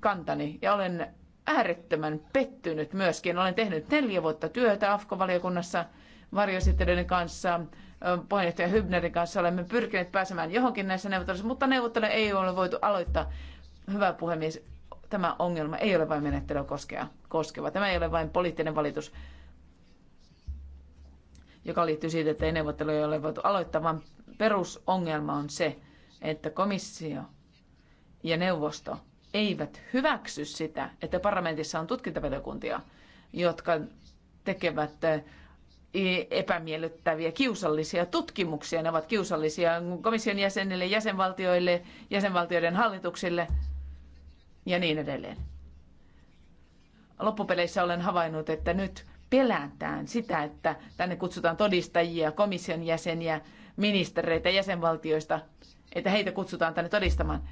kantani ja olen äärettömän pettynyt myöskin. Olen tehnyt neljä vuotta työtä AFKO-valiokunnassa varjosihteiden kanssa, puheenjohtaja Hybnerin kanssa. Olemme pyrkineet pääsemään johonkin näissä neuvotteluissa, mutta neuvotteluja ei ole voitu aloittaa. Hyvä puhemies, tämä ongelma ei ole vain menettelyä koskea, koskeva. Tämä ei ole vain poliittinen valitus, joka liittyy siitä, että ei neuvotteluja ole voitu aloittaa, vaan perusongelma on se, että komissio ja neuvosto eivät hyväksy sitä, että parlamentissa on tutkintavaliokuntia, jotka tekevät eh, epämiellyttäviä, kiusallisia tutkimuksia. Ne ovat kiusallisia komission jäsenille, jäsenvaltioille, jäsenvaltioiden hallituksille – ja niin edelleen. Loppupeleissä olen havainnut, että nyt pelätään sitä, että tänne kutsutaan todistajia, komission jäseniä, ministereitä jäsenvaltioista, että heitä kutsutaan tänne todistamaan.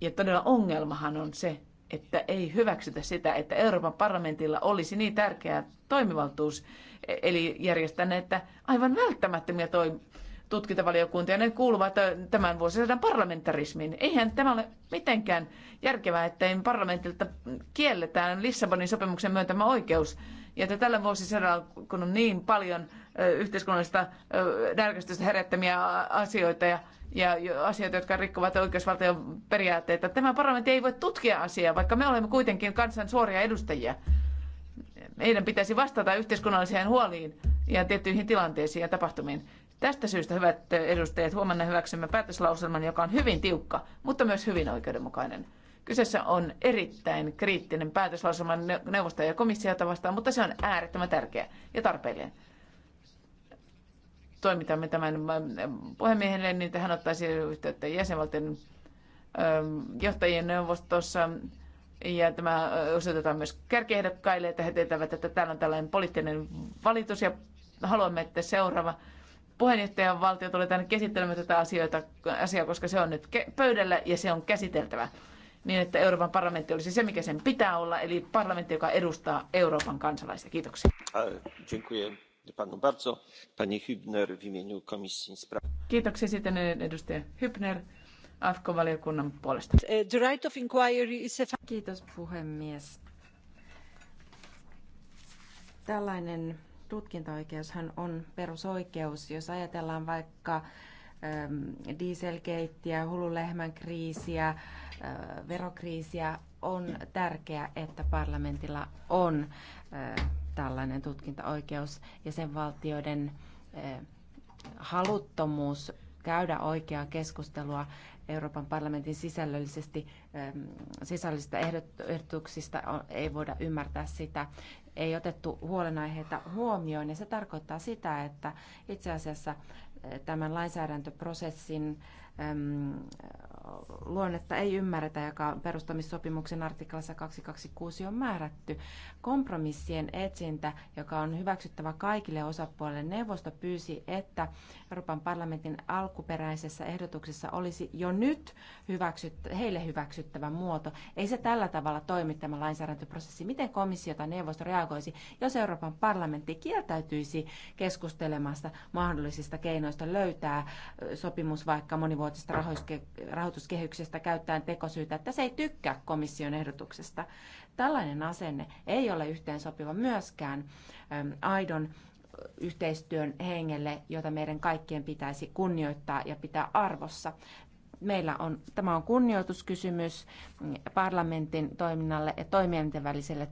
Ja todella ongelmahan on se, että ei hyväksytä sitä, että Euroopan parlamentilla olisi niin tärkeä toimivaltuus, e- eli järjestää näitä aivan välttämättömiä ja Ne kuuluvat tämän vuosisadan parlamentarismiin. Eihän tämä ole mitenkään järkevää, että parlamentilta kielletään Lissabonin sopimuksen myöntämä oikeus. Ja että tällä vuosisadalla, kun on niin paljon yhteiskunnallista närkästystä herättämiä asioita ja, ja asioita, jotka rikkovat oikeusvaltion periaatteita, tämä parlamentti ei voi tutkia asiaa, vaikka me olemme kuitenkin kansan suoria edustajia meidän pitäisi vastata yhteiskunnalliseen huoliin ja tiettyihin tilanteisiin ja tapahtumiin. Tästä syystä, hyvät edustajat, huomenna hyväksymme päätöslauselman, joka on hyvin tiukka, mutta myös hyvin oikeudenmukainen. Kyseessä on erittäin kriittinen päätöslauselma neuvostoja ja komissiota vastaan, mutta se on äärettömän tärkeä ja tarpeellinen. Toimitamme tämän ähm, puhemiehelle, niin hän ottaisi yhteyttä jäsenvaltion ähm, johtajien neuvostossa. Ja tämä äh, osoitetaan myös kärkiehdokkaille, että he tietävät, että täällä on tällainen poliittinen valitus ja haluamme, että seuraava puheenjohtajan valtio tulee tänne käsittelemään tätä asioita, asiaa, koska se on nyt pöydällä ja se on käsiteltävä niin, että Euroopan parlamentti olisi se, mikä sen pitää olla, eli parlamentti, joka edustaa Euroopan kansalaisia. Kiitoksia. Kiitoksia sitten edustaja Hübner. AFKO-valiokunnan puolesta. The right of inquiry is a... Kiitos puhemies. Tällainen tutkintaoikeushan on perusoikeus. Jos ajatellaan vaikka dieselkeittiä, hululehmän kriisiä, äh, verokriisiä, on tärkeää, että parlamentilla on äh, tällainen tutkintaoikeus ja sen valtioiden äh, haluttomuus käydä oikeaa keskustelua Euroopan parlamentin sisällöllisesti, sisällisistä ehdotuksista ei voida ymmärtää sitä, ei otettu huolenaiheita huomioon. Ja se tarkoittaa sitä, että itse asiassa eh, tämän lainsäädäntöprosessin luonnetta ei ymmärretä, joka perustamissopimuksen artiklassa 226 on määrätty. Kompromissien etsintä, joka on hyväksyttävä kaikille osapuolille, neuvosto pyysi, että Euroopan parlamentin alkuperäisessä ehdotuksessa olisi jo nyt hyväksyttä, heille hyväksyttävä muoto. Ei se tällä tavalla toimi tämä lainsäädäntöprosessi. Miten komissio tai neuvosto reagoisi, jos Euroopan parlamentti kieltäytyisi keskustelemasta mahdollisista keinoista löytää sopimus vaikka monivuotisesta rahoituskehyksistä rahoituskehyksestä käyttäen tekosyytä, että se ei tykkää komission ehdotuksesta. Tällainen asenne ei ole yhteensopiva myöskään aidon yhteistyön hengelle, jota meidän kaikkien pitäisi kunnioittaa ja pitää arvossa. Meillä on, tämä on kunnioituskysymys mm, parlamentin toiminnalle ja toimijoiden väliselle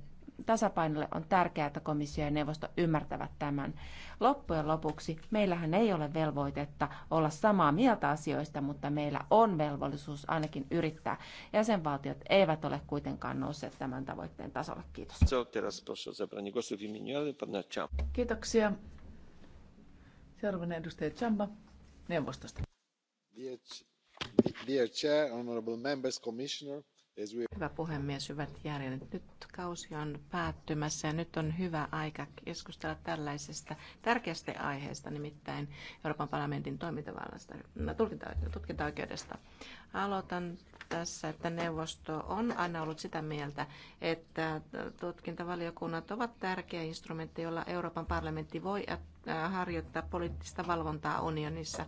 tasapainolle on tärkeää, että komissio ja neuvosto ymmärtävät tämän. Loppujen lopuksi meillähän ei ole velvoitetta olla samaa mieltä asioista, mutta meillä on velvollisuus ainakin yrittää. Jäsenvaltiot eivät ole kuitenkaan nousseet tämän tavoitteen tasolle. Kiitos. Kiitoksia. Seuraavana edustaja Chamba neuvostosta. Dear, dear Chair, Members, Commissioner, Hyvä puhemies, hyvät järjet. Nyt kausi on päättymässä ja nyt on hyvä aika keskustella tällaisesta tärkeästä aiheesta, nimittäin Euroopan parlamentin toimintavallasta, tutkintaoikeudesta. Aloitan tässä, että neuvosto on aina ollut sitä mieltä, että tutkintavaliokunnat ovat tärkeä instrumentti, jolla Euroopan parlamentti voi harjoittaa poliittista valvontaa unionissa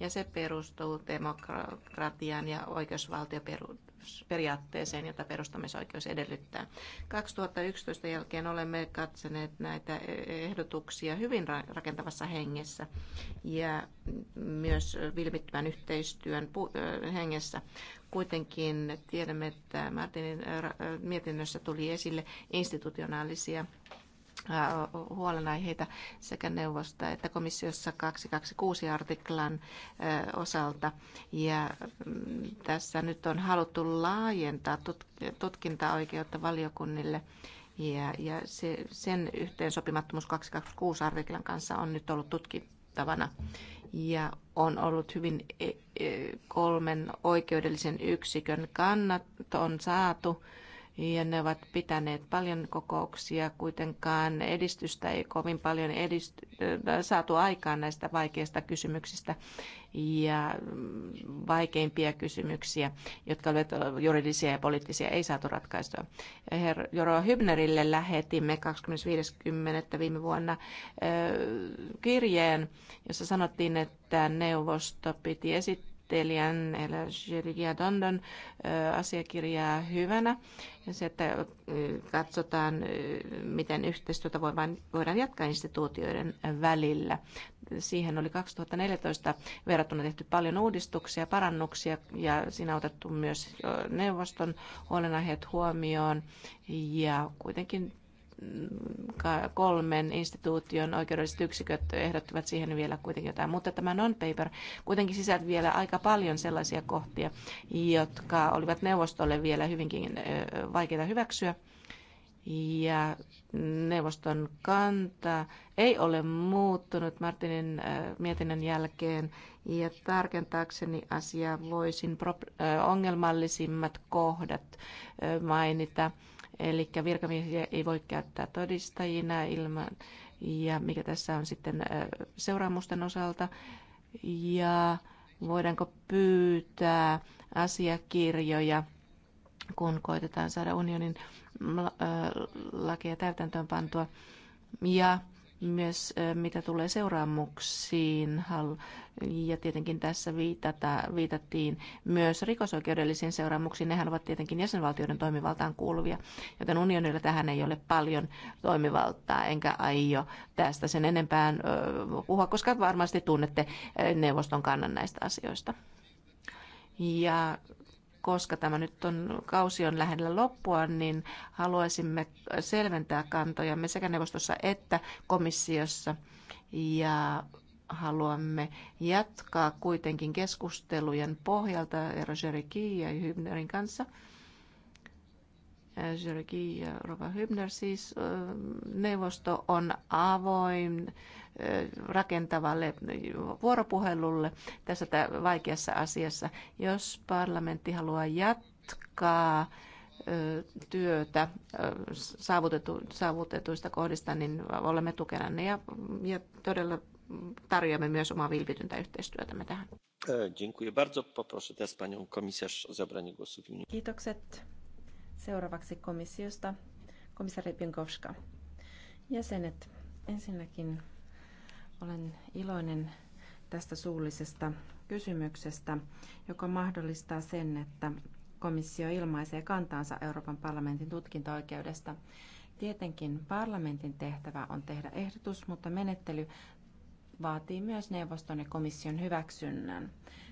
ja se perustuu demokratian ja oikeusvaltioperiaatteeseen, jota perustamisoikeus edellyttää. 2011 jälkeen olemme katsoneet näitä ehdotuksia hyvin rakentavassa hengessä ja myös vilmittömän yhteistyön hengessä. Kuitenkin tiedämme, että Martinin mietinnössä tuli esille institutionaalisia huolenaiheita sekä neuvosta että komissiossa 226 artiklan osalta. Ja mm, tässä nyt on haluttu laajentaa tutkintaoikeutta valiokunnille ja, ja se, sen yhteensopimattomuus 226 artiklan kanssa on nyt ollut tutkittavana ja on ollut hyvin e, e, kolmen oikeudellisen yksikön kannat on saatu ja ne ovat pitäneet paljon kokouksia. Kuitenkaan edistystä ei kovin paljon edist- äh, saatu aikaan näistä vaikeista kysymyksistä ja mm, vaikeimpia kysymyksiä, jotka olivat äh, juridisia ja poliittisia, ei saatu ratkaistua. Her Joro Hybnerille lähetimme 25.10. viime vuonna äh, kirjeen, jossa sanottiin, että neuvosto piti esittää eller Elä Dondon asiakirjaa hyvänä. Ja se, että katsotaan, miten yhteistyötä voidaan jatkaa instituutioiden välillä. Siihen oli 2014 verrattuna tehty paljon uudistuksia, parannuksia ja siinä otettu myös neuvoston huolenaiheet huomioon. Ja kuitenkin kolmen instituution oikeudelliset yksiköt ehdottivat siihen vielä kuitenkin jotain. Mutta tämä non-paper kuitenkin sisälti vielä aika paljon sellaisia kohtia, jotka olivat neuvostolle vielä hyvinkin vaikeita hyväksyä. Ja neuvoston kanta ei ole muuttunut Martinin mietinnön jälkeen. Ja tarkentaakseni asiaa voisin ongelmallisimmat kohdat mainita Eli virkamiehiä ei voi käyttää todistajina ilman, ja mikä tässä on sitten seuraamusten osalta. Ja voidaanko pyytää asiakirjoja, kun koitetaan saada unionin lakeja täytäntöön pantua. Ja myös mitä tulee seuraamuksiin. Ja tietenkin tässä viitata, viitattiin myös rikosoikeudellisiin seuraamuksiin. Nehän ovat tietenkin jäsenvaltioiden toimivaltaan kuuluvia, joten unionilla tähän ei ole paljon toimivaltaa, enkä aio tästä sen enempää puhua, koska varmasti tunnette neuvoston kannan näistä asioista. Ja koska tämä nyt on, kausi on lähellä loppua, niin haluaisimme selventää kantoja. Me sekä neuvostossa että komissiossa. Ja haluamme jatkaa kuitenkin keskustelujen pohjalta Rogeriki ja Hybnerin kanssa. Rogeriki ja Rova Hybner siis neuvosto on avoin rakentavalle vuoropuhelulle tässä vaikeassa asiassa. Jos parlamentti haluaa jatkaa työtä saavutetu, saavutetuista kohdista, niin olemme tukena ne ja, ja todella tarjoamme myös omaa vilpityntä yhteistyötämme tähän. E, Kiitokset. Seuraavaksi komissiosta komissaari Pienkovska. Jäsenet, ensinnäkin olen iloinen tästä suullisesta kysymyksestä, joka mahdollistaa sen, että komissio ilmaisee kantaansa Euroopan parlamentin tutkinto-oikeudesta. Tietenkin parlamentin tehtävä on tehdä ehdotus, mutta menettely vaatii myös neuvoston ja komission hyväksynnän.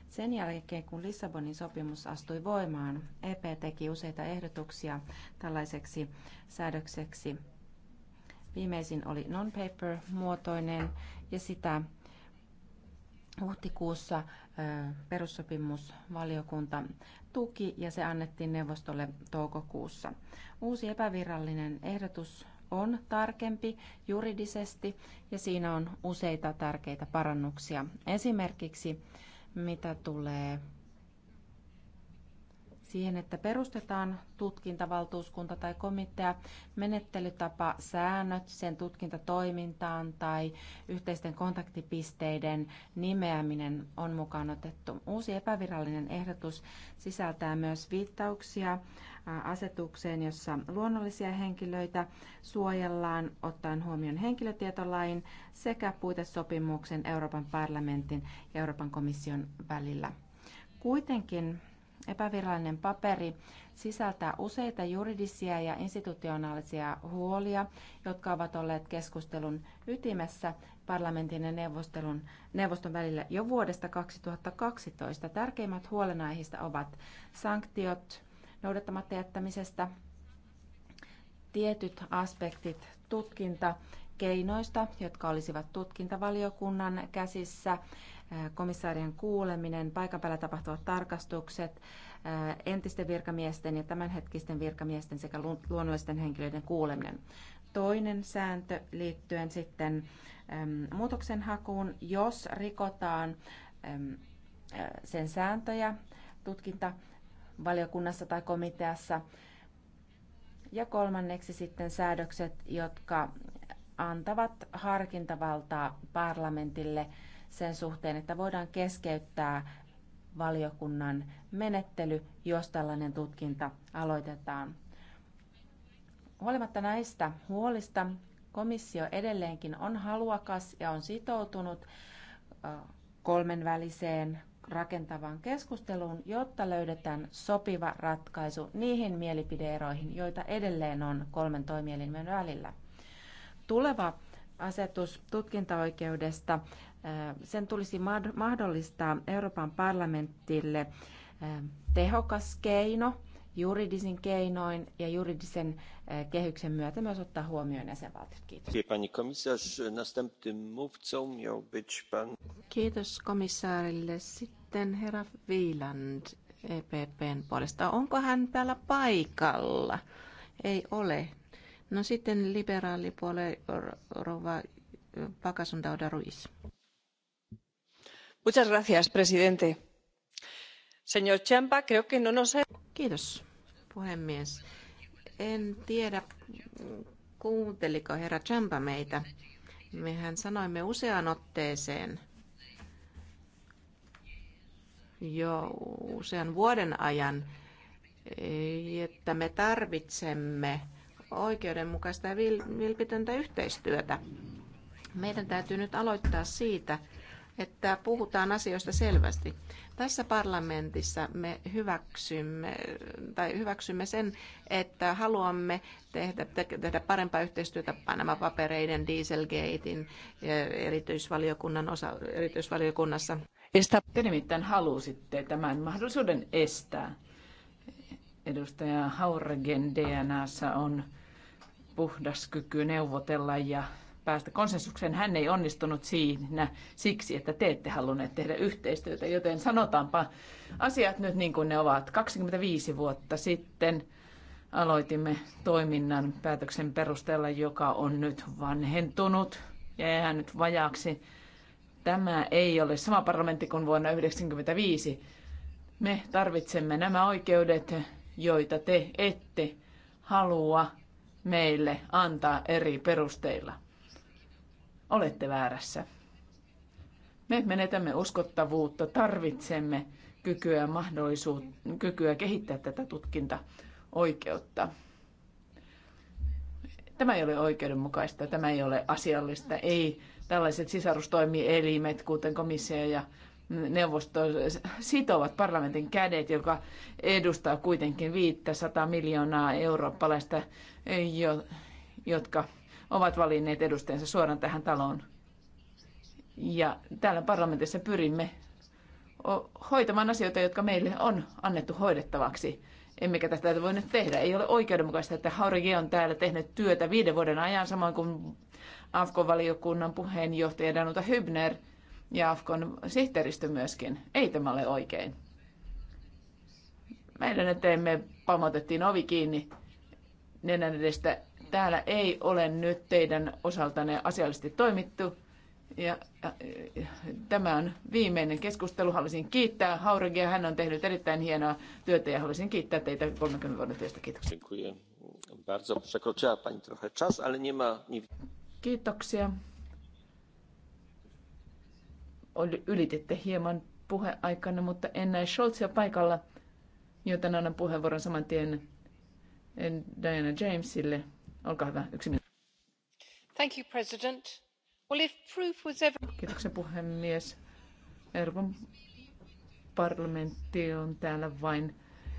Sen jälkeen, kun Lissabonin sopimus astui voimaan, EP teki useita ehdotuksia tällaiseksi säädökseksi. Viimeisin oli non-paper-muotoinen ja sitä huhtikuussa perussopimusvaliokunta tuki ja se annettiin neuvostolle toukokuussa. Uusi epävirallinen ehdotus on tarkempi juridisesti ja siinä on useita tärkeitä parannuksia. Esimerkiksi mitä tulee siihen, että perustetaan tutkintavaltuuskunta tai komitea, menettelytapa, säännöt sen tutkintatoimintaan tai yhteisten kontaktipisteiden nimeäminen on mukaan otettu. Uusi epävirallinen ehdotus sisältää myös viittauksia asetukseen, jossa luonnollisia henkilöitä suojellaan ottaen huomioon henkilötietolain sekä puitesopimuksen Euroopan parlamentin ja Euroopan komission välillä. Kuitenkin epävirallinen paperi sisältää useita juridisia ja institutionaalisia huolia, jotka ovat olleet keskustelun ytimessä parlamentin ja neuvostelun, neuvoston välillä jo vuodesta 2012. Tärkeimmät huolenaiheista ovat sanktiot noudattamatta jättämisestä, tietyt aspektit, tutkinta keinoista, jotka olisivat tutkintavaliokunnan käsissä, äh, komissaarien kuuleminen, paikan päällä tapahtuvat tarkastukset, äh, entisten virkamiesten ja tämänhetkisten virkamiesten sekä luonnollisten henkilöiden kuuleminen. Toinen sääntö liittyen sitten muutoksenhakuun, jos rikotaan äh, sen sääntöjä tutkintavaliokunnassa tai komiteassa. Ja kolmanneksi sitten säädökset, jotka antavat harkintavaltaa parlamentille sen suhteen, että voidaan keskeyttää valiokunnan menettely, jos tällainen tutkinta aloitetaan. Huolimatta näistä huolista, komissio edelleenkin on haluakas ja on sitoutunut kolmenväliseen rakentavaan keskusteluun, jotta löydetään sopiva ratkaisu niihin mielipideeroihin, joita edelleen on kolmen toimielimen välillä tuleva asetus tutkintaoikeudesta, äh, sen tulisi mahdollistaa Euroopan parlamentille äh, tehokas keino juridisin keinoin ja juridisen äh, kehyksen myötä myös ottaa huomioon jäsenvaltiot. Kiitos. Kiitos komissaarille. Sitten herra Wieland EPPn puolesta. Onko hän täällä paikalla? Ei ole. No sitten liberaalipuolue Rova Pakasundauda Ruiz. Muchas gracias, presidente. Señor Champa, creo que no nos... Kiitos, puhemies. En tiedä, kuunteliko herra Champa meitä. Mehän sanoimme useaan otteeseen jo usean vuoden ajan, että me tarvitsemme oikeudenmukaista ja vilpitöntä yhteistyötä. Meidän täytyy nyt aloittaa siitä, että puhutaan asioista selvästi. Tässä parlamentissa me hyväksymme, tai hyväksymme sen, että haluamme tehdä, tehdä parempaa yhteistyötä Panama-papereiden, Dieselgatein erityisvaliokunnan osa, erityisvaliokunnassa. Estä. Te nimittäin halusitte tämän mahdollisuuden estää. Edustaja haurgen DNAssa on puhdas kyky neuvotella ja päästä konsensukseen. Hän ei onnistunut siinä siksi, että te ette halunneet tehdä yhteistyötä, joten sanotaanpa asiat nyt niin kuin ne ovat. 25 vuotta sitten aloitimme toiminnan päätöksen perusteella, joka on nyt vanhentunut ja jäänyt vajaaksi. Tämä ei ole sama parlamentti kuin vuonna 1995. Me tarvitsemme nämä oikeudet, joita te ette halua meille antaa eri perusteilla. Olette väärässä. Me menetämme uskottavuutta, tarvitsemme kykyä, mahdollisuut, kykyä kehittää tätä oikeutta. Tämä ei ole oikeudenmukaista, tämä ei ole asiallista, ei tällaiset sisarustoimielimet, kuten komissio ja neuvosto sitovat parlamentin kädet, joka edustaa kuitenkin 500 miljoonaa eurooppalaista, jotka ovat valinneet edustajansa suoraan tähän taloon. Ja täällä parlamentissa pyrimme hoitamaan asioita, jotka meille on annettu hoidettavaksi. Emmekä tästä voi nyt tehdä. Ei ole oikeudenmukaista, että Haurige on täällä tehnyt työtä viiden vuoden ajan, samoin kuin AFK-valiokunnan puheenjohtaja Danuta Hybner – ja Afkon sihteeristö myöskin. Ei tämä ole oikein. Meidän eteemme pamotettiin ovi kiinni nenän edestä. Täällä ei ole nyt teidän osaltanne asiallisesti toimittu. Ja, ja, ja, tämä on viimeinen keskustelu. Haluaisin kiittää Hauregia. Hän on tehnyt erittäin hienoa työtä ja haluaisin kiittää teitä 30 vuoden työstä. Kiitoksia. Kiitoksia ylitette hieman puheaikana, mutta en näe Scholzia paikalla, joten annan puheenvuoron saman tien Diana Jamesille. Olkaa hyvä, yksi minuutti. Thank you, President. Well, if proof was ever... Kiitoksia puhemies. Euroopan parlamentti on täällä vain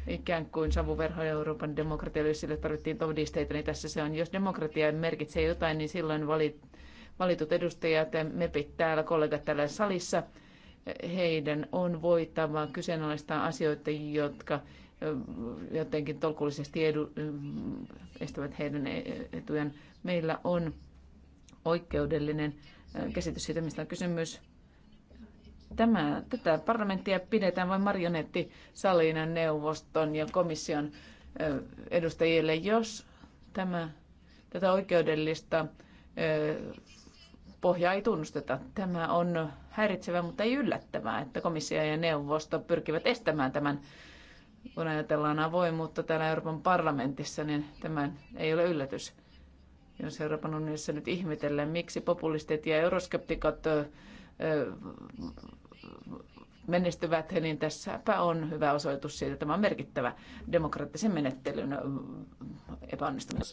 ikään kuin savuverho Euroopan demokratialle, jos sille tarvittiin todisteita, niin tässä se on. Jos demokratia merkitsee jotain, niin silloin valit, valitut edustajat, ja mepit täällä, kollegat täällä salissa, heidän on voitava kyseenalaistaa asioita, jotka jotenkin tolkullisesti edu, estävät heidän etujaan. Meillä on oikeudellinen käsitys siitä, mistä on kysymys. Tämä, tätä parlamenttia pidetään vain Salinan neuvoston ja komission edustajille, jos tämä, tätä oikeudellista pohjaa ei tunnusteta. Tämä on häiritsevä, mutta ei yllättävää, että komissio ja neuvosto pyrkivät estämään tämän. Kun ajatellaan avoimuutta täällä Euroopan parlamentissa, niin tämä ei ole yllätys. Jos Euroopan unionissa nyt ihmetellään, miksi populistit ja euroskeptikot menestyvät, niin tässäpä on hyvä osoitus siitä. että Tämä on merkittävä demokraattisen menettelyn epäonnistuminen.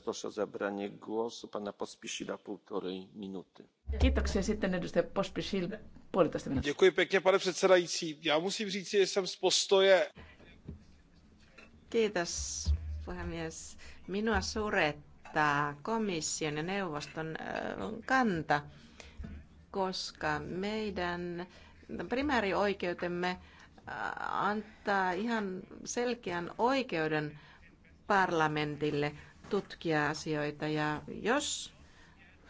Kiitoksia sitten edustaja Pospisil puolitoista minuuttia. Děkuji pěkně, pane předsedající. Já musím říct, že jsem z postoje... Kiitos, puhemies. Minua surettaa komission ja neuvoston kanta, koska meidän primäärioikeutemme äh, antaa ihan selkeän oikeuden parlamentille tutkia asioita. Ja jos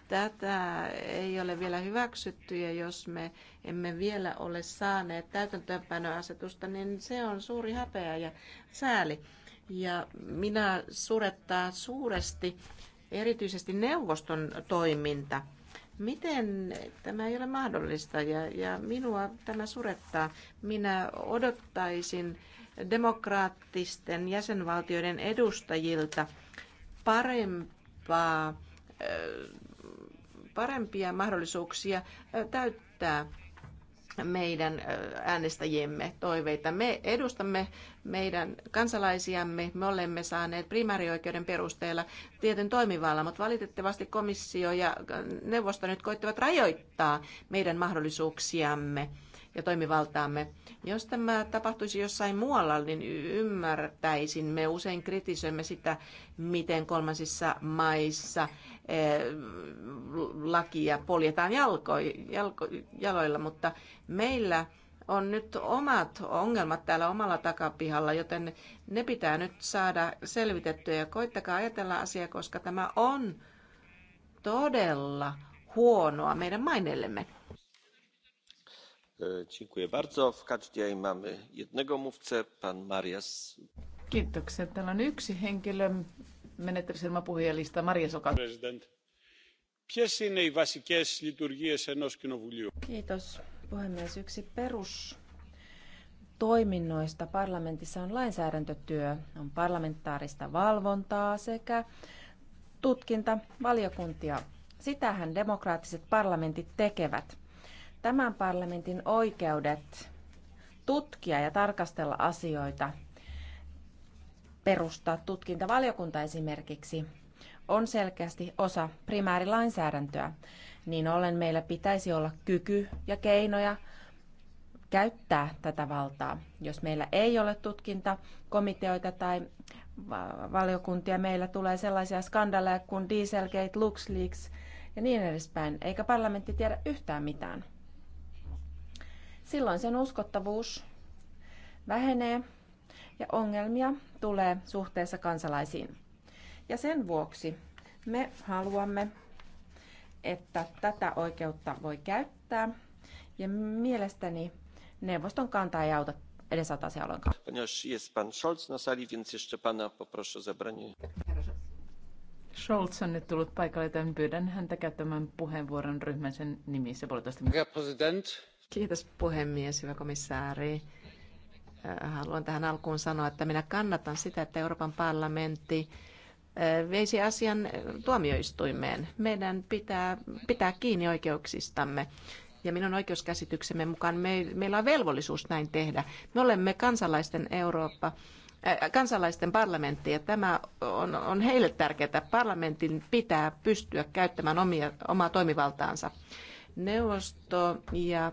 tätä ei ole vielä hyväksytty ja jos me emme vielä ole saaneet täytäntöönpanoasetusta, niin se on suuri häpeä ja sääli. Ja minä surettaa suuresti erityisesti neuvoston toiminta – Miten tämä ei ole mahdollista ja, ja minua tämä surettaa. Minä odottaisin demokraattisten jäsenvaltioiden edustajilta parempaa, parempia mahdollisuuksia täyttää meidän äänestäjiemme toiveita. Me edustamme meidän kansalaisiamme, me olemme saaneet primäärioikeuden perusteella tietyn toimivalla, mutta valitettavasti komissio ja neuvosto nyt koittavat rajoittaa meidän mahdollisuuksiamme ja toimivaltaamme. Jos tämä tapahtuisi jossain muualla, niin ymmärtäisin. Me usein kritisoimme sitä, miten kolmansissa maissa eh, lakia poljetaan jalko, jalko, jaloilla, mutta meillä on nyt omat ongelmat täällä omalla takapihalla, joten ne pitää nyt saada selvitettyä ja koittakaa ajatella asiaa, koska tämä on todella huonoa meidän maineellemme. E, Kiitoksia. Täällä on yksi henkilö menettelyssä ilman puhujalistaa. Marias, olkaa Kiitos puhemies. Yksi perus parlamentissa on lainsäädäntötyö, on parlamentaarista valvontaa sekä tutkinta valiokuntia. Sitähän demokraattiset parlamentit tekevät tämän parlamentin oikeudet tutkia ja tarkastella asioita, perustaa tutkintavaliokunta esimerkiksi, on selkeästi osa primäärilainsäädäntöä, niin ollen meillä pitäisi olla kyky ja keinoja käyttää tätä valtaa. Jos meillä ei ole tutkintakomiteoita tai valiokuntia, meillä tulee sellaisia skandaaleja kuin Dieselgate, LuxLeaks ja niin edespäin, eikä parlamentti tiedä yhtään mitään silloin sen uskottavuus vähenee ja ongelmia tulee suhteessa kansalaisiin. Ja sen vuoksi me haluamme, että tätä oikeutta voi käyttää. Ja mielestäni neuvoston kanta ei auta edes asiaa ollenkaan. Ponieważ jest pan Scholz na sali, więc jeszcze pana poproszę o zabranie. Scholz on nyt tullut paikalle, joten pyydän häntä käyttämään puheenvuoron ryhmän sen nimissä puolitoista presidentti. Kiitos puhemies, hyvä komissaari. Äh, haluan tähän alkuun sanoa, että minä kannatan sitä, että Euroopan parlamentti äh, veisi asian äh, tuomioistuimeen. Meidän pitää pitää kiinni oikeuksistamme. Ja minun oikeuskäsityksemme mukaan me, meillä on velvollisuus näin tehdä. Me olemme kansalaisten Eurooppa, äh, kansalaisten parlamentti ja tämä on, on heille tärkeää. Parlamentin pitää pystyä käyttämään omia, omaa toimivaltaansa. Neuvosto ja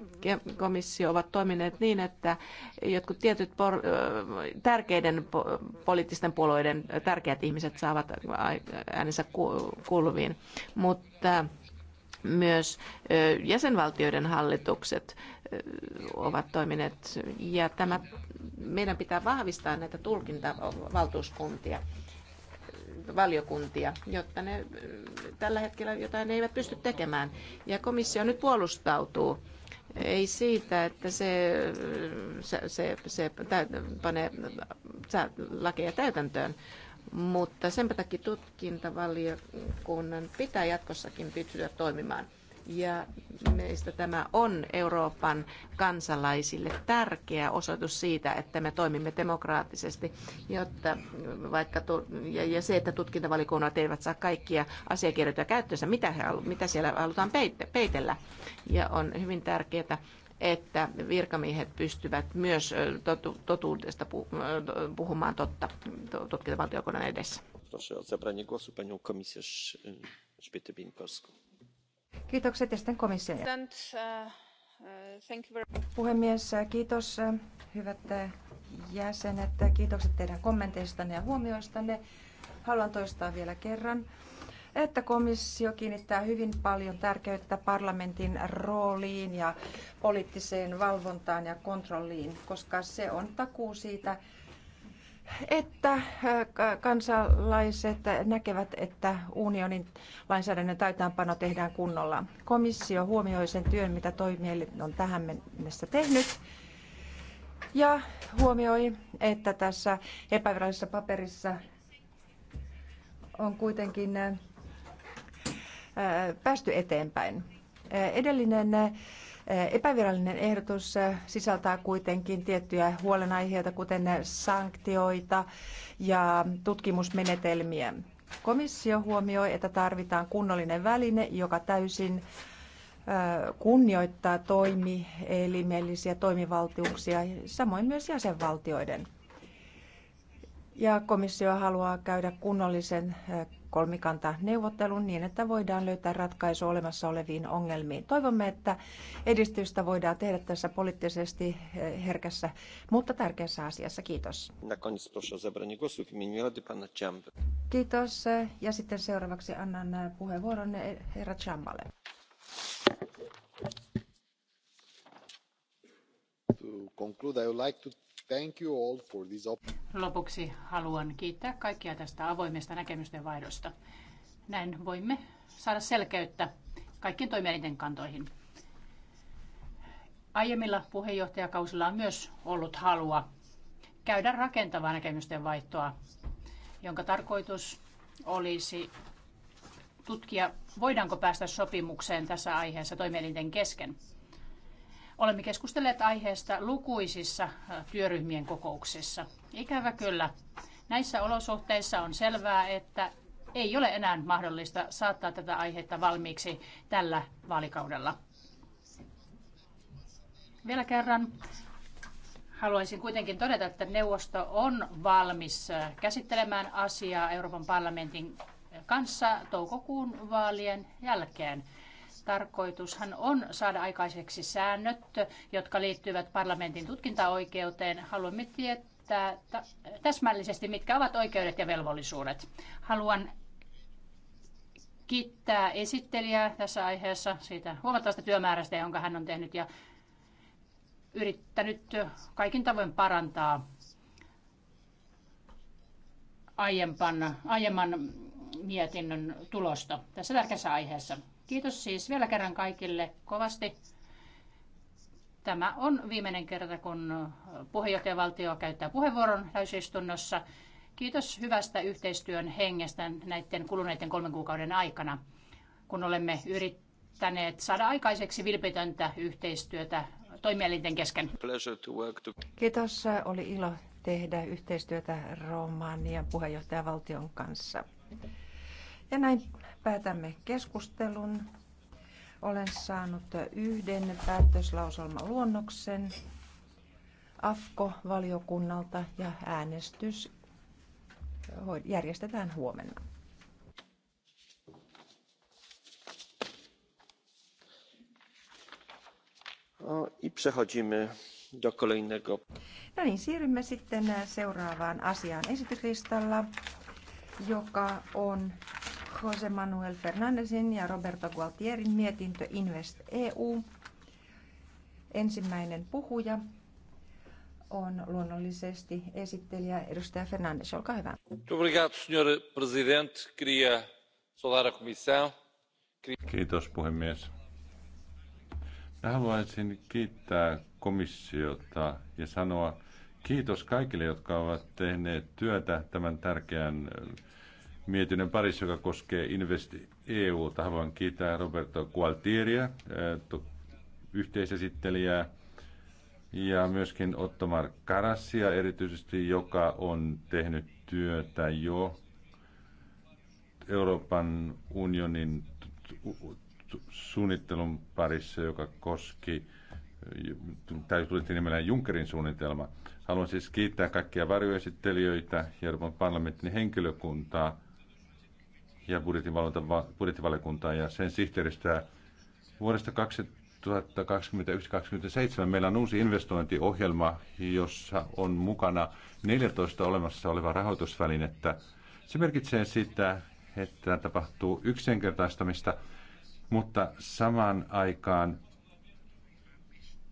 komissio ovat toimineet niin, että jotkut tietyt tärkeiden poliittisten puolueiden tärkeät ihmiset saavat äänensä kulviin, mutta myös jäsenvaltioiden hallitukset ovat toimineet ja tämä, meidän pitää vahvistaa näitä tulkintavaltuuskuntia valiokuntia, jotta ne tällä hetkellä jotain ne eivät pysty tekemään. Ja komissio nyt puolustautuu. Ei siitä, että se, se, se, se täyt, panee lakeja täytäntöön, mutta sen takia tutkintavaliokunnan pitää jatkossakin pystyä toimimaan. Ja meistä tämä on Euroopan kansalaisille tärkeä osoitus siitä, että me toimimme demokraattisesti. Jotta vaikka ja, ja se, että tutkintavalikunnat eivät saa kaikkia asiakirjoja käyttöönsä, mitä, he, mitä siellä halutaan peitellä. Ja on hyvin tärkeää, että virkamiehet pystyvät myös totu, totuudesta puhumaan totta tutkintavaltiokunnan edessä. Proszę o zabranie głosu panią komisarz Kiitokset ja sitten komission uh, Puhemies, kiitos hyvät jäsenet. Kiitokset teidän kommenteistanne ja huomioistanne. Haluan toistaa vielä kerran, että komissio kiinnittää hyvin paljon tärkeyttä parlamentin rooliin ja poliittiseen valvontaan ja kontrolliin, koska se on takuu siitä, että äh, kansalaiset näkevät, että unionin lainsäädännön täytäänpano tehdään kunnolla. Komissio huomioi sen työn, mitä toimielit on tähän mennessä tehnyt. Ja huomioi, että tässä epävirallisessa paperissa on kuitenkin äh, äh, päästy eteenpäin. Edellinen Eh, epävirallinen ehdotus eh, sisältää kuitenkin tiettyjä huolenaiheita, kuten eh, sanktioita ja tutkimusmenetelmiä. Komissio huomioi, että tarvitaan kunnollinen väline, joka täysin kunnioittaa toimielimellisiä toimivaltuuksia, samoin myös jäsenvaltioiden. Ja komissio haluaa käydä kunnollisen kolmikanta neuvottelun niin, että voidaan löytää ratkaisu olemassa oleviin ongelmiin. Toivomme, että edistystä voidaan tehdä tässä poliittisesti eh, herkässä, mutta tärkeässä asiassa. Kiitos. Kiitos. Ja sitten seuraavaksi annan eh, puheenvuoron eh, herra Chamballe. To conclude, I would like to Thank you all for this Lopuksi haluan kiittää kaikkia tästä avoimesta näkemysten vaihdosta. Näin voimme saada selkeyttä kaikkien toimielinten kantoihin. Aiemmilla puheenjohtajakausilla on myös ollut halua käydä rakentavaa näkemysten vaihtoa, jonka tarkoitus olisi tutkia, voidaanko päästä sopimukseen tässä aiheessa toimielinten kesken. Olemme keskustelleet aiheesta lukuisissa työryhmien kokouksissa. Ikävä kyllä. Näissä olosuhteissa on selvää, että ei ole enää mahdollista saattaa tätä aihetta valmiiksi tällä vaalikaudella. Vielä kerran haluaisin kuitenkin todeta, että neuvosto on valmis käsittelemään asiaa Euroopan parlamentin kanssa toukokuun vaalien jälkeen. Tarkoitushan on saada aikaiseksi säännöt, jotka liittyvät parlamentin tutkintaoikeuteen. Haluamme tietää täsmällisesti, mitkä ovat oikeudet ja velvollisuudet. Haluan kiittää esittelijää tässä aiheessa siitä huomattavasta työmäärästä, jonka hän on tehnyt ja yrittänyt kaikin tavoin parantaa aiempan, aiemman mietinnön tulosta tässä tärkeässä aiheessa. Kiitos siis vielä kerran kaikille kovasti. Tämä on viimeinen kerta, kun puheenjohtajavaltio käyttää puheenvuoron täysistunnossa. Kiitos hyvästä yhteistyön hengestä näiden kuluneiden kolmen kuukauden aikana, kun olemme yrittäneet saada aikaiseksi vilpitöntä yhteistyötä toimielinten kesken. Kiitos. Oli ilo tehdä yhteistyötä Romanian puheenjohtajavaltion kanssa. Ja näin päätämme keskustelun. Olen saanut yhden päätöslauselman luonnoksen AFKO-valiokunnalta ja äänestys järjestetään huomenna. No, I przechodzimy do kolejnego. No niin, siirrymme sitten seuraavaan asiaan esityslistalla, joka on Jose Manuel Fernandesin ja Roberto Gualtierin mietintö Invest EU. Ensimmäinen puhuja on luonnollisesti esittelijä edustaja Fernandes. Olkaa hyvä. Kiitos puhemies. Mä haluaisin kiittää komissiota ja sanoa kiitos kaikille, jotka ovat tehneet työtä tämän tärkeän mietinnön parissa, joka koskee Invest EU. Haluan kiittää Roberto Gualtieria, eh, yhteisesittelijää, ja myöskin Ottomar Karassia erityisesti, joka on tehnyt työtä jo Euroopan unionin suunnittelun parissa, joka koski, eh, tai tulittiin nimellä Junckerin suunnitelma. Haluan siis kiittää kaikkia varjoesittelijöitä ja Euroopan parlamentin henkilökuntaa ja budjettivaliokuntaan ja sen sihteeristä vuodesta 2021-2027 meillä on uusi investointiohjelma, jossa on mukana 14 olemassa olevaa rahoitusvälinettä. Se merkitsee sitä, että tapahtuu yksinkertaistamista, mutta samaan aikaan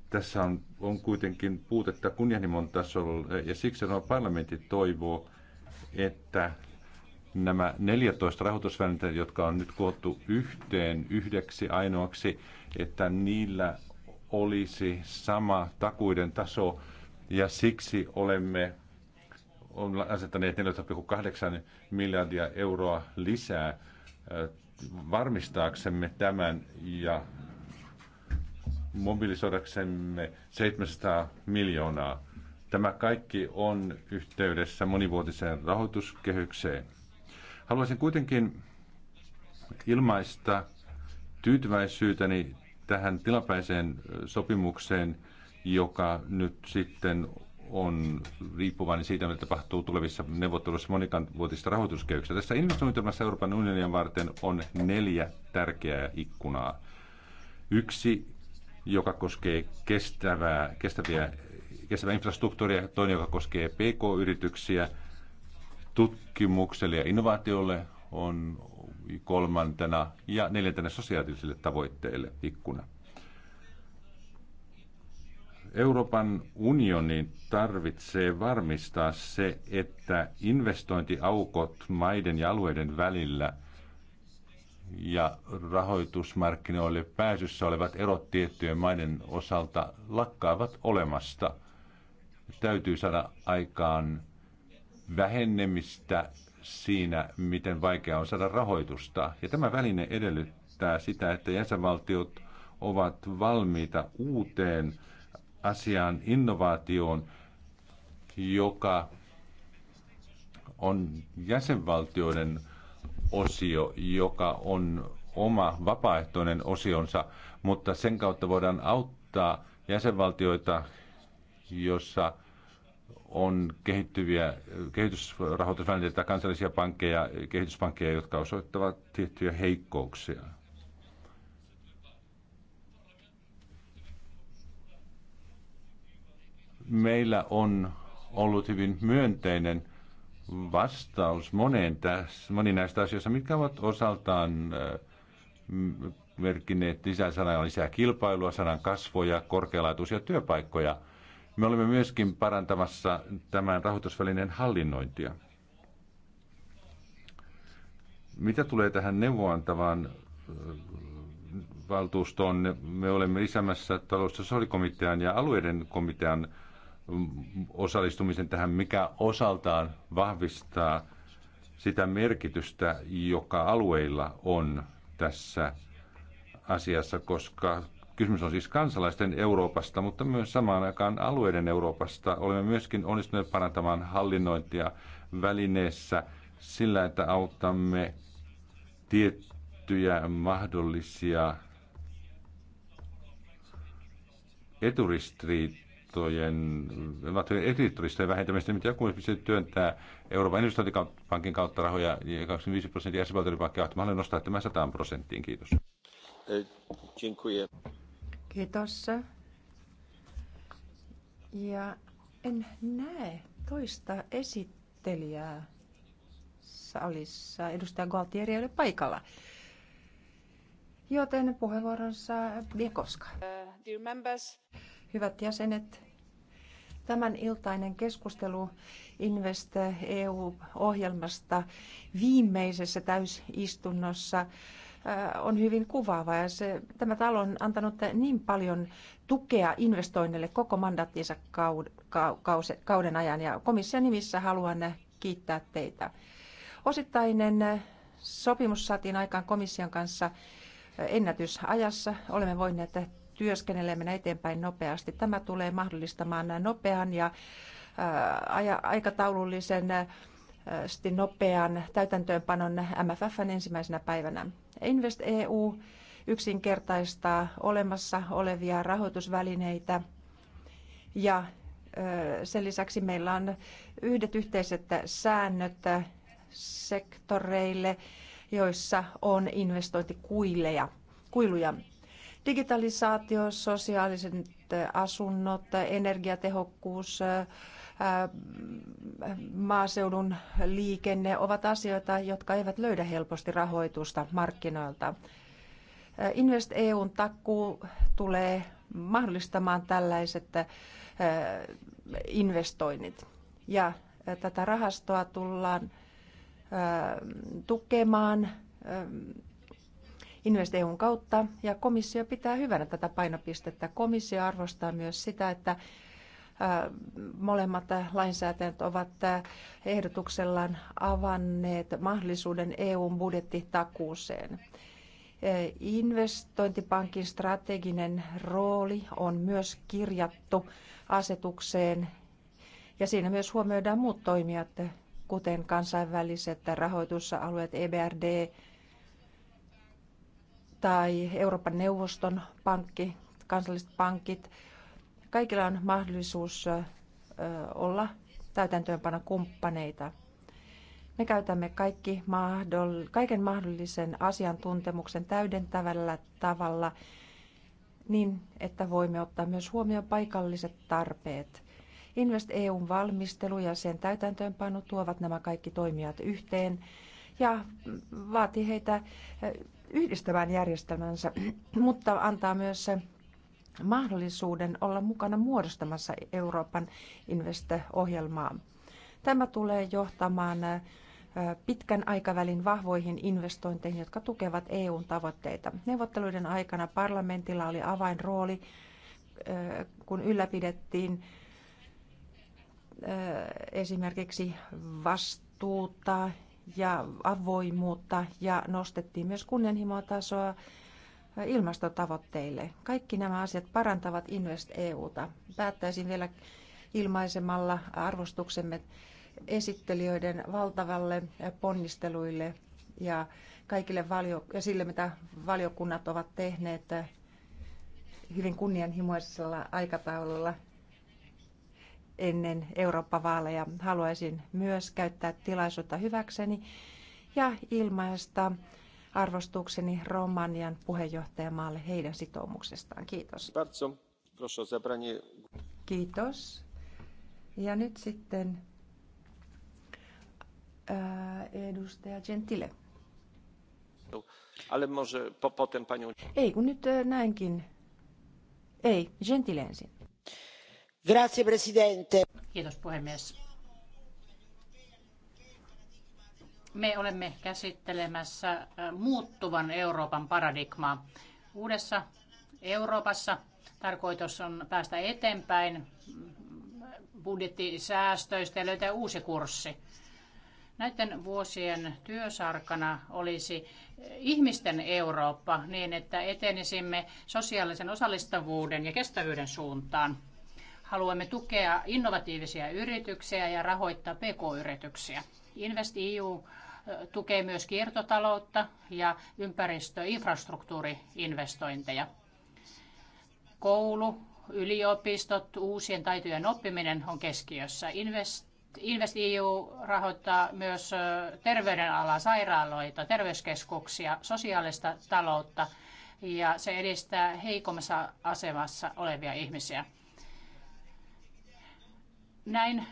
tässä on, on kuitenkin puutetta kunnianhimon tasolla ja siksi parlamentti toivoo, että nämä 14 rahoitusvälinettä, jotka on nyt koottu yhteen yhdeksi ainoaksi, että niillä olisi sama takuiden taso ja siksi olemme on asettaneet 4,8 miljardia euroa lisää äh, varmistaaksemme tämän ja mobilisoidaksemme 700 miljoonaa. Tämä kaikki on yhteydessä monivuotiseen rahoituskehykseen. Haluaisin kuitenkin ilmaista tyytyväisyyteni tähän tilapäiseen sopimukseen, joka nyt sitten on riippuvainen siitä, mitä tapahtuu tulevissa neuvotteluissa monikanvuotista rahoituskeyksistä. Tässä investointimassa Euroopan unionin varten on neljä tärkeää ikkunaa. Yksi, joka koskee kestävää, kestäviä, kestävää infrastruktuuria, toinen, joka koskee pk-yrityksiä – tutkimukselle ja innovaatiolle on kolmantena ja neljäntenä sosiaalisille tavoitteille ikkuna. Euroopan unioni tarvitsee varmistaa se, että investointiaukot maiden ja alueiden välillä ja rahoitusmarkkinoille pääsyssä olevat erot tiettyjen maiden osalta lakkaavat olemasta. Täytyy saada aikaan vähennemistä siinä, miten vaikea on saada rahoitusta. Ja tämä väline edellyttää sitä, että jäsenvaltiot ovat valmiita uuteen asiaan, innovaatioon, joka on jäsenvaltioiden osio, joka on oma vapaaehtoinen osionsa, mutta sen kautta voidaan auttaa jäsenvaltioita, jossa – on kehittyviä kehitysrahoitusvälineitä, kansallisia pankkeja, kehityspankkeja, jotka osoittavat tiettyjä heikkouksia. Meillä on ollut hyvin myönteinen vastaus moneen tässä, moni näistä asioista, mitkä ovat osaltaan äh, merkineet lisää sanaa, lisää kilpailua, sanan kasvoja, korkealaatuisia työpaikkoja – me olemme myöskin parantamassa tämän rahoitusvälineen hallinnointia. Mitä tulee tähän neuvoantavaan äh, valtuustoon, me olemme lisäämässä talous- ja ja alueiden komitean mm, osallistumisen tähän, mikä osaltaan vahvistaa sitä merkitystä, joka alueilla on tässä asiassa, koska Kysymys on siis kansalaisten Euroopasta, mutta myös samaan aikaan alueiden Euroopasta. Olemme myöskin onnistuneet parantamaan hallinnointia välineessä sillä, että autamme tiettyjä mahdollisia eturistiriitojen, eturistiriitojen vähentämistä, mitä joku esimerkiksi työntää Euroopan investointipankin kautta rahoja, ja niin 25 prosenttia jäsenvaltioiden pankkia, mä haluan nostaa tämän 100 prosenttiin. Kiitos. Eh, dziękuję. Kiitos. Ja en näe toista esittelijää salissa. Edustaja Gualtieri ei ole paikalla. Joten puheenvuoronsa koska. Uh, Hyvät jäsenet, tämän iltainen keskustelu Invest EU-ohjelmasta viimeisessä täysistunnossa on hyvin kuvaava ja se, tämä talo on antanut niin paljon tukea investoinnille koko mandaattinsa kauden ajan ja komission nimissä haluan kiittää teitä. Osittainen sopimus saatiin aikaan komission kanssa ennätysajassa. Olemme voineet työskennellä eteenpäin nopeasti. Tämä tulee mahdollistamaan nopean ja aikataulullisen nopean täytäntöönpanon MFFn ensimmäisenä päivänä. Invest EU yksinkertaistaa olemassa olevia rahoitusvälineitä ja sen lisäksi meillä on yhdet yhteiset säännöt sektoreille, joissa on investointikuileja, kuiluja. Digitalisaatio, sosiaaliset asunnot, energiatehokkuus, maaseudun liikenne ovat asioita, jotka eivät löydä helposti rahoitusta markkinoilta. Invest EUn takkuu tulee mahdollistamaan tällaiset investoinnit. Ja tätä rahastoa tullaan tukemaan InvestEUn kautta ja komissio pitää hyvänä tätä painopistettä. Komissio arvostaa myös sitä, että Molemmat lainsäätäjät ovat ehdotuksellaan avanneet mahdollisuuden EUn budjettitakuuseen. Investointipankin strateginen rooli on myös kirjattu asetukseen ja siinä myös huomioidaan muut toimijat, kuten kansainväliset rahoitusalueet EBRD tai Euroopan neuvoston pankki, kansalliset pankit, Kaikilla on mahdollisuus olla kumppaneita. Me käytämme kaikki mahdoll- kaiken mahdollisen asiantuntemuksen täydentävällä tavalla niin, että voimme ottaa myös huomioon paikalliset tarpeet. Invest EUn valmistelu ja sen täytäntöönpano tuovat nämä kaikki toimijat yhteen ja vaatii heitä yhdistämään järjestelmänsä, mutta antaa myös mahdollisuuden olla mukana muodostamassa Euroopan investo-ohjelmaa. Tämä tulee johtamaan pitkän aikavälin vahvoihin investointeihin, jotka tukevat EUn tavoitteita. Neuvotteluiden aikana parlamentilla oli avainrooli, kun ylläpidettiin esimerkiksi vastuuta ja avoimuutta ja nostettiin myös kunnianhimotasoa tasoa ilmastotavoitteille. Kaikki nämä asiat parantavat Invest EUta. Päättäisin vielä ilmaisemalla arvostuksemme esittelijöiden valtavalle ponnisteluille ja kaikille valio- ja sille, mitä valiokunnat ovat tehneet hyvin kunnianhimoisella aikataululla ennen Eurooppa-vaaleja. Haluaisin myös käyttää tilaisuutta hyväkseni ja ilmaista arvostukseni Romanian puheenjohtajamaalle heidän sitoumuksestaan. Kiitos. Kiitos. Ja nyt sitten ää, äh, edustaja Gentile. Ale może po, potem panią... Ei, kun nyt äh, näinkin. Ei, Gentile ensin. Grazie, presidente. Kiitos puhemies me olemme käsittelemässä äh, muuttuvan Euroopan paradigmaa. Uudessa Euroopassa tarkoitus on päästä eteenpäin mm, budjettisäästöistä ja löytää uusi kurssi. Näiden vuosien työsarkana olisi äh, ihmisten Eurooppa niin, että etenisimme sosiaalisen osallistavuuden ja kestävyyden suuntaan. Haluamme tukea innovatiivisia yrityksiä ja rahoittaa pk-yrityksiä. Invest EU tukee myös kiertotaloutta ja ympäristöinfrastruktuuriinvestointeja. Koulu, yliopistot, uusien taitojen oppiminen on keskiössä. Invest InvestEU rahoittaa myös terveydenalaa, sairaaloita, terveyskeskuksia, sosiaalista taloutta ja se edistää heikommassa asemassa olevia ihmisiä. Näin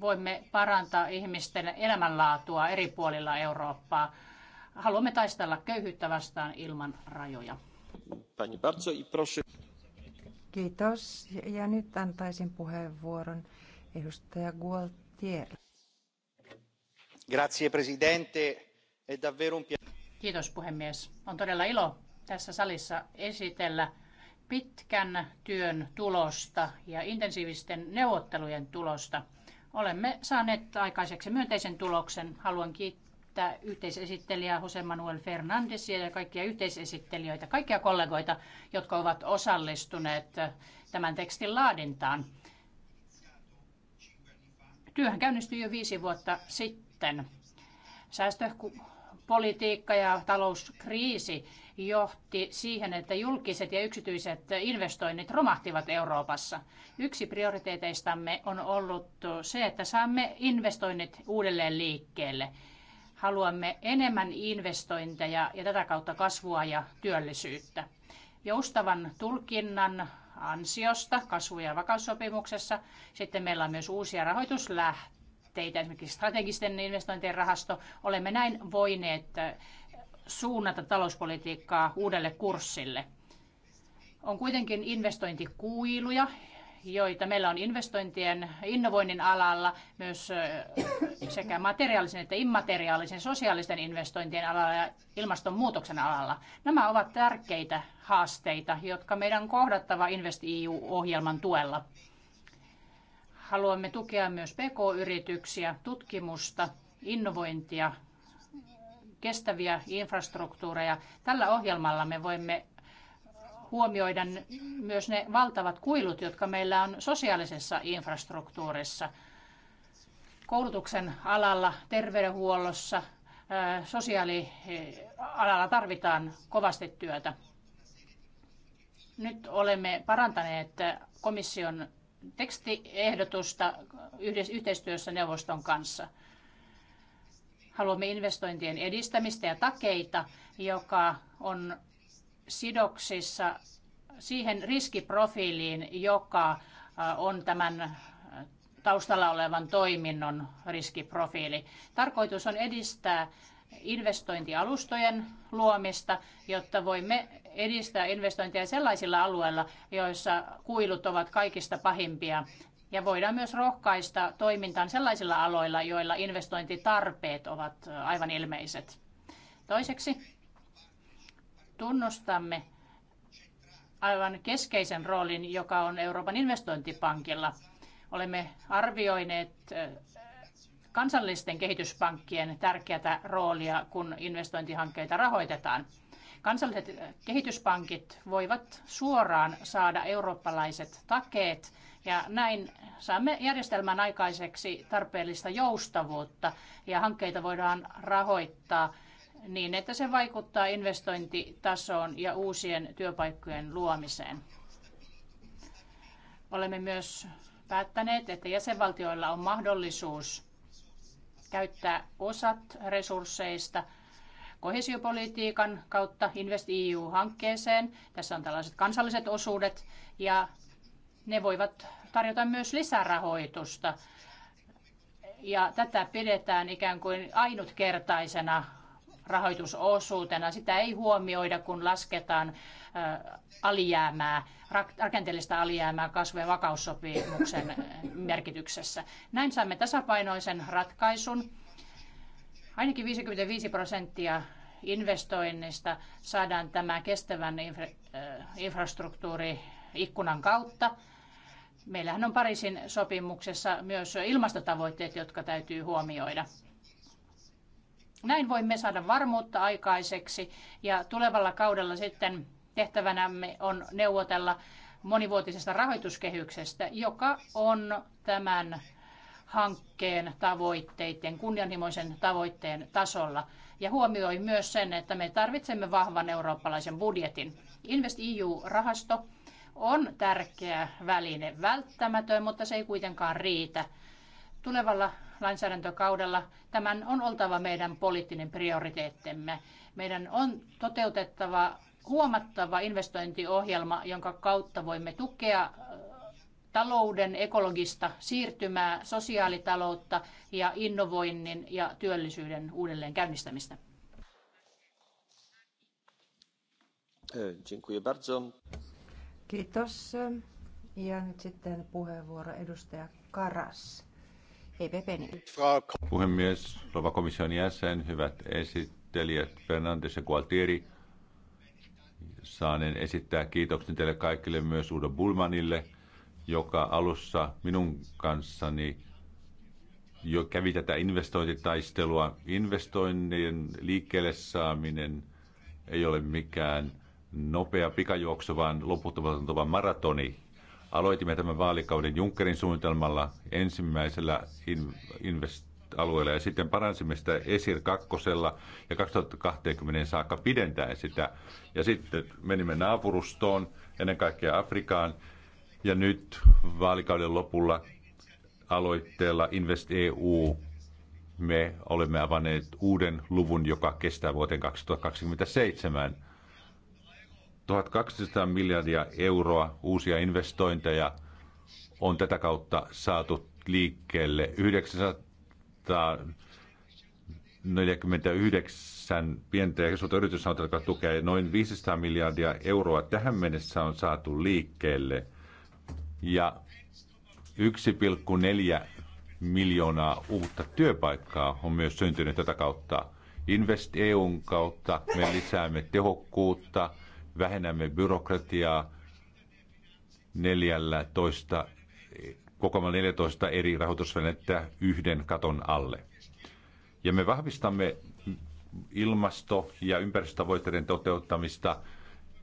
voimme parantaa ihmisten elämänlaatua eri puolilla Eurooppaa. Haluamme taistella köyhyyttä vastaan ilman rajoja. Kiitos. Ja nyt antaisin puheenvuoron edustaja Gualtier. Grazie presidente. È davvero un Kiitos puhemies. On todella ilo tässä salissa esitellä pitkän työn tulosta ja intensiivisten neuvottelujen tulosta – Olemme saaneet aikaiseksi myönteisen tuloksen. Haluan kiittää yhteisesittelijää Jose Manuel Fernandesia ja kaikkia yhteisesittelijöitä, kaikkia kollegoita, jotka ovat osallistuneet tämän tekstin laadintaan. Työhän käynnistyi jo viisi vuotta sitten. Säästö politiikka ja talouskriisi johti siihen, että julkiset ja yksityiset investoinnit romahtivat Euroopassa. Yksi prioriteeteistamme on ollut se, että saamme investoinnit uudelleen liikkeelle. Haluamme enemmän investointeja ja tätä kautta kasvua ja työllisyyttä. Joustavan tulkinnan ansiosta kasvu- ja vakaussopimuksessa. Sitten meillä on myös uusia rahoituslähteitä lähteitä, esimerkiksi strategisten investointien rahasto. Olemme näin voineet äh, suunnata talouspolitiikkaa uudelle kurssille. On kuitenkin investointikuiluja, joita meillä on investointien innovoinnin alalla, myös äh, sekä materiaalisen että immateriaalisen sosiaalisten investointien alalla ja ilmastonmuutoksen alalla. Nämä ovat tärkeitä haasteita, jotka meidän on kohdattava investeu ohjelman tuella. Haluamme tukea myös PK-yrityksiä, tutkimusta, innovointia, kestäviä infrastruktuureja. Tällä ohjelmalla me voimme huomioida myös ne valtavat kuilut, jotka meillä on sosiaalisessa infrastruktuurissa, koulutuksen alalla, terveydenhuollossa, sosiaalialalla tarvitaan kovasti työtä. Nyt olemme parantaneet komission tekstiehdotusta yhteistyössä neuvoston kanssa. Haluamme investointien edistämistä ja takeita, joka on sidoksissa siihen riskiprofiiliin, joka äh, on tämän äh, taustalla olevan toiminnon riskiprofiili. Tarkoitus on edistää investointialustojen luomista, jotta voimme edistää investointeja sellaisilla alueilla, joissa kuilut ovat kaikista pahimpia. Ja voidaan myös rohkaista toimintaan sellaisilla aloilla, joilla investointitarpeet ovat aivan ilmeiset. Toiseksi tunnustamme aivan keskeisen roolin, joka on Euroopan investointipankilla. Olemme arvioineet kansallisten kehityspankkien tärkeätä roolia, kun investointihankkeita rahoitetaan. Kansalliset kehityspankit voivat suoraan saada eurooppalaiset takeet ja näin saamme järjestelmän aikaiseksi tarpeellista joustavuutta ja hankkeita voidaan rahoittaa niin, että se vaikuttaa investointitasoon ja uusien työpaikkojen luomiseen. Olemme myös päättäneet, että jäsenvaltioilla on mahdollisuus käyttää osat resursseista – kohesiopolitiikan kautta Invest EU-hankkeeseen. Tässä on tällaiset kansalliset osuudet ja ne voivat tarjota myös lisärahoitusta. Ja tätä pidetään ikään kuin ainutkertaisena rahoitusosuutena. Sitä ei huomioida, kun lasketaan äh, alijäämää, rakenteellista alijäämää kasvu- ja vakaussopimuksen merkityksessä. Näin saamme tasapainoisen ratkaisun Ainakin 55 prosenttia investoinnista saadaan tämä kestävän infra, äh, infrastruktuuri ikkunan kautta. Meillähän on Pariisin sopimuksessa myös ilmastotavoitteet, jotka täytyy huomioida. Näin voimme saada varmuutta aikaiseksi ja tulevalla kaudella sitten tehtävänämme on neuvotella monivuotisesta rahoituskehyksestä, joka on tämän hankkeen tavoitteiden, kunnianhimoisen tavoitteen tasolla ja huomioi myös sen, että me tarvitsemme vahvan eurooppalaisen budjetin. Invest EU-rahasto on tärkeä väline, välttämätön, mutta se ei kuitenkaan riitä. Tulevalla lainsäädäntökaudella tämän on oltava meidän poliittinen prioriteettemme. Meidän on toteutettava huomattava investointiohjelma, jonka kautta voimme tukea talouden ekologista siirtymää, sosiaalitaloutta ja innovoinnin ja työllisyyden uudelleen käynnistämistä. E, Kiitos. Ja nyt sitten puheenvuoro edustaja Karas. EPPni. Puhemies, Rova komission jäsen, hyvät esittelijät Fernandes ja Gualtieri. Saanen esittää kiitoksen teille kaikille myös Udo Bulmanille – joka alussa minun kanssani jo kävi tätä investointitaistelua. Investoinnin liikkeelle saaminen ei ole mikään nopea pikajuoksu, vaan loputtomaton maratoni. Aloitimme tämän vaalikauden Junckerin suunnitelmalla ensimmäisellä invest- alueella ja sitten paransimme sitä ESIR 2 ja 2020 saakka pidentäen sitä. Ja sitten menimme naapurustoon, ennen kaikkea Afrikaan ja nyt vaalikauden lopulla aloitteella Invest EU me olemme avanneet uuden luvun, joka kestää vuoteen 2027. 1200 miljardia euroa uusia investointeja on tätä kautta saatu liikkeelle. 949 pientä ja suurta yritystä, jotka tukee noin 500 miljardia euroa tähän mennessä on saatu liikkeelle – ja 1,4 miljoonaa uutta työpaikkaa on myös syntynyt tätä kautta. Invest EUn kautta me lisäämme tehokkuutta, vähennämme byrokratiaa 14, koko 14 eri rahoitusvälinettä yhden katon alle. Ja me vahvistamme ilmasto- ja ympäristötavoitteiden toteuttamista –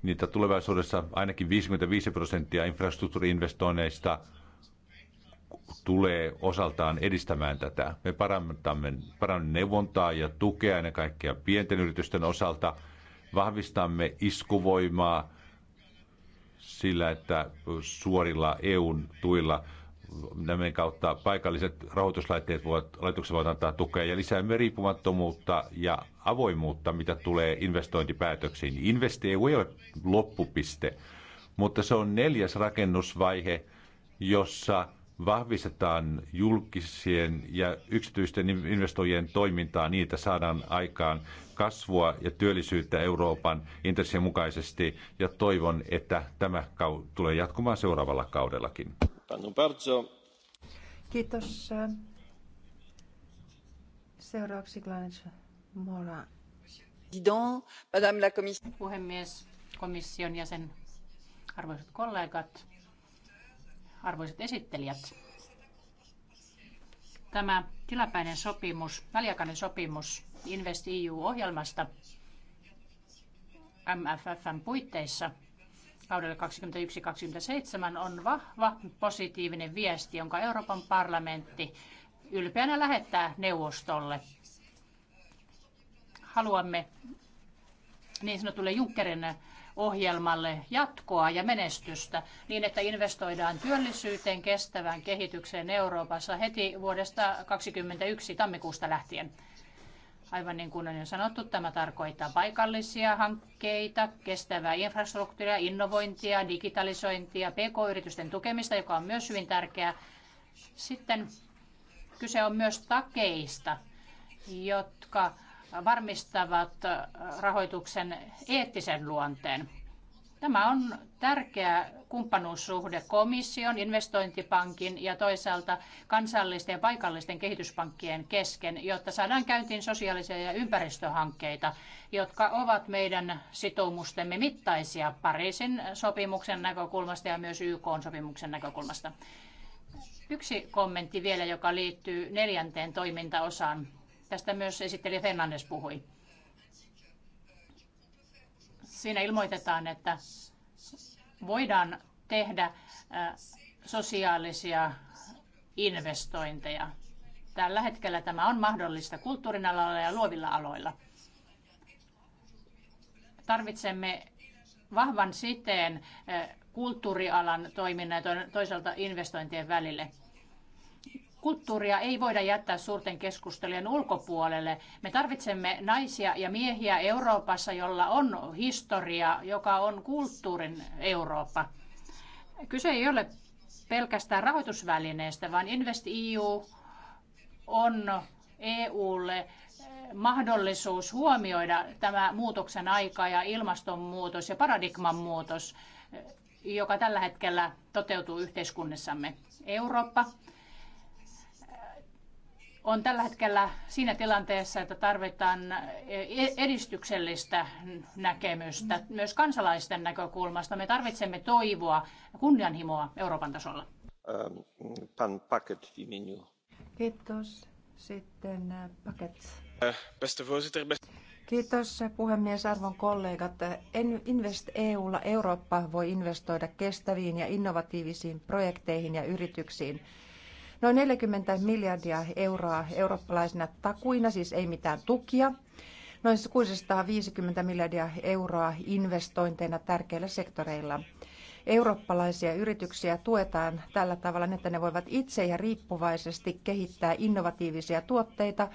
niitä tulevaisuudessa ainakin 55 prosenttia infrastruktuuriinvestoinneista tulee osaltaan edistämään tätä. Me parannamme, parannamme neuvontaa ja tukea ennen kaikkea pienten yritysten osalta. Vahvistamme iskuvoimaa sillä, että suorilla EUn tuilla – nämä kautta paikalliset rahoituslaitteet voivat, laitokset voivat antaa tukea ja lisäämme riippumattomuutta ja avoimuutta, mitä tulee investointipäätöksiin. Investi ei ole loppupiste, mutta se on neljäs rakennusvaihe, jossa vahvistetaan julkisien ja yksityisten investoijien toimintaa niin, että saadaan aikaan kasvua ja työllisyyttä Euroopan intressien mukaisesti ja toivon, että tämä tulee jatkumaan seuraavalla kaudellakin arvoisa Madame la Puhemies, komission jäsen, arvoisat kollegat, arvoisat esittelijät. Tämä tilapäinen sopimus, väliaikainen sopimus investeu ohjelmasta mff n puitteissa kaudelle 2021-2027 on vahva positiivinen viesti, jonka Euroopan parlamentti ylpeänä lähettää neuvostolle. Haluamme niin sanotulle Junckerin ohjelmalle jatkoa ja menestystä niin, että investoidaan työllisyyteen, kestävään kehitykseen Euroopassa heti vuodesta 2021 tammikuusta lähtien. Aivan niin kuin on jo sanottu, tämä tarkoittaa paikallisia hankkeita, kestävää infrastruktuuria, innovointia, digitalisointia, pk-yritysten tukemista, joka on myös hyvin tärkeää. Sitten kyse on myös takeista, jotka varmistavat rahoituksen eettisen luonteen. Tämä on tärkeä kumppanuussuhde komission, investointipankin ja toisaalta kansallisten ja paikallisten kehityspankkien kesken, jotta saadaan käyntiin sosiaalisia ja ympäristöhankkeita, jotka ovat meidän sitoumustemme mittaisia Pariisin sopimuksen näkökulmasta ja myös YK sopimuksen näkökulmasta. Yksi kommentti vielä, joka liittyy neljänteen toimintaosaan. Tästä myös esittelijä Fernandes puhui. Siinä ilmoitetaan, että voidaan tehdä sosiaalisia investointeja. Tällä hetkellä tämä on mahdollista kulttuurin alalla ja luovilla aloilla. Tarvitsemme vahvan siteen kulttuurialan toiminnan ja toisaalta investointien välille. Kulttuuria ei voida jättää suurten keskustelujen ulkopuolelle. Me tarvitsemme naisia ja miehiä Euroopassa, jolla on historia, joka on kulttuurin Eurooppa. Kyse ei ole pelkästään rahoitusvälineestä, vaan Invest EU on EUlle eh, mahdollisuus huomioida tämä muutoksen aika ja ilmastonmuutos ja paradigman muutos, eh, joka tällä hetkellä toteutuu yhteiskunnassamme, Eurooppa on tällä hetkellä siinä tilanteessa, että tarvitaan e-, edistyksellistä näkemystä myös kansalaisten näkökulmasta. Me tarvitsemme toivoa ja kunnianhimoa Euroopan tasolla. Ähm, pan Paket imieniu. Kiitos. Sitten äh, Paket. Äh, Kiitos puhemies, arvon kollegat. Invest EUlla Eurooppa voi investoida kestäviin ja innovatiivisiin projekteihin ja yrityksiin – noin 40 miljardia euroa eurooppalaisina takuina, siis ei mitään tukia, noin 650 miljardia euroa investointeina tärkeillä sektoreilla. Eurooppalaisia yrityksiä tuetaan tällä tavalla, niin, että ne voivat itse ja riippuvaisesti kehittää innovatiivisia tuotteita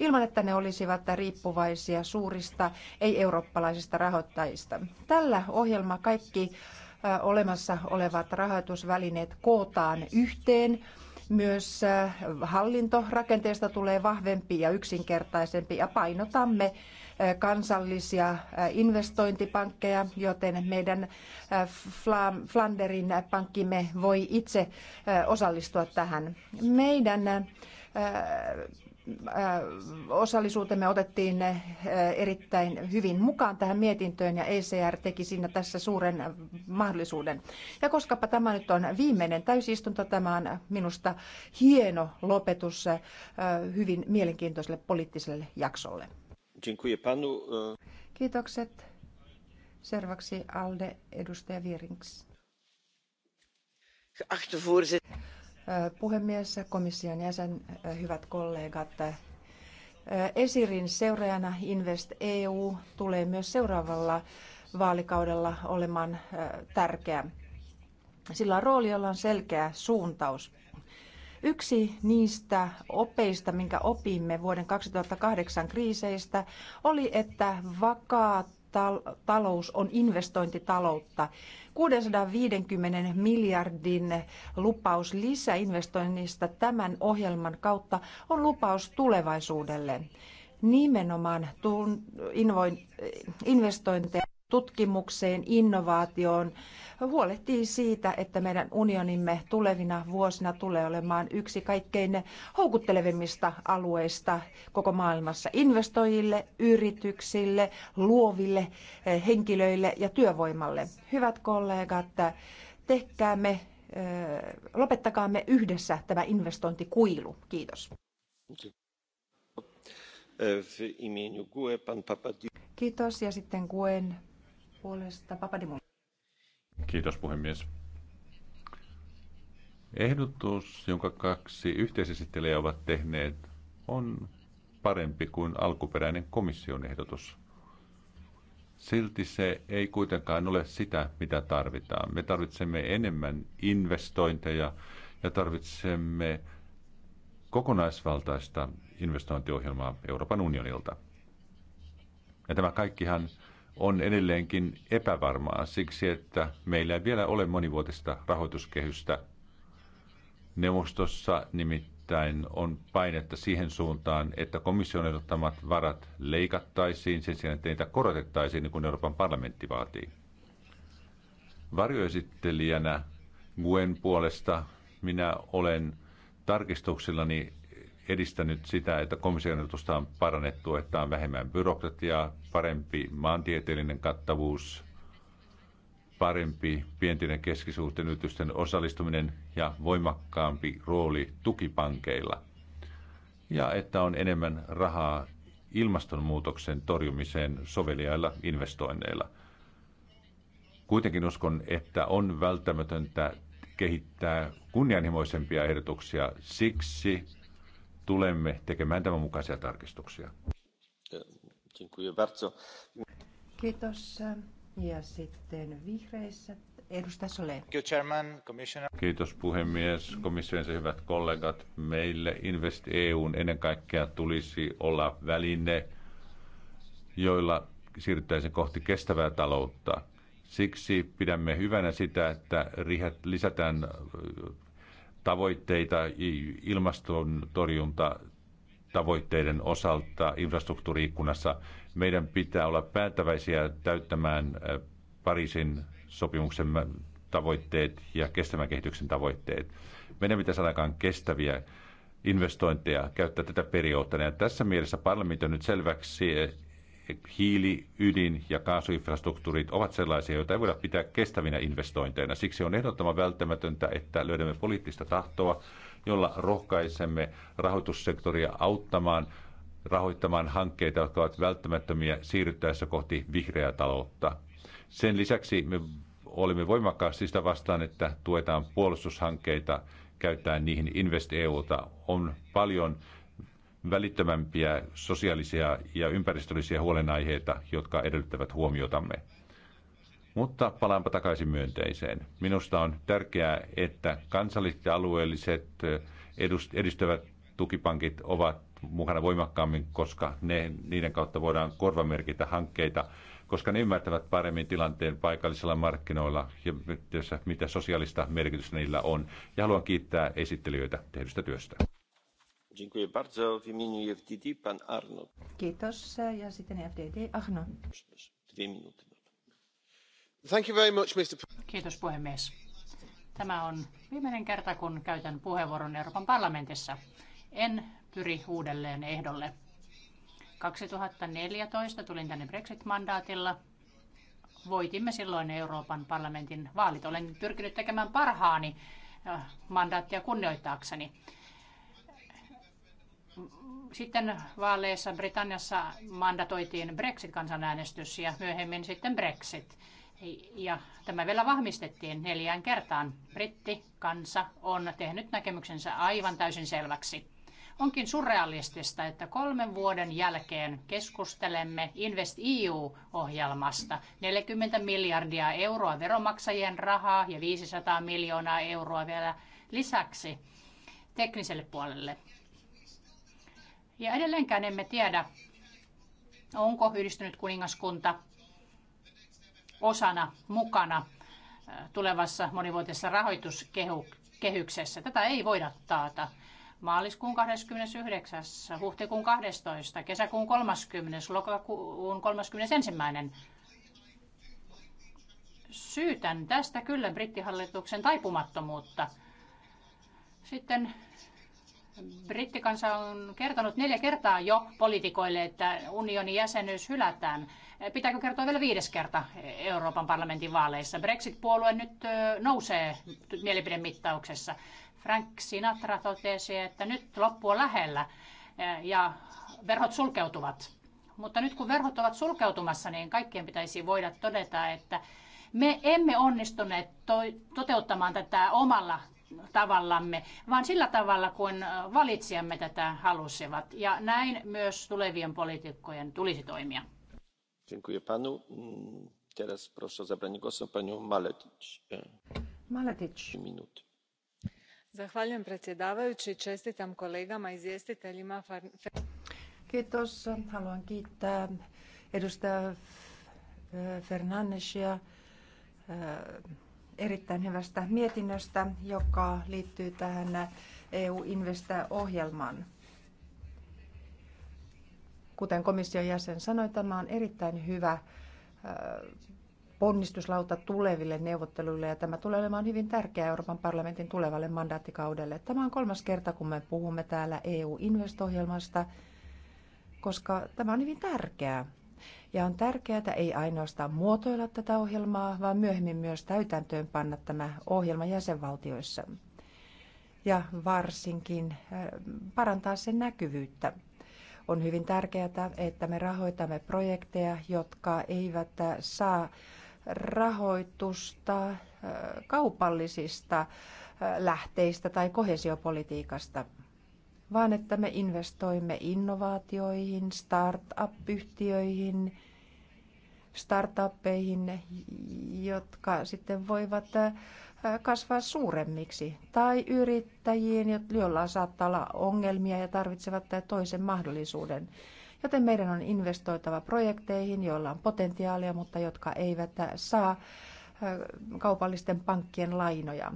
ilman, että ne olisivat riippuvaisia suurista ei-eurooppalaisista rahoittajista. Tällä ohjelma kaikki olemassa olevat rahoitusvälineet kootaan yhteen myös äh, hallintorakenteesta tulee vahvempi ja yksinkertaisempi ja painotamme äh, kansallisia äh, investointipankkeja, joten meidän Flanderin pankkimme voi itse osallistua tähän. Meidän Äh, osallisuutemme otettiin äh, erittäin hyvin mukaan tähän mietintöön ja ECR teki siinä tässä suuren mahdollisuuden. Ja koskapa tämä nyt on viimeinen täysistunto, tämä on minusta hieno lopetus äh, hyvin mielenkiintoiselle poliittiselle jaksolle. Kiitokset. Seuraavaksi Alde, edustaja Virings. Geachte voorzitter puhemies, komission jäsen, hyvät kollegat. Esirin seuraajana Invest EU tulee myös seuraavalla vaalikaudella olemaan tärkeä. Sillä on rooli, jolla on selkeä suuntaus. Yksi niistä opeista, minkä opimme vuoden 2008 kriiseistä, oli, että vakaat talous on investointitaloutta. 650 miljardin lupaus lisäinvestoinnista tämän ohjelman kautta on lupaus tulevaisuudelle. Nimenomaan investointeja tutkimukseen, innovaatioon, huolehtii siitä, että meidän unionimme tulevina vuosina tulee olemaan yksi kaikkein houkuttelevimmista alueista koko maailmassa investoijille, yrityksille, luoville eh, henkilöille ja työvoimalle. Hyvät kollegat, tehkäämme, eh, lopettakaamme yhdessä tämä investointikuilu. Kiitos. Eh, Kiitos ja sitten Kuen puolesta Papadimu. Kiitos puhemies. Ehdotus, jonka kaksi yhteisesittelijää ovat tehneet, on parempi kuin alkuperäinen komission ehdotus. Silti se ei kuitenkaan ole sitä, mitä tarvitaan. Me tarvitsemme enemmän investointeja ja tarvitsemme kokonaisvaltaista investointiohjelmaa Euroopan unionilta. Ja tämä kaikkihan on edelleenkin epävarmaa siksi, että meillä ei vielä ole monivuotista rahoituskehystä. Neuvostossa nimittäin on painetta siihen suuntaan, että komission ehdottamat varat leikattaisiin sen sijaan, että niitä korotettaisiin, niin kuin Euroopan parlamentti vaatii. Varjoesittelijänä Guen puolesta minä olen tarkistuksillani edistänyt sitä, että komission on parannettu, että on vähemmän byrokratiaa, parempi maantieteellinen kattavuus, parempi pienten ja keskisuurten yritysten osallistuminen ja voimakkaampi rooli tukipankeilla. Ja että on enemmän rahaa ilmastonmuutoksen torjumiseen soveliailla investoinneilla. Kuitenkin uskon, että on välttämätöntä kehittää kunnianhimoisempia ehdotuksia. Siksi tulemme tekemään tämän mukaisia tarkistuksia. Kiitos. Ja sitten vihreissä edustaja Soleen. Kiitos puhemies, komission hyvät kollegat. Meille Invest EUn ennen kaikkea tulisi olla väline, joilla siirryttäisiin kohti kestävää taloutta. Siksi pidämme hyvänä sitä, että lisätään tavoitteita ilmaston torjunta tavoitteiden osalta infrastruktuuriikkunassa. Meidän pitää olla päättäväisiä täyttämään Pariisin sopimuksen tavoitteet ja kestävän kehityksen tavoitteet. Meidän pitäisi saada kestäviä investointeja käyttää tätä periaatteena. Ja tässä mielessä parlamentti on nyt selväksi hiili, ydin ja kaasuinfrastruktuurit ovat sellaisia, joita ei voida pitää kestävinä investointeina. Siksi on ehdottoman välttämätöntä, että löydämme poliittista tahtoa, jolla rohkaisemme rahoitussektoria auttamaan rahoittamaan hankkeita, jotka ovat välttämättömiä siirryttäessä kohti vihreää taloutta. Sen lisäksi me olimme voimakkaasti sitä vastaan, että tuetaan puolustushankkeita, käyttää niihin Invest EUta. On paljon välittömämpiä sosiaalisia ja ympäristöllisiä huolenaiheita, jotka edellyttävät huomiotamme. Mutta palaanpa takaisin myönteiseen. Minusta on tärkeää, että kansalliset ja alueelliset edistävät tukipankit ovat mukana voimakkaammin, koska ne, niiden kautta voidaan korvamerkitä hankkeita, koska ne ymmärtävät paremmin tilanteen paikallisilla markkinoilla ja mitä sosiaalista merkitystä niillä on. Ja haluan kiittää esittelijöitä tehdystä työstä. Kiitos. Ja sitten FDD Ahno. Thank you very much, Mr. Kiitos puhemies. Tämä on viimeinen kerta, kun käytän puheenvuoron Euroopan parlamentissa. En pyri uudelleen ehdolle. 2014 tulin tänne Brexit-mandaatilla. Voitimme silloin Euroopan parlamentin vaalit. Olen pyrkinyt tekemään parhaani äh, mandaattia kunnioittaakseni. Sitten vaaleissa Britanniassa mandatoitiin Brexit-kansanäänestys ja myöhemmin sitten Brexit. Ja tämä vielä vahvistettiin neljään kertaan. Britti kansa on tehnyt näkemyksensä aivan täysin selväksi. Onkin surrealistista, että kolmen vuoden jälkeen keskustelemme Invest EU-ohjelmasta. 40 miljardia euroa veromaksajien rahaa ja 500 miljoonaa euroa vielä lisäksi tekniselle puolelle. Ja edelleenkään emme tiedä, onko yhdistynyt kuningaskunta osana mukana tulevassa monivuotisessa rahoituskehyksessä. Tätä ei voida taata. Maaliskuun 29. huhtikuun 12. kesäkuun 30. lokakuun 31. Syytän tästä kyllä brittihallituksen taipumattomuutta. Sitten Brittikansa on kertonut neljä kertaa jo poliitikoille, että unionin jäsenyys hylätään. Pitääkö kertoa vielä viides kerta Euroopan parlamentin vaaleissa? Brexit-puolue nyt nousee mielipidemittauksessa. Frank Sinatra totesi, että nyt loppu on lähellä ja verhot sulkeutuvat. Mutta nyt kun verhot ovat sulkeutumassa, niin kaikkien pitäisi voida todeta, että me emme onnistuneet toteuttamaan tätä omalla tavallamme, vaan sillä tavalla, kun valitsijamme tätä halusivat. Ja näin myös tulevien poliitikkojen tulisi toimia. Dziękuję panu. Mm, teraz proszę o zabranie głosu panią Maletic. E, Maletic. Zahvaljujem predsjedavajući. Čestitam kolegama izvjestiteljima. Kiitos. Haluan kiittää edustaja Fernandesia e, erittäin hyvästä mietinnöstä, joka liittyy tähän EU investä ohjelmaan Kuten komission jäsen sanoi, tämä on erittäin hyvä ponnistuslauta tuleville neuvotteluille ja tämä tulee olemaan hyvin tärkeä Euroopan parlamentin tulevalle mandaattikaudelle. Tämä on kolmas kerta, kun me puhumme täällä EU-investohjelmasta, koska tämä on hyvin tärkeää. Ja on tärkeää ei ainoastaan muotoilla tätä ohjelmaa, vaan myöhemmin myös täytäntöön panna tämä ohjelma jäsenvaltioissa. Ja varsinkin eh, parantaa sen näkyvyyttä. On hyvin tärkeää, että me rahoitamme projekteja, jotka eivät eh, saa rahoitusta eh, kaupallisista lähteistä tai kohesiopolitiikasta – vaan että me investoimme innovaatioihin, startup-yhtiöihin, startuppeihin, jotka sitten voivat äh, kasvaa suuremmiksi, tai yrittäjiin, joilla saattaa olla ongelmia ja tarvitsevat äh, toisen mahdollisuuden. Joten meidän on investoitava projekteihin, joilla on potentiaalia, mutta jotka eivät äh, saa kaupallisten pankkien lainoja.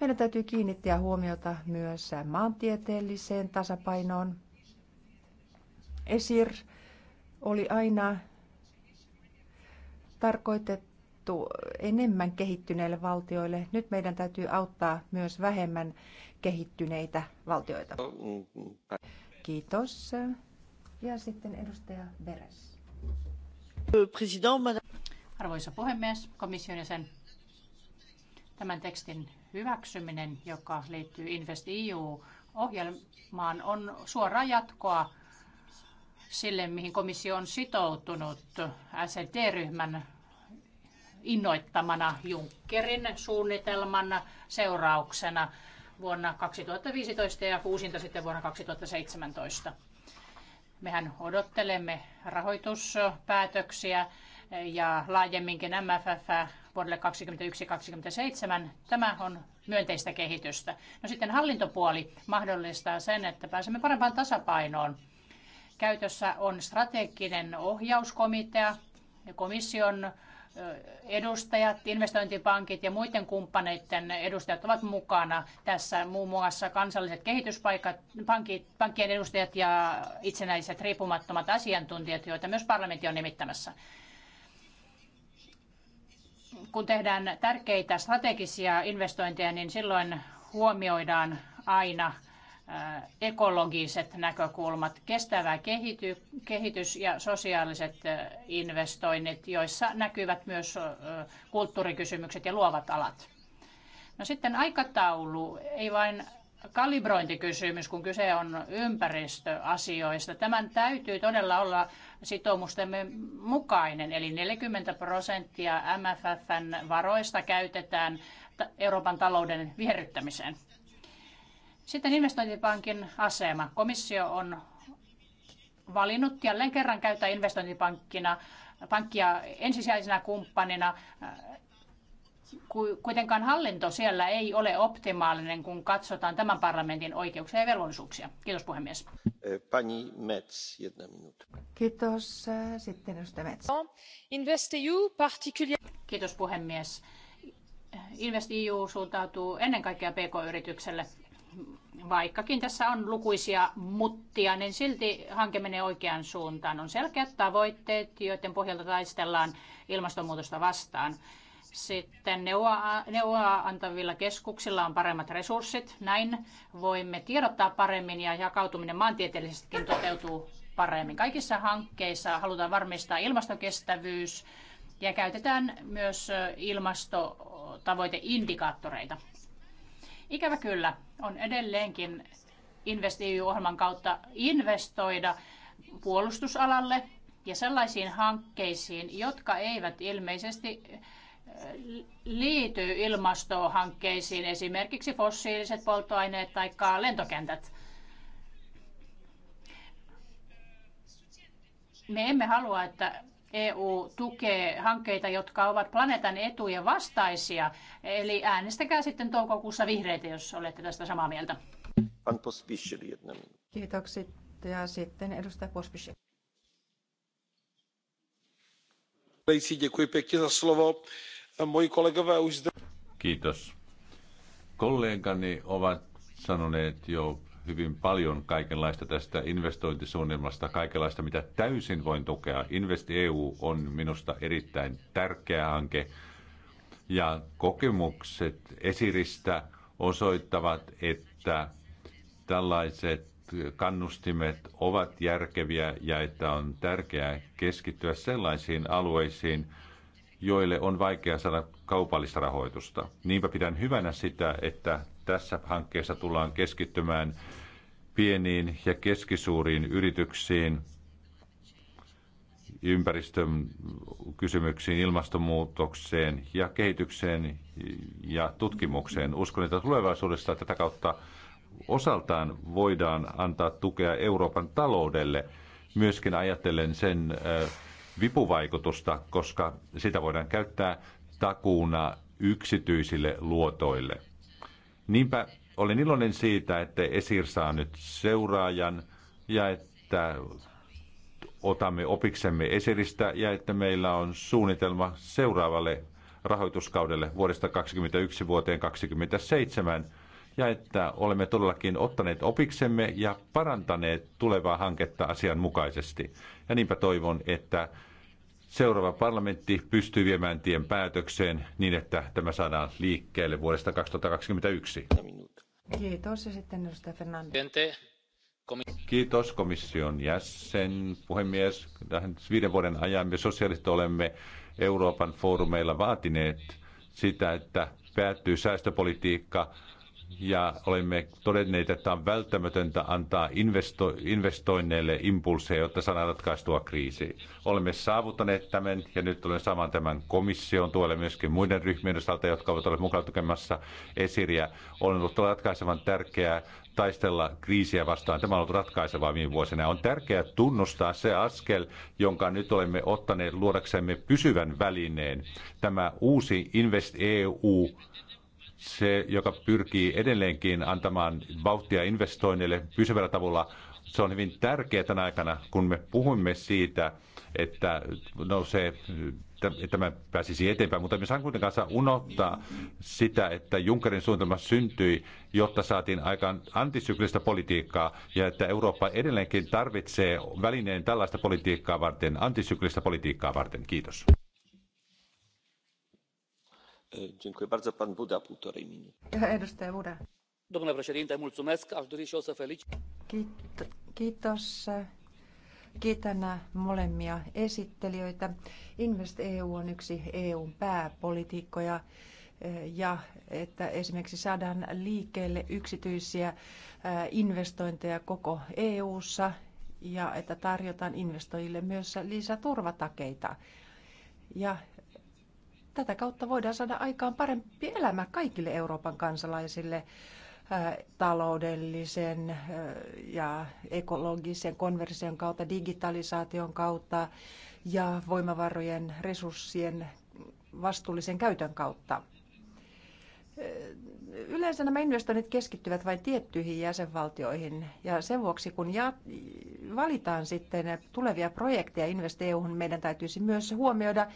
Meidän täytyy kiinnittää huomiota myös maantieteelliseen tasapainoon. Esir oli aina tarkoitettu enemmän kehittyneille valtioille. Nyt meidän täytyy auttaa myös vähemmän kehittyneitä valtioita. Kiitos. Ja sitten edustaja Beres. Arvoisa puhemies, komission jäsen. Tämän tekstin hyväksyminen, joka liittyy investeu ohjelmaan on suoraa jatkoa sille, mihin komissio on sitoutunut SLT-ryhmän innoittamana Junckerin suunnitelman seurauksena vuonna 2015 ja uusinta sitten vuonna 2017. Mehän odottelemme rahoituspäätöksiä ja laajemminkin MFF vuodelle 2021-2027. Tämä on myönteistä kehitystä. No sitten hallintopuoli mahdollistaa sen, että pääsemme parempaan tasapainoon. Käytössä on strateginen ohjauskomitea, komission edustajat, investointipankit ja muiden kumppaneiden edustajat ovat mukana. Tässä muun muassa kansalliset kehityspaikat, pankit, pankkien edustajat ja itsenäiset riippumattomat asiantuntijat, joita myös parlamentti on nimittämässä kun tehdään tärkeitä strategisia investointeja, niin silloin huomioidaan aina ekologiset näkökulmat, kestävä kehity, kehitys ja sosiaaliset investoinnit, joissa näkyvät myös kulttuurikysymykset ja luovat alat. No sitten aikataulu, ei vain kalibrointikysymys, kun kyse on ympäristöasioista. Tämän täytyy todella olla sitoumustemme mukainen, eli 40 prosenttia MFFn varoista käytetään Euroopan talouden viherryttämiseen. Sitten investointipankin asema. Komissio on valinnut jälleen kerran käyttää investointipankkina pankkia ensisijaisena kumppanina Kuitenkaan hallinto siellä ei ole optimaalinen, kun katsotaan tämän parlamentin oikeuksia ja velvollisuuksia. Kiitos puhemies. E, pani Metz, jedna minuutta. Kiitos. E, sitten edustaja Metz. InvestEU particulier... Kiitos puhemies. InvestEU suuntautuu ennen kaikkea PK-yritykselle. Vaikkakin tässä on lukuisia muttia, niin silti hanke menee oikeaan suuntaan. On selkeät tavoitteet, joiden pohjalta taistellaan ilmastonmuutosta vastaan. Sitten neuvoa, antavilla keskuksilla on paremmat resurssit. Näin voimme tiedottaa paremmin ja jakautuminen maantieteellisestikin toteutuu paremmin. Kaikissa hankkeissa halutaan varmistaa ilmastokestävyys ja käytetään myös ilmastotavoiteindikaattoreita. Ikävä kyllä on edelleenkin InvestEU-ohjelman kautta investoida puolustusalalle ja sellaisiin hankkeisiin, jotka eivät ilmeisesti liity ilmastohankkeisiin, esimerkiksi fossiiliset polttoaineet tai lentokentät. Me emme halua, että EU tukee hankkeita, jotka ovat planeetan etujen vastaisia. Eli äänestäkää sitten toukokuussa vihreitä, jos olette tästä samaa mieltä. Kiitokset. Ja sitten edustaja Pospisil. Děkuji pěkně slovo Moi kollegové už zde... Kiitos. Kollegani ovat sanoneet jo hyvin paljon kaikenlaista tästä investointisuunnitelmasta, kaikenlaista, mitä täysin voin tukea. Invest EU on minusta erittäin tärkeä hanke. Ja kokemukset esiristä osoittavat, että tällaiset kannustimet ovat järkeviä ja että on tärkeää keskittyä sellaisiin alueisiin, joille on vaikea saada kaupallista rahoitusta. Niinpä pidän hyvänä sitä, että tässä hankkeessa tullaan keskittymään pieniin ja keskisuuriin yrityksiin, ympäristön kysymyksiin, ilmastonmuutokseen ja kehitykseen ja tutkimukseen. Uskon, että tulevaisuudessa tätä kautta osaltaan voidaan antaa tukea Euroopan taloudelle, myöskin ajatellen sen äh, vipuvaikutusta, koska sitä voidaan käyttää takuuna yksityisille luotoille. Niinpä olen iloinen siitä, että Esir saa nyt seuraajan ja että otamme opiksemme Esiristä ja että meillä on suunnitelma seuraavalle rahoituskaudelle vuodesta 2021 vuoteen 2027 ja että olemme todellakin ottaneet opiksemme ja parantaneet tulevaa hanketta asianmukaisesti. Ja niinpä toivon, että seuraava parlamentti pystyy viemään tien päätökseen niin, että tämä saadaan liikkeelle vuodesta 2021. Kiitos ja sitten edustaja Fernandes. Kiitos komission jäsen, puhemies. Tähän viiden vuoden ajan me sosiaaliset olemme Euroopan foorumeilla vaatineet sitä, että päättyy säästöpolitiikka ja olemme todenneet, että on välttämätöntä antaa investo- investoinneille impulseja, jotta saadaan ratkaistua kriisi. Olemme saavuttaneet tämän ja nyt olen saman tämän komission tuolle myöskin muiden ryhmien osalta, jotka ovat olleet mukana tukemassa esiriä. On ollut ratkaisevan tärkeää taistella kriisiä vastaan. Tämä on ollut ratkaisevaa viime vuosina. On tärkeää tunnustaa se askel, jonka nyt olemme ottaneet luodaksemme pysyvän välineen. Tämä uusi Invest EU se, joka pyrkii edelleenkin antamaan vauhtia investoinneille pysyvällä tavalla, se on hyvin tärkeää tänä aikana, kun me puhumme siitä, että nousee että mä pääsisi eteenpäin, mutta me saan kuitenkaan saa unohtaa sitä, että Junckerin suunnitelma syntyi, jotta saatiin aikaan antisyklistä politiikkaa ja että Eurooppa edelleenkin tarvitsee välineen tällaista politiikkaa varten, antisyklistä politiikkaa varten. Kiitos. E, domnule președinte aș dori și eu să felicit. kiitos. Kiitän molemmia esittelijöitä. Invest EU on yksi EUn pääpolitiikkoja e, ja että esimerkiksi saadaan liikkeelle yksityisiä e, investointeja koko EU:ssa ja että tarjotaan investoijille myös lisäturvatakeita. Ja Tätä kautta voidaan saada aikaan parempi elämä kaikille Euroopan kansalaisille taloudellisen ja ekologisen konversion kautta, digitalisaation kautta ja voimavarojen, resurssien vastuullisen käytön kautta. Yleensä nämä investoinnit keskittyvät vain tiettyihin jäsenvaltioihin ja sen vuoksi kun valitaan sitten tulevia projekteja Invest meidän täytyisi myös huomioida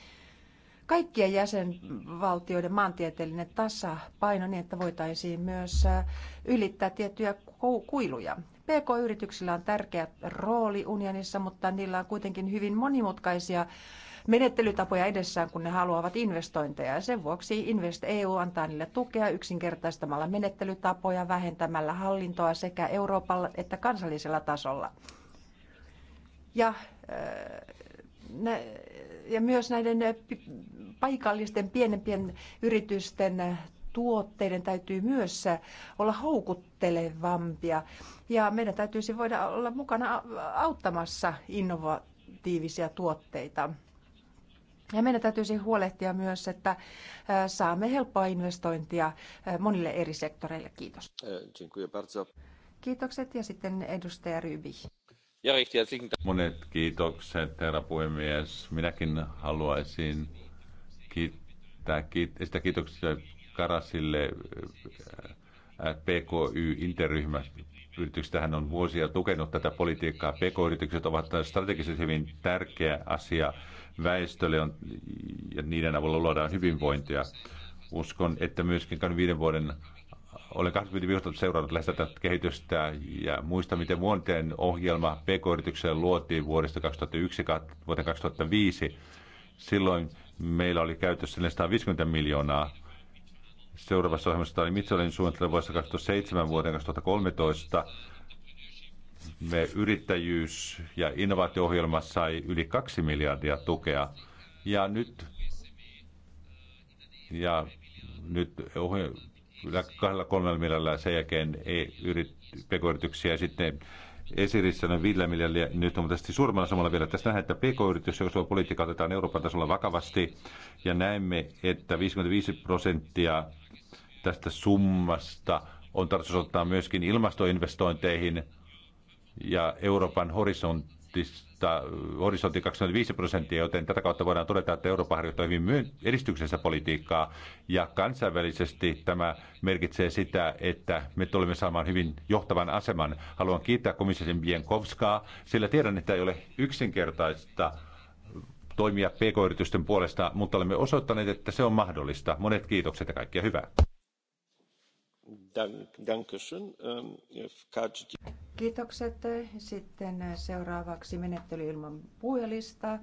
kaikkien jäsenvaltioiden maantieteellinen tasapaino niin, että voitaisiin myös äh, ylittää tiettyjä kuiluja. PK-yrityksillä on tärkeä rooli unionissa, mutta niillä on kuitenkin hyvin monimutkaisia menettelytapoja edessään, kun ne haluavat investointeja. Ja sen vuoksi Invest EU antaa niille tukea yksinkertaistamalla menettelytapoja, vähentämällä hallintoa sekä Euroopalla että kansallisella tasolla. Ja, äh, ja myös näiden paikallisten pienempien yritysten tuotteiden täytyy myös olla houkuttelevampia ja meidän täytyisi voida olla mukana auttamassa innovatiivisia tuotteita. Ja meidän täytyisi huolehtia myös, että saamme helppoa investointia monille eri sektoreille. Kiitos. Kiitokset ja sitten edustaja Ryby. Monet kiitokset, herra puhemies. Minäkin haluaisin kiittää, kiittää sitä kiitoksia Karasille äh, äh, PKY Interryhmä yrityksistä hän on vuosia tukenut tätä politiikkaa. PK-yritykset ovat strategisesti hyvin tärkeä asia väestölle on, ja niiden avulla luodaan hyvinvointia. Uskon, että myöskin viiden vuoden olen 25 vuotta seurannut lähes tätä kehitystä ja muista, miten vuoteen ohjelma PK-yritykselle luotiin vuodesta 2001 vuoteen 2005. Silloin meillä oli käytössä 450 miljoonaa. Seuraavassa ohjelmassa oli Mitchellin suunnittelu vuodesta 2007 vuoteen 2013. Me yrittäjyys- ja innovaatio sai yli 2 miljardia tukea. Ja nyt, ja nyt kahdella kolmella miljardilla sen jälkeen ei yrit, pk-yrityksiä sitten esirissä noin viidellä miljardia, nyt on tästä suurimmalla samalla vielä. Tässä nähdään, että PK-yritys, joka politiikka otetaan Euroopan tasolla vakavasti, ja näemme, että 55 prosenttia tästä summasta on tarkoitus ottaa myöskin ilmastoinvestointeihin ja Euroopan horisontti prosentista, horisontti 25 prosenttia, joten tätä kautta voidaan todeta, että Eurooppa harjoittaa hyvin edistyksensä politiikkaa. Ja kansainvälisesti tämä merkitsee sitä, että me tulemme saamaan hyvin johtavan aseman. Haluan kiittää komissaari Bienkovskaa, sillä tiedän, että ei ole yksinkertaista toimia pk-yritysten puolesta, mutta olemme osoittaneet, että se on mahdollista. Monet kiitokset ja kaikkia hyvää. Ähm, Kiitokset. Sitten seuraavaksi menettely ilman puhujalistaa.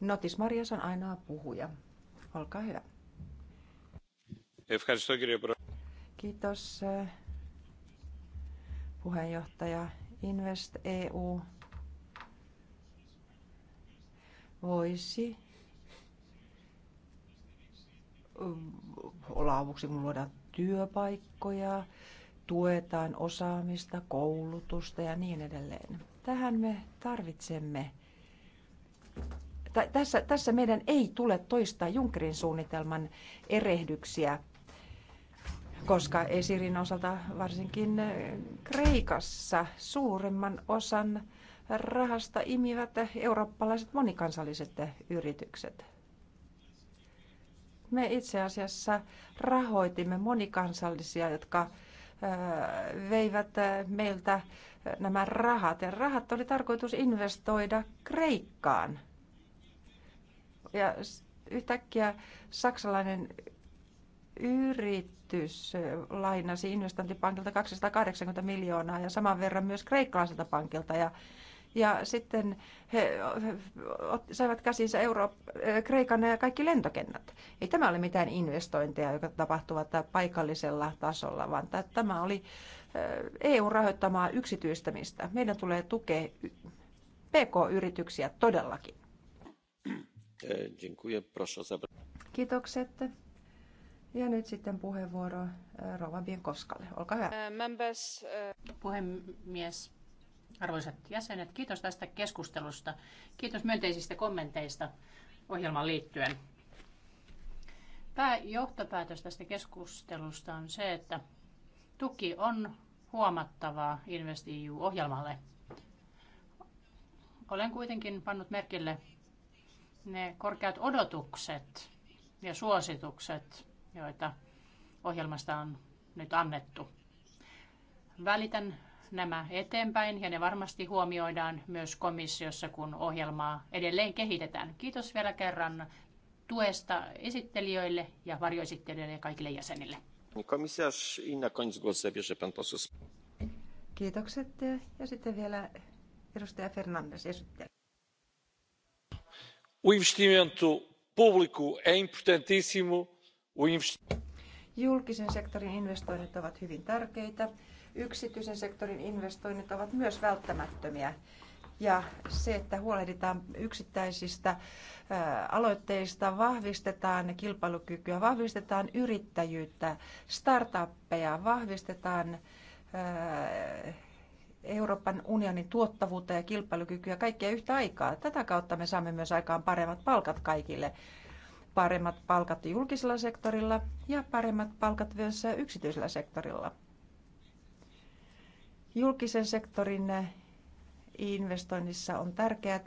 Notis Marias on ainoa puhuja. Olkaa hyvä. Kiitos äh, puheenjohtaja Invest EU voisi olla avuksi, kun luodaan työpaikkoja, tuetaan osaamista, koulutusta ja niin edelleen. Tähän me tarvitsemme tässä, tässä meidän ei tule toistaa Junckerin suunnitelman erehdyksiä, koska Esirin osalta varsinkin Kreikassa suuremman osan rahasta imivät eurooppalaiset monikansalliset yritykset. Me itse asiassa rahoitimme monikansallisia, jotka veivät meiltä nämä rahat. Ja rahat oli tarkoitus investoida Kreikkaan. Ja yhtäkkiä saksalainen yritys lainasi investointipankilta 280 miljoonaa ja saman verran myös kreikkalaiselta pankilta. Ja ja sitten he saivat käsinsä Euroop, eh, Kreikan ja kaikki lentokennat. Ei tämä ole mitään investointeja, jotka tapahtuvat paikallisella tasolla, vaan tämä oli eh, EU-rahoittamaa yksityistämistä. Meidän tulee tukea PK-yrityksiä todellakin. Eh, Kiitokset. Ja nyt sitten puheenvuoro Rova Bienkoskalle. Olkaa hyvä. Puhemies, Arvoisat jäsenet, kiitos tästä keskustelusta. Kiitos myönteisistä kommenteista ohjelman liittyen. Pääjohtopäätös tästä keskustelusta on se, että tuki on huomattavaa InvestEU-ohjelmalle. Olen kuitenkin pannut merkille ne korkeat odotukset ja suositukset, joita ohjelmasta on nyt annettu. Välitän nämä eteenpäin ja ne varmasti huomioidaan myös komissiossa, kun ohjelmaa edelleen kehitetään. Kiitos vielä kerran tuesta esittelijöille ja varjoesittelijöille ja kaikille jäsenille. Kiitokset. Ja sitten vielä edustaja Fernandes esittää. O investimento público é importantíssimo. O invest... Julkisen sektorin investoinnit ovat hyvin tärkeitä yksityisen sektorin investoinnit ovat myös välttämättömiä. Ja se, että huolehditaan yksittäisistä aloitteista, vahvistetaan kilpailukykyä, vahvistetaan yrittäjyyttä, startuppeja, vahvistetaan Euroopan unionin tuottavuutta ja kilpailukykyä kaikkea yhtä aikaa. Tätä kautta me saamme myös aikaan paremmat palkat kaikille. Paremmat palkat julkisella sektorilla ja paremmat palkat myös yksityisellä sektorilla. Julkisen sektorin eh, investoinnissa on tärkeää,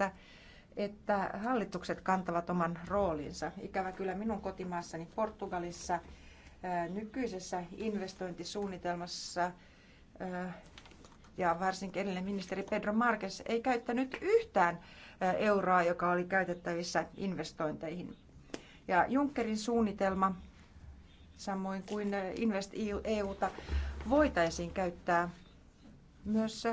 että hallitukset kantavat oman roolinsa. Ikävä kyllä minun kotimaassani Portugalissa eh, nykyisessä investointisuunnitelmassa eh, ja varsinkin edellinen ministeri Pedro Marques ei käyttänyt yhtään euroa, joka oli käytettävissä investointeihin. Ja Junckerin suunnitelma, samoin kuin Invest EUta, e voitaisiin käyttää myös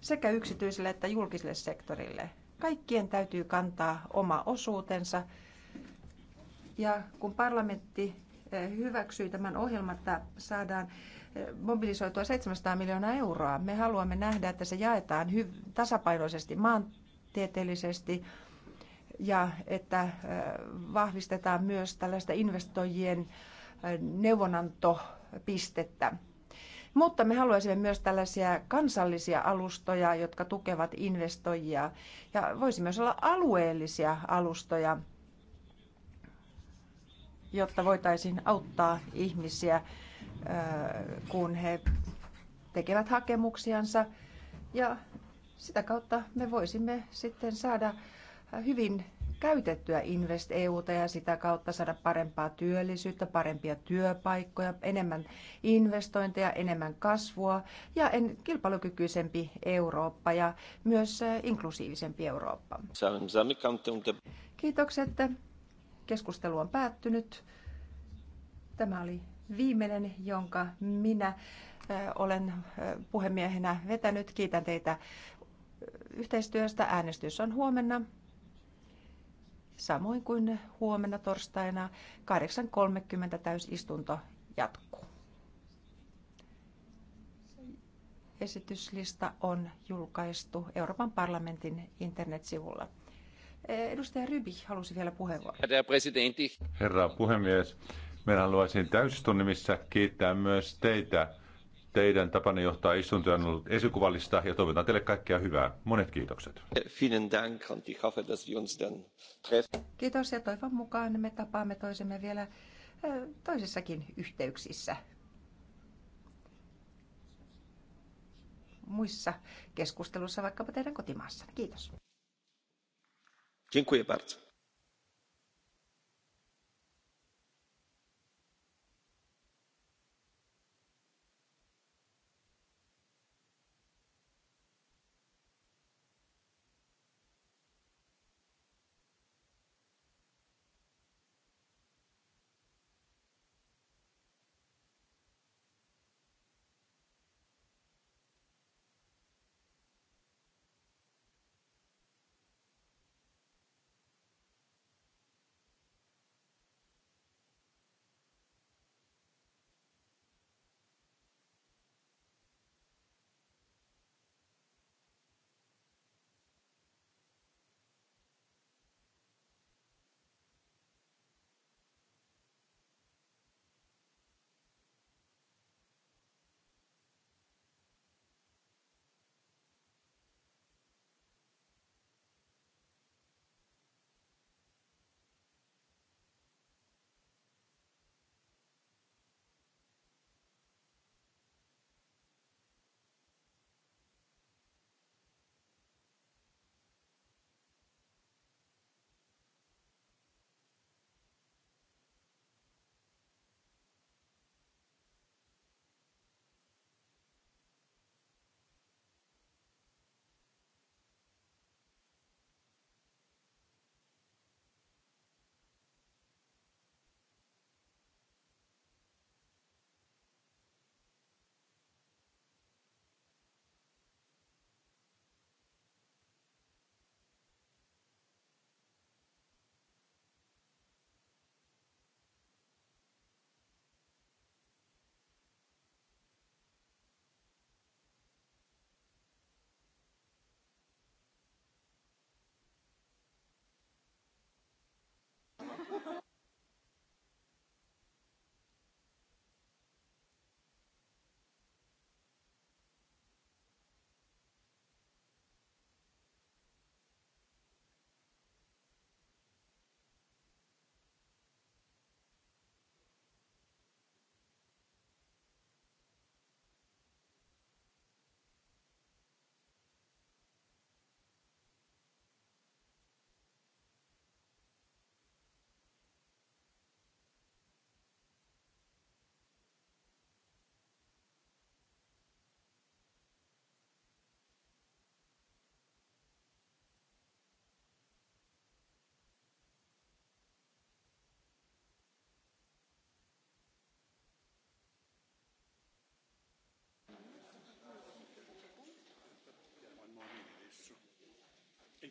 sekä yksityiselle että julkiselle sektorille. Kaikkien täytyy kantaa oma osuutensa. Ja kun parlamentti eh, hyväksyy tämän ohjelman, että saadaan eh, mobilisoitua 700 miljoonaa euroa, me haluamme nähdä, että se jaetaan tasapainoisesti maantieteellisesti ja että eh, vahvistetaan myös tällaista investoijien neuvonantopistettä. Mutta me haluaisimme myös tällaisia kansallisia alustoja, jotka tukevat investoijia. Ja voisi myös olla alueellisia alustoja, jotta voitaisiin auttaa ihmisiä, kun he tekevät hakemuksiansa. Ja sitä kautta me voisimme sitten saada hyvin käytettyä Invest EUta ja sitä kautta saada parempaa työllisyyttä, parempia työpaikkoja, enemmän investointeja, enemmän kasvua ja en, kilpailukykyisempi Eurooppa ja myös äh, inklusiivisempi Eurooppa. Kiitokset. Keskustelu on päättynyt. Tämä oli viimeinen, jonka minä äh, olen äh, puhemiehenä vetänyt. Kiitän teitä yhteistyöstä. Äänestys on huomenna samoin kuin huomenna torstaina 8.30 täysistunto jatkuu. Esityslista on julkaistu Euroopan parlamentin internetsivulla. Edustaja Rybi halusi vielä puheenvuoron. Herra puhemies, minä haluaisin täysistunnimissa kiittää myös teitä Teidän tapanne johtaa istuntoja on ollut esikuvallista ja toivotan teille kaikkea hyvää. Monet kiitokset. Kiitos ja toivon mukaan me tapaamme toisemme vielä äh, toisessakin yhteyksissä. Muissa keskustelussa vaikkapa teidän kotimaassa. Kiitos. Dziękuję bardzo.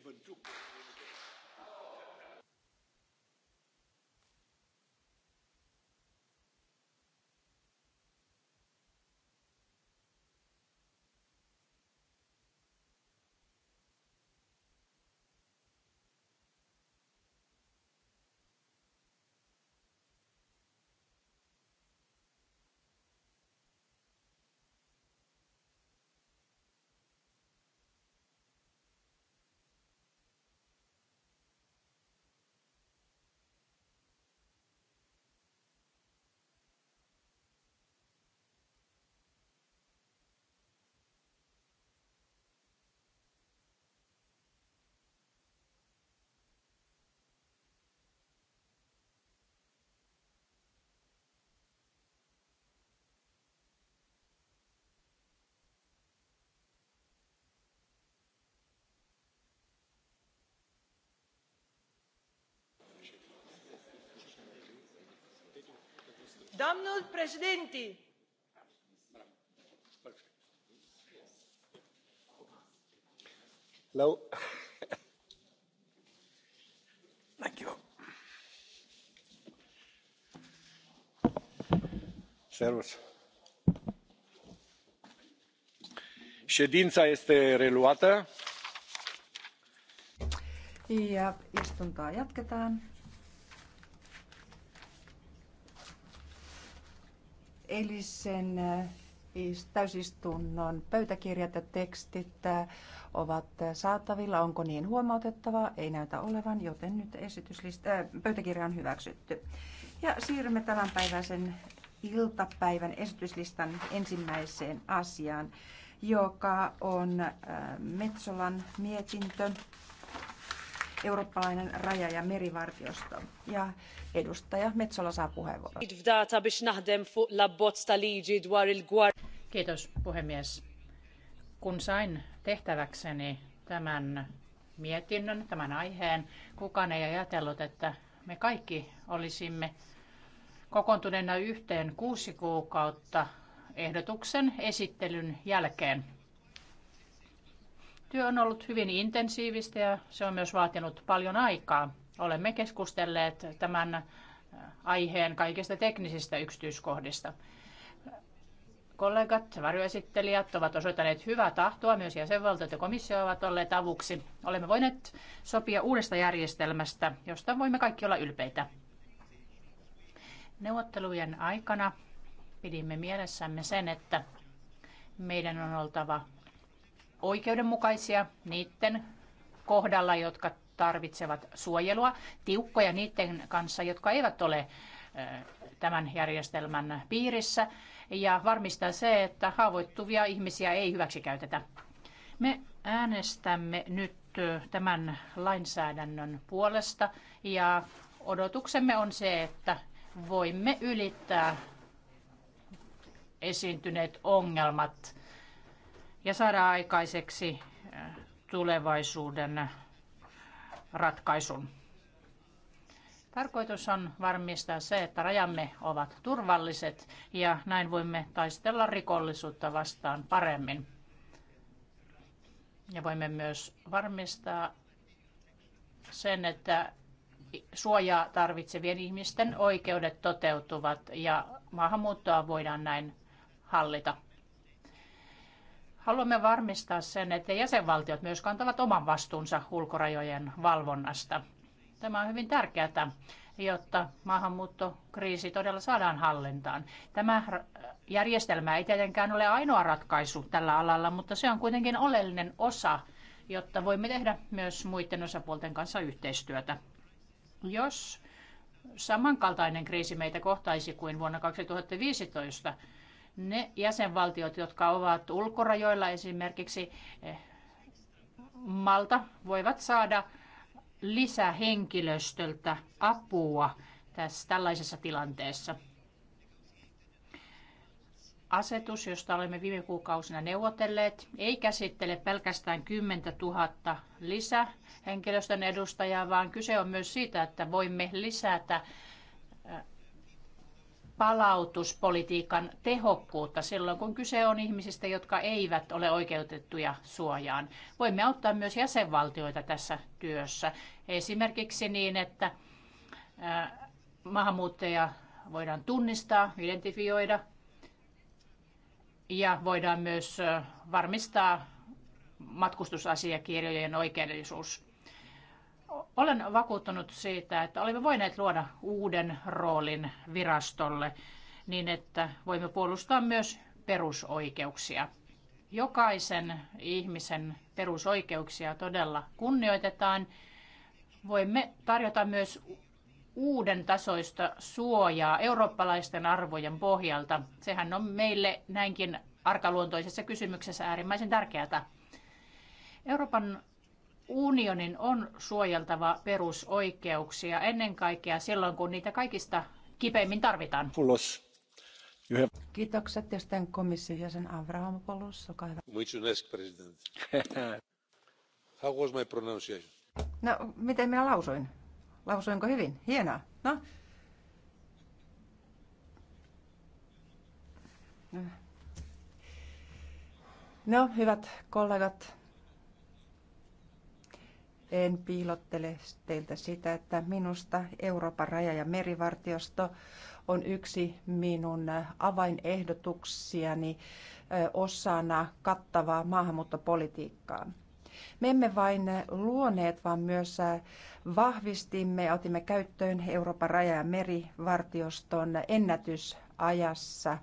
would do. Domnul președinte! Ședința este reluată. Ja jatketaan. eilisen äh, täysistunnon pöytäkirjat ja tekstit äh, ovat äh, saatavilla. Onko niin huomautettavaa? Ei näytä olevan, joten nyt esityslista, äh, pöytäkirja on hyväksytty. Ja siirrymme tämänpäiväisen iltapäivän esityslistan ensimmäiseen asiaan, joka on Metsolan mietintö eurooppalainen raja- ja merivartiosto. Ja edustaja Metsola saa puheenvuoron. Kiitos puhemies. Kun sain tehtäväkseni tämän mietinnön, tämän aiheen, kukaan ei ajatellut, että me kaikki olisimme kokoontuneena yhteen kuusi kuukautta ehdotuksen esittelyn jälkeen. Työ on ollut hyvin intensiivistä ja se on myös vaatinut paljon aikaa. Olemme keskustelleet tämän äh, aiheen kaikista teknisistä yksityiskohdista. Kollegat, varjoesittelijät ovat osoittaneet hyvää tahtoa, myös jäsenvaltiot ja komissio ovat olleet avuksi. Olemme voineet sopia uudesta järjestelmästä, josta voimme kaikki olla ylpeitä. Neuvottelujen aikana pidimme mielessämme sen, että meidän on oltava oikeudenmukaisia niiden kohdalla, jotka tarvitsevat suojelua, tiukkoja niiden kanssa, jotka eivät ole tämän järjestelmän piirissä ja varmistaa se, että haavoittuvia ihmisiä ei hyväksikäytetä. Me äänestämme nyt tämän lainsäädännön puolesta ja odotuksemme on se, että voimme ylittää esiintyneet ongelmat ja saada aikaiseksi äh, tulevaisuuden äh, ratkaisun. Tarkoitus on varmistaa se, että rajamme ovat turvalliset ja näin voimme taistella rikollisuutta vastaan paremmin. Ja voimme myös varmistaa sen, että suojaa tarvitsevien ihmisten oikeudet toteutuvat ja maahanmuuttoa voidaan näin hallita haluamme varmistaa sen, että jäsenvaltiot myös kantavat oman vastuunsa ulkorajojen valvonnasta. Tämä on hyvin tärkeää, jotta maahanmuuttokriisi todella saadaan hallintaan. Tämä järjestelmä ei tietenkään ole ainoa ratkaisu tällä alalla, mutta se on kuitenkin oleellinen osa, jotta voimme tehdä myös muiden osapuolten kanssa yhteistyötä. Jos samankaltainen kriisi meitä kohtaisi kuin vuonna 2015, ne jäsenvaltiot, jotka ovat ulkorajoilla, esimerkiksi eh, Malta, voivat saada lisähenkilöstöltä apua tässä tällaisessa tilanteessa. Asetus, josta olemme viime kuukausina neuvotelleet, ei käsittele pelkästään 10 000 lisähenkilöstön edustajaa, vaan kyse on myös siitä, että voimme lisätä palautuspolitiikan tehokkuutta silloin, kun kyse on ihmisistä, jotka eivät ole oikeutettuja suojaan. Voimme auttaa myös jäsenvaltioita tässä työssä. Esimerkiksi niin, että maahanmuuttaja voidaan tunnistaa, identifioida ja voidaan myös varmistaa matkustusasiakirjojen oikeellisuus olen vakuuttunut siitä, että olemme voineet luoda uuden roolin virastolle niin, että voimme puolustaa myös perusoikeuksia. Jokaisen ihmisen perusoikeuksia todella kunnioitetaan. Voimme tarjota myös uuden tasoista suojaa eurooppalaisten arvojen pohjalta. Sehän on meille näinkin arkaluontoisessa kysymyksessä äärimmäisen tärkeää. Euroopan unionin on suojeltava perusoikeuksia ennen kaikkea silloin, kun niitä kaikista kipeimmin tarvitaan. Pulos. Have... Kiitokset ja sitten komission jäsen Avramopoulos, olkaa hyvä. Muistunesk, president. How was my pronunciation? No, miten minä lausuin? Lausuinko hyvin? Hienoa. No. No, hyvät kollegat, en piilottele teiltä sitä, että minusta Euroopan raja- ja merivartiosto on yksi minun avainehdotuksiani osana kattavaa maahanmuuttopolitiikkaa. Me emme vain luoneet, vaan myös vahvistimme ja otimme käyttöön Euroopan raja- ja merivartioston ennätysajassa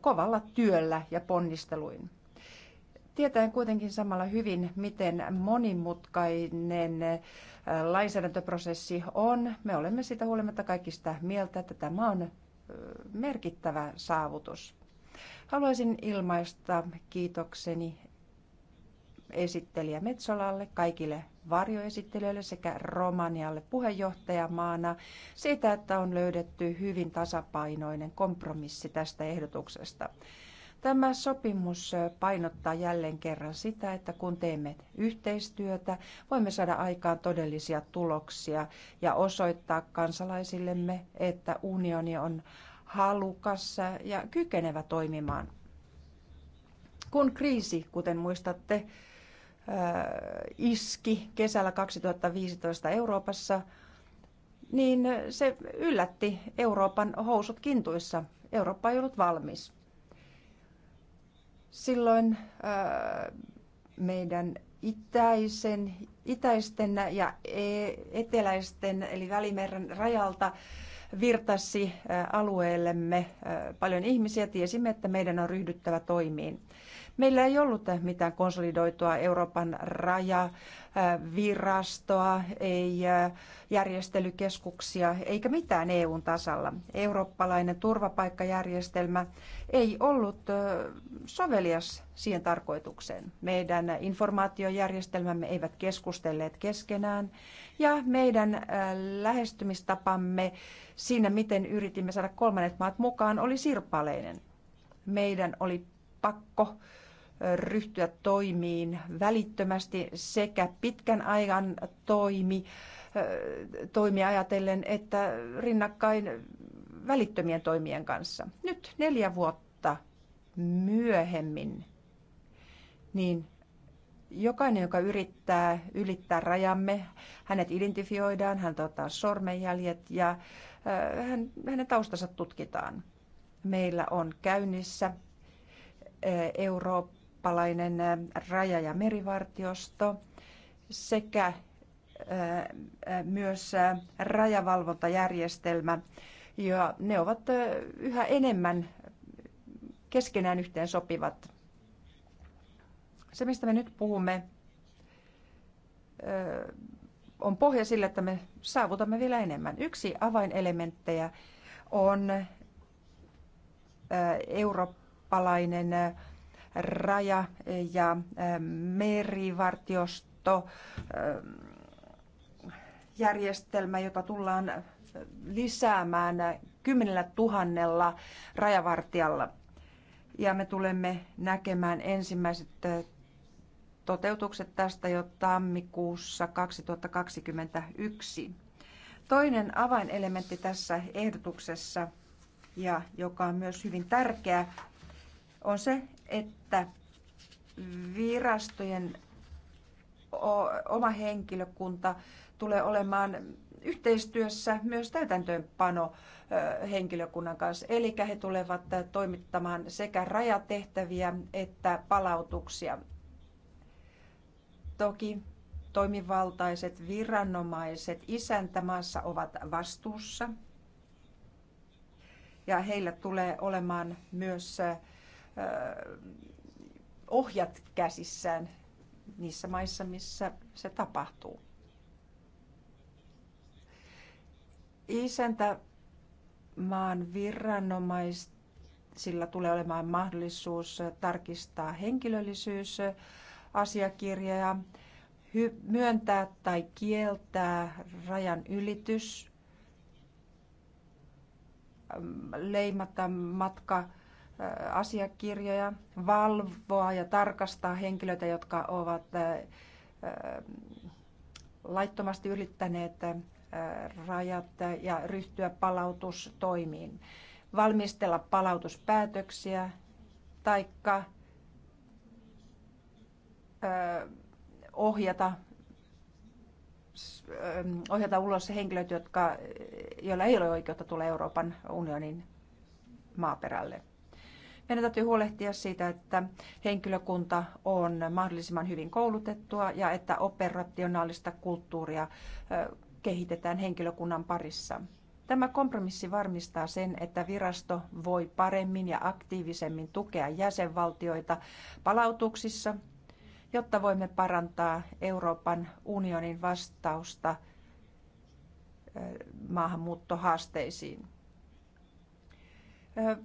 kovalla työllä ja ponnisteluin tietäen kuitenkin samalla hyvin, miten monimutkainen äh, lainsäädäntöprosessi on. Me olemme sitä huolimatta kaikista mieltä, että tämä on äh, merkittävä saavutus. Haluaisin ilmaista kiitokseni esittelijä Metsolalle, kaikille varjoesittelijöille sekä Romanialle puheenjohtajamaana siitä, että on löydetty hyvin tasapainoinen kompromissi tästä ehdotuksesta. Tämä sopimus painottaa jälleen kerran sitä, että kun teemme yhteistyötä, voimme saada aikaan todellisia tuloksia ja osoittaa kansalaisillemme, että unioni on halukas ja kykenevä toimimaan. Kun kriisi, kuten muistatte, äh, iski kesällä 2015 Euroopassa, niin se yllätti Euroopan housut kintuissa. Eurooppa ei ollut valmis silloin meidän itäisen, itäisten ja e, eteläisten eli Välimeren rajalta virtasi alueellemme paljon ihmisiä. Tiesimme, että meidän on ryhdyttävä toimiin. Meillä ei ollut mitään konsolidoitua Euroopan rajavirastoa, ei järjestelykeskuksia eikä mitään EUn tasalla. Eurooppalainen turvapaikkajärjestelmä ei ollut sovelias siihen tarkoitukseen. Meidän informaatiojärjestelmämme eivät keskustelleet keskenään ja meidän lähestymistapamme siinä, miten yritimme saada kolmannet maat mukaan, oli sirpaleinen. Meidän oli pakko ryhtyä toimiin välittömästi sekä pitkän ajan toimi, toimia ajatellen että rinnakkain välittömien toimien kanssa. Nyt neljä vuotta myöhemmin, niin jokainen, joka yrittää ylittää rajamme, hänet identifioidaan, hän ottaa sormenjäljet ja hänen taustansa tutkitaan. Meillä on käynnissä Eurooppa eurooppalainen äh, raja- ja merivartiosto sekä äh, äh, myös rajavalvontajärjestelmä. Ja ne ovat yhä enemmän keskenään yhteen sopivat. Se, mistä me nyt puhumme, on pohja sille, että me saavutamme vielä enemmän. Yksi avainelementtejä on eurooppalainen raja- ja eh, merivartiosto eh, järjestelmä, jota tullaan lisäämään kymmenellä tuhannella rajavartijalla. Ja me tulemme näkemään ensimmäiset eh, toteutukset tästä jo tammikuussa 2021. Toinen avainelementti tässä ehdotuksessa, ja joka on myös hyvin tärkeä, on se, että virastojen oma henkilökunta tulee olemaan yhteistyössä myös täytäntöönpano henkilökunnan kanssa. Eli he tulevat toimittamaan sekä rajatehtäviä että palautuksia. Toki toimivaltaiset viranomaiset isäntämaassa ovat vastuussa ja heillä tulee olemaan myös ohjat käsissään niissä maissa, missä se tapahtuu. Isäntä maan viranomaisilla tulee olemaan mahdollisuus tarkistaa henkilöllisyys asiakirjaa, myöntää tai kieltää rajan ylitys, leimata matka asiakirjoja, valvoa ja tarkastaa henkilöitä, jotka ovat laittomasti ylittäneet rajat ja ryhtyä palautustoimiin, valmistella palautuspäätöksiä tai ohjata ohjata ulos henkilöt, jotka, joilla ei ole oikeutta tulla Euroopan unionin maaperälle. Meidän täytyy huolehtia siitä, että henkilökunta on mahdollisimman hyvin koulutettua ja että operationaalista kulttuuria kehitetään henkilökunnan parissa. Tämä kompromissi varmistaa sen, että virasto voi paremmin ja aktiivisemmin tukea jäsenvaltioita palautuksissa, jotta voimme parantaa Euroopan unionin vastausta maahanmuuttohaasteisiin.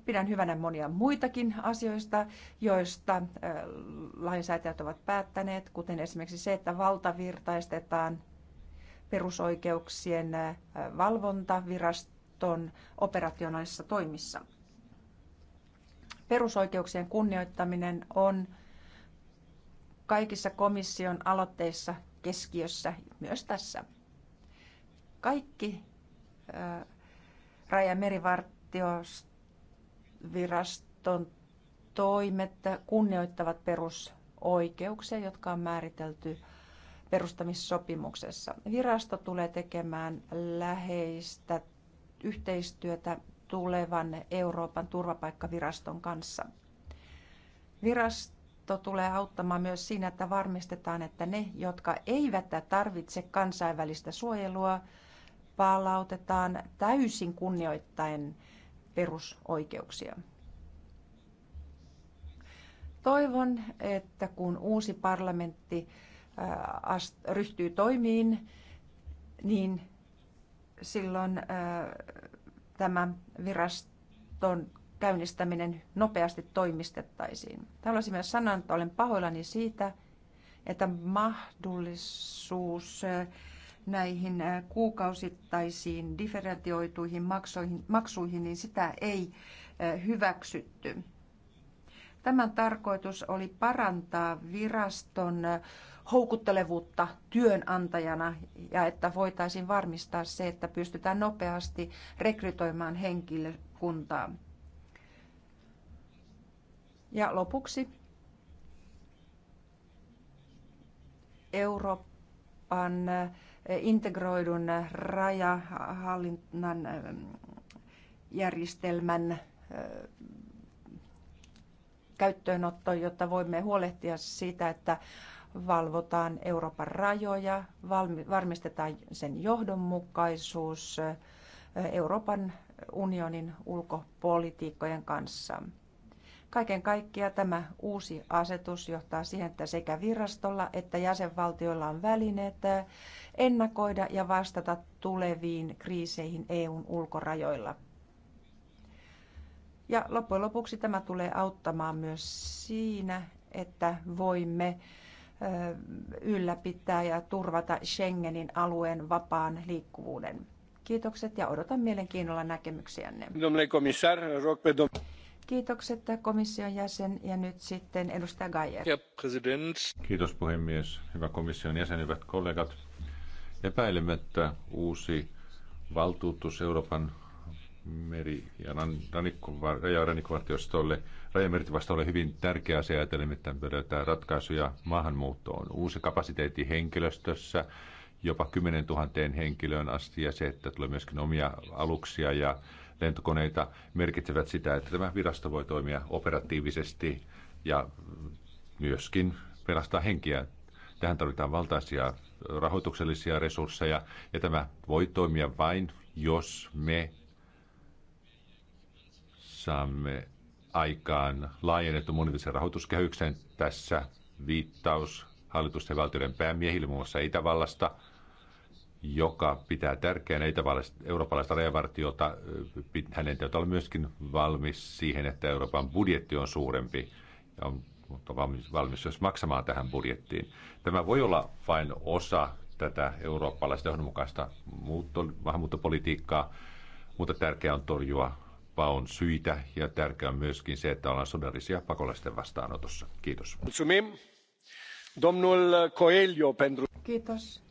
Pidän hyvänä monia muitakin asioista, joista lainsäätäjät ovat päättäneet, kuten esimerkiksi se, että valtavirtaistetaan perusoikeuksien valvontaviraston operationaalisissa toimissa. Perusoikeuksien kunnioittaminen on kaikissa komission aloitteissa keskiössä, myös tässä. Kaikki ää, raja- ja merivartiosta viraston toimet kunnioittavat perusoikeuksia, jotka on määritelty perustamissopimuksessa. Virasto tulee tekemään läheistä yhteistyötä tulevan Euroopan turvapaikkaviraston kanssa. Virasto tulee auttamaan myös siinä, että varmistetaan, että ne, jotka eivät tarvitse kansainvälistä suojelua, palautetaan täysin kunnioittaen perusoikeuksia. Toivon, että kun uusi parlamentti äh, ryhtyy toimiin, niin silloin äh, tämä viraston käynnistäminen nopeasti toimistettaisiin. Haluaisin myös sanoa, että olen pahoillani siitä, että mahdollisuus äh, näihin äh, kuukausittaisiin differentioituihin maksuihin, maksuihin, niin sitä ei äh, hyväksytty. Tämän tarkoitus oli parantaa viraston äh, houkuttelevuutta työnantajana ja että voitaisiin varmistaa se, että pystytään nopeasti rekrytoimaan henkilökuntaa. Ja lopuksi Euroopan integroidun rajahallinnan eh, järjestelmän eh, käyttöönotto, jotta voimme huolehtia siitä, että valvotaan Euroopan rajoja, varmistetaan sen johdonmukaisuus eh, Euroopan unionin ulkopolitiikkojen kanssa. Kaiken kaikkiaan tämä uusi asetus johtaa siihen, että sekä virastolla että jäsenvaltioilla on välineet eh, ennakoida ja vastata tuleviin kriiseihin EUn ulkorajoilla. Ja loppujen lopuksi tämä tulee auttamaan myös siinä, että voimme eh, ylläpitää ja turvata Schengenin alueen vapaan liikkuvuuden. Kiitokset ja odotan mielenkiinnolla näkemyksiänne. Domnule rog pe Kiitokset äh, komission jäsen ja nyt sitten edustaja Geier. Kiitos puhemies, hyvä komission jäsen, hyvät kollegat. Epäilemättä uusi valtuutus Euroopan meri- ja rannikkovartiostolle, rajamertivastolle hyvin tärkeä asia ajatellen, että löydetään ratkaisuja maahanmuuttoon. Uusi kapasiteetti henkilöstössä, jopa 10 000 henkilöön asti ja se, että tulee myöskin omia aluksia ja lentokoneita merkitsevät sitä, että tämä virasto voi toimia operatiivisesti ja myöskin pelastaa henkiä. Tähän tarvitaan valtaisia rahoituksellisia resursseja ja tämä voi toimia vain, jos me saamme aikaan laajennettu monivuotisen rahoituskehyksen. Tässä viittaus hallitusten ja valtioiden päämiehille muun muassa Itävallasta – joka pitää tärkeänä eurooppalaista rajavartiota. Hänen täytyy olla myöskin valmis siihen, että Euroopan budjetti on suurempi ja on mutta valmis, valmis myös maksamaan tähän budjettiin. Tämä voi olla vain osa tätä eurooppalaista johdonmukaista muutto, maahanmuuttopolitiikkaa, mutta tärkeää on torjua paon syitä ja tärkeää on myöskin se, että ollaan sodallisia pakolaisten vastaanotossa. Kiitos. Kiitos.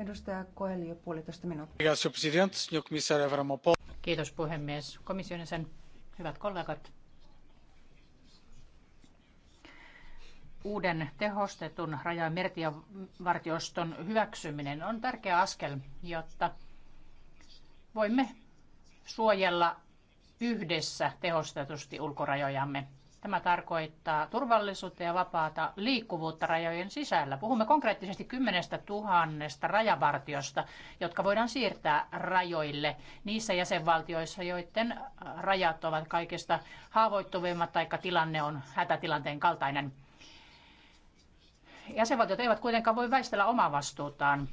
Edustaja Koeli jo puolitoista minuuttia. Kiitos puhemies. Komission sen hyvät kollegat. Uuden tehostetun raja- ja hyväksyminen on tärkeä askel, jotta voimme suojella yhdessä tehostetusti ulkorajojamme. Tämä tarkoittaa turvallisuutta ja vapaata liikkuvuutta rajojen sisällä. Puhumme konkreettisesti kymmenestä tuhannesta rajavartiosta, jotka voidaan siirtää rajoille niissä jäsenvaltioissa, joiden rajat ovat kaikista haavoittuvimmat tai tilanne on hätätilanteen kaltainen. Jäsenvaltiot eivät kuitenkaan voi väistellä omaa vastuutaan.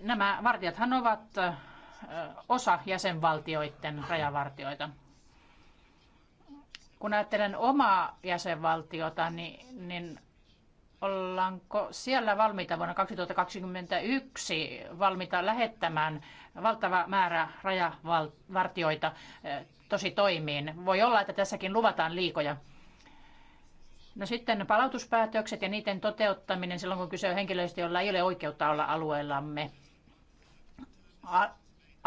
Nämä vartijathan ovat osa jäsenvaltioiden rajavartioita. Kun ajattelen omaa jäsenvaltiota, niin, niin ollaanko siellä valmiita vuonna 2021 valmiita lähettämään valtava määrä rajavartioita eh, tosi toimiin? Voi olla, että tässäkin luvataan liikoja. No sitten palautuspäätökset ja niiden toteuttaminen silloin, kun kyse on henkilöistä, joilla ei ole oikeutta olla alueellamme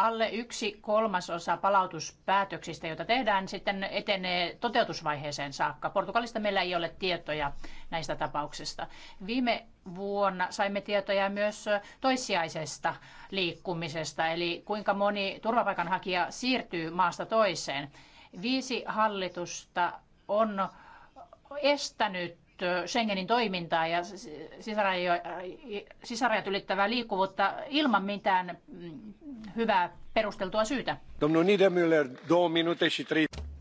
alle yksi kolmasosa palautuspäätöksistä, joita tehdään, sitten etenee toteutusvaiheeseen saakka. Portugalista meillä ei ole tietoja näistä tapauksista. Viime vuonna saimme tietoja myös toissijaisesta liikkumisesta, eli kuinka moni turvapaikanhakija siirtyy maasta toiseen. Viisi hallitusta on estänyt Schengenin toimintaa ja sisärajat ylittävää liikkuvuutta ilman mitään mm, hyvää perusteltua syytä.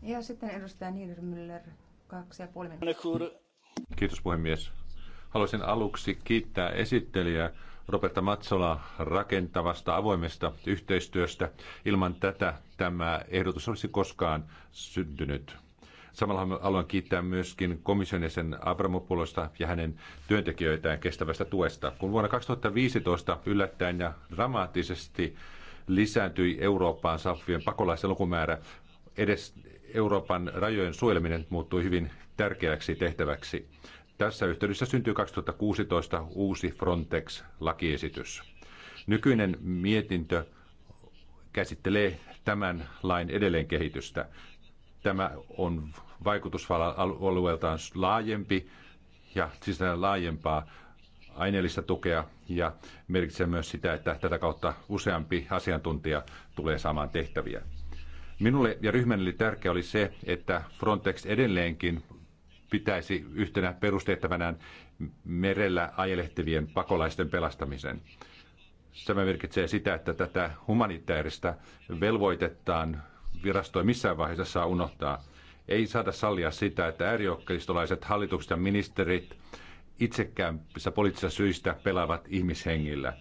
Ja sitten edustaja Niedermüller, kaksi ja puoli minuuttia. Kiitos puhemies. Haluaisin aluksi kiittää esittelijää Roberta Matsola rakentavasta avoimesta yhteistyöstä. Ilman tätä tämä ehdotus olisi koskaan syntynyt. Samalla haluan kiittää myöskin komission jäsen Abramopulosta ja hänen työntekijöitään kestävästä tuesta. Kun vuonna 2015 yllättäen ja dramaattisesti lisääntyi Eurooppaan saapuvien pakolaisten lukumäärä, edes Euroopan rajojen suojeleminen muuttui hyvin tärkeäksi tehtäväksi. Tässä yhteydessä syntyi 2016 uusi Frontex-lakiesitys. Nykyinen mietintö käsittelee tämän lain edelleenkehitystä. Tämä on vaikutusalueeltaan laajempi ja siis laajempaa aineellista tukea ja merkitsee myös sitä, että tätä kautta useampi asiantuntija tulee saamaan tehtäviä. Minulle ja ryhmälle tärkeää oli se, että Frontex edelleenkin pitäisi yhtenä perustehtävänään merellä ajelehtivien pakolaisten pelastamisen. Tämä merkitsee sitä, että tätä humanitaarista velvoitettaan ei missään vaiheessa saa unohtaa. Ei saada sallia sitä, että äärioikeistolaiset hallitukset ja ministerit itsekään poliittisista syistä pelaavat ihmishengillä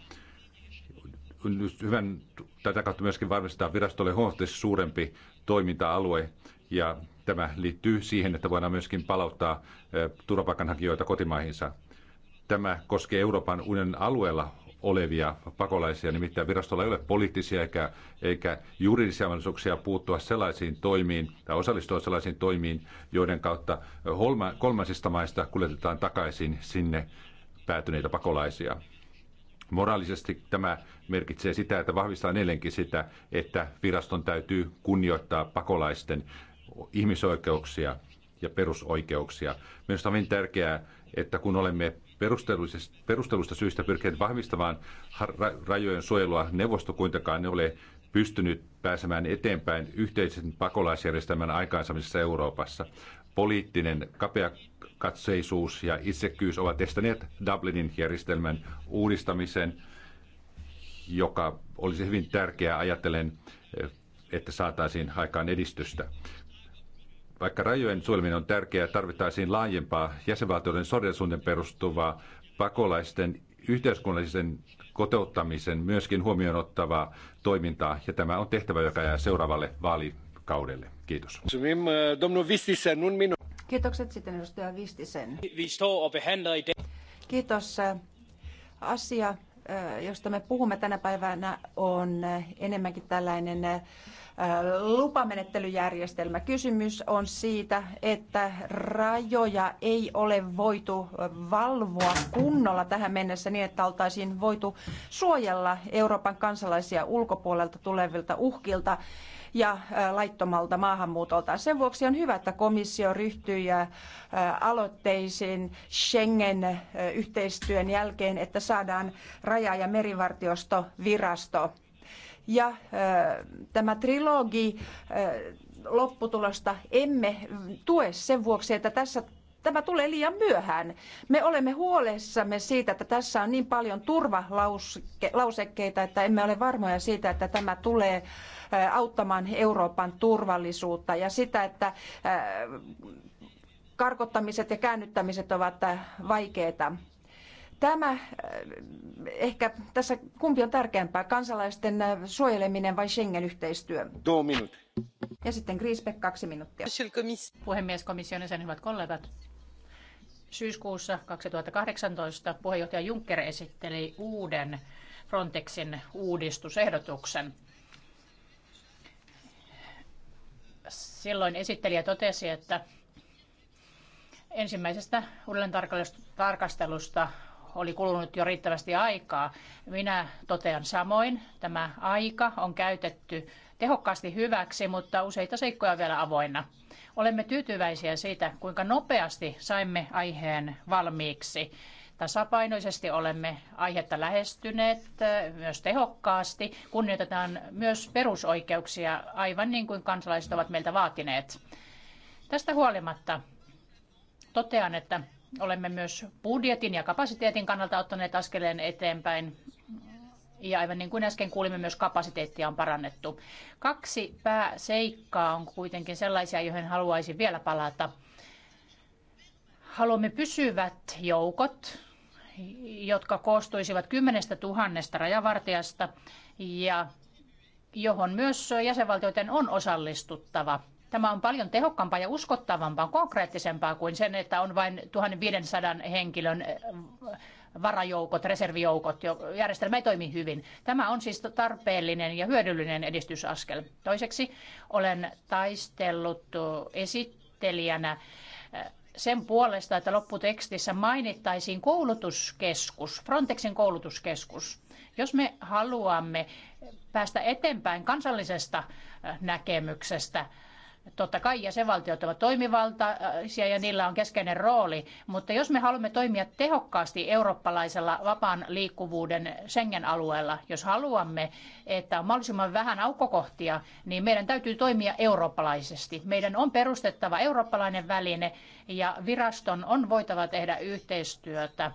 hyvän, tätä kautta myöskin varmistaa virastolle huomattavasti suurempi toiminta-alue. Ja tämä liittyy siihen, että voidaan myöskin palauttaa turvapaikanhakijoita kotimaihinsa. Tämä koskee Euroopan unionin alueella olevia pakolaisia. Nimittäin virastolla ei ole poliittisia eikä, eikä juridisia mahdollisuuksia puuttua sellaisiin toimiin tai osallistua sellaisiin toimiin, joiden kautta holma, kolmansista maista kuljetetaan takaisin sinne päätyneitä pakolaisia. Moraalisesti tämä merkitsee sitä, että vahvistaa edelleenkin sitä, että viraston täytyy kunnioittaa pakolaisten ihmisoikeuksia ja perusoikeuksia. Minusta on hyvin tärkeää, että kun olemme perusteluista syistä pyrkineet vahvistamaan rajojen suojelua. Neuvosto kuitenkaan ne ole pystynyt pääsemään eteenpäin yhteisen pakolaisjärjestelmän aikaansaamisessa Euroopassa. Poliittinen kapea katseisuus ja itsekkyys ovat estäneet Dublinin järjestelmän uudistamisen, joka olisi hyvin tärkeää ajatellen, eh, että saataisiin aikaan edistystä. Vaikka rajojen suojeleminen on tärkeää, tarvittaisiin laajempaa jäsenvaltioiden sodellisuuden perustuvaa pakolaisten yhteiskunnallisen kotouttamisen myöskin huomioon ottavaa toimintaa, ja tämä on tehtävä, joka jää seuraavalle vaalikaudelle. Kiitos. Kiitokset sitten edustaja Vistisen. Kiitos. Asia, josta me puhumme tänä päivänä, on enemmänkin tällainen lupamenettelyjärjestelmä. Kysymys on siitä, että rajoja ei ole voitu valvoa kunnolla tähän mennessä niin, että oltaisiin voitu suojella Euroopan kansalaisia ulkopuolelta tulevilta uhkilta ja laittomalta maahanmuutolta. Sen vuoksi on hyvä, että komissio ryhtyy aloitteisiin Schengen-yhteistyön jälkeen, että saadaan raja- ja merivartiostovirasto ja tämä trilogi lopputulosta emme tue sen vuoksi, että tässä tämä tulee liian myöhään. Me olemme huolessamme siitä, että tässä on niin paljon turvalausekkeita, että emme ole varmoja siitä, että tämä tulee auttamaan Euroopan turvallisuutta ja sitä, että karkottamiset ja käännyttämiset ovat vaikeita. Tämä äh, ehkä tässä kumpi on tärkeämpää, kansalaisten äh, suojeleminen vai Schengen-yhteistyö? Ja sitten Griesbeck kaksi minuuttia. Puhemies, komission sen hyvät kollegat. Syyskuussa 2018 puheenjohtaja Juncker esitteli uuden Frontexin uudistusehdotuksen. Silloin esittelijä totesi, että ensimmäisestä uudelleen tarkastelusta oli kulunut jo riittävästi aikaa. Minä totean samoin, tämä aika on käytetty tehokkaasti hyväksi, mutta useita seikkoja on vielä avoinna. Olemme tyytyväisiä siitä, kuinka nopeasti saimme aiheen valmiiksi. Tasapainoisesti olemme aihetta lähestyneet äh, myös tehokkaasti. Kunnioitetaan myös perusoikeuksia, aivan niin kuin kansalaiset ovat meiltä vaatineet. Tästä huolimatta totean, että Olemme myös budjetin ja kapasiteetin kannalta ottaneet askeleen eteenpäin. Ja aivan niin kuin äsken kuulimme, myös kapasiteettia on parannettu. Kaksi pääseikkaa on kuitenkin sellaisia, joihin haluaisin vielä palata. Haluamme pysyvät joukot, jotka koostuisivat kymmenestä tuhannesta rajavartijasta ja johon myös jäsenvaltioiden on osallistuttava – Tämä on paljon tehokkaampaa ja uskottavampaa, konkreettisempaa kuin sen, että on vain 1500 henkilön eh, varajoukot, reservijoukot. Järjestelmä ei toimi hyvin. Tämä on siis tarpeellinen ja hyödyllinen edistysaskel. Toiseksi olen taistellut eh, esittelijänä eh, sen puolesta, että lopputekstissä mainittaisiin koulutuskeskus, Frontexin koulutuskeskus. Jos me haluamme päästä eteenpäin kansallisesta näkemyksestä, Totta kai jäsenvaltiot ovat toimivaltaisia ja niillä on keskeinen rooli, mutta jos me haluamme toimia tehokkaasti eurooppalaisella vapaan liikkuvuuden Schengen-alueella, jos haluamme, että on mahdollisimman vähän aukkokohtia, niin meidän täytyy toimia eurooppalaisesti. Meidän on perustettava eurooppalainen väline ja viraston on voitava tehdä yhteistyötä,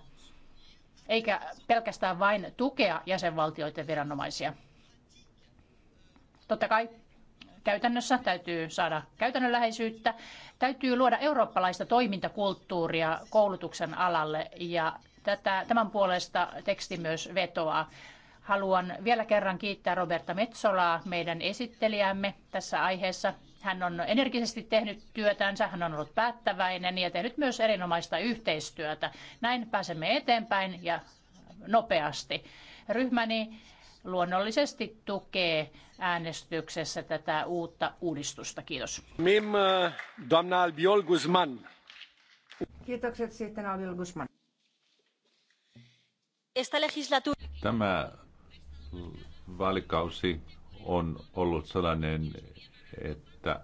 eikä pelkästään vain tukea jäsenvaltioiden viranomaisia. Totta kai Käytännössä täytyy saada käytännönläheisyyttä, täytyy luoda eurooppalaista toimintakulttuuria koulutuksen alalle ja tätä, tämän puolesta teksti myös vetoaa. Haluan vielä kerran kiittää Roberta Metsolaa, meidän esittelijämme tässä aiheessa. Hän on energisesti tehnyt työtänsä, hän on ollut päättäväinen ja tehnyt myös erinomaista yhteistyötä. Näin pääsemme eteenpäin ja nopeasti. Ryhmäni luonnollisesti tukee äänestyksessä tätä uutta uudistusta. Kiitos. Mim, eh, doamna Albiol Guzman. Kiitokset sitten Albiol Guzman. Tämä vaalikausi on ollut sellainen, että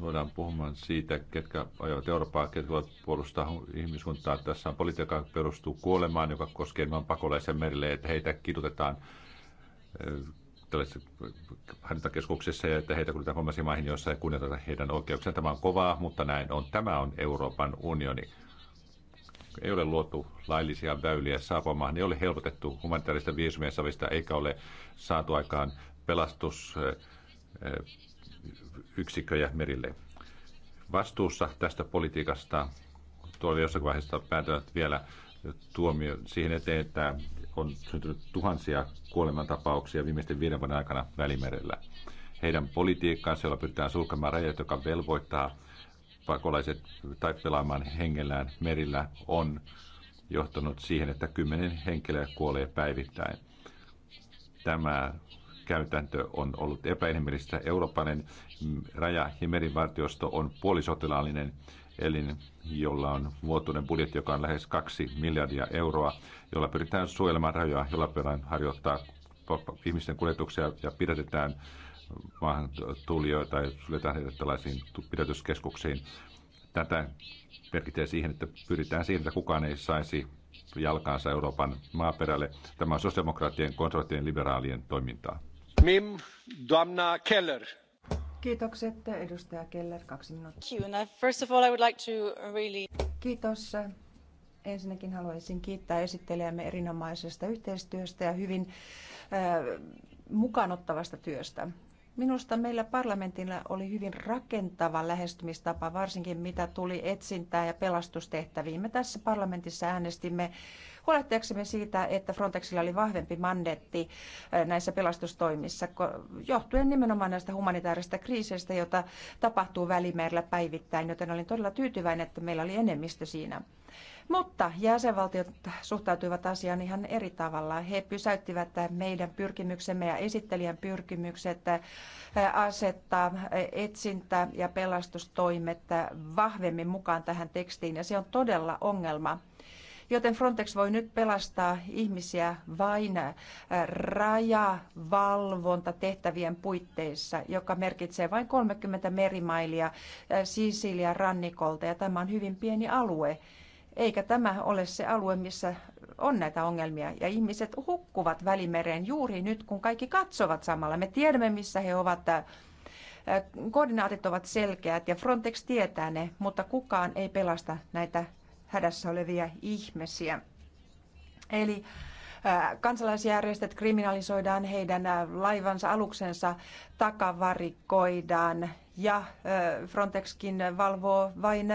voidaan puhumaan siitä, ketkä ajavat Eurooppaa, ketkä voivat puolustaa ihmiskuntaa. Tässä on politiikka, joka perustuu kuolemaan, joka koskee vain pakolaisia merille, että heitä kidutetaan tällaisissa hankintakeskuksissa ja että heitä kuljetaan kolmansiin maihin, joissa ei kunnioiteta heidän oikeuksiaan. Tämä on kovaa, mutta näin on. Tämä on Euroopan unioni. Ei ole luotu laillisia väyliä saapumaan, ei ole helpotettu humanitaarista viisumia savista, eikä ole saatu aikaan pelastusyksikköjä eh, merille. Vastuussa tästä politiikasta tuolla jossakin vaiheessa päätyvät vielä tuomio siihen eteen, että on syntynyt tuhansia kuolemantapauksia viimeisten viiden vuoden aikana Välimerellä. Heidän politiikkaansa, jolla pyritään sulkemaan rajat, joka velvoittaa pakolaiset tai pelaamaan hengellään merillä, on johtanut siihen, että kymmenen henkilöä kuolee päivittäin. Tämä käytäntö on ollut epäinhimillistä. Euroopan raja- ja merivartiosto on puolisotilaallinen elin, jolla on vuotuinen budjetti, joka on lähes 2 miljardia euroa, jolla pyritään suojelemaan rajoja, jolla pyritään harjoittaa ihmisten kuljetuksia ja pidätetään maahan tulijoita ja suljetaan heidät tällaisiin pidätyskeskuksiin. Tätä merkitsee siihen, että pyritään siihen, että kukaan ei saisi jalkaansa Euroopan maaperälle. Tämä on sosiaalidemokraattien, konservatiivien liberaalien toimintaa. Mim, Keller. Kiitokset. Edustaja Keller, kaksi minuuttia. First of all, I would like to really... Kiitos. Ensinnäkin haluaisin kiittää esittelijämme erinomaisesta yhteistyöstä ja hyvin äh, mukaanottavasta työstä. Minusta meillä parlamentilla oli hyvin rakentava lähestymistapa, varsinkin mitä tuli etsintää ja pelastustehtäviin. Me tässä parlamentissa äänestimme huolehtiaksemme siitä, että Frontexilla oli vahvempi mandetti eh, näissä pelastustoimissa, johtuen nimenomaan näistä humanitaarista kriiseistä, jota tapahtuu välimerellä päivittäin, joten olin todella tyytyväinen, että meillä oli enemmistö siinä. Mutta jäsenvaltiot suhtautuivat asiaan ihan eri tavalla. He pysäyttivät meidän pyrkimyksemme ja esittelijän pyrkimykset eh, asettaa eh, etsintä ja pelastustoimet vahvemmin mukaan tähän tekstiin, ja se on todella ongelma. Joten Frontex voi nyt pelastaa ihmisiä vain äh, rajavalvontatehtävien puitteissa, joka merkitsee vain 30 merimailia äh, Sisilian rannikolta ja tämä on hyvin pieni alue. Eikä tämä ole se alue, missä on näitä ongelmia ja ihmiset hukkuvat välimereen juuri nyt, kun kaikki katsovat samalla. Me tiedämme, missä he ovat äh, koordinaatit ovat selkeät ja Frontex tietää ne, mutta kukaan ei pelasta näitä hädässä olevia ihmisiä. Eli kansalaisjärjestöt kriminalisoidaan, heidän laivansa, aluksensa takavarikoidaan ja Frontexkin valvoo vain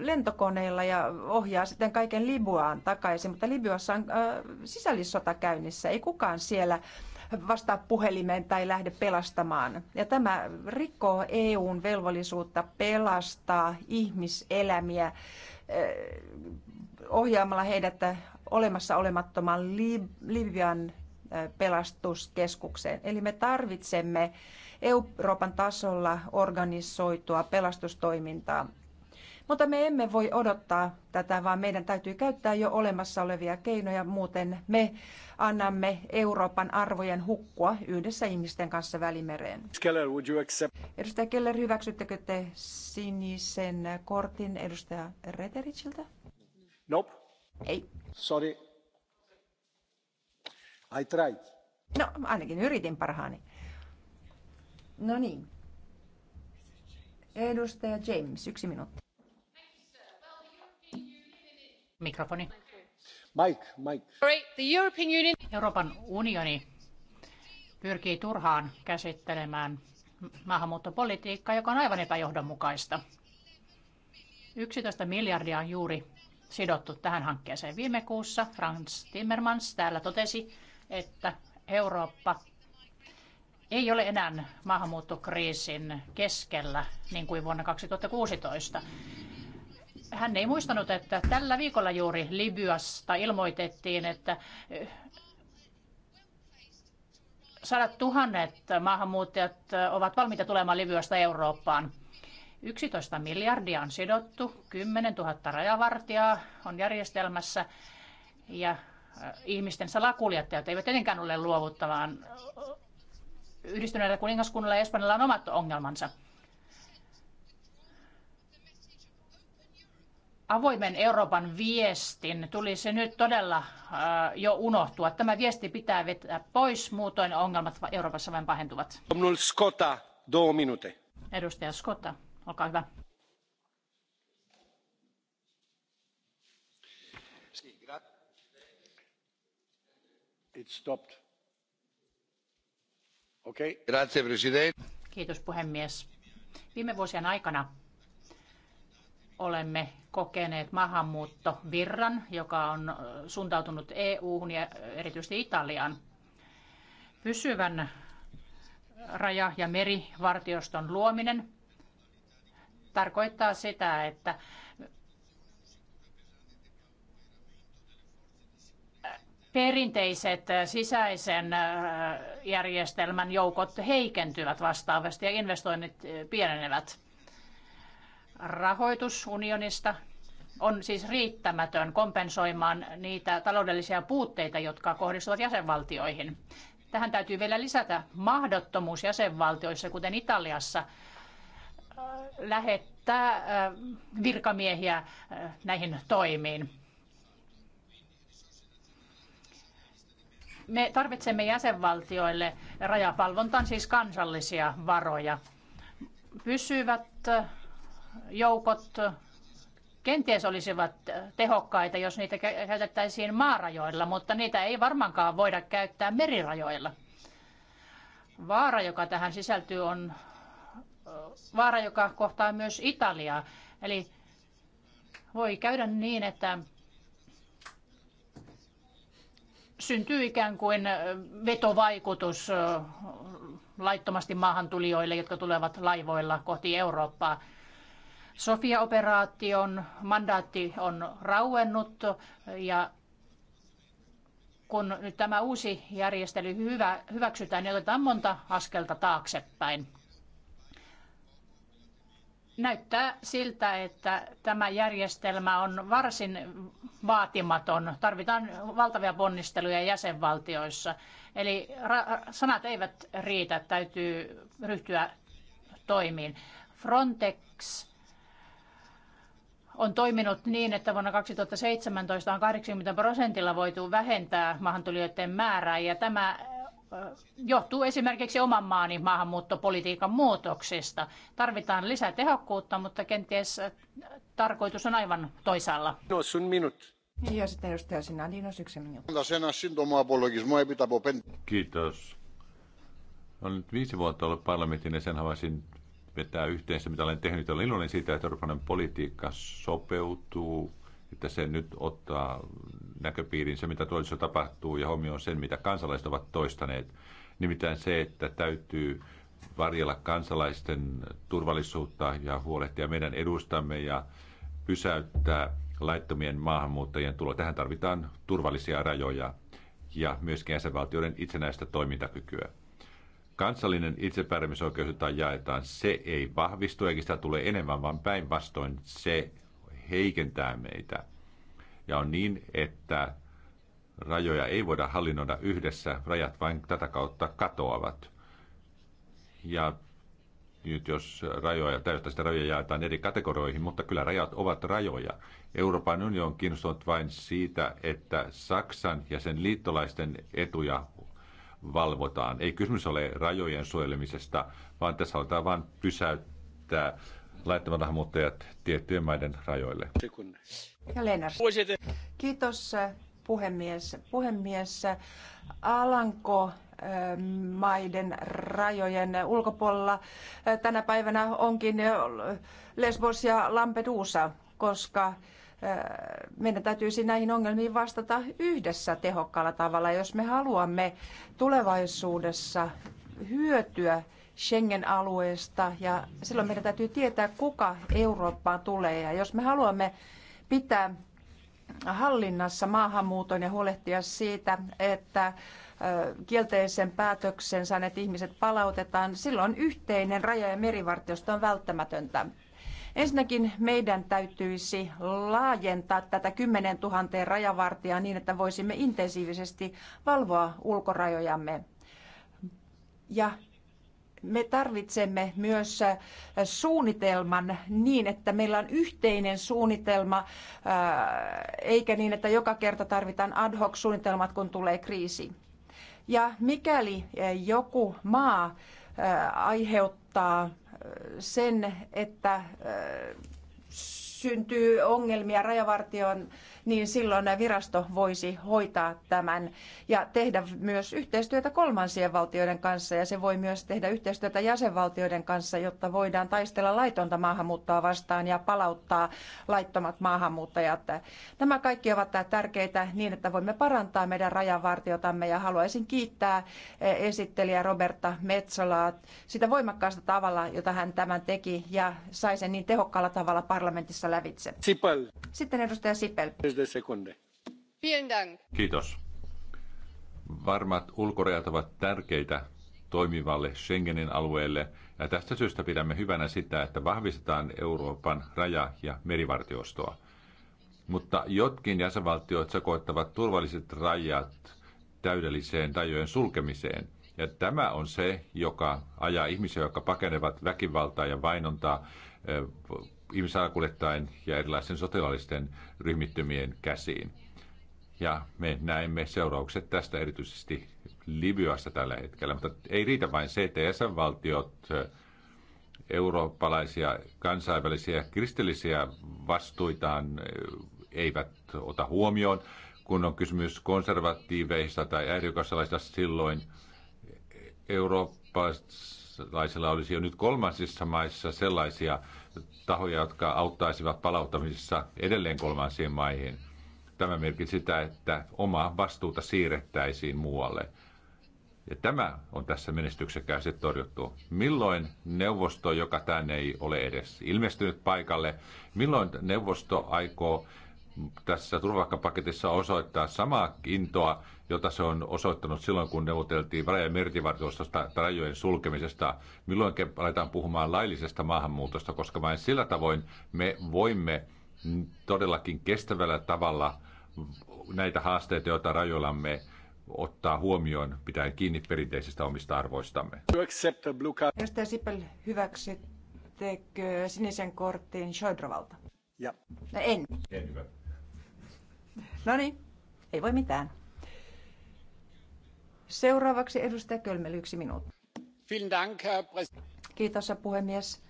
lentokoneilla ja ohjaa sitten kaiken Libuaan takaisin, mutta Libyassa on sisällissota käynnissä, ei kukaan siellä vastaa puhelimeen tai lähde pelastamaan. Ja tämä rikkoo EUn velvollisuutta pelastaa ihmiselämiä Eh, ohjaamalla heidät olemassa olemattoman Libian eh, pelastuskeskukseen. Eli me tarvitsemme Euroopan tasolla organisoitua pelastustoimintaa. Mutta me emme voi odottaa tätä, vaan meidän täytyy käyttää jo olemassa olevia keinoja, muuten me annamme Euroopan arvojen hukkua yhdessä ihmisten kanssa Välimereen. Keller, would you accept? Edustaja Keller, hyväksyttekö te sinisen kortin edustaja Retericiltä? Nope. Ei. Sorry. I tried. No, ainakin yritin parhaani. No niin. Edustaja James, yksi minuutti. Mike, Mike. Euroopan unioni pyrkii turhaan käsittelemään maahanmuuttopolitiikkaa, joka on aivan epäjohdonmukaista. 11 miljardia on juuri sidottu tähän hankkeeseen. Viime kuussa Franz Timmermans täällä totesi, että Eurooppa ei ole enää maahanmuuttokriisin keskellä, niin kuin vuonna 2016 hän ei muistanut, että tällä viikolla juuri Libyasta ilmoitettiin, että eh, sadat tuhannet maahanmuuttajat eh, ovat valmiita tulemaan Libyasta Eurooppaan. 11 miljardia on sidottu, 10 000 rajavartijaa on järjestelmässä ja eh, ihmisten salakuljettajat eivät tietenkään ole luovuttamaan. Yhdistyneellä kuningaskunnalla ja Espanjalla on omat ongelmansa. avoimen Euroopan viestin tulisi nyt todella äh, jo unohtua. Tämä viesti pitää vetää pois, muutoin ongelmat Euroopassa vain pahentuvat. Skota, Edustaja Skota, olkaa hyvä. Okay. Kiitos puhemies. Viime vuosien aikana olemme kokeneet maahanmuuttovirran, joka on suuntautunut EU-hun ja erityisesti Italiaan. Pysyvän raja- ja merivartioston luominen tarkoittaa sitä, että perinteiset sisäisen järjestelmän joukot heikentyvät vastaavasti ja investoinnit pienenevät rahoitus unionista on siis riittämätön kompensoimaan niitä taloudellisia puutteita, jotka kohdistuvat jäsenvaltioihin. Tähän täytyy vielä lisätä mahdottomuus jäsenvaltioissa, kuten Italiassa, lähettää äh, virkamiehiä äh, näihin toimiin. Me tarvitsemme jäsenvaltioille rajapalvontaan siis kansallisia varoja. Pysyvät äh, joukot kenties olisivat tehokkaita, jos niitä käytettäisiin maarajoilla, mutta niitä ei varmaankaan voida käyttää merirajoilla. Vaara, joka tähän sisältyy, on vaara, joka kohtaa myös Italiaa. Eli voi käydä niin, että syntyy ikään kuin vetovaikutus laittomasti maahantulijoille, jotka tulevat laivoilla kohti Eurooppaa – Sofia-operaation mandaatti on rauennut ja kun nyt tämä uusi järjestely hyvä, hyväksytään, niin otetaan monta askelta taaksepäin. Näyttää siltä, että tämä järjestelmä on varsin vaatimaton. Tarvitaan valtavia ponnisteluja jäsenvaltioissa. Eli sanat eivät riitä, täytyy ryhtyä toimiin. Frontex on toiminut niin, että vuonna 2017 on 80 prosentilla voitu vähentää maahantulijoiden määrää ja tämä johtuu esimerkiksi oman maani maahanmuuttopolitiikan muutoksesta. Tarvitaan lisää tehokkuutta, mutta kenties tarkoitus on aivan toisaalla. No, sun minut. Ja sitten edustaja Sinadinos, yksi minuutti. Kiitos. Olen nyt viisi vuotta ollut parlamentin ja sen havaisin vetää yhteen se, mitä olen tehnyt. Olen iloinen siitä, että Euroopan politiikka sopeutuu, että se nyt ottaa näköpiiriin se, mitä toisessa tapahtuu ja huomioon sen, mitä kansalaiset ovat toistaneet. Nimittäin se, että täytyy varjella kansalaisten turvallisuutta ja huolehtia meidän edustamme ja pysäyttää laittomien maahanmuuttajien tulo. Tähän tarvitaan turvallisia rajoja ja myöskin jäsenvaltioiden itsenäistä toimintakykyä kansallinen itsepärjäämisoikeus, jota jaetaan, se ei vahvistu eikä sitä tule enemmän, vaan päinvastoin se heikentää meitä. Ja on niin, että rajoja ei voida hallinnoida yhdessä, rajat vain tätä kautta katoavat. Ja nyt jos rajoja, sitä rajoja jaetaan eri kategorioihin, mutta kyllä rajat ovat rajoja. Euroopan unioni on kiinnostunut vain siitä, että Saksan ja sen liittolaisten etuja valvotaan. Ei kysymys ole rajojen suojelemisesta, vaan tässä halutaan vain pysäyttää laittomat maahanmuuttajat tiettyjen maiden rajoille. Ja Lennart. Kiitos puhemies. Puhemies, Alanko ähm, maiden rajojen ulkopuolella äh, tänä päivänä onkin äh, Lesbos ja Lampedusa, koska meidän täytyisi siis näihin ongelmiin vastata yhdessä tehokkaalla tavalla, jos me haluamme tulevaisuudessa hyötyä Schengen-alueesta ja silloin meidän täytyy tietää, kuka Eurooppaan tulee. Ja jos me haluamme pitää hallinnassa maahanmuuton ja huolehtia siitä, että kielteisen päätöksen saaneet ihmiset palautetaan, silloin yhteinen raja- ja merivartiosto on välttämätöntä. Ensinnäkin meidän täytyisi laajentaa tätä 10 000 rajavartijaa niin, että voisimme intensiivisesti valvoa ulkorajojamme. Ja me tarvitsemme myös suunnitelman niin, että meillä on yhteinen suunnitelma, eikä niin, että joka kerta tarvitaan ad hoc suunnitelmat, kun tulee kriisi. Ja mikäli joku maa aiheuttaa sen, että syntyy ongelmia rajavartion niin silloin virasto voisi hoitaa tämän ja tehdä myös yhteistyötä kolmansien valtioiden kanssa ja se voi myös tehdä yhteistyötä jäsenvaltioiden kanssa, jotta voidaan taistella laitonta maahanmuuttoa vastaan ja palauttaa laittomat maahanmuuttajat. Nämä kaikki ovat tärkeitä niin, että voimme parantaa meidän rajavartiotamme ja haluaisin kiittää e, esittelijä Roberta Metsolaa sitä voimakkaasta tavalla, jota hän tämän teki ja sai sen niin tehokkaalla tavalla parlamentissa lävitse. Sipel. Sitten edustaja Sipel. Kiitos. Varmat ulkorajat ovat tärkeitä toimivalle Schengenin alueelle ja tästä syystä pidämme hyvänä sitä, että vahvistetaan Euroopan raja- ja merivartiostoa. Mutta jotkin jäsenvaltiot sekoittavat turvalliset rajat täydelliseen rajojen sulkemiseen. Ja tämä on se, joka ajaa ihmisiä, jotka pakenevat väkivaltaa ja vainontaa eh, ihmisalakuljettajien ja erilaisten sotilaallisten ryhmittymien käsiin. Ja me näemme seuraukset tästä erityisesti Libyassa tällä hetkellä, mutta ei riitä vain se, että jäsenvaltiot eurooppalaisia kansainvälisiä kristillisiä vastuitaan eivät ota huomioon, kun on kysymys konservatiiveista tai ääriokassalaisista silloin eurooppalaisilla olisi jo nyt kolmansissa maissa sellaisia tahoja, jotka auttaisivat palauttamisessa edelleen kolmansiin maihin. Tämä merkitsi sitä, että omaa vastuuta siirrettäisiin muualle. Ja tämä on tässä menestyksekkäästi torjuttu. Milloin neuvosto, joka tänne ei ole edes ilmestynyt paikalle, milloin neuvosto aikoo tässä turvapaikkapaketissa osoittaa samaa intoa jota se on osoittanut silloin, kun neuvoteltiin raja- ja merkivartiostosta rajojen sulkemisesta. Milloin aletaan puhumaan laillisesta maahanmuutosta, koska vain sillä tavoin me voimme todellakin kestävällä tavalla näitä haasteita, joita rajoillamme ottaa huomioon, pitää kiinni perinteisistä omista arvoistamme. Edustaja Sipel, hyväksyttekö sinisen kortin Shoidrovalta? Ja. No en. En hyvä. No niin, ei voi mitään. Seuraavaksi edustaja Kölmel, yksi minuutti. Kiitos puhemies.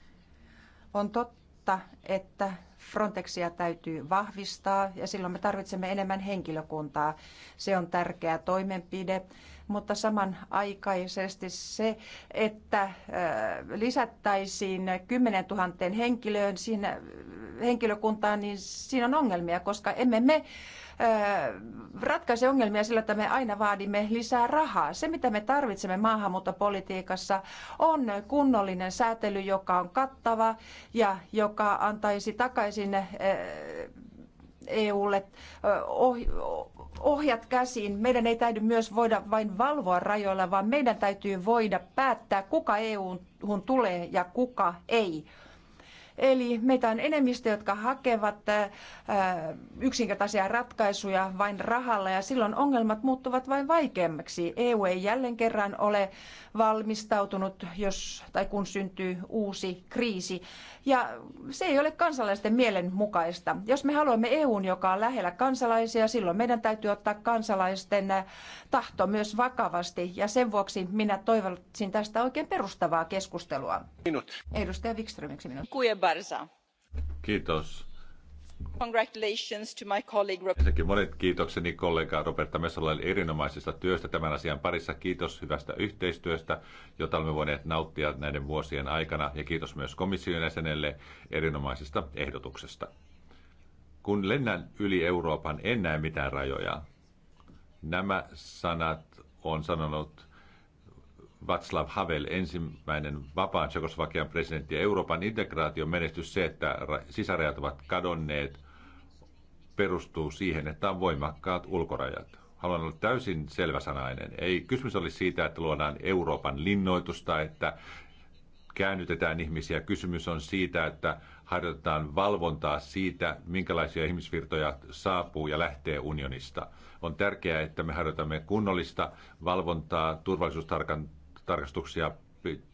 On totta, että Frontexia täytyy vahvistaa ja silloin me tarvitsemme enemmän henkilökuntaa. Se on tärkeä toimenpide, mutta samanaikaisesti se, että äh, lisättäisiin 10 000 henkilöön siinä äh, henkilökuntaan, niin siinä on ongelmia, koska emme me ratkaise ongelmia sillä, että me aina vaadimme lisää rahaa. Se, mitä me tarvitsemme maahanmuuttopolitiikassa, on kunnollinen säätely, joka on kattava ja joka antaisi takaisin EUlle ohjat käsiin. Meidän ei täydy myös voida vain valvoa rajoilla, vaan meidän täytyy voida päättää, kuka EUhun tulee ja kuka ei. Eli meitä on enemmistö, jotka hakevat äh, äh, yksinkertaisia ratkaisuja vain rahalla ja silloin ongelmat muuttuvat vain vaikeammaksi. EU ei jälleen kerran ole valmistautunut, jos tai kun syntyy uusi kriisi. Ja se ei ole kansalaisten mielen mukaista. Jos me haluamme EUn, joka on lähellä kansalaisia, silloin meidän täytyy ottaa kansalaisten äh, tahto myös vakavasti. Ja sen vuoksi minä toivoisin tästä oikein perustavaa keskustelua. Minut. Edustaja Wikström, yksi minuutti. Kiitos. Ensinnäkin monet kiitokseni kollega Roberta Messolalle erinomaisesta työstä tämän asian parissa. Kiitos hyvästä yhteistyöstä, jota olemme voineet nauttia näiden vuosien aikana. Ja kiitos myös komission jäsenelle erinomaisesta ehdotuksesta. Kun lennän yli Euroopan, en näe mitään rajoja. Nämä sanat on sanonut Václav Havel, ensimmäinen vapaan Tsekoslovakian presidentti ja Euroopan integraation menestys, se, että sisärajat ovat kadonneet, perustuu siihen, että on voimakkaat ulkorajat. Haluan olla täysin selväsanainen. Ei kysymys oli siitä, että luodaan Euroopan linnoitusta, että käännytetään ihmisiä. Kysymys on siitä, että harjoitetaan valvontaa siitä, minkälaisia ihmisvirtoja saapuu ja lähtee unionista. On tärkeää, että me harjoitamme kunnollista valvontaa, turvallisuustarkan tarkastuksia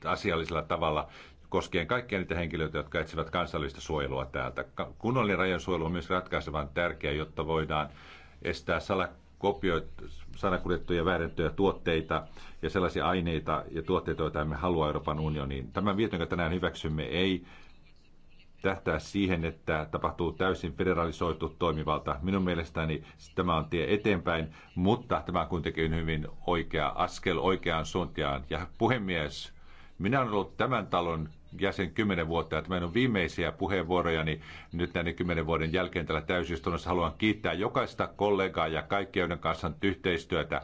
asiallisella tavalla koskien kaikkia niitä henkilöitä, jotka etsivät kansallista suojelua täältä. Kunnollinen rajan suojelu on myös ratkaisevan tärkeä, jotta voidaan estää salakuljettuja väärentöjä tuotteita ja sellaisia aineita ja tuotteita, joita emme halua Euroopan unioniin. Tämän mietinnön tänään hyväksymme ei tähtää siihen, että tapahtuu täysin federalisoitu toimivalta. Minun mielestäni tämä on tie eteenpäin, mutta tämä on kuitenkin hyvin oikea askel oikeaan suuntaan. Ja puhemies, minä olen ollut tämän talon jäsen kymmenen vuotta, ja meidän on viimeisiä niin nyt näiden kymmenen vuoden jälkeen täällä täysistunnossa. Haluan kiittää jokaista kollegaa ja kaikkia, joiden kanssa on yhteistyötä.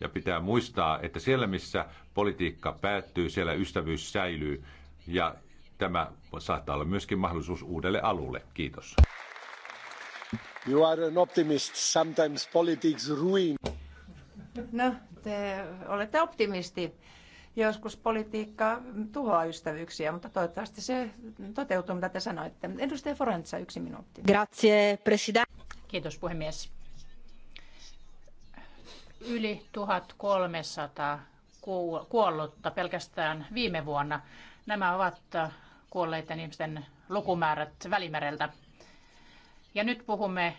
Ja pitää muistaa, että siellä missä politiikka päättyy, siellä ystävyys säilyy. Ja tämä saattaa olla myöskin mahdollisuus uudelle alulle. Kiitos. You are an optimist. Sometimes politics ruin. No, te olette optimisti. Joskus politiikka tuhoaa ystävyyksiä, mutta toivottavasti se toteutuu, mitä te sanoitte. Edustaja Forenza, yksi minuutti. Grazie, president. Kiitos, puhemies. Yli 1300 kuollutta pelkästään viime vuonna. Nämä ovat kuolleiden niin ihmisten lukumäärät Välimereltä. Ja nyt puhumme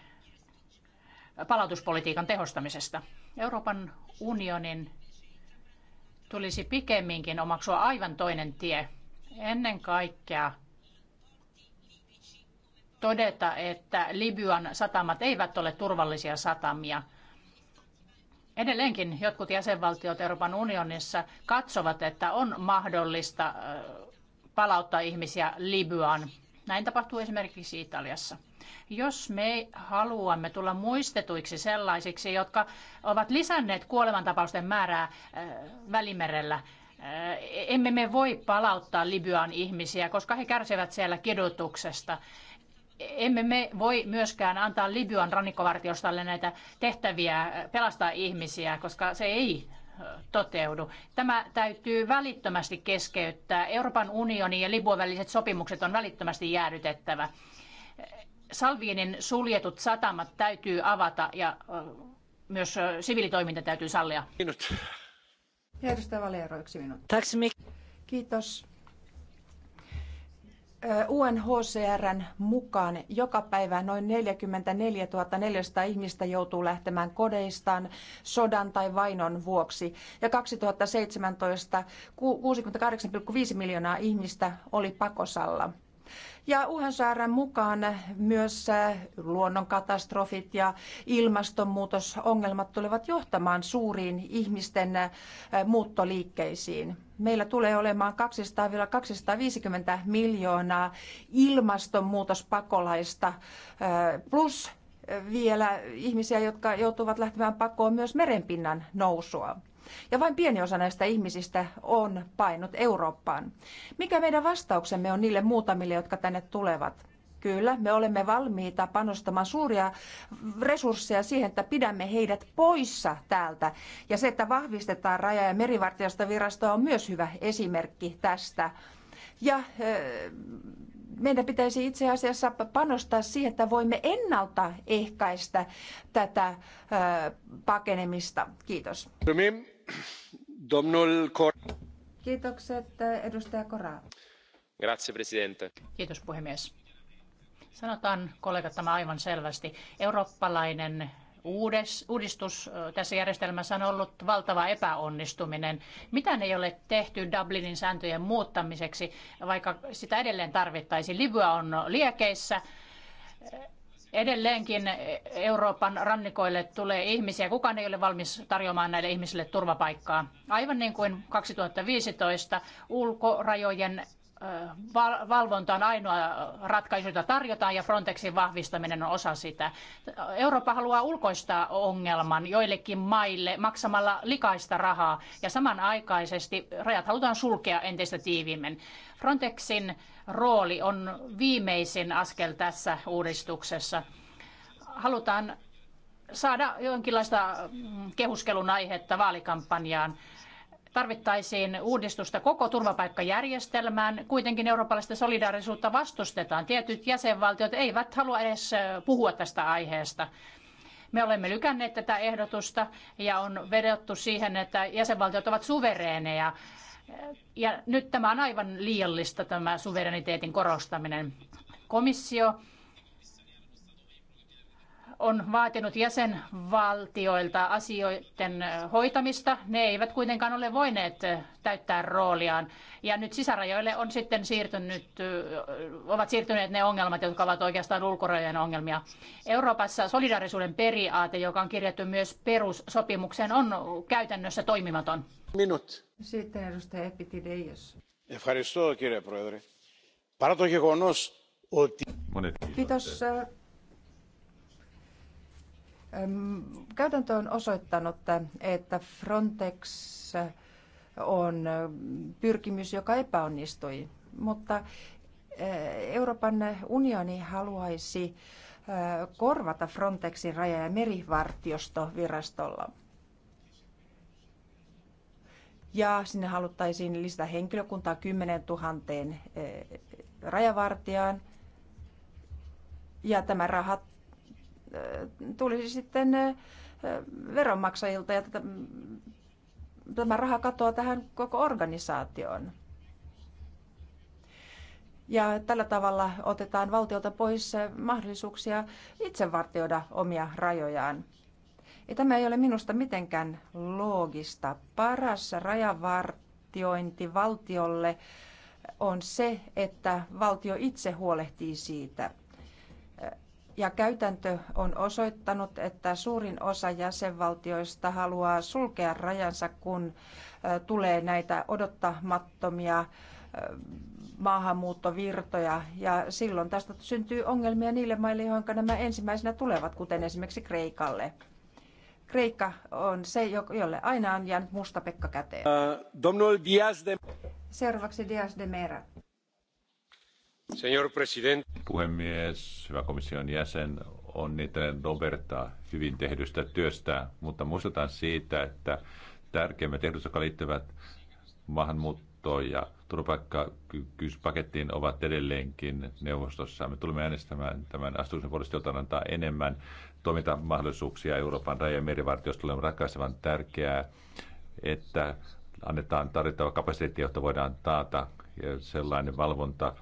palautuspolitiikan tehostamisesta. Euroopan unionin tulisi pikemminkin omaksua aivan toinen tie. Ennen kaikkea todeta, että Libyan satamat eivät ole turvallisia satamia. Edelleenkin jotkut jäsenvaltiot Euroopan unionissa katsovat, että on mahdollista palauttaa ihmisiä Libyaan. Näin tapahtuu esimerkiksi Italiassa. Jos me haluamme tulla muistetuiksi sellaisiksi, jotka ovat lisänneet kuolemantapausten määrää äh, Välimerellä, äh, emme me voi palauttaa Libyan ihmisiä, koska he kärsivät siellä kidutuksesta. Emme me voi myöskään antaa Libyan rannikkovartiostalle näitä tehtäviä äh, pelastaa ihmisiä, koska se ei toteudu. Tämä täytyy välittömästi keskeyttää. Euroopan unionin ja Libyan väliset sopimukset on välittömästi jäädytettävä. Salviinin suljetut satamat täytyy avata ja myös siviilitoiminta täytyy sallia. Minut. Edustaja Valero, yksi minuutti. Kiitos. UNHCRn mukaan joka päivä noin 44 400 ihmistä joutuu lähtemään kodeistaan sodan tai vainon vuoksi. Ja 2017 68,5 miljoonaa ihmistä oli pakosalla. Ja Uhansaaren mukaan myös äh, luonnonkatastrofit ja ilmastonmuutosongelmat tulevat johtamaan suuriin ihmisten äh, muuttoliikkeisiin. Meillä tulee olemaan 200-250 miljoonaa ilmastonmuutospakolaista äh, plus vielä ihmisiä, jotka joutuvat lähtemään pakoon myös merenpinnan nousua. Ja vain pieni osa näistä ihmisistä on painut Eurooppaan. Mikä meidän vastauksemme on niille muutamille, jotka tänne tulevat? Kyllä, me olemme valmiita panostamaan suuria resursseja siihen, että pidämme heidät poissa täältä. Ja se, että vahvistetaan raja- ja merivartijastovirastoa on myös hyvä esimerkki tästä. Ja meidän pitäisi itse asiassa panostaa siihen, että voimme ennaltaehkäistä tätä pakenemista. Kiitos arvoisa Kiitos, puhemies. Sanotaan kollegat tämä aivan selvästi. Eurooppalainen uudistus tässä järjestelmässä on ollut valtava epäonnistuminen. Mitään ei ole tehty Dublinin sääntöjen muuttamiseksi, vaikka sitä edelleen tarvittaisiin. Libya on liekeissä Edelleenkin Euroopan rannikoille tulee ihmisiä. Kukaan ei ole valmis tarjoamaan näille ihmisille turvapaikkaa. Aivan niin kuin 2015 ulkorajojen valvonta on ainoa ratkaisu, jota tarjotaan ja Frontexin vahvistaminen on osa sitä. Eurooppa haluaa ulkoistaa ongelman joillekin maille maksamalla likaista rahaa ja samanaikaisesti rajat halutaan sulkea entistä tiiviimmin. Frontexin rooli on viimeisin askel tässä uudistuksessa. Halutaan saada jonkinlaista mm, kehuskelun aihetta vaalikampanjaan tarvittaisiin uudistusta koko turvapaikkajärjestelmään. Kuitenkin eurooppalaista solidaarisuutta vastustetaan. Tietyt jäsenvaltiot eivät halua edes puhua tästä aiheesta. Me olemme lykänneet tätä ehdotusta ja on vedottu siihen, että jäsenvaltiot ovat suvereeneja. Ja nyt tämä on aivan liiallista, tämä suvereniteetin korostaminen. Komissio on vaatinut jäsenvaltioilta asioiden hoitamista. Ne eivät kuitenkaan ole voineet täyttää rooliaan. Ja nyt sisärajoille on sitten siirtynyt, ovat siirtyneet ne ongelmat, jotka ovat oikeastaan ulkorajojen ongelmia. Euroopassa solidaarisuuden periaate, joka on kirjattu myös perussopimukseen, on käytännössä toimimaton. Minut. Sitten edustaja Epitideios. Ευχαριστώ κύριε Πρόεδρε. Παρά το γεγονός ότι... Kiitos Käytäntö on osoittanut, että Frontex on pyrkimys, joka epäonnistui, mutta Euroopan unioni haluaisi korvata Frontexin raja- ja merivartiostovirastolla. Ja sinne haluttaisiin lisätä henkilökuntaa 10 000 rajavartijaan. Ja tämä rahat tulisi sitten veronmaksajilta ja tätä, tämä raha katoaa tähän koko organisaatioon. Ja tällä tavalla otetaan valtiolta pois mahdollisuuksia itse vartioida omia rajojaan. Ja tämä ei ole minusta mitenkään loogista. Paras rajavartiointi valtiolle on se, että valtio itse huolehtii siitä – ja käytäntö on osoittanut, että suurin osa jäsenvaltioista haluaa sulkea rajansa, kun tulee näitä odottamattomia maahanmuuttovirtoja ja silloin tästä syntyy ongelmia niille maille, joihin nämä ensimmäisenä tulevat, kuten esimerkiksi Kreikalle. Kreikka on se, jolle aina on jäänyt musta pekka käteen. Uh, Diaz de... Seuraavaksi Diaz de Mera. Señor Puhemies, hyvä komission jäsen, onnittelen Roberta hyvin tehdystä työstä, mutta muistutan siitä, että tärkeimmät ehdotukset, jotka liittyvät maahanmuuttoon ja turvapaikkakysymyspakettiin ovat edelleenkin neuvostossa. Me tulemme äänestämään tämän astuksen puolesta, jota antaa enemmän toimintamahdollisuuksia Euroopan raja- ja merivartiostolle. On ratkaisevan tärkeää, että annetaan tarvittava kapasiteetti, jotta voidaan taata sellainen valvonta,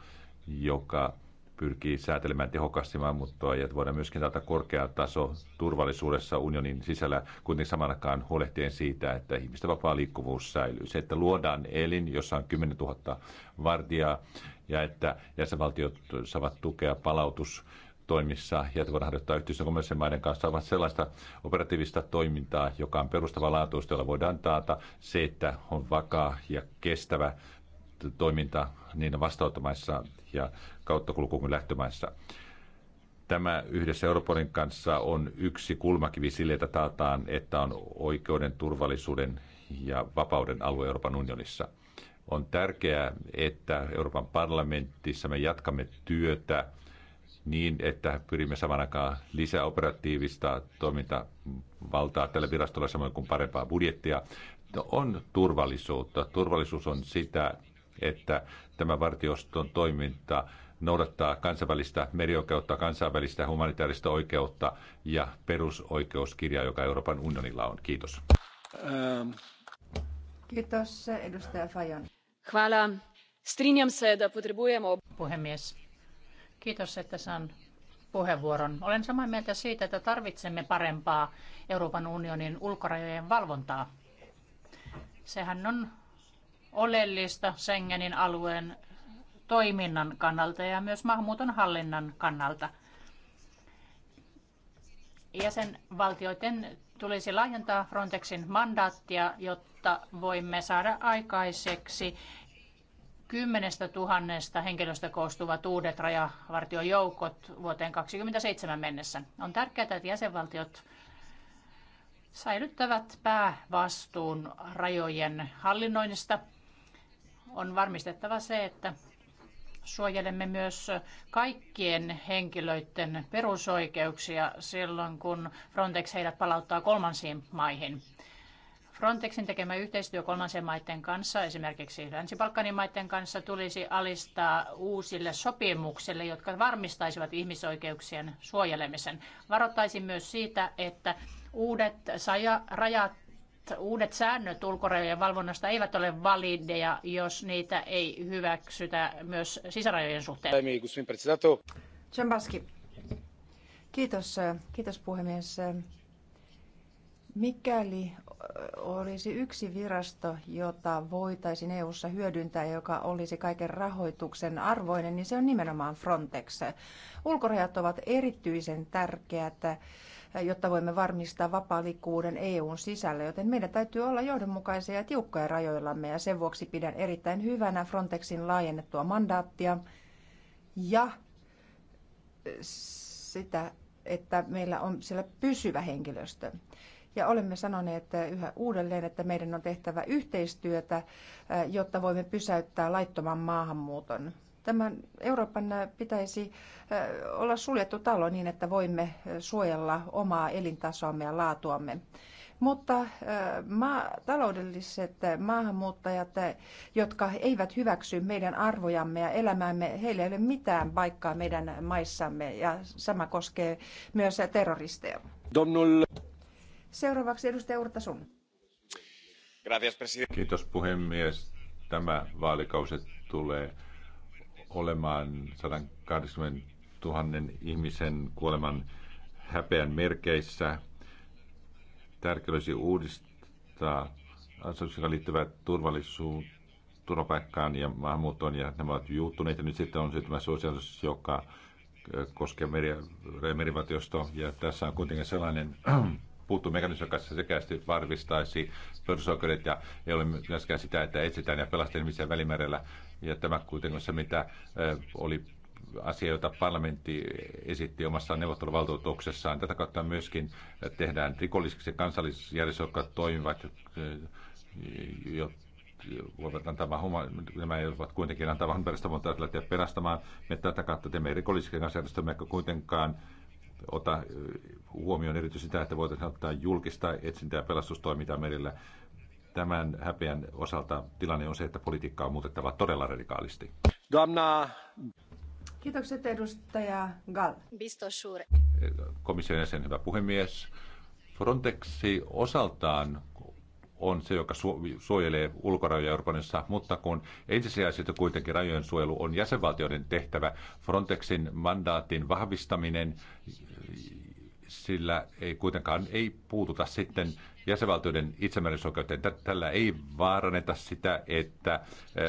joka pyrkii säätelemään tehokkaasti maahanmuuttoa ja voidaan myöskin taata korkea taso turvallisuudessa unionin sisällä, kuitenkin samanakaan huolehtien siitä, että ihmisten vapaa liikkuvuus säilyy. Se, että luodaan elin, jossa on 10 000 vartijaa ja että jäsenvaltiot saavat tukea palautus toimissa ja voidaan harjoittaa yhteistyötä kommersen maiden kanssa ovat sellaista operatiivista toimintaa, joka on perustava laatuista, jolla voidaan taata se, että on vakaa ja kestävä toiminta niin vastaanottomaissa ja kauttakulku kuin lähtömaissa. Tämä yhdessä Europolin kanssa on yksi kulmakivi sille, että taataan, että on oikeuden, turvallisuuden ja vapauden alue Euroopan unionissa. On tärkeää, että Euroopan parlamentissa me jatkamme työtä niin, että pyrimme saman aikaan lisää operatiivista toimintavaltaa tällä virastolla samoin kuin parempaa budjettia. No, on turvallisuutta. Turvallisuus on sitä, että tämä vartioston toiminta noudattaa kansainvälistä merioikeutta, kansainvälistä humanitaarista oikeutta ja perusoikeuskirjaa, joka Euroopan unionilla on. Kiitos. Ähm. Kiitos, edustaja Fajon. Hvala. Strinjam se, da potrebujemo... Puhemies, kiitos, että saan puheenvuoron. Olen samaa mieltä siitä, että tarvitsemme parempaa Euroopan unionin ulkorajojen valvontaa. Sehän on oleellista Schengenin alueen toiminnan kannalta ja myös maahanmuuton hallinnan kannalta. Jäsenvaltioiden tulisi laajentaa Frontexin mandaattia, jotta voimme saada aikaiseksi kymmenestä 000 henkilöstä koostuvat uudet rajavartiojoukot vuoteen 2027 mennessä. On tärkeää, että jäsenvaltiot säilyttävät päävastuun rajojen hallinnoinnista – on varmistettava se, että suojelemme myös kaikkien henkilöiden perusoikeuksia silloin, kun Frontex heidät palauttaa kolmansiin maihin. Frontexin tekemä yhteistyö kolmansien maiden kanssa, esimerkiksi Länsi-Balkanin maiden kanssa, tulisi alistaa uusille sopimuksille, jotka varmistaisivat ihmisoikeuksien suojelemisen. Varoittaisin myös siitä, että uudet rajat uudet säännöt ulkorajojen valvonnasta eivät ole valideja, jos niitä ei hyväksytä myös sisärajojen suhteen. Tsembaski. Kiitos, kiitos puhemies. Mikäli olisi yksi virasto, jota voitaisiin EU:ssa hyödyntää, joka olisi kaiken rahoituksen arvoinen, niin se on nimenomaan Frontex. Ulkorajat ovat erityisen tärkeät jotta voimme varmistaa vapaaliikkuvuuden EUn sisällä, joten meidän täytyy olla johdonmukaisia ja tiukkoja rajoillamme ja sen vuoksi pidän erittäin hyvänä Frontexin laajennettua mandaattia ja äh, sitä, että meillä on siellä pysyvä henkilöstö. Ja olemme sanoneet äh, yhä uudelleen, että meidän on tehtävä yhteistyötä, äh, jotta voimme pysäyttää laittoman maahanmuuton. Tämän Euroopan pitäisi olla suljettu talo niin, että voimme suojella omaa elintasoamme ja laatuamme. Mutta maa, taloudelliset maahanmuuttajat, jotka eivät hyväksy meidän arvojamme ja elämäämme, heillä ei ole mitään paikkaa meidän maissamme ja sama koskee myös terroristeja. Domnul. Seuraavaksi edustaja Urta Sun. Kiitos puhemies. Tämä vaalikausi tulee olemaan 120 000 ihmisen kuoleman häpeän merkeissä. Tärkeää olisi uudistaa asioita, jotka liittyvät turvallisuuteen turvapaikkaan ja maahanmuuttoon, ja nämä ovat juuttuneet, ja nyt sitten on tämä sosiaalisuus, joka koskee meri, merivaltiosto, ja tässä on kuitenkin sellainen mekanismi, joka sekä varvistaisi perusoikeudet, ja ei ole myöskään sitä, että etsitään ja pelastetaan ihmisiä välimerellä, ja tämä kuitenkin se, mitä oli asia, jota parlamentti esitti omassa neuvotteluvaltuutuksessaan. Tätä kautta myöskin tehdään rikollisiksi kansallisjärjestöt, jotka toimivat, jo, voivat antaa huma, nämä ovat kuitenkin antamaan ympäristömuotoja lähteä pelastamaan. Me tätä kautta teemme rikollisiksi kansallisjärjestöt, jotka kuitenkaan ota huomioon erityisesti sitä, että voitaisiin ottaa julkista etsintää ja pelastustoimintaa merillä Tämän häpeän osalta tilanne on se, että politiikka on muutettava todella radikaalisti. Damna. Kiitokset edustaja Gall. Komission jäsen, hyvä puhemies. Frontexi osaltaan on se, joka suojelee ulkorajoja Euroopanissa, mutta kun ensisijaisesti kuitenkin rajojen suojelu on jäsenvaltioiden tehtävä, Frontexin mandaatin vahvistaminen, sillä ei kuitenkaan ei puututa sitten jäsenvaltioiden itsemääräämisoikeuteen. Tällä ei vaaranneta sitä, että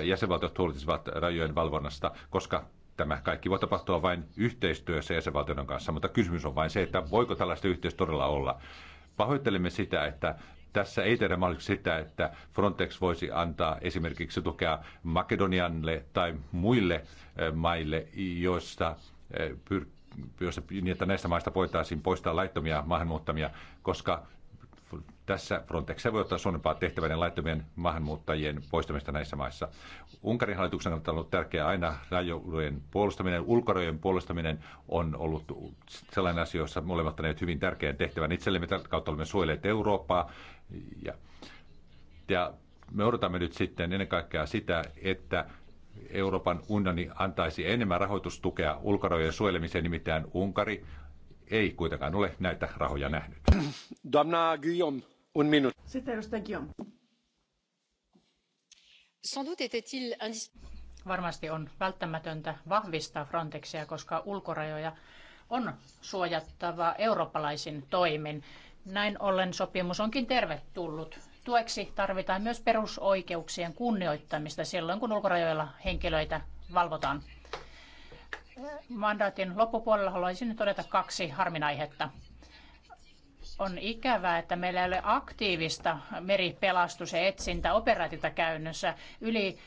jäsenvaltiot huolehtisivat rajojen valvonnasta, koska tämä kaikki voi tapahtua vain yhteistyössä jäsenvaltioiden kanssa, mutta kysymys on vain se, että voiko tällaista yhteistyötä todella olla. Pahoittelemme sitä, että tässä ei tehdä mahdollisesti sitä, että Frontex voisi antaa esimerkiksi tukea Makedonialle tai muille maille, joista pyr- niin, että näistä maista voitaisiin poistaa laittomia maahanmuuttamia, koska tässä Frontex voi ottaa suurempaa tehtävää ja laittomien maahanmuuttajien poistamista näissä maissa. Unkarin hallituksen on ollut tärkeää aina rajojen puolustaminen. Ulkorajojen puolustaminen on ollut sellainen asia, jossa molemmat ovat hyvin tärkeän tehtävän itsellemme. Tätä kautta olemme suojelleet Eurooppaa. Ja, ja me odotamme nyt sitten ennen kaikkea sitä, että Euroopan unioni antaisi enemmän rahoitustukea ulkorajojen suojelemiseen, nimittäin Unkari ei kuitenkaan ole näitä rahoja nähnyt. Damna Guillaume. Sitten Varmasti on välttämätöntä vahvistaa Frontexia, koska ulkorajoja on suojattava eurooppalaisin toimin. Näin ollen sopimus onkin tervetullut. Tueksi tarvitaan myös perusoikeuksien kunnioittamista silloin, kun ulkorajoilla henkilöitä valvotaan. Mandaatin loppupuolella haluaisin todeta kaksi harminaihetta. On ikävää, että meillä ei ole aktiivista meripelastus- ja etsintäoperaatiota käynnissä. Yli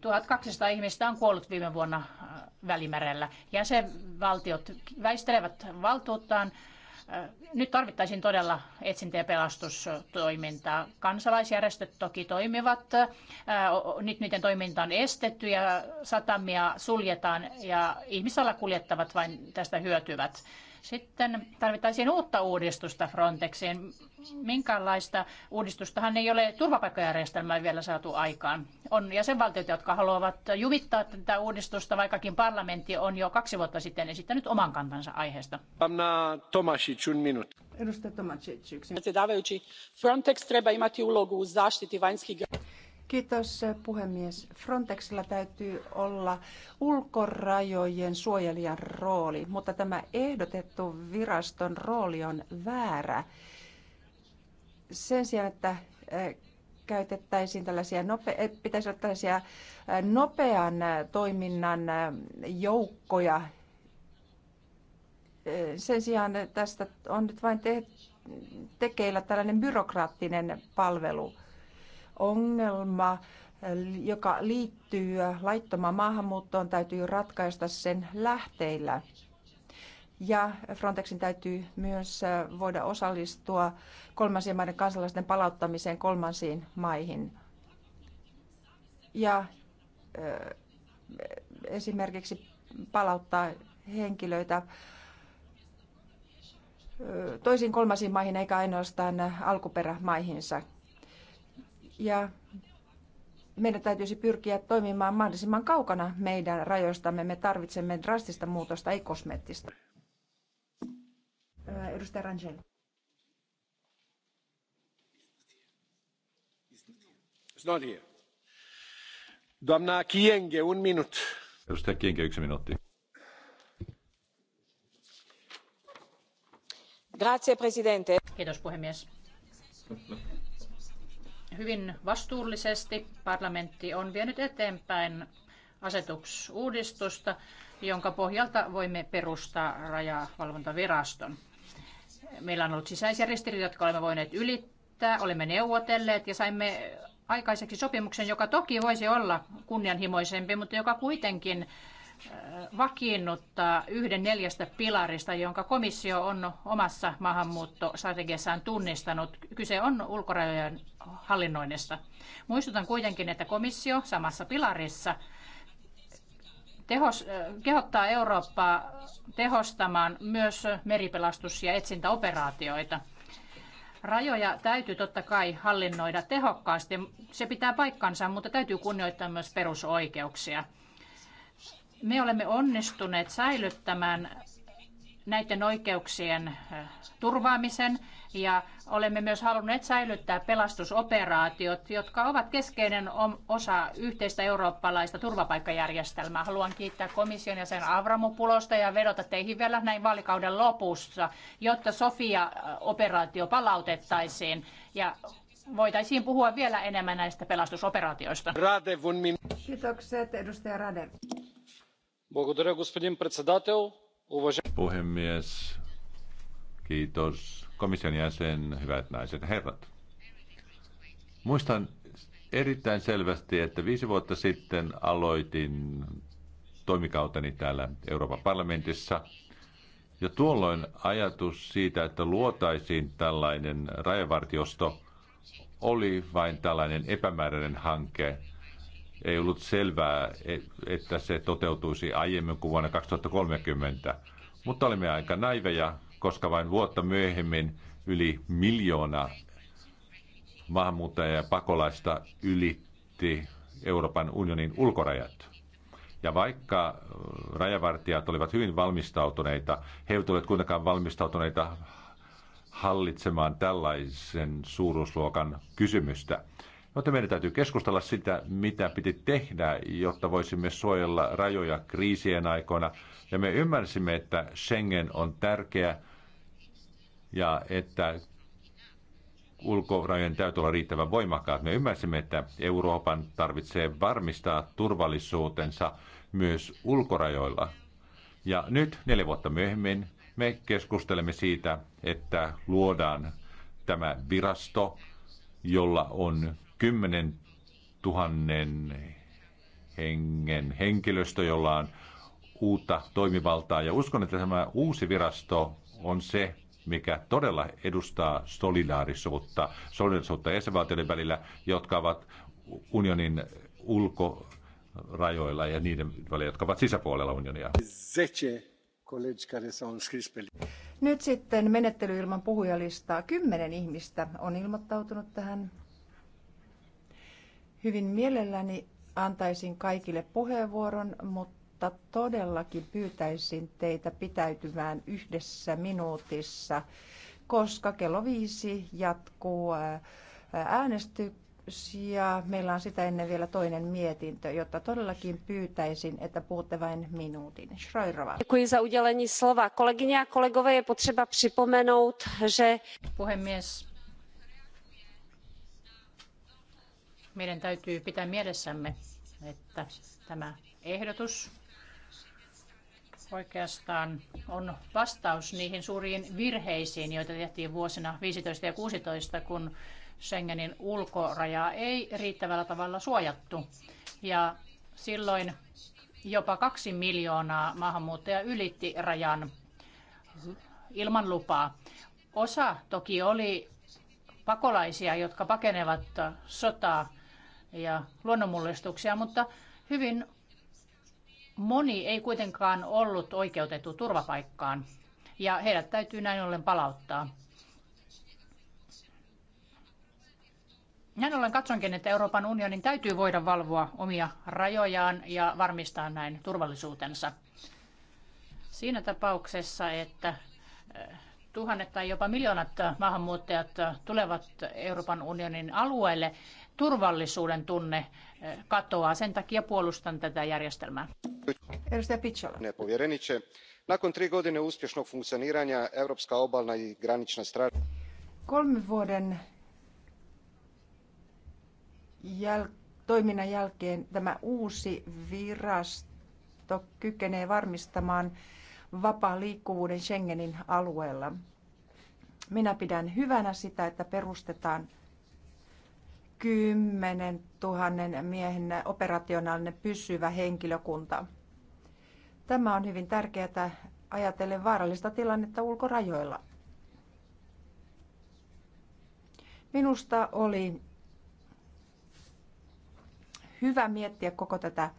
1200 ihmistä on kuollut viime vuonna Välimerellä. Jäsenvaltiot väistelevät valtuuttaan. Nyt tarvittaisiin todella etsintä- ja pelastustoimintaa. Kansalaisjärjestöt toki toimivat. Nyt niiden toiminta on estetty ja satamia suljetaan ja ihmisalla kuljettavat vain tästä hyötyvät sitten tarvittaisiin uutta uudistusta Frontexiin. Minkälaista uudistustahan ei ole turvapaikkajärjestelmää vielä saatu aikaan. On jäsenvaltiot, jotka haluavat juvittaa tätä uudistusta, vaikkakin parlamentti on jo kaksi vuotta sitten esittänyt oman kantansa aiheesta. Anna Tomasic, un minut. Edustaja Tomasic, yksi. Frontex treba imati ulogu zaštiti vanjskih Kiitos puhemies. Frontexilla täytyy olla ulkorajojen suojelijan rooli, mutta tämä ehdotettu viraston rooli on väärä. Sen sijaan, että eh, käytettäisiin tällaisia, nope, eh, pitäisi olla tällaisia eh, nopean toiminnan joukkoja. Sen sijaan tästä on nyt vain te, tekeillä tällainen byrokraattinen palvelu – ongelma, joka liittyy laittomaan maahanmuuttoon, täytyy ratkaista sen lähteillä. Ja Frontexin täytyy myös voida osallistua kolmansien maiden kansalaisten palauttamiseen kolmansiin maihin. Ja esimerkiksi palauttaa henkilöitä toisiin kolmansiin maihin eikä ainoastaan alkuperämaihinsa. Ja meidän täytyisi pyrkiä toimimaan mahdollisimman kaukana meidän rajoistamme. Me tarvitsemme drastista muutosta, ei kosmeettista. Edustaja Rangel. Doamna Kienge, un minut. Edustaja Kienge, yksi minuutti. Grazie, presidente. Kiitos puhemies hyvin vastuullisesti parlamentti on vienyt eteenpäin asetuksuudistusta, jonka pohjalta voimme perustaa rajavalvontaviraston. Meillä on ollut sisäisiä ristiriitoja, jotka olemme voineet ylittää, olemme neuvotelleet ja saimme aikaiseksi sopimuksen, joka toki voisi olla kunnianhimoisempi, mutta joka kuitenkin vakiinnuttaa yhden neljästä pilarista, jonka komissio on omassa maahanmuuttostrategiassaan tunnistanut. Kyse on ulkorajojen hallinnoinnista. Muistutan kuitenkin, että komissio samassa pilarissa tehos, kehottaa Eurooppaa tehostamaan myös meripelastus- ja etsintäoperaatioita. Rajoja täytyy totta kai hallinnoida tehokkaasti, se pitää paikkansa, mutta täytyy kunnioittaa myös perusoikeuksia. Me olemme onnistuneet säilyttämään näiden oikeuksien äh, turvaamisen ja olemme myös halunneet säilyttää pelastusoperaatiot, jotka ovat keskeinen osa yhteistä eurooppalaista turvapaikkajärjestelmää. Haluan kiittää komission ja sen Avramopulosta ja vedota teihin vielä näin vaalikauden lopussa, jotta Sofia-operaatio palautettaisiin ja voitaisiin puhua vielä enemmän näistä pelastusoperaatioista. Kiitokset, edustaja Rade. Puhemies, kiitos. Komission jäsen, hyvät naiset ja herrat. Muistan erittäin selvästi, että viisi vuotta sitten aloitin toimikauteni täällä Euroopan parlamentissa. Ja tuolloin ajatus siitä, että luotaisiin tällainen rajavartiosto, oli vain tällainen epämääräinen hanke, ei ollut selvää, että se toteutuisi aiemmin kuin vuonna 2030. Mutta olimme aika naiveja, koska vain vuotta myöhemmin yli miljoona maahanmuuttajia ja pakolaista ylitti Euroopan unionin ulkorajat. Ja vaikka äh, rajavartijat olivat hyvin valmistautuneita, he eivät olleet kuitenkaan valmistautuneita hallitsemaan tällaisen suuruusluokan kysymystä. Mutta meidän täytyy keskustella sitä, mitä piti tehdä, jotta voisimme suojella rajoja kriisien aikoina. Ja me ymmärsimme, että Schengen on tärkeä ja että ulkorajojen täytyy olla riittävän voimakkaat. Me ymmärsimme, että Euroopan tarvitsee varmistaa turvallisuutensa myös ulkorajoilla. Ja nyt neljä vuotta myöhemmin me keskustelemme siitä, että luodaan tämä virasto, jolla on 10 tuhannen hengen henkilöstö, jolla on uutta toimivaltaa. Ja uskon, että tämä uusi virasto on se, mikä todella edustaa solidaarisuutta, solidaarisuutta jäsenvaltioiden välillä, jotka ovat unionin ulkorajoilla ja niiden välillä, jotka ovat sisäpuolella unionia. Nyt sitten menettely ilman puhujalistaa. Kymmenen ihmistä on ilmoittautunut tähän Hyvin mielelläni antaisin kaikille puheenvuoron, mutta todellakin pyytäisin teitä pitäytymään yhdessä minuutissa, koska kello viisi jatkuu äänestys ja meillä on sitä ennen vielä toinen mietintö, jotta todellakin pyytäisin, että puhutte vain minuutin. Schreirova. Kiitos za udělení slova. Kolegyně a kolegové, je potřeba připomenout, že... Puhemies, meidän täytyy pitää mielessämme, että tämä ehdotus oikeastaan on vastaus niihin suuriin virheisiin, joita tehtiin vuosina 15 ja 16, kun Schengenin ulkorajaa ei riittävällä tavalla suojattu. Ja silloin jopa kaksi miljoonaa maahanmuuttajaa ylitti rajan ilman lupaa. Osa toki oli pakolaisia, jotka pakenevat sotaa ja luonnonmullistuksia, mutta hyvin moni ei kuitenkaan ollut oikeutettu turvapaikkaan ja heidät täytyy näin ollen palauttaa. Näin ollen katsonkin, että Euroopan unionin täytyy voida valvoa omia rajojaan ja varmistaa näin turvallisuutensa. Siinä tapauksessa, että eh, tuhannet tai jopa miljoonat maahanmuuttajat tulevat Euroopan unionin alueelle, turvallisuuden tunne eh, katoaa. Sen takia puolustan tätä järjestelmää. Edustaja Pitsola. Nakon tri godine uspješnog funkcioniranja Europska obalna i granična straža... Kolmen vuoden jäl- toiminnan jälkeen tämä uusi virasto kykenee varmistamaan vapaan liikkuvuuden Schengenin alueella. Minä pidän hyvänä sitä, että perustetaan 10 000 miehen operationaalinen pysyvä henkilökunta. Tämä on hyvin tärkeää ajatellen vaarallista tilannetta ulkorajoilla. Minusta oli hyvä miettiä koko tätä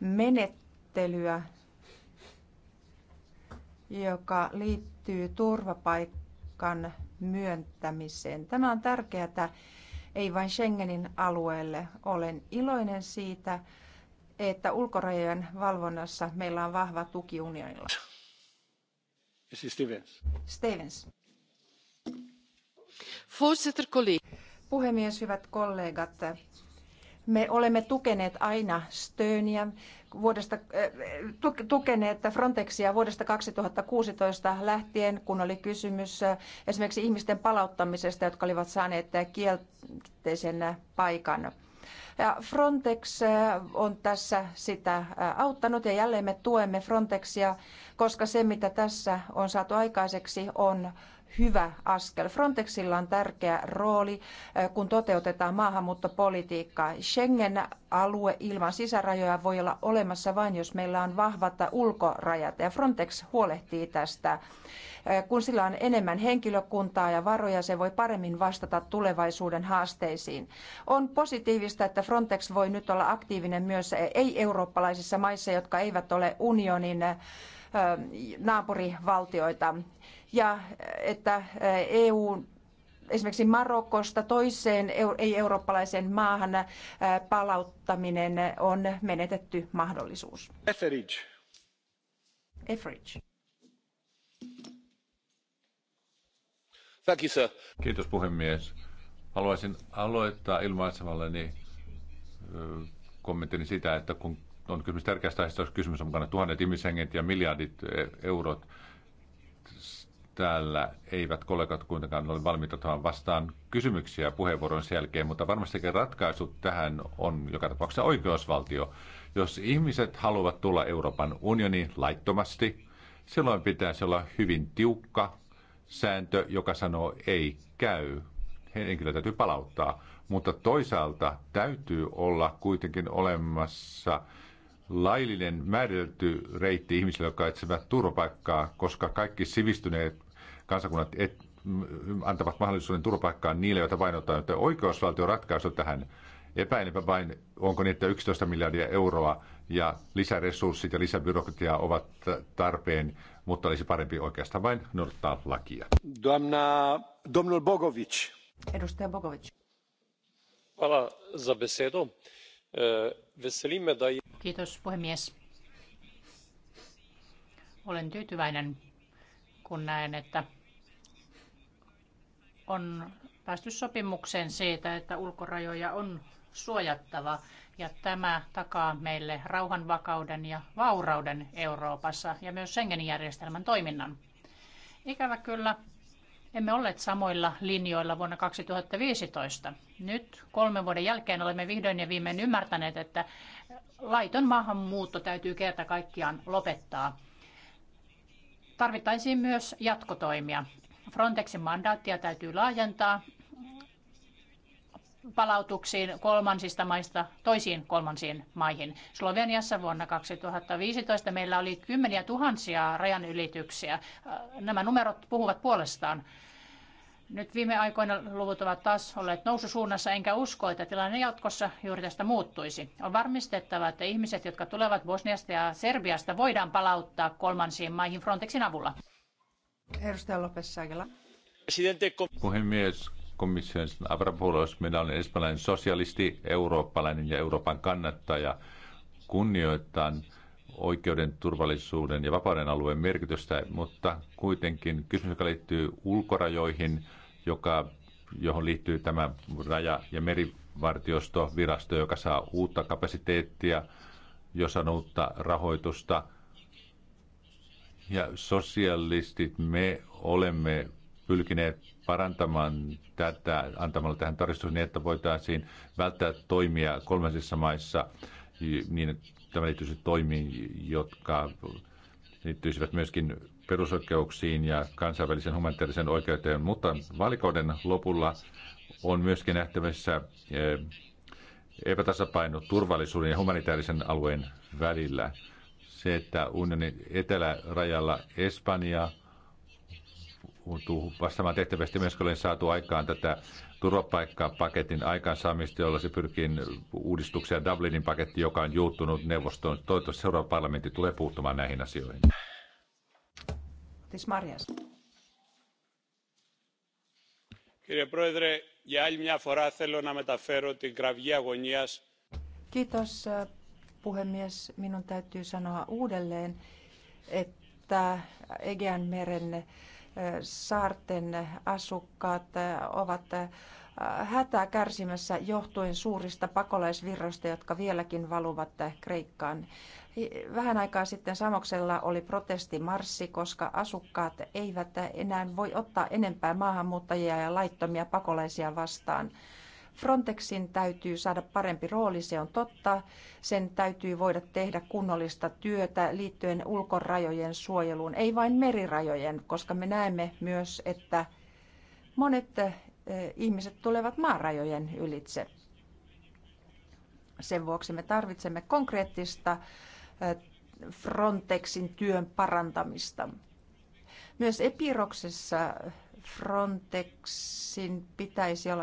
menettelyä, joka liittyy turvapaikan myöntämiseen. Tämä on tärkeää ei vain Schengenin alueelle. Olen iloinen siitä, että ulkorajojen valvonnassa meillä on vahva tuki unionilla. Siis Stevens. Stevens. Puhemies, hyvät kollegat, me olemme tukeneet aina Stöniä, vuodesta, äh, tukeneet Frontexia vuodesta 2016 lähtien, kun oli kysymys äh, esimerkiksi ihmisten palauttamisesta, jotka olivat saaneet kielteisen paikan. Ja Frontex äh, on tässä sitä auttanut ja jälleen me tuemme Frontexia, koska se mitä tässä on saatu aikaiseksi on hyvä askel. Frontexilla on tärkeä rooli, eh, kun toteutetaan maahanmuuttopolitiikkaa. Schengen-alue ilman sisärajoja voi olla olemassa vain, jos meillä on vahvat ulkorajat, ja Frontex huolehtii tästä. Eh, kun sillä on enemmän henkilökuntaa ja varoja, se voi paremmin vastata tulevaisuuden haasteisiin. On positiivista, että Frontex voi nyt olla aktiivinen myös ei-eurooppalaisissa maissa, jotka eivät ole unionin eh, naapurivaltioita ja eh, että EU eh, e esimerkiksi Marokosta toiseen ei-eurooppalaiseen maahan eh, palauttaminen on menetetty mahdollisuus. Etheridge. Etheridge. Thank you, sir. Kiitos puhemies. Haluaisin aloittaa ilmaisemallani kommenttini sitä, että kun on kysymys tärkeästä aiheesta, jos kysymys on mukana tuhannet ihmishenget ja miljardit eurot, täällä eivät kollegat kuitenkaan ole valmiita ottamaan vastaan kysymyksiä puheenvuoron jälkeen, mutta varmastikin ratkaisu tähän on joka tapauksessa oikeusvaltio. Jos ihmiset haluavat tulla Euroopan unioniin laittomasti, silloin pitäisi olla hyvin tiukka sääntö, joka sanoo ei käy. Henkilö täytyy palauttaa. Mutta toisaalta täytyy olla kuitenkin olemassa laillinen määritelty reitti ihmisille, jotka etsivät turvapaikkaa, koska kaikki sivistyneet kansakunnat et, antavat mahdollisuuden turvapaikkaan niille, joita vainotaan, että oikeusvaltio ratkaisu tähän epäilenpä vain, onko niitä 11 miljardia euroa ja lisäresurssit ja lisäbyrokratia ovat tarpeen, mutta olisi parempi oikeastaan vain noudattaa lakia. Domna, domnul Bogovic. Edustaja Bogovic. Hvala za besedo. E, Veselimme da... Kiitos puhemies. Olen tyytyväinen, kun näen, että on päästy sopimukseen siitä, että ulkorajoja on suojattava ja tämä takaa meille rauhan, vakauden ja vaurauden Euroopassa ja myös Schengenin järjestelmän toiminnan. Ikävä kyllä emme olleet samoilla linjoilla vuonna 2015. Nyt kolmen vuoden jälkeen olemme vihdoin ja viimein ymmärtäneet, että laiton maahanmuutto täytyy kerta kaikkiaan lopettaa. Tarvittaisiin myös jatkotoimia. Frontexin mandaattia täytyy laajentaa palautuksiin kolmansista maista toisiin kolmansiin maihin. Sloveniassa vuonna 2015 meillä oli kymmeniä tuhansia rajanylityksiä. Nämä numerot puhuvat puolestaan. Nyt viime aikoina luvut ovat taas olleet noususuunnassa, enkä usko, että tilanne jatkossa juuri tästä muuttuisi. On varmistettava, että ihmiset, jotka tulevat Bosniasta ja Serbiasta, voidaan palauttaa kolmansiin maihin Frontexin avulla arvoisa Puhemies, komission Avramopoulos, minä olen espanjalainen sosialisti, eurooppalainen ja Euroopan kannattaja. Kunnioitan oikeuden, turvallisuuden ja vapauden alueen merkitystä, mutta kuitenkin kysymys, joka liittyy ulkorajoihin, joka, johon liittyy tämä raja- ja merivartiostovirasto, joka saa uutta kapasiteettia, jossa on uutta rahoitusta – ja sosialistit, me olemme pyrkineet parantamaan tätä antamalla tähän tarkistus niin, että voitaisiin välttää toimia kolmansissa maissa niin, että tämä liittyisi toimiin, jotka liittyisivät myöskin perusoikeuksiin ja kansainvälisen humanitaarisen oikeuteen, mutta valikoiden lopulla on myöskin nähtävissä eh, epätasapaino turvallisuuden ja humanitaarisen alueen välillä se, että unionin etelärajalla Espanja vastaamaan tehtävästi myöskin olen saatu aikaan tätä turvapaikkapaketin aikaansaamista, jolla se pyrkii uudistuksia Dublinin paketti, joka on juuttunut neuvostoon. Toivottavasti seuraava parlamentti tulee puuttumaan näihin asioihin. Marjas. Kiitos puhemies, minun täytyy sanoa uudelleen, että Egean meren saarten asukkaat ovat hätää kärsimässä johtuen suurista pakolaisvirroista, jotka vieläkin valuvat Kreikkaan. Vähän aikaa sitten Samoksella oli protestimarssi, koska asukkaat eivät enää voi ottaa enempää maahanmuuttajia ja laittomia pakolaisia vastaan. Frontexin täytyy saada parempi rooli, se on totta. Sen täytyy voida tehdä kunnollista työtä liittyen ulkorajojen suojeluun, ei vain merirajojen, koska me näemme myös, että monet eh, ihmiset tulevat maarajojen ylitse. Sen vuoksi me tarvitsemme konkreettista eh, Frontexin työn parantamista. Myös Epiroksessa Frontexin pitäisi olla